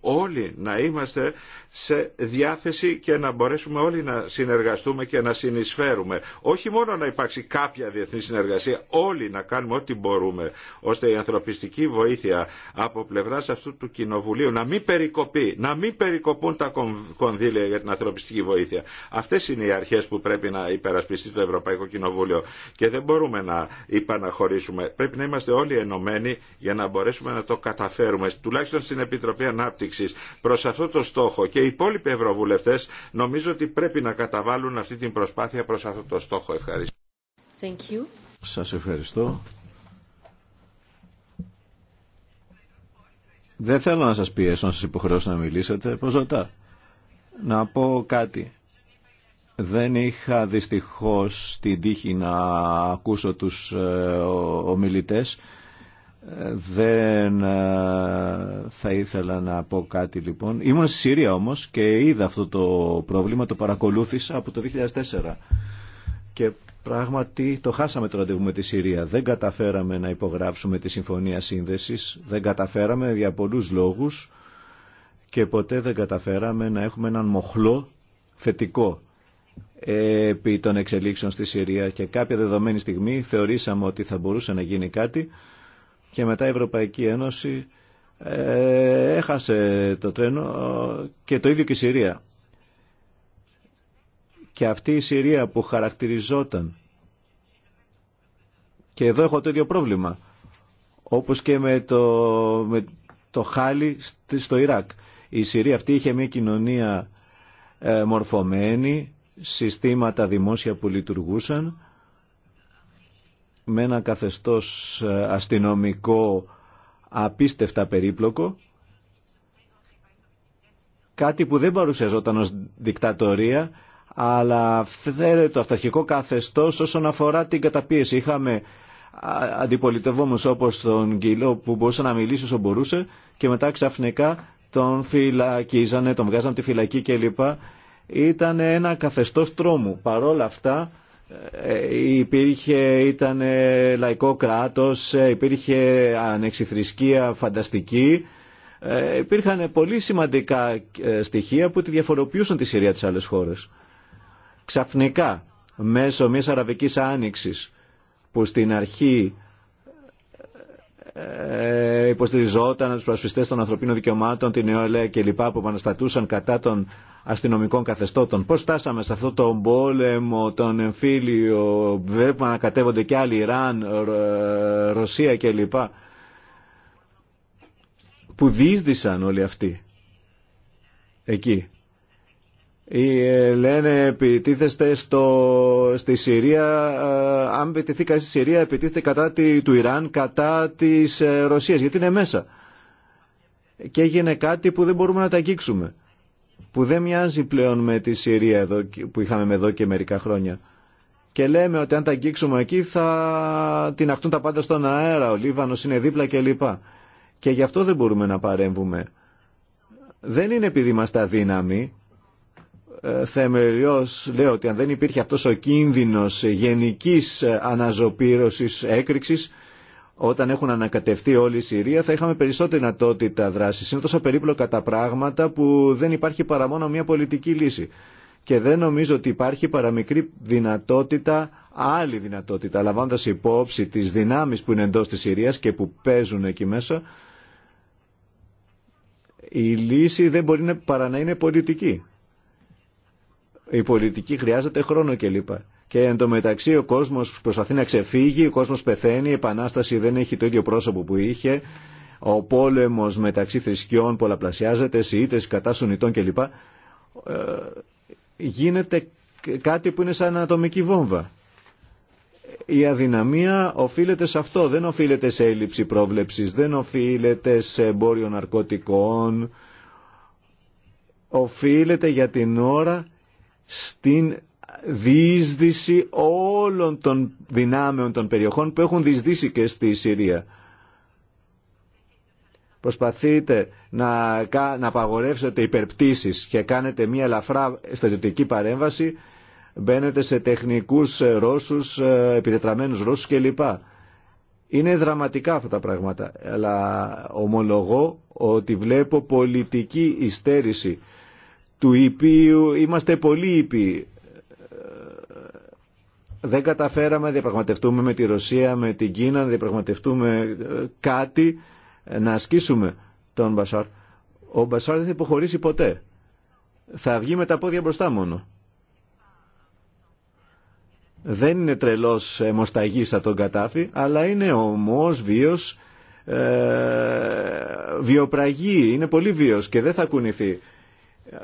Όλοι να είμαστε σε διάθεση και να μπορέσουμε όλοι να συνεργαστούμε και να συνεισφέρουμε. Όχι μόνο να υπάρξει κάποια διεθνή συνεργασία, όλοι να κάνουμε ό,τι μπορούμε, ώστε η ανθρωπιστική βοήθεια από πλευράς αυτού του Κοινοβουλίου να μην περικοπεί, να μην περικοπούν τα κονδύλια για την ανθρωπιστική βοήθεια. Αυτές είναι οι αρχές που πρέπει να υπερασπιστεί το Ευρωπαϊκό Κοινοβούλιο και δεν μπορούμε να υπαναχωρήσουμε. Πρέπει να είμαστε όλοι ενωμένοι για να μπορέσουμε να το καταφέρουμε, τουλάχιστον στην Επιτροπή Επιτροπή προς αυτό το στόχο και οι υπόλοιποι ευρωβουλευτές νομίζω ότι πρέπει να καταβάλουν αυτή την προσπάθεια προς αυτό το στόχο. Ευχαριστώ. Σα Σας ευχαριστώ. Δεν θέλω να σας πιέσω να σας υποχρεώσω να μιλήσετε. Ποζωτά. Να πω κάτι. Δεν είχα δυστυχώς την τύχη να ακούσω τους ε, ομιλητές. Ε, δεν ε, θα ήθελα να πω κάτι λοιπόν. Ήμουν στη Συρία όμως και είδα αυτό το πρόβλημα, το παρακολούθησα από το 2004. Και πράγματι το χάσαμε το ραντεβού με τη Συρία. Δεν καταφέραμε να υπογράψουμε τη Συμφωνία Σύνδεσης, δεν καταφέραμε για πολλούς λόγους και ποτέ δεν καταφέραμε να έχουμε έναν μοχλό θετικό επί των εξελίξεων στη Συρία και κάποια δεδομένη στιγμή θεωρήσαμε ότι θα μπορούσε να γίνει κάτι και μετά η Ευρωπαϊκή Ένωση ε, έχασε το τρένο και το ίδιο και η Συρία. Και αυτή η Συρία που χαρακτηριζόταν και εδώ έχω το ίδιο πρόβλημα όπως και με το, με το χάλι στο Ιράκ. Η Συρία αυτή είχε μια κοινωνία ε, μορφωμένη, συστήματα δημόσια που λειτουργούσαν με ένα καθεστώς ε, αστυνομικό απίστευτα περίπλοκο, κάτι που δεν παρουσιαζόταν ως δικτατορία, αλλά το αυταρχικό καθεστώς όσον αφορά την καταπίεση. Είχαμε αντιπολιτευόμενους όπως τον Γκυλό που μπορούσε να μιλήσει όσο μπορούσε και μετά ξαφνικά τον φυλακίζανε, τον βγάζανε από τη φυλακή κλπ. Ήταν ένα καθεστώς τρόμου. Παρόλα αυτά ε, υπήρχε, ήταν λαϊκό κράτος, ε, υπήρχε ανεξιθρησκεία φανταστική. Ε, υπήρχαν πολύ σημαντικά στοιχεία που τη διαφοροποιούσαν τη Συρία της άλλες χώρες. Ξαφνικά, μέσω μιας αραβικής άνοιξης που στην αρχή ε, υποστηριζόταν από του προσφυστέ των ανθρωπίνων δικαιωμάτων, την νεολαία κλπ. που επαναστατούσαν κατά των αστυνομικών καθεστώτων. Πώ φτάσαμε σε αυτό τον πόλεμο, τον εμφύλιο, βλέπουμε να κατέβονται και άλλοι, Ιράν, Ρωσία κλπ. που δίσδυσαν όλοι αυτοί εκεί. Οι ε, λένε επιτίθεστε στο, στη Συρία, ε, αν επιτεθεί κανείς στη Συρία επιτίθεται κατά τη, του Ιράν, κατά της ε, Ρωσίας, γιατί είναι μέσα. Και έγινε κάτι που δεν μπορούμε να τα αγγίξουμε, που δεν μοιάζει πλέον με τη Συρία εδώ, που είχαμε εδώ και μερικά χρόνια. Και λέμε ότι αν τα αγγίξουμε εκεί θα την αχτούν τα πάντα στον αέρα, ο Λίβανος είναι δίπλα κλπ. Και γι' αυτό δεν μπορούμε να παρέμβουμε. Δεν είναι επειδή είμαστε αδύναμοι, ε, θεμελιώς λέω ότι αν δεν υπήρχε αυτός ο κίνδυνος γενικής αναζωπήρωσης έκρηξης όταν έχουν ανακατευτεί όλη η Συρία θα είχαμε περισσότερη δυνατότητα δράσης. Είναι τόσο περίπλοκα τα πράγματα που δεν υπάρχει παρά μόνο μια πολιτική λύση. Και δεν νομίζω ότι υπάρχει παρά μικρή δυνατότητα, άλλη δυνατότητα, λαμβάνοντα υπόψη τις δυνάμεις που είναι εντός της Συρίας και που παίζουν εκεί μέσα, η λύση δεν μπορεί παρά να είναι πολιτική η πολιτική χρειάζεται χρόνο κλπ. Και εν τω μεταξύ ο κόσμο προσπαθεί να ξεφύγει, ο κόσμο πεθαίνει, η επανάσταση δεν έχει το ίδιο πρόσωπο που είχε, ο πόλεμο μεταξύ θρησκειών πολλαπλασιάζεται, σιίτε κατά σουνητών κλπ. Ε, γίνεται κάτι που είναι σαν ατομική βόμβα. Η αδυναμία οφείλεται σε αυτό, δεν οφείλεται σε έλλειψη πρόβλεψης, δεν οφείλεται σε εμπόριο ναρκωτικών, οφείλεται για την ώρα στην διείσδυση όλων των δυνάμεων των περιοχών που έχουν διεισδύσει και στη Συρία. Προσπαθείτε να, να απαγορεύσετε υπερπτήσεις και κάνετε μια ελαφρά στρατιωτική παρέμβαση, μπαίνετε σε τεχνικούς Ρώσους, ε, επιτετραμένους Ρώσους κλπ. Είναι δραματικά αυτά τα πράγματα, αλλά ομολογώ ότι βλέπω πολιτική υστέρηση του είμαστε πολύ ήπιοι. Ε, δεν καταφέραμε να διαπραγματευτούμε με τη Ρωσία, με την Κίνα, να διαπραγματευτούμε ε, κάτι, ε, να ασκήσουμε τον Μπασάρ. Ο Μπασάρ δεν θα υποχωρήσει ποτέ. Θα βγει με τα πόδια μπροστά μόνο. Δεν είναι τρελός αιμοσταγής σαν τον Κατάφη, αλλά είναι ομός, βίος, ε, βιοπραγή, είναι πολύ βίος και δεν θα κουνηθεί.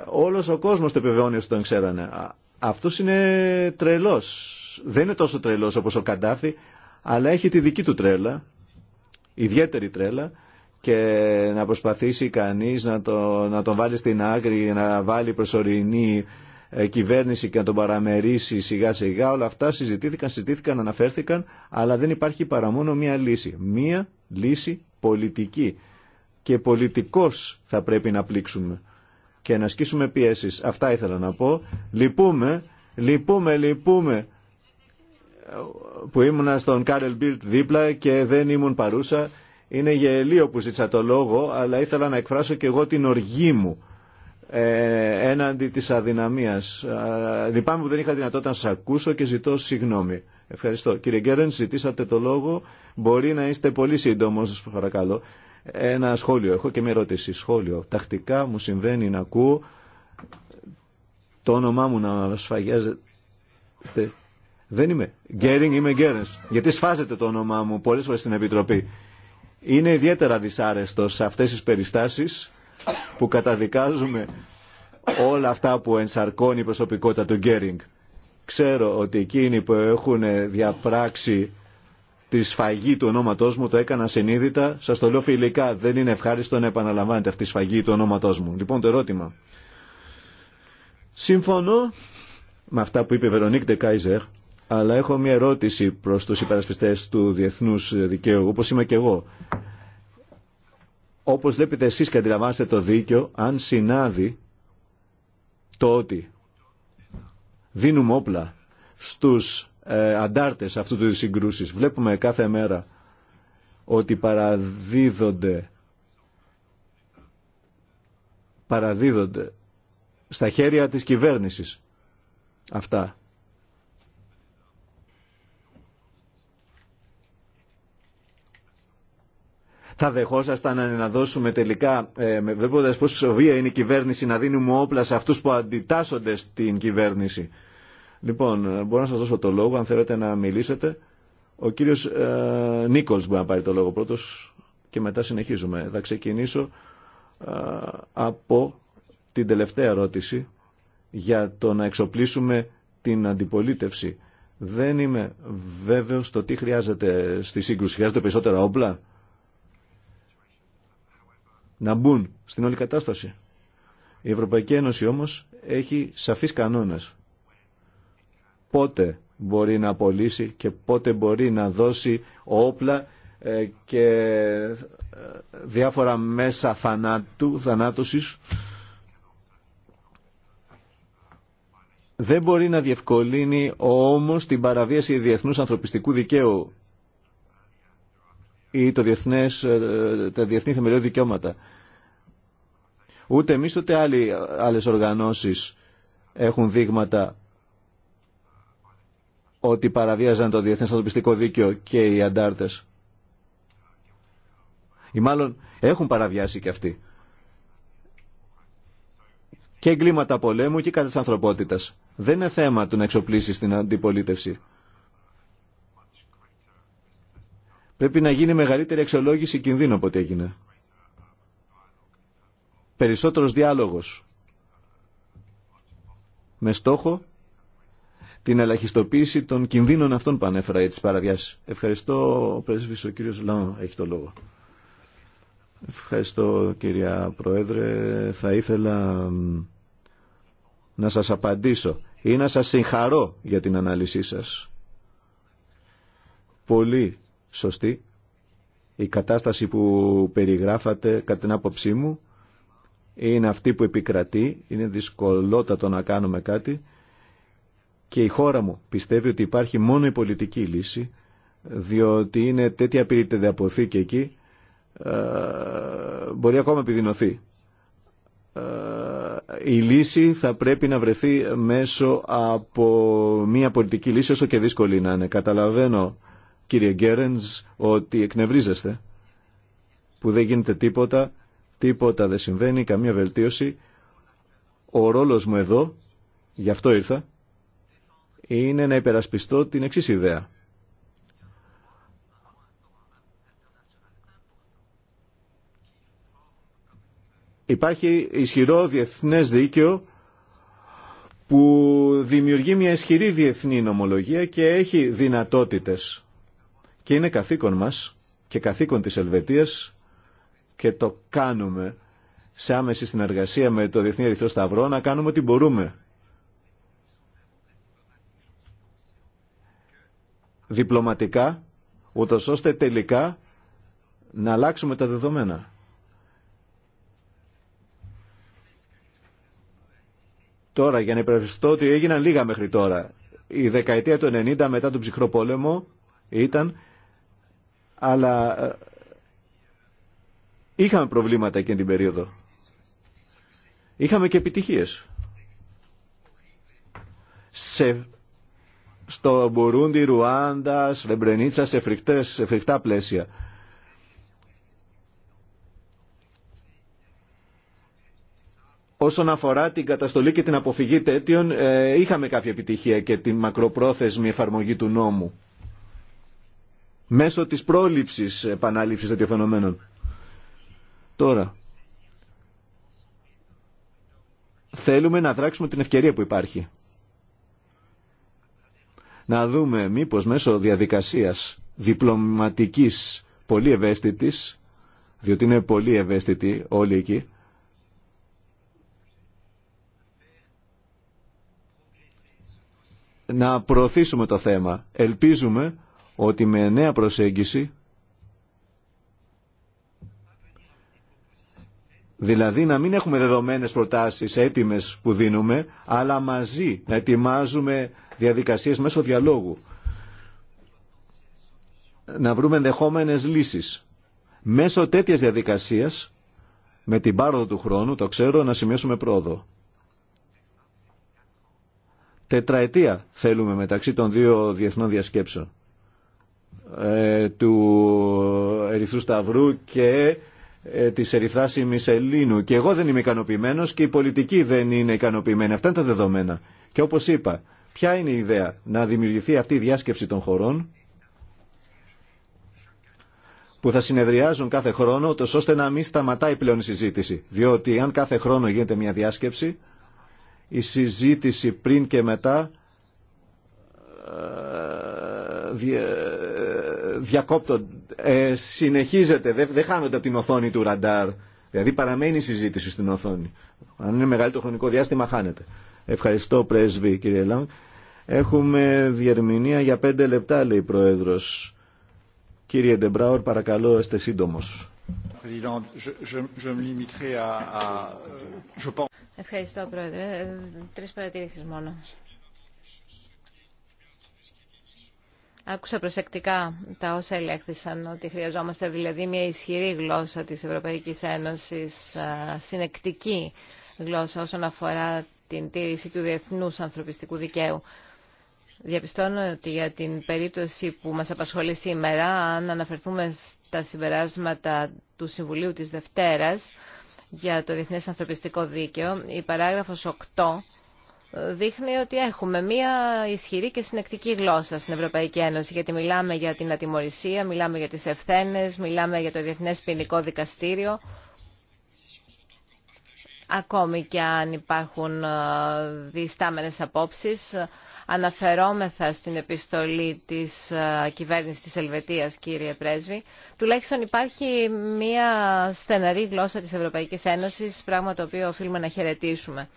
Όλος ο κόσμος το επιβεβαιώνει ότι τον ξέρανε. Αυτό είναι τρελός. Δεν είναι τόσο τρελός όπως ο Καντάφη, αλλά έχει τη δική του τρέλα, ιδιαίτερη τρέλα, και να προσπαθήσει κανείς να, το, να τον βάλει στην άκρη, να βάλει προσωρινή ε, κυβέρνηση και να τον παραμερίσει σιγά σιγά. Όλα αυτά συζητήθηκαν, συζητήθηκαν, αναφέρθηκαν, αλλά δεν υπάρχει παρά μόνο μία λύση. Μία λύση πολιτική. Και πολιτικός θα πρέπει να πλήξουμε και να ασκήσουμε πιέσεις. Αυτά ήθελα να πω. Λυπούμε, λυπούμε, λυπούμε που ήμουνα στον Κάρελ Μπίλτ δίπλα και δεν ήμουν παρούσα. Είναι γελίο που ζήτησα το λόγο, αλλά ήθελα να εκφράσω και εγώ την οργή μου ε, έναντι της αδυναμίας. Ε, λυπάμαι που δεν είχα δυνατότητα να σας ακούσω και ζητώ συγγνώμη. Ευχαριστώ. Κύριε Γκέρεν, ζητήσατε το λόγο. Μπορεί να είστε πολύ σύντομος, σας παρακαλώ ένα σχόλιο. Έχω και μια ερώτηση. Σχόλιο. Τακτικά μου συμβαίνει να ακούω το όνομά μου να σφαγιάζεται. Δεν είμαι. Γκέρινγκ, είμαι Γκέρινγκ. Γιατί σφάζεται το όνομά μου πολλέ φορέ στην Επιτροπή. Είναι ιδιαίτερα δυσάρεστο σε αυτέ τι περιστάσει που καταδικάζουμε όλα αυτά που ενσαρκώνει η προσωπικότητα του Γκέρινγκ. Ξέρω ότι εκείνοι που έχουν διαπράξει τη σφαγή του ονόματό μου το έκανα συνείδητα. Σα το λέω φιλικά. Δεν είναι ευχάριστο να επαναλαμβάνετε αυτή τη σφαγή του ονόματό μου. Λοιπόν, το ερώτημα. Σύμφωνο με αυτά που είπε η Βερονίκ Κάιζερ, αλλά έχω μια ερώτηση προ του υπερασπιστέ του διεθνού δικαίου, όπω είμαι και εγώ. Όπω βλέπετε εσεί και αντιλαμβάνεστε το δίκαιο, αν συνάδει το ότι δίνουμε όπλα στους ε, αντάρτες αυτού του συγκρούσεις. Βλέπουμε κάθε μέρα ότι παραδίδονται παραδίδονται στα χέρια της κυβέρνησης αυτά. Θα δεχόσασταν να δώσουμε τελικά, ε, βλέποντας πόσο σοβία είναι η κυβέρνηση, να δίνουμε όπλα σε αυτούς που αντιτάσσονται στην κυβέρνηση. Λοιπόν, μπορώ να σας δώσω το λόγο αν θέλετε να μιλήσετε. Ο κύριος ε, Νίκολς μπορεί να πάρει το λόγο πρώτος και μετά συνεχίζουμε. Θα ξεκινήσω ε, από την τελευταία ερώτηση για το να εξοπλίσουμε την αντιπολίτευση. Δεν είμαι βέβαιος το τι χρειάζεται στη σύγκρουση. Χρειάζεται περισσότερα όπλα να μπουν στην όλη κατάσταση. Η Ευρωπαϊκή Ένωση όμως έχει σαφείς κανόνες πότε μπορεί να απολύσει και πότε μπορεί να δώσει όπλα ε, και ε, διάφορα μέσα θανάτου, θανάτωσης δεν μπορεί να διευκολύνει όμως την παραβίαση διεθνούς ανθρωπιστικού δικαίου ή το διεθνές, ε, τα διεθνή θεμελιώδη δικαιώματα. Ούτε εμείς ούτε άλλοι, άλλες οργανώσεις έχουν δείγματα ότι παραβίαζαν το διεθνές ανθρωπιστικό δίκαιο και οι αντάρτες. Ή μάλλον έχουν παραβιάσει και αυτοί. Και εγκλήματα πολέμου και κατά Δεν είναι θέμα του να εξοπλίσει την αντιπολίτευση. Πρέπει να γίνει μεγαλύτερη αξιολόγηση κινδύνου από ό,τι έγινε. Περισσότερος διάλογος. Με στόχο την ελαχιστοποίηση των κινδύνων αυτών που ανέφερα τη παραδιά. Ευχαριστώ, ο πρέσβη ο κύριο Λαό έχει το λόγο. Ευχαριστώ κυρία Πρόεδρε. Θα ήθελα να σας απαντήσω ή να σας συγχαρώ για την ανάλυση σας. Πολύ σωστή η κατάσταση που περιγράφατε κατά την άποψή μου είναι αυτή που επικρατεί. Είναι δυσκολότατο να κάνουμε κάτι και η χώρα μου πιστεύει ότι υπάρχει μόνο η πολιτική λύση, διότι είναι τέτοια απειρήτητα εκεί, ε, μπορεί ακόμα επιδεινωθεί. Ε, η λύση θα πρέπει να βρεθεί μέσω από μια πολιτική λύση, όσο και δύσκολη να είναι. Καταλαβαίνω, κύριε Γκέρενς, ότι εκνευρίζεστε, που δεν γίνεται τίποτα, τίποτα δεν συμβαίνει, καμία βελτίωση. Ο ρόλος μου εδώ, γι' αυτό ήρθα, είναι να υπερασπιστώ την εξής ιδέα. Υπάρχει ισχυρό διεθνές δίκαιο που δημιουργεί μια ισχυρή διεθνή νομολογία και έχει δυνατότητες. Και είναι καθήκον μας και καθήκον της Ελβετίας και το κάνουμε σε άμεση συνεργασία με το Διεθνή Ερυθρό Σταυρό να κάνουμε ό,τι μπορούμε διπλωματικά, ούτω ώστε τελικά να αλλάξουμε τα δεδομένα. Τώρα, για να υπερασπιστώ ότι έγιναν λίγα μέχρι τώρα. Η δεκαετία του 90 μετά τον ψυχρό πόλεμο ήταν, αλλά ε, είχαμε προβλήματα εκείνη την περίοδο. Είχαμε και επιτυχίες. Σε στο Μπουρούντι, Ρουάντα, Σρεμπρενίτσα σε, φρικτές, σε φρικτά πλαίσια. Όσον αφορά την καταστολή και την αποφυγή τέτοιων, ε, είχαμε κάποια επιτυχία και την μακροπρόθεσμη εφαρμογή του νόμου μέσω της πρόληψης επανάληψης τέτοιων φαινομένων. Τώρα, θέλουμε να δράξουμε την ευκαιρία που υπάρχει να δούμε μήπως μέσω διαδικασίας διπλωματικής πολύ ευαίσθητης, διότι είναι πολύ ευαίσθητοι όλοι εκεί, να προωθήσουμε το θέμα. Ελπίζουμε ότι με νέα προσέγγιση Δηλαδή να μην έχουμε δεδομένες προτάσεις έτοιμες που δίνουμε, αλλά μαζί να ετοιμάζουμε διαδικασίες μέσω διαλόγου. Να βρούμε ενδεχόμενε λύσεις. Μέσω τέτοια διαδικασίας, με την πάροδο του χρόνου, το ξέρω, να σημειώσουμε πρόοδο. Τετραετία θέλουμε μεταξύ των δύο διεθνών διασκέψεων. Ε, του Ερυθρού Σταυρού και Τη ε, της Ερυθράς Ημισελίνου και εγώ δεν είμαι ικανοποιημένο και η πολιτική δεν είναι ικανοποιημένη. Αυτά είναι τα δεδομένα. Και όπως είπα, ποια είναι η ιδέα να δημιουργηθεί αυτή η διάσκεψη των χωρών που θα συνεδριάζουν κάθε χρόνο, ώστε να μην σταματάει πλέον η συζήτηση. Διότι αν κάθε χρόνο γίνεται μια διάσκεψη, η συζήτηση πριν και μετά ε, ε, διακόπτονται ε, συνεχίζεται, δεν, χάνονται από την οθόνη του ραντάρ. Δηλαδή παραμένει η συζήτηση στην οθόνη. Αν είναι το χρονικό διάστημα χάνεται. Ευχαριστώ πρέσβη κύριε Λάγκ. Έχουμε διερμηνία για πέντε λεπτά λέει η Πρόεδρος. Κύριε Ντεμπράουρ παρακαλώ είστε σύντομο. Ευχαριστώ Πρόεδρε. Ε, Τρει παρατηρήσει μόνο. Άκουσα προσεκτικά τα όσα ελέγχθησαν, ότι χρειαζόμαστε δηλαδή μια ισχυρή γλώσσα της Ευρωπαϊκής Ένωσης, συνεκτική γλώσσα όσον αφορά την τήρηση του διεθνούς ανθρωπιστικού δικαίου. Διαπιστώνω ότι για την περίπτωση που μας απασχολεί σήμερα, αν αναφερθούμε στα συμπεράσματα του Συμβουλίου της Δευτέρας για το Διεθνές Ανθρωπιστικό Δίκαιο, η παράγραφος 8 δείχνει ότι έχουμε μία ισχυρή και συνεκτική γλώσσα στην Ευρωπαϊκή Ένωση, γιατί μιλάμε για την ατιμορρησία, μιλάμε για τις ευθένες, μιλάμε για το Διεθνές Ποινικό Δικαστήριο, ακόμη και αν υπάρχουν ε, διστάμενες απόψεις. Αναφερόμεθα στην επιστολή της ε, κυβέρνησης της Ελβετίας, κύριε Πρέσβη. Τουλάχιστον υπάρχει μία στεναρή γλώσσα της Ευρωπαϊκής Ένωσης, πράγμα το οποίο οφείλουμε να χαιρετήσουμε.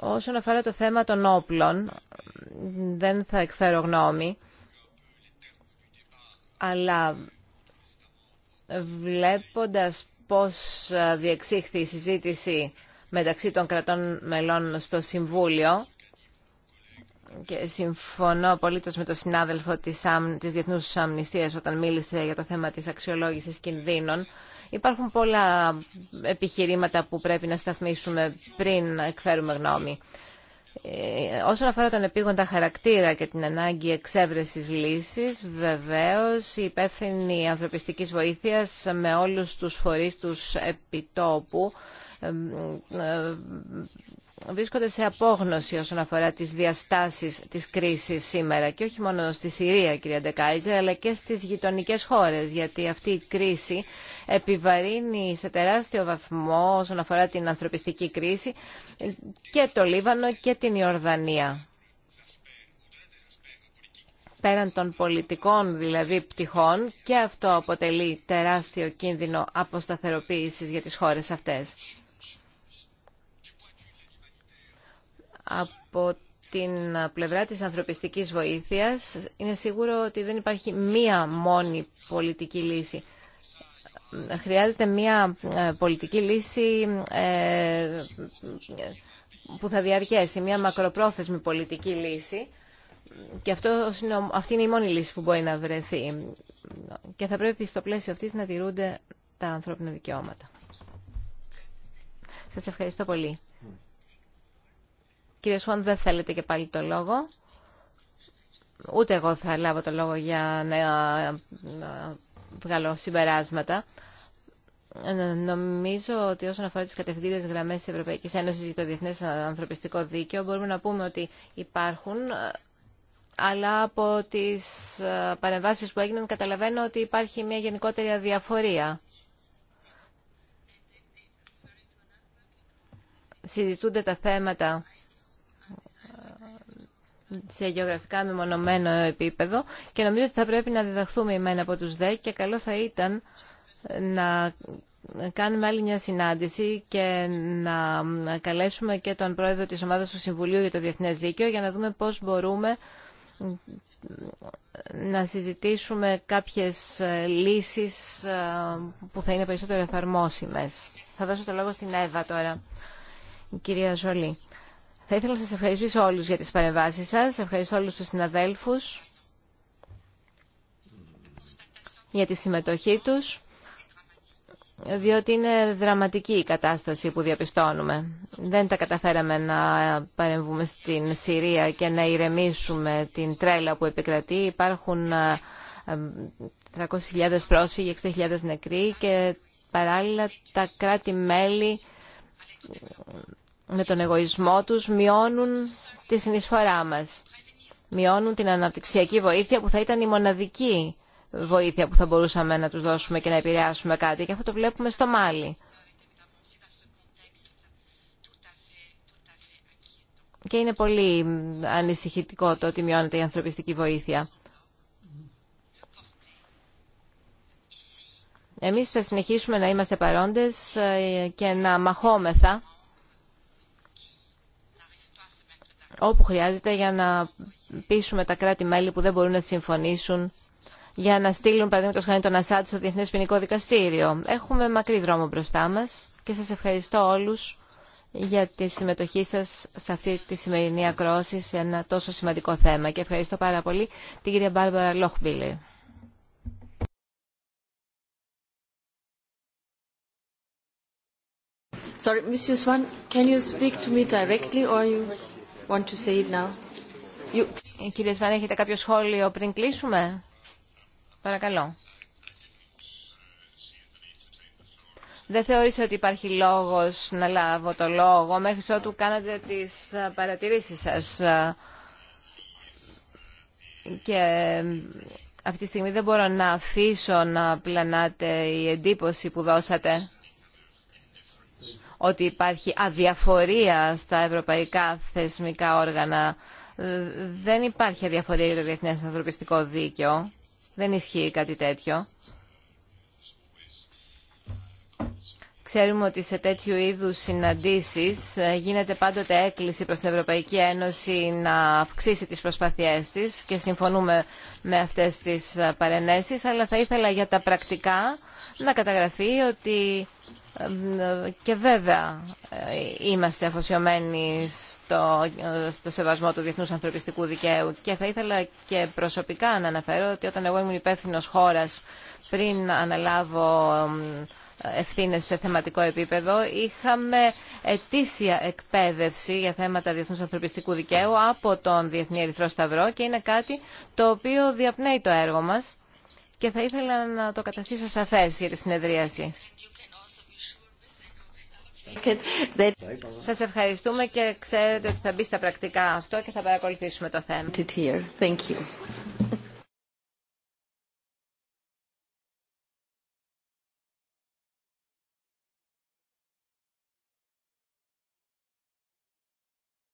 Όσον αφορά το θέμα των όπλων, δεν θα εκφέρω γνώμη, αλλά βλέποντας πώς διεξήχθη η συζήτηση μεταξύ των κρατών μελών στο Συμβούλιο, και συμφωνώ απολύτω με τον συνάδελφο της, Διεθνούς όταν μίλησε για το θέμα της αξιολόγησης κινδύνων. Υπάρχουν πολλά επιχειρήματα που πρέπει να σταθμίσουμε πριν εκφέρουμε γνώμη. Ε, όσον αφορά τον επίγοντα χαρακτήρα και την ανάγκη εξέβρεσης λύσης, βεβαίως η υπεύθυνη ανθρωπιστικής βοήθειας με όλους τους φορείς του επιτόπου ε, βρίσκονται σε απόγνωση όσον αφορά τις διαστάσεις της κρίσης σήμερα και όχι μόνο στη Συρία, κυρία Ντεκάιζερ, αλλά και στις γειτονικές χώρες, γιατί αυτή η κρίση επιβαρύνει σε τεράστιο βαθμό όσον αφορά την ανθρωπιστική κρίση και το Λίβανο και την Ιορδανία. Πέραν των πολιτικών δηλαδή πτυχών και αυτό αποτελεί τεράστιο κίνδυνο αποσταθεροποίησης για τις χώρες αυτές. Από την πλευρά της ανθρωπιστικής βοήθειας είναι σίγουρο ότι δεν υπάρχει μία μόνη πολιτική λύση. Χρειάζεται μία ε, πολιτική λύση ε, που θα διαρκέσει, μία μακροπρόθεσμη πολιτική λύση και αυτό αυτή είναι η μόνη λύση που μπορεί να βρεθεί. Και θα πρέπει στο πλαίσιο αυτής να τηρούνται τα ανθρώπινα δικαιώματα. Σας ευχαριστώ πολύ. Κύριε Σουάν, δεν θέλετε και πάλι το λόγο. Ούτε εγώ θα λάβω το λόγο για να βγάλω συμπεράσματα. Ε, νομίζω ότι όσον αφορά τις κατευθυντήριες γραμμές της Ευρωπαϊκής Ένωσης για το Διεθνές Ανθρωπιστικό Δίκαιο, μπορούμε να πούμε ότι υπάρχουν, ε, αλλά από τις ε, παρεμβάσεις που έγιναν καταλαβαίνω ότι υπάρχει μια γενικότερη αδιαφορία. Συζητούνται τα θέματα σε γεωγραφικά μεμονωμένο επίπεδο και νομίζω ότι θα πρέπει να διδαχθούμε εμένα από τους ΔΕΚ και καλό θα ήταν να κάνουμε άλλη μια συνάντηση και να καλέσουμε και τον πρόεδρο της ομάδας του Συμβουλίου για το Διεθνές Δίκαιο για να δούμε πώς μπορούμε να συζητήσουμε κάποιες λύσεις που θα είναι περισσότερο εφαρμόσιμες. Θα δώσω το λόγο στην Εύα τώρα, κυρία Ζολή. Θα ήθελα να σας ευχαριστήσω όλους για τις παρεμβάσεις σας. Ευχαριστώ όλους τους συναδέλφους για τη συμμετοχή τους, διότι είναι δραματική η κατάσταση που διαπιστώνουμε. Δεν τα καταφέραμε να παρεμβούμε στην Συρία και να ηρεμήσουμε την τρέλα που επικρατεί. Υπάρχουν 300.000 πρόσφυγοι, 60.000 νεκροί και παράλληλα τα κράτη-μέλη με τον εγωισμό τους μειώνουν τη συνεισφορά μας. Μειώνουν την αναπτυξιακή βοήθεια που θα ήταν η μοναδική βοήθεια που θα μπορούσαμε να τους δώσουμε και να επηρεάσουμε κάτι. Και αυτό το βλέπουμε στο Μάλι. Και είναι πολύ ανησυχητικό το ότι μειώνεται η ανθρωπιστική βοήθεια. Εμείς θα συνεχίσουμε να είμαστε παρόντες ε, και να μαχόμεθα όπου χρειάζεται για να πείσουμε τα κράτη-μέλη που δεν μπορούν να συμφωνήσουν για να στείλουν, παραδείγματο χάρη, τον Ασάντ στο Διεθνέ Ποινικό Δικαστήριο. Έχουμε μακρύ δρόμο μπροστά μα και σα ευχαριστώ όλου για τη συμμετοχή σα σε αυτή τη σημερινή ακρόαση σε ένα τόσο σημαντικό θέμα. Και ευχαριστώ πάρα πολύ την κυρία Μπάρμπαρα Λόχμπιλερ. Sorry, Swan, can you speak to me directly or you... Ε, κύριε Σβάν, έχετε κάποιο σχόλιο πριν κλείσουμε. Παρακαλώ. Δεν θεωρήσα ότι υπάρχει λόγος να λάβω το λόγο μέχρι ότου κάνατε τις ε, παρατηρήσεις σας. Και αυτή τη στιγμή δεν μπορώ να αφήσω να πλανάτε η εντύπωση που δώσατε ότι υπάρχει αδιαφορία στα ευρωπαϊκά θεσμικά όργανα. Ε, δεν υπάρχει αδιαφορία για το διεθνέ ανθρωπιστικό δίκαιο. Δεν ισχύει κάτι τέτοιο. Ξέρουμε ότι σε τέτοιου είδους συναντήσεις ε, γίνεται πάντοτε έκκληση προς την Ευρωπαϊκή Ένωση να αυξήσει τις προσπαθειές της και συμφωνούμε με αυτές τις ε, παρενέσεις, αλλά θα ήθελα για τα πρακτικά να καταγραφεί ότι και βέβαια ε, είμαστε αφοσιωμένοι στο, ε, στο σεβασμό του διεθνούς ανθρωπιστικού δικαίου και θα ήθελα και προσωπικά να αναφέρω ότι όταν εγώ ήμουν υπεύθυνο χώρας πριν αναλάβω ευθύνες σε θεματικό επίπεδο είχαμε ετήσια εκπαίδευση για θέματα διεθνούς ανθρωπιστικού δικαίου από τον Διεθνή Ερυθρό Σταυρό και είναι κάτι το οποίο διαπνέει το έργο μας και θα ήθελα να το καταστήσω σαφές για τη συνεδρίαση. Σας ευχαριστούμε και ξέρετε ότι θα μπει στα πρακτικά αυτό και θα παρακολουθήσουμε το θέμα.